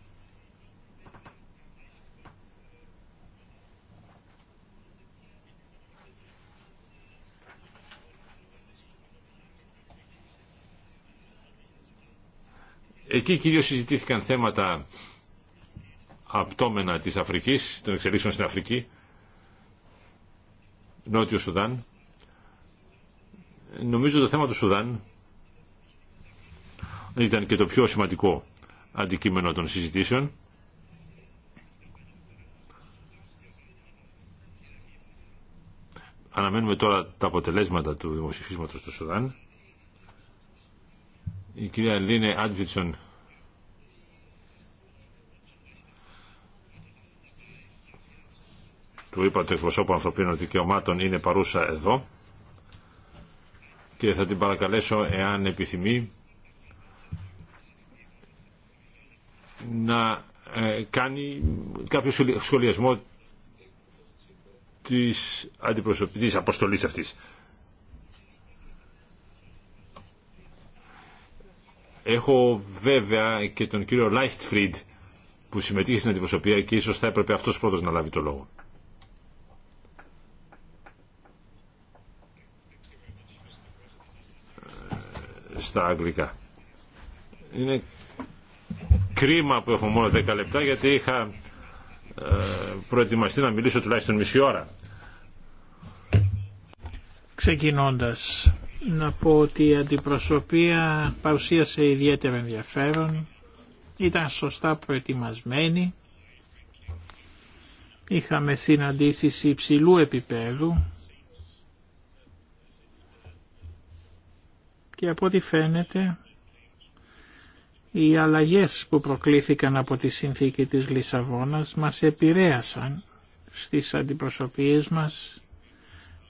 Εκεί κυρίως συζητήθηκαν θέματα απτόμενα της Αφρικής, των εξελίξεων στην Αφρική, Νότιο Σουδάν. Νομίζω το θέμα του Σουδάν ήταν και το πιο σημαντικό αντικείμενο των συζητήσεων. Αναμένουμε τώρα τα αποτελέσματα του δημοσιοφίσματος του Σουδάν. Η κυρία Λίνε Άντβιτσον του είπα του εκπροσώπου ανθρωπίνων δικαιωμάτων είναι παρούσα εδώ και θα την παρακαλέσω εάν επιθυμεί να ε, κάνει κάποιο σχολιασμό της, της αποστολής αυτής. Έχω βέβαια και τον κύριο Λάιχτφριντ που συμμετείχε στην αντιπροσωπεία και ίσως θα έπρεπε αυτός πρώτος να λάβει το λόγο. στα Είναι κρίμα που έχω μόνο 10 λεπτά γιατί είχα ε, προετοιμαστεί να μιλήσω τουλάχιστον μισή ώρα. Ξεκινώντας, να πω ότι η αντιπροσωπεία παρουσίασε ιδιαίτερο ενδιαφέρον, ήταν σωστά προετοιμασμένη, είχαμε συναντήσεις υψηλού επίπεδου, και από ό,τι φαίνεται οι αλλαγές που προκλήθηκαν από τη συνθήκη της Λισαβόνας μας επηρέασαν στις αντιπροσωπείες μας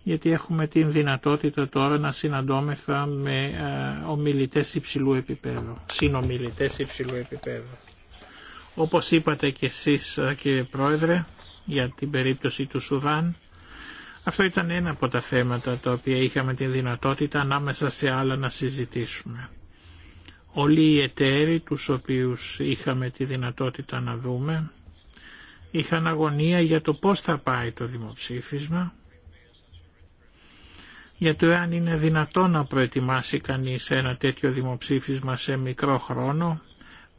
γιατί έχουμε την δυνατότητα τώρα να συναντώμεθα με ε, ομιλητές υψηλού επίπεδου, συνομιλητές υψηλού επίπεδου. Όπως είπατε και εσείς ε, κύριε Πρόεδρε για την περίπτωση του Σουδάν, αυτό ήταν ένα από τα θέματα τα οποία είχαμε την δυνατότητα ανάμεσα σε άλλα να συζητήσουμε. Όλοι οι εταίροι τους οποίους είχαμε τη δυνατότητα να δούμε είχαν αγωνία για το πώς θα πάει το δημοψήφισμα, για το εάν είναι δυνατό να προετοιμάσει κανείς ένα τέτοιο δημοψήφισμα σε μικρό χρόνο,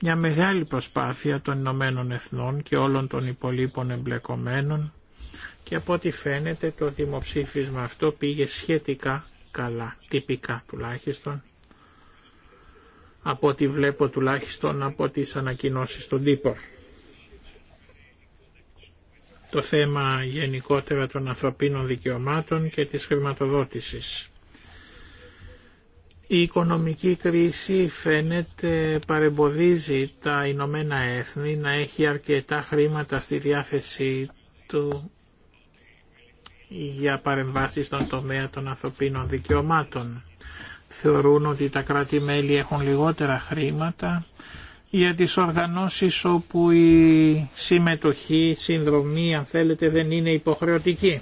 μια μεγάλη προσπάθεια των Ηνωμένων Εθνών και όλων των υπολείπων εμπλεκομένων και από ό,τι φαίνεται το δημοψήφισμα αυτό πήγε σχετικά καλά, τυπικά τουλάχιστον, από ό,τι βλέπω τουλάχιστον από τις ανακοινώσεις των τύπων. Το θέμα γενικότερα των ανθρωπίνων δικαιωμάτων και της χρηματοδότησης. Η οικονομική κρίση φαίνεται παρεμποδίζει τα Ηνωμένα Έθνη να έχει αρκετά χρήματα στη διάθεση του για παρεμβάσεις στον τομέα των ανθρωπίνων δικαιωμάτων. Θεωρούν ότι τα κράτη-μέλη έχουν λιγότερα χρήματα για τις οργανώσεις όπου η συμμετοχή, η συνδρομή, αν θέλετε, δεν είναι υποχρεωτική.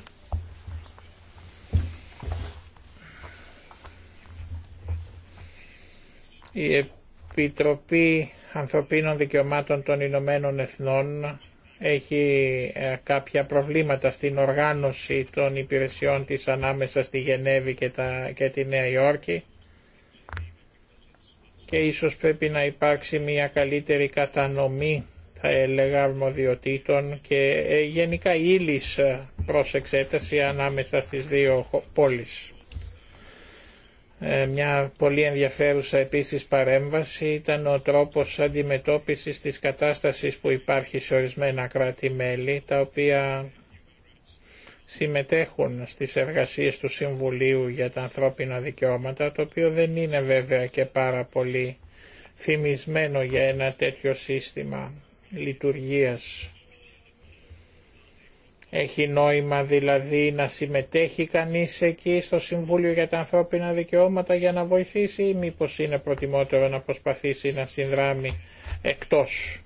Η Επιτροπή Ανθρωπίνων Δικαιωμάτων των Ηνωμένων Εθνών έχει ε, κάποια προβλήματα στην οργάνωση των υπηρεσιών της ανάμεσα στη Γενέβη και, τα, και τη Νέα Υόρκη και ίσως πρέπει να υπάρξει μια καλύτερη κατανομή θα έλεγα αρμοδιοτήτων και ε, γενικά ύλης ε, προς εξέταση ανάμεσα στις δύο πόλεις. Ε, μια πολύ ενδιαφέρουσα επίσης παρέμβαση ήταν ο τρόπος αντιμετώπισης της κατάστασης που υπάρχει σε ορισμένα κράτη-μέλη, τα οποία συμμετέχουν στις εργασίες του Συμβουλίου για τα ανθρώπινα δικαιώματα, το οποίο δεν είναι βέβαια και πάρα πολύ θυμισμένο για ένα τέτοιο σύστημα λειτουργίας έχει νόημα δηλαδή να συμμετέχει κανείς εκεί στο Συμβούλιο για τα Ανθρώπινα Δικαιώματα για να βοηθήσει ή μήπως είναι προτιμότερο να προσπαθήσει να συνδράμει εκτός.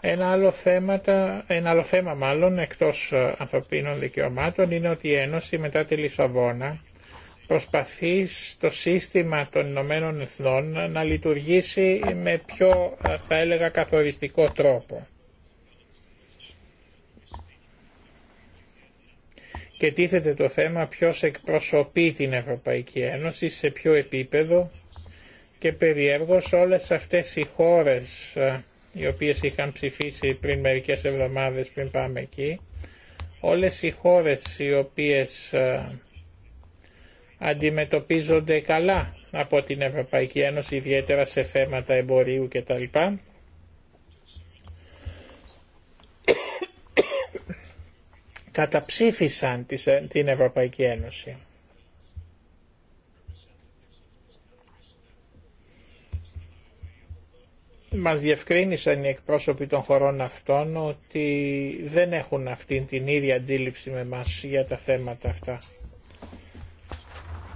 Ένα άλλο, θέμα, ένα άλλο θέμα μάλλον εκτός ε, ανθρωπίνων δικαιωμάτων είναι ότι η Ένωση μετά τη Λισαβόνα προσπαθεί στο σύστημα των Ηνωμένων Εθνών να λειτουργήσει με πιο ε, θα έλεγα καθοριστικό τρόπο. και τίθεται το θέμα ποιος εκπροσωπεί την Ευρωπαϊκή Ένωση, σε ποιο επίπεδο και περιέργως όλες αυτές οι χώρες ε, οι οποίες είχαν ψηφίσει πριν μερικές εβδομάδες πριν πάμε εκεί, όλες οι χώρες οι οποίες ε, αντιμετωπίζονται καλά από την Ευρωπαϊκή Ένωση, ιδιαίτερα σε θέματα εμπορίου κτλ καταψήφισαν ε, την Ευρωπαϊκή Ένωση. Μας διευκρίνησαν οι εκπρόσωποι των χωρών αυτών ότι δεν έχουν αυτή την ίδια αντίληψη με μας για τα θέματα αυτά.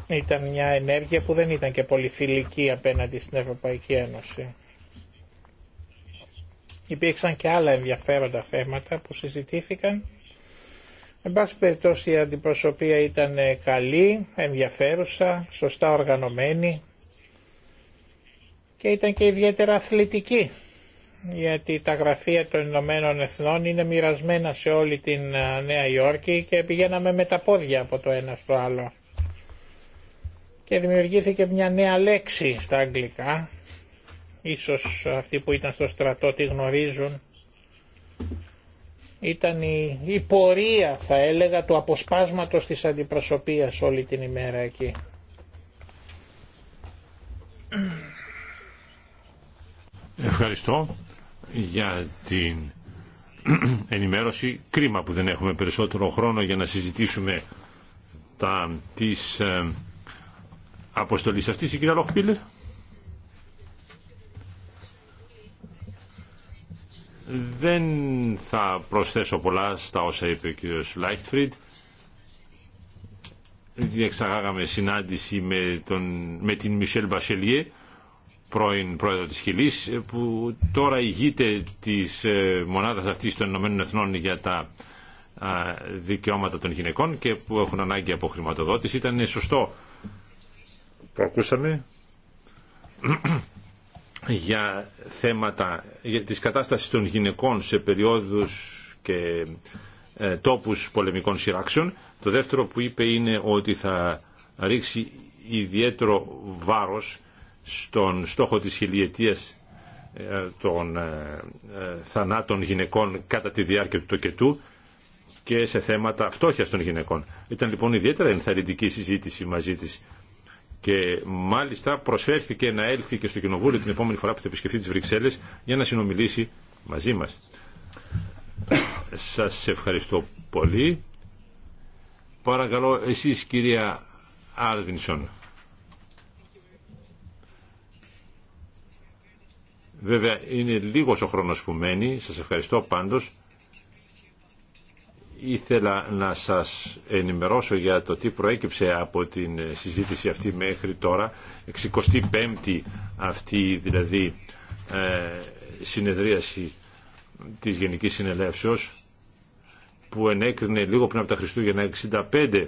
Ήταν μια ενέργεια που δεν ήταν και πολύ φιλική απέναντι στην Ευρωπαϊκή Ένωση. Υπήρξαν και άλλα ενδιαφέροντα θέματα που συζητήθηκαν Εν πάση περιπτώσει η αντιπροσωπεία ήταν ε, καλή, ενδιαφέρουσα, σωστά οργανωμένη και ήταν και ιδιαίτερα αθλητική γιατί τα γραφεία των Ηνωμένων Εθνών είναι μοιρασμένα σε όλη την ε, Νέα Υόρκη και πηγαίναμε με τα πόδια από το ένα στο άλλο. Και δημιουργήθηκε μια νέα λέξη στα αγγλικά, ίσως αυτοί που ήταν στο στρατό τη γνωρίζουν, ήταν η, η πορεία θα έλεγα του αποσπάσματος της αντιπροσωπείας όλη την ημέρα εκεί. Ευχαριστώ για την ενημέρωση. Κρίμα που δεν έχουμε περισσότερο χρόνο για να συζητήσουμε τα, τις ε, αποστολής αυτής. Η κυρία Λοχπίλερ. Δεν θα προσθέσω πολλά στα όσα είπε ο κ. Λάιχτφριντ. Διεξαγάγαμε συνάντηση με, τον, με την Μισελ Μπασελιέ, πρώην πρόεδρο της Χιλής, που τώρα ηγείται της ε, μονάδας αυτής των Ηνωμένων Εθνών για τα δικαιώματα των γυναικών και που έχουν ανάγκη από χρηματοδότηση. Ήταν σωστό που ακούσαμε για θέματα για της κατάστασης των γυναικών σε περιόδους και ε, τόπους πολεμικών σειράξεων. Το δεύτερο που είπε είναι ότι θα ρίξει ιδιαίτερο βάρος στον στόχο της χιλιετίας ε, των ε, θανάτων γυναικών κατά τη διάρκεια του τοκετού και σε θέματα φτώχειας των γυναικών. Ήταν λοιπόν ιδιαίτερα ενθαρρυντική συζήτηση μαζί της και μάλιστα προσφέρθηκε να έλθει και στο Κοινοβούλιο την επόμενη φορά που θα επισκεφθεί τις Βρυξέλλες για να συνομιλήσει μαζί μας. Σας ευχαριστώ πολύ. Παρακαλώ εσείς κυρία Άλβινσον. Βέβαια είναι λίγος ο χρόνος που μένει. Σας ευχαριστώ πάντως ήθελα να σας ενημερώσω για το τι προέκυψε από την συζήτηση αυτή μέχρι τώρα 65η αυτή δηλαδή ε, συνεδρίαση της Γενικής Συνελεύσεως που ενέκρινε λίγο πριν από τα Χριστούγεννα 65 ε,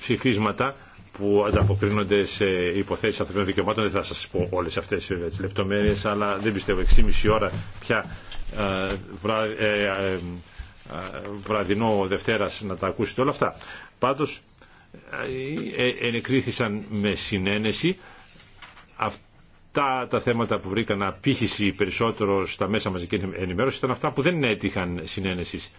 ψηφίσματα που ανταποκρίνονται σε υποθέσεις ανθρωπίνων δικαιωμάτων. Δεν θα σας πω όλες αυτές τις λεπτομέρειες, αλλά δεν πιστεύω 6,5 ώρα πια ε, βραδινό Δευτέρας να τα ακούσετε όλα αυτά. Πάντως ε, ε, ενεκρίθησαν με συνένεση αυτά τα θέματα που βρήκαν απήχηση περισσότερο στα μέσα μαζική ενημέρωση ήταν αυτά που δεν έτυχαν συνένεση.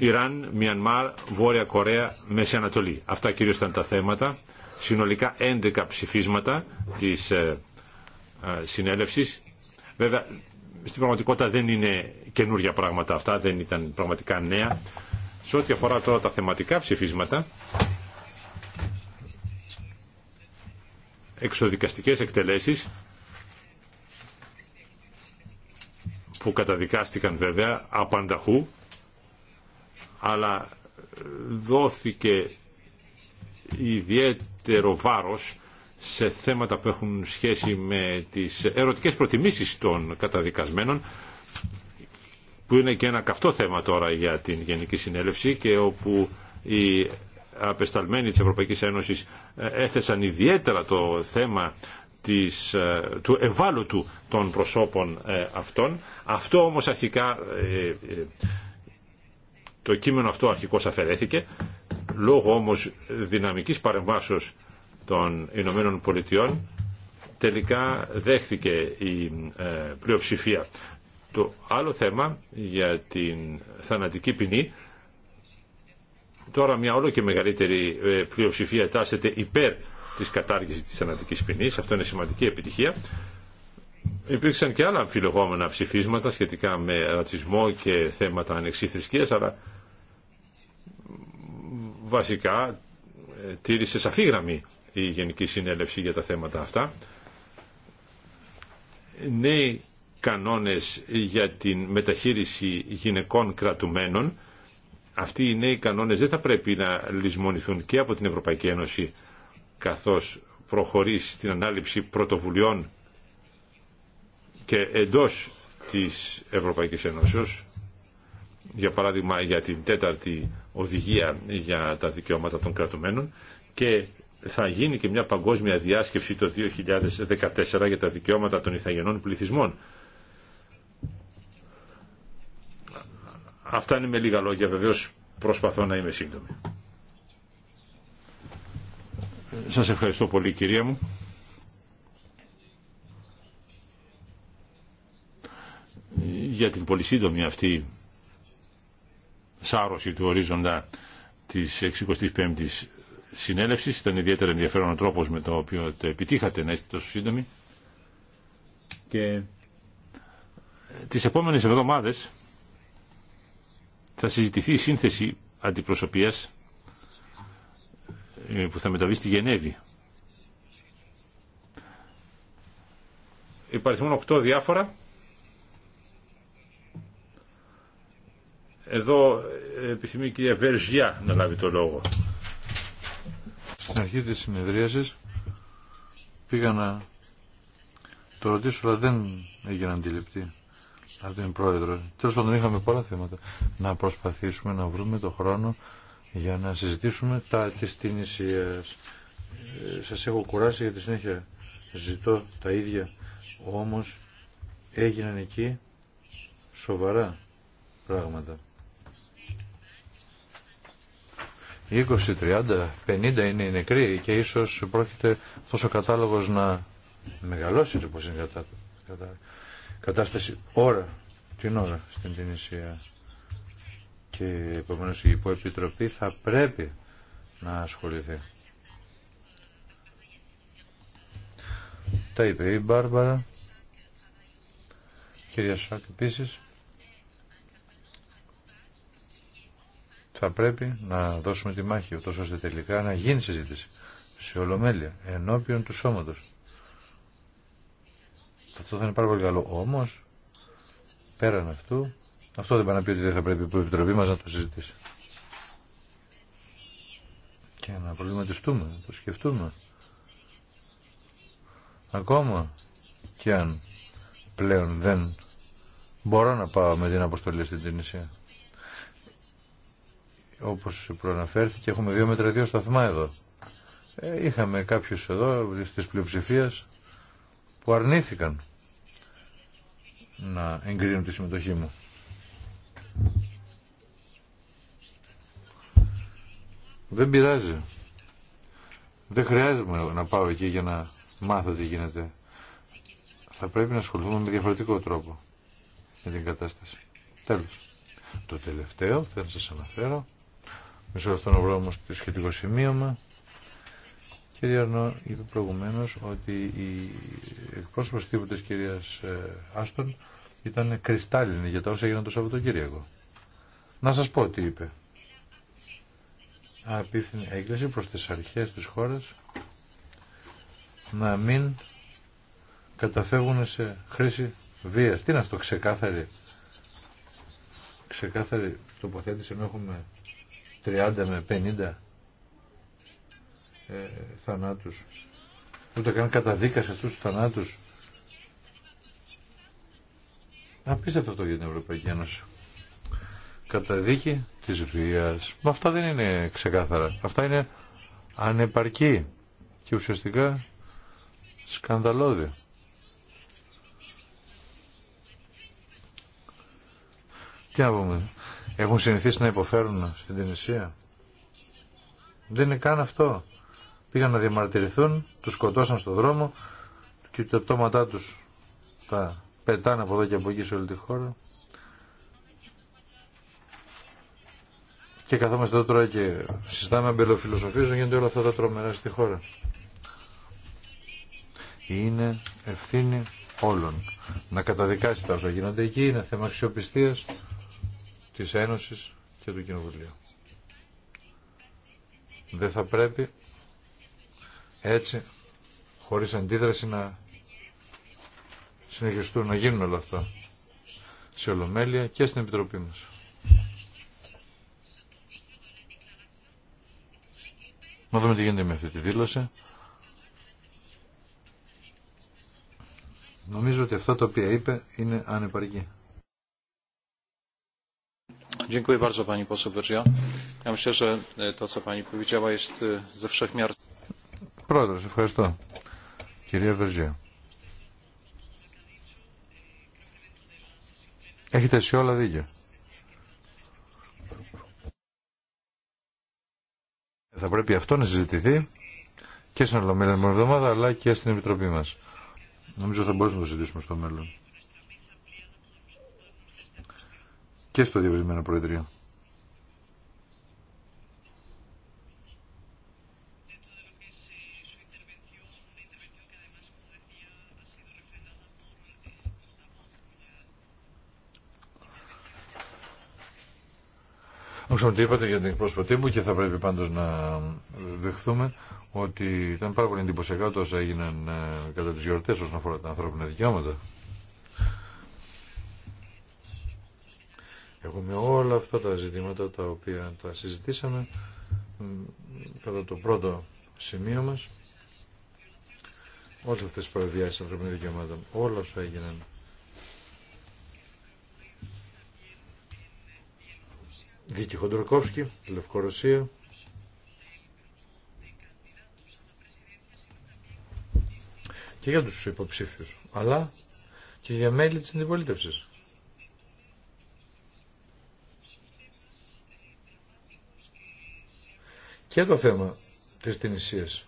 Ιράν, Μιανμάρ, Βόρεια Κορέα, Μέση Ανατολή. Αυτά κυρίως ήταν τα θέματα. Συνολικά 11 ψηφίσματα της ε, ε, συνέλευσης. Βέβαια, στην πραγματικότητα δεν είναι καινούργια πράγματα αυτά, δεν ήταν πραγματικά νέα. Σε ό,τι αφορά τώρα τα θεματικά ψηφίσματα, εξοδικαστικές εκτελέσεις, που καταδικάστηκαν βέβαια απανταχού, αλλά δόθηκε ιδιαίτερο βάρος σε θέματα που έχουν σχέση με τις ερωτικές προτιμήσεις των καταδικασμένων που είναι και ένα καυτό θέμα τώρα για την Γενική Συνέλευση και όπου οι απεσταλμένοι της Ευρωπαϊκής Ένωσης ε, έθεσαν ιδιαίτερα το θέμα της, ε, του ευάλωτου των προσώπων ε, αυτών. Αυτό όμως αρχικά, το κείμενο αυτό αρχικώς αφαιρέθηκε, λόγω όμως δυναμικής παρεμβάσεως των Ηνωμένων Πολιτειών τελικά δέχθηκε η ε, πλειοψηφία. Το άλλο θέμα για την θανατική ποινή τώρα μια όλο και μεγαλύτερη ε, πλειοψηφία τάσεται υπέρ της κατάργησης της θανατικής ποινής. Αυτό είναι σημαντική επιτυχία. Υπήρξαν και άλλα αμφιλεγόμενα ψηφίσματα σχετικά με ρατσισμό και θέματα ανεξιθρησκείας, αλλά βασικά ε, τήρησε σαφή γραμμή η Γενική Συνέλευση για τα θέματα αυτά. Νέοι κανόνες για την μεταχείριση γυναικών κρατουμένων. Αυτοί οι νέοι κανόνες δεν θα πρέπει να λησμονηθούν και από την Ευρωπαϊκή Ένωση καθώς προχωρεί στην ανάληψη πρωτοβουλειών και εντός της Ευρωπαϊκής Ένωσης για παράδειγμα για την τέταρτη οδηγία για τα δικαιώματα των κρατουμένων και θα γίνει και μια παγκόσμια διάσκεψη το 2014 για τα δικαιώματα των ηθαγενών πληθυσμών. Αυτά είναι με λίγα λόγια, βεβαίως προσπαθώ να είμαι σύντομη. Σας ευχαριστώ πολύ κυρία μου. για την πολύ σύντομη αυτή σάρωση του ορίζοντα της 65ης ήταν ιδιαίτερα ενδιαφέρον ο τρόπο με τον οποίο το επιτύχατε να είστε τόσο σύντομοι. Και τις επόμενες εβδομάδε θα συζητηθεί η σύνθεση αντιπροσωπείας ε, που θα μεταβεί στη Γενέβη. Υπάρχουν οκτώ διάφορα. Εδώ ε, επιθυμεί η κυρία Βεργιά να λάβει το λόγο. Στην αρχή της συνεδρίασης πήγα να το ρωτήσω, αλλά δεν έγινε αντιληπτή από την πρόεδρο. Τέλος πάντων είχαμε πολλά θέματα. Να προσπαθήσουμε να βρούμε το χρόνο για να συζητήσουμε τα της Τινησίας. Ε, σας έχω κουράσει για τη συνέχεια. Ζητώ τα ίδια. Όμως έγιναν εκεί σοβαρά πράγματα. 20, 30, 50 είναι οι νεκροί και ίσως πρόκειται αυτός ο κατάλογος να μεγαλώσει όπως είναι κατά, κατάσταση ώρα, την ώρα στην Τινησία. Και επομένω η υποεπιτροπή θα πρέπει να ασχοληθεί. Τα είπε η Μπάρμπαρα, κυρία Σάκ επίσης. θα πρέπει να δώσουμε τη μάχη, ούτως ώστε τελικά να γίνει συζήτηση σε ολομέλεια, ενώπιον του σώματος. Αυτό θα είναι πάρα πολύ καλό. Όμως, πέραν αυτού, αυτό δεν πάει να πει ότι δεν θα πρέπει που η Επιτροπή μας να το συζητήσει. Και να προβληματιστούμε, να το σκεφτούμε. Ακόμα και αν πλέον δεν μπορώ να πάω με την αποστολή στην Τινησία. Όπως προαναφέρθηκε, έχουμε δύο μέτρα δύο σταθμά εδώ. Ε, είχαμε κάποιους εδώ της πλειοψηφίας που αρνήθηκαν να εγκρίνουν τη συμμετοχή μου. Δεν πειράζει. Δεν χρειάζεται να πάω εκεί για να μάθω τι γίνεται. Θα πρέπει να ασχοληθούμε με διαφορετικό τρόπο με την κατάσταση. Τέλος. Το τελευταίο θέλω να σας αναφέρω Μισό στον να βρω το σχετικό σημείωμα. κυρία Αρνό, είπε προηγουμένω ότι η εκπρόσωπο τύπου τη κυρία ε, Άστον ήταν κρυστάλλινη για τα όσα έγιναν το Σαββατοκύριακο. Να σας πω τι είπε. Απίθυνη έκκληση προς τις αρχές της χώρας να μην καταφεύγουν σε χρήση βίας. Τι είναι αυτό, ξεκάθαρη, ξεκάθαρη τοποθέτηση ενώ έχουμε 30 με 50 ε, θανάτους. Ούτε καν καταδίκασε αυτούς τους θανάτους. Απίστευτο αυτό για την Ευρωπαϊκή Ένωση. Καταδίκη της βίας. Μα αυτά δεν είναι ξεκάθαρα. Αυτά είναι ανεπαρκή και ουσιαστικά σκανδαλώδη. Τι να πούμε. Έχουν συνηθίσει να υποφέρουν στην Τινησία. Δεν είναι καν αυτό. Πήγαν να διαμαρτυρηθούν, τους σκοτώσαν στον δρόμο και τα πτώματά τους τα πετάνε από εδώ και από εκεί σε όλη τη χώρα. Και καθόμαστε εδώ τώρα και συστάμε αμπελοφιλοσοφίζουν γιατί όλα αυτά τα τρομερά στη χώρα. Είναι ευθύνη όλων. Να καταδικάσει τα όσα γίνονται εκεί, είναι θέμα αξιοπιστίας της Ένωσης και του Κοινοβουλίου. Δεν θα πρέπει έτσι, χωρίς αντίδραση, να συνεχιστούν, να γίνουν όλα αυτά σε Ολομέλεια και στην Επιτροπή μας. Να δούμε τι γίνεται με αυτή τη δήλωση. Νομίζω ότι αυτά τα οποία είπε είναι ανεπαρκή ευχαριστώ. E, e, Έχετε Θα πρέπει αυτό να συζητηθεί και στην Ολομέλεια μας. Νομίζω θα να συζητήσουμε στο μέλλον. και στο διαβεβαιωμένο Προεδρείο. Όχι τι είπατε για την εκπρόσωπο τύπου και θα πρέπει πάντως να δεχθούμε ότι ήταν πάρα πολύ εντυπωσιακά όσα έγιναν ε, κατά τις γιορτές όσον αφορά τα ανθρώπινα δικαιώματα. Έχουμε όλα αυτά τα ζητήματα τα οποία τα συζητήσαμε κατά το πρώτο σημείο μας. Όλες αυτές τις παραδιάσεις ανθρωπίνων δικαιωμάτων, όλα όσα έγιναν Δίκη Χοντροκόφσκι, Λευκορωσία. Και για τους υποψήφιους, αλλά και για μέλη της αντιπολίτευσης. και το θέμα της τυνησίας.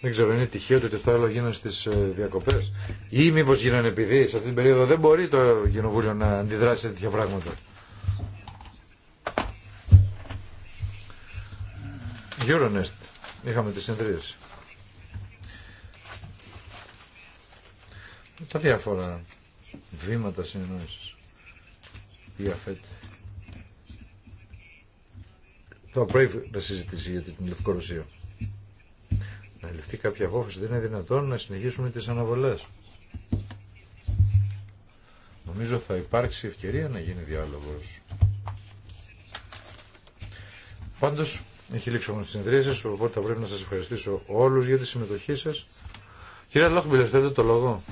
Δεν ξέρω, είναι τυχαίο ότι αυτά όλα γίνανε στις ε, διακοπές ή μήπω γίνανε επειδή σε αυτή την περίοδο δεν μπορεί το Κοινοβούλιο να αντιδράσει σε τέτοια πράγματα. Euronest, είχαμε τις συνεδρίαση. Τα διάφορα βήματα συνεννόησης. Η θα πρέπει να συζητήσει για την Λευκορωσία. Να ληφθεί κάποια απόφαση. Δεν είναι δυνατόν να συνεχίσουμε τις αναβολές. Νομίζω θα υπάρξει ευκαιρία να γίνει διάλογος. Πάντως, έχει λήξει όμως τις οπότε θα πρέπει να σας ευχαριστήσω όλους για τη συμμετοχή σας. Κύριε Λόχμπιλε, θέλετε το λόγο.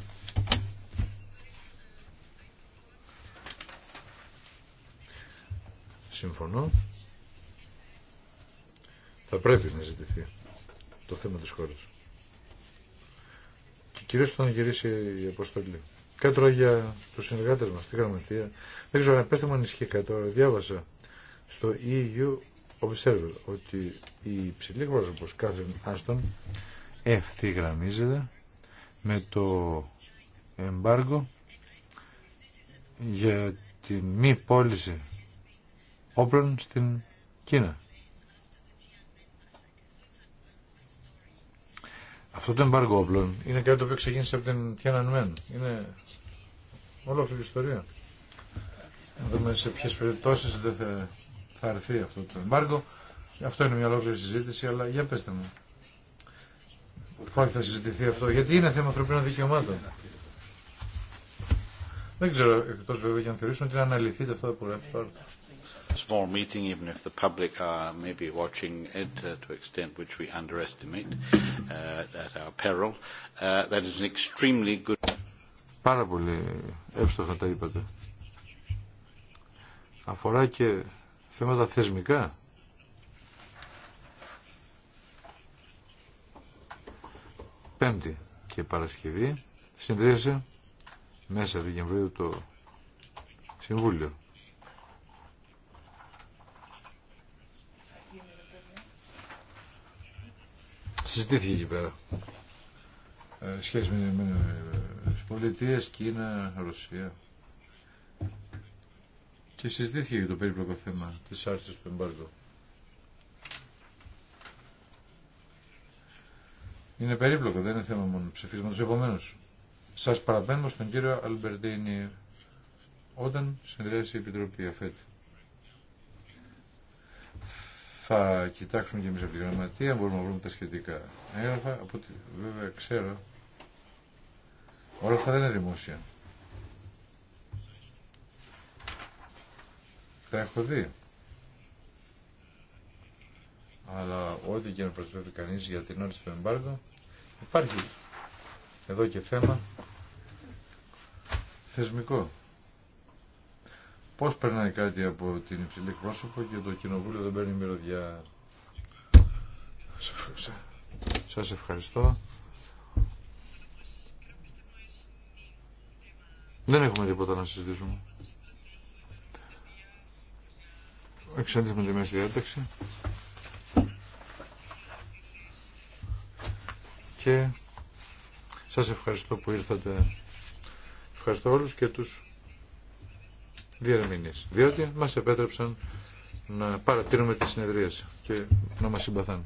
συμφωνώ. Θα πρέπει να ζητηθεί το θέμα της χώρας. Και κυρίως να γυρίσει η αποστολή. Κάτι τώρα για τους συνεργάτες μας, τη γραμματεία. Δεν ξέρω, πέστε μου αν ισχύει κάτι τώρα. Διάβασα στο EU Observer ότι η ψηλή χώρα όπως κάθε Άστον ευθυγραμμίζεται με το εμπάργο για την μη πώληση όπλων στην Κίνα. Αυτό το εμπάργο όπλων είναι κάτι το οποίο ξεκίνησε από την Μέν. Είναι όλο αυτή η ιστορία. Να δούμε σε ποιες περιπτώσει δεν θα, θα αυτό το εμπάργο. Αυτό είναι μια ολόκληρη συζήτηση, αλλά για πέστε μου. Πότε θα συζητηθεί αυτό, γιατί είναι θέμα ανθρωπίνων δικαιωμάτων. Δεν ξέρω, εκτός βέβαια, για να θεωρήσουμε ότι είναι αναλυθείτε αυτό που γράφει Small meeting, even if the public are maybe watching it to extent which we underestimate at our peril. That is an extremely good. Πάρα πολύ εύστοχα τα είπατε. Αφορά και θέματα θεσμικά. Πέμπτη και Παρασκευή συνδρίασε μέσα Δεκεμβρίου το Συμβούλιο. συζητήθηκε εκεί πέρα. Ε, σχέση με, με ε, τις πολιτείες, Κίνα, Ρωσία. Και συζητήθηκε για το περίπλοκο θέμα της άρσης του εμπάργου. Είναι περίπλοκο, δεν είναι θέμα μόνο ψηφίσματος. Επομένως, σας παραπέμπω στον κύριο Αλμπερτίνη όταν συνδυάσει η Επιτροπή Αφέτη. Θα κοιτάξουμε και εμείς από τη γραμματεία, μπορούμε να βρούμε τα σχετικά έγγραφα, από ό,τι βέβαια ξέρω. Όλα αυτά δεν είναι δημόσια. Τα έχω δει. Αλλά ό,τι και να προσφέρει κανείς για την ώρα του εμπάργου, υπάρχει εδώ και θέμα θεσμικό. Πώς περνάει κάτι από την υψηλή πρόσωπο και το κοινοβούλιο δεν παίρνει μυρωδιά. Σας ευχαριστώ. Δεν έχουμε τίποτα να συζητήσουμε. Εξάντληση με τη μέση διάταξη. Και σας ευχαριστώ που ήρθατε. Ευχαριστώ όλους και τους διερμηνείς, διότι μας επέτρεψαν να παρατηρούμε τη συνεδρίαση και να μας συμπαθάνε.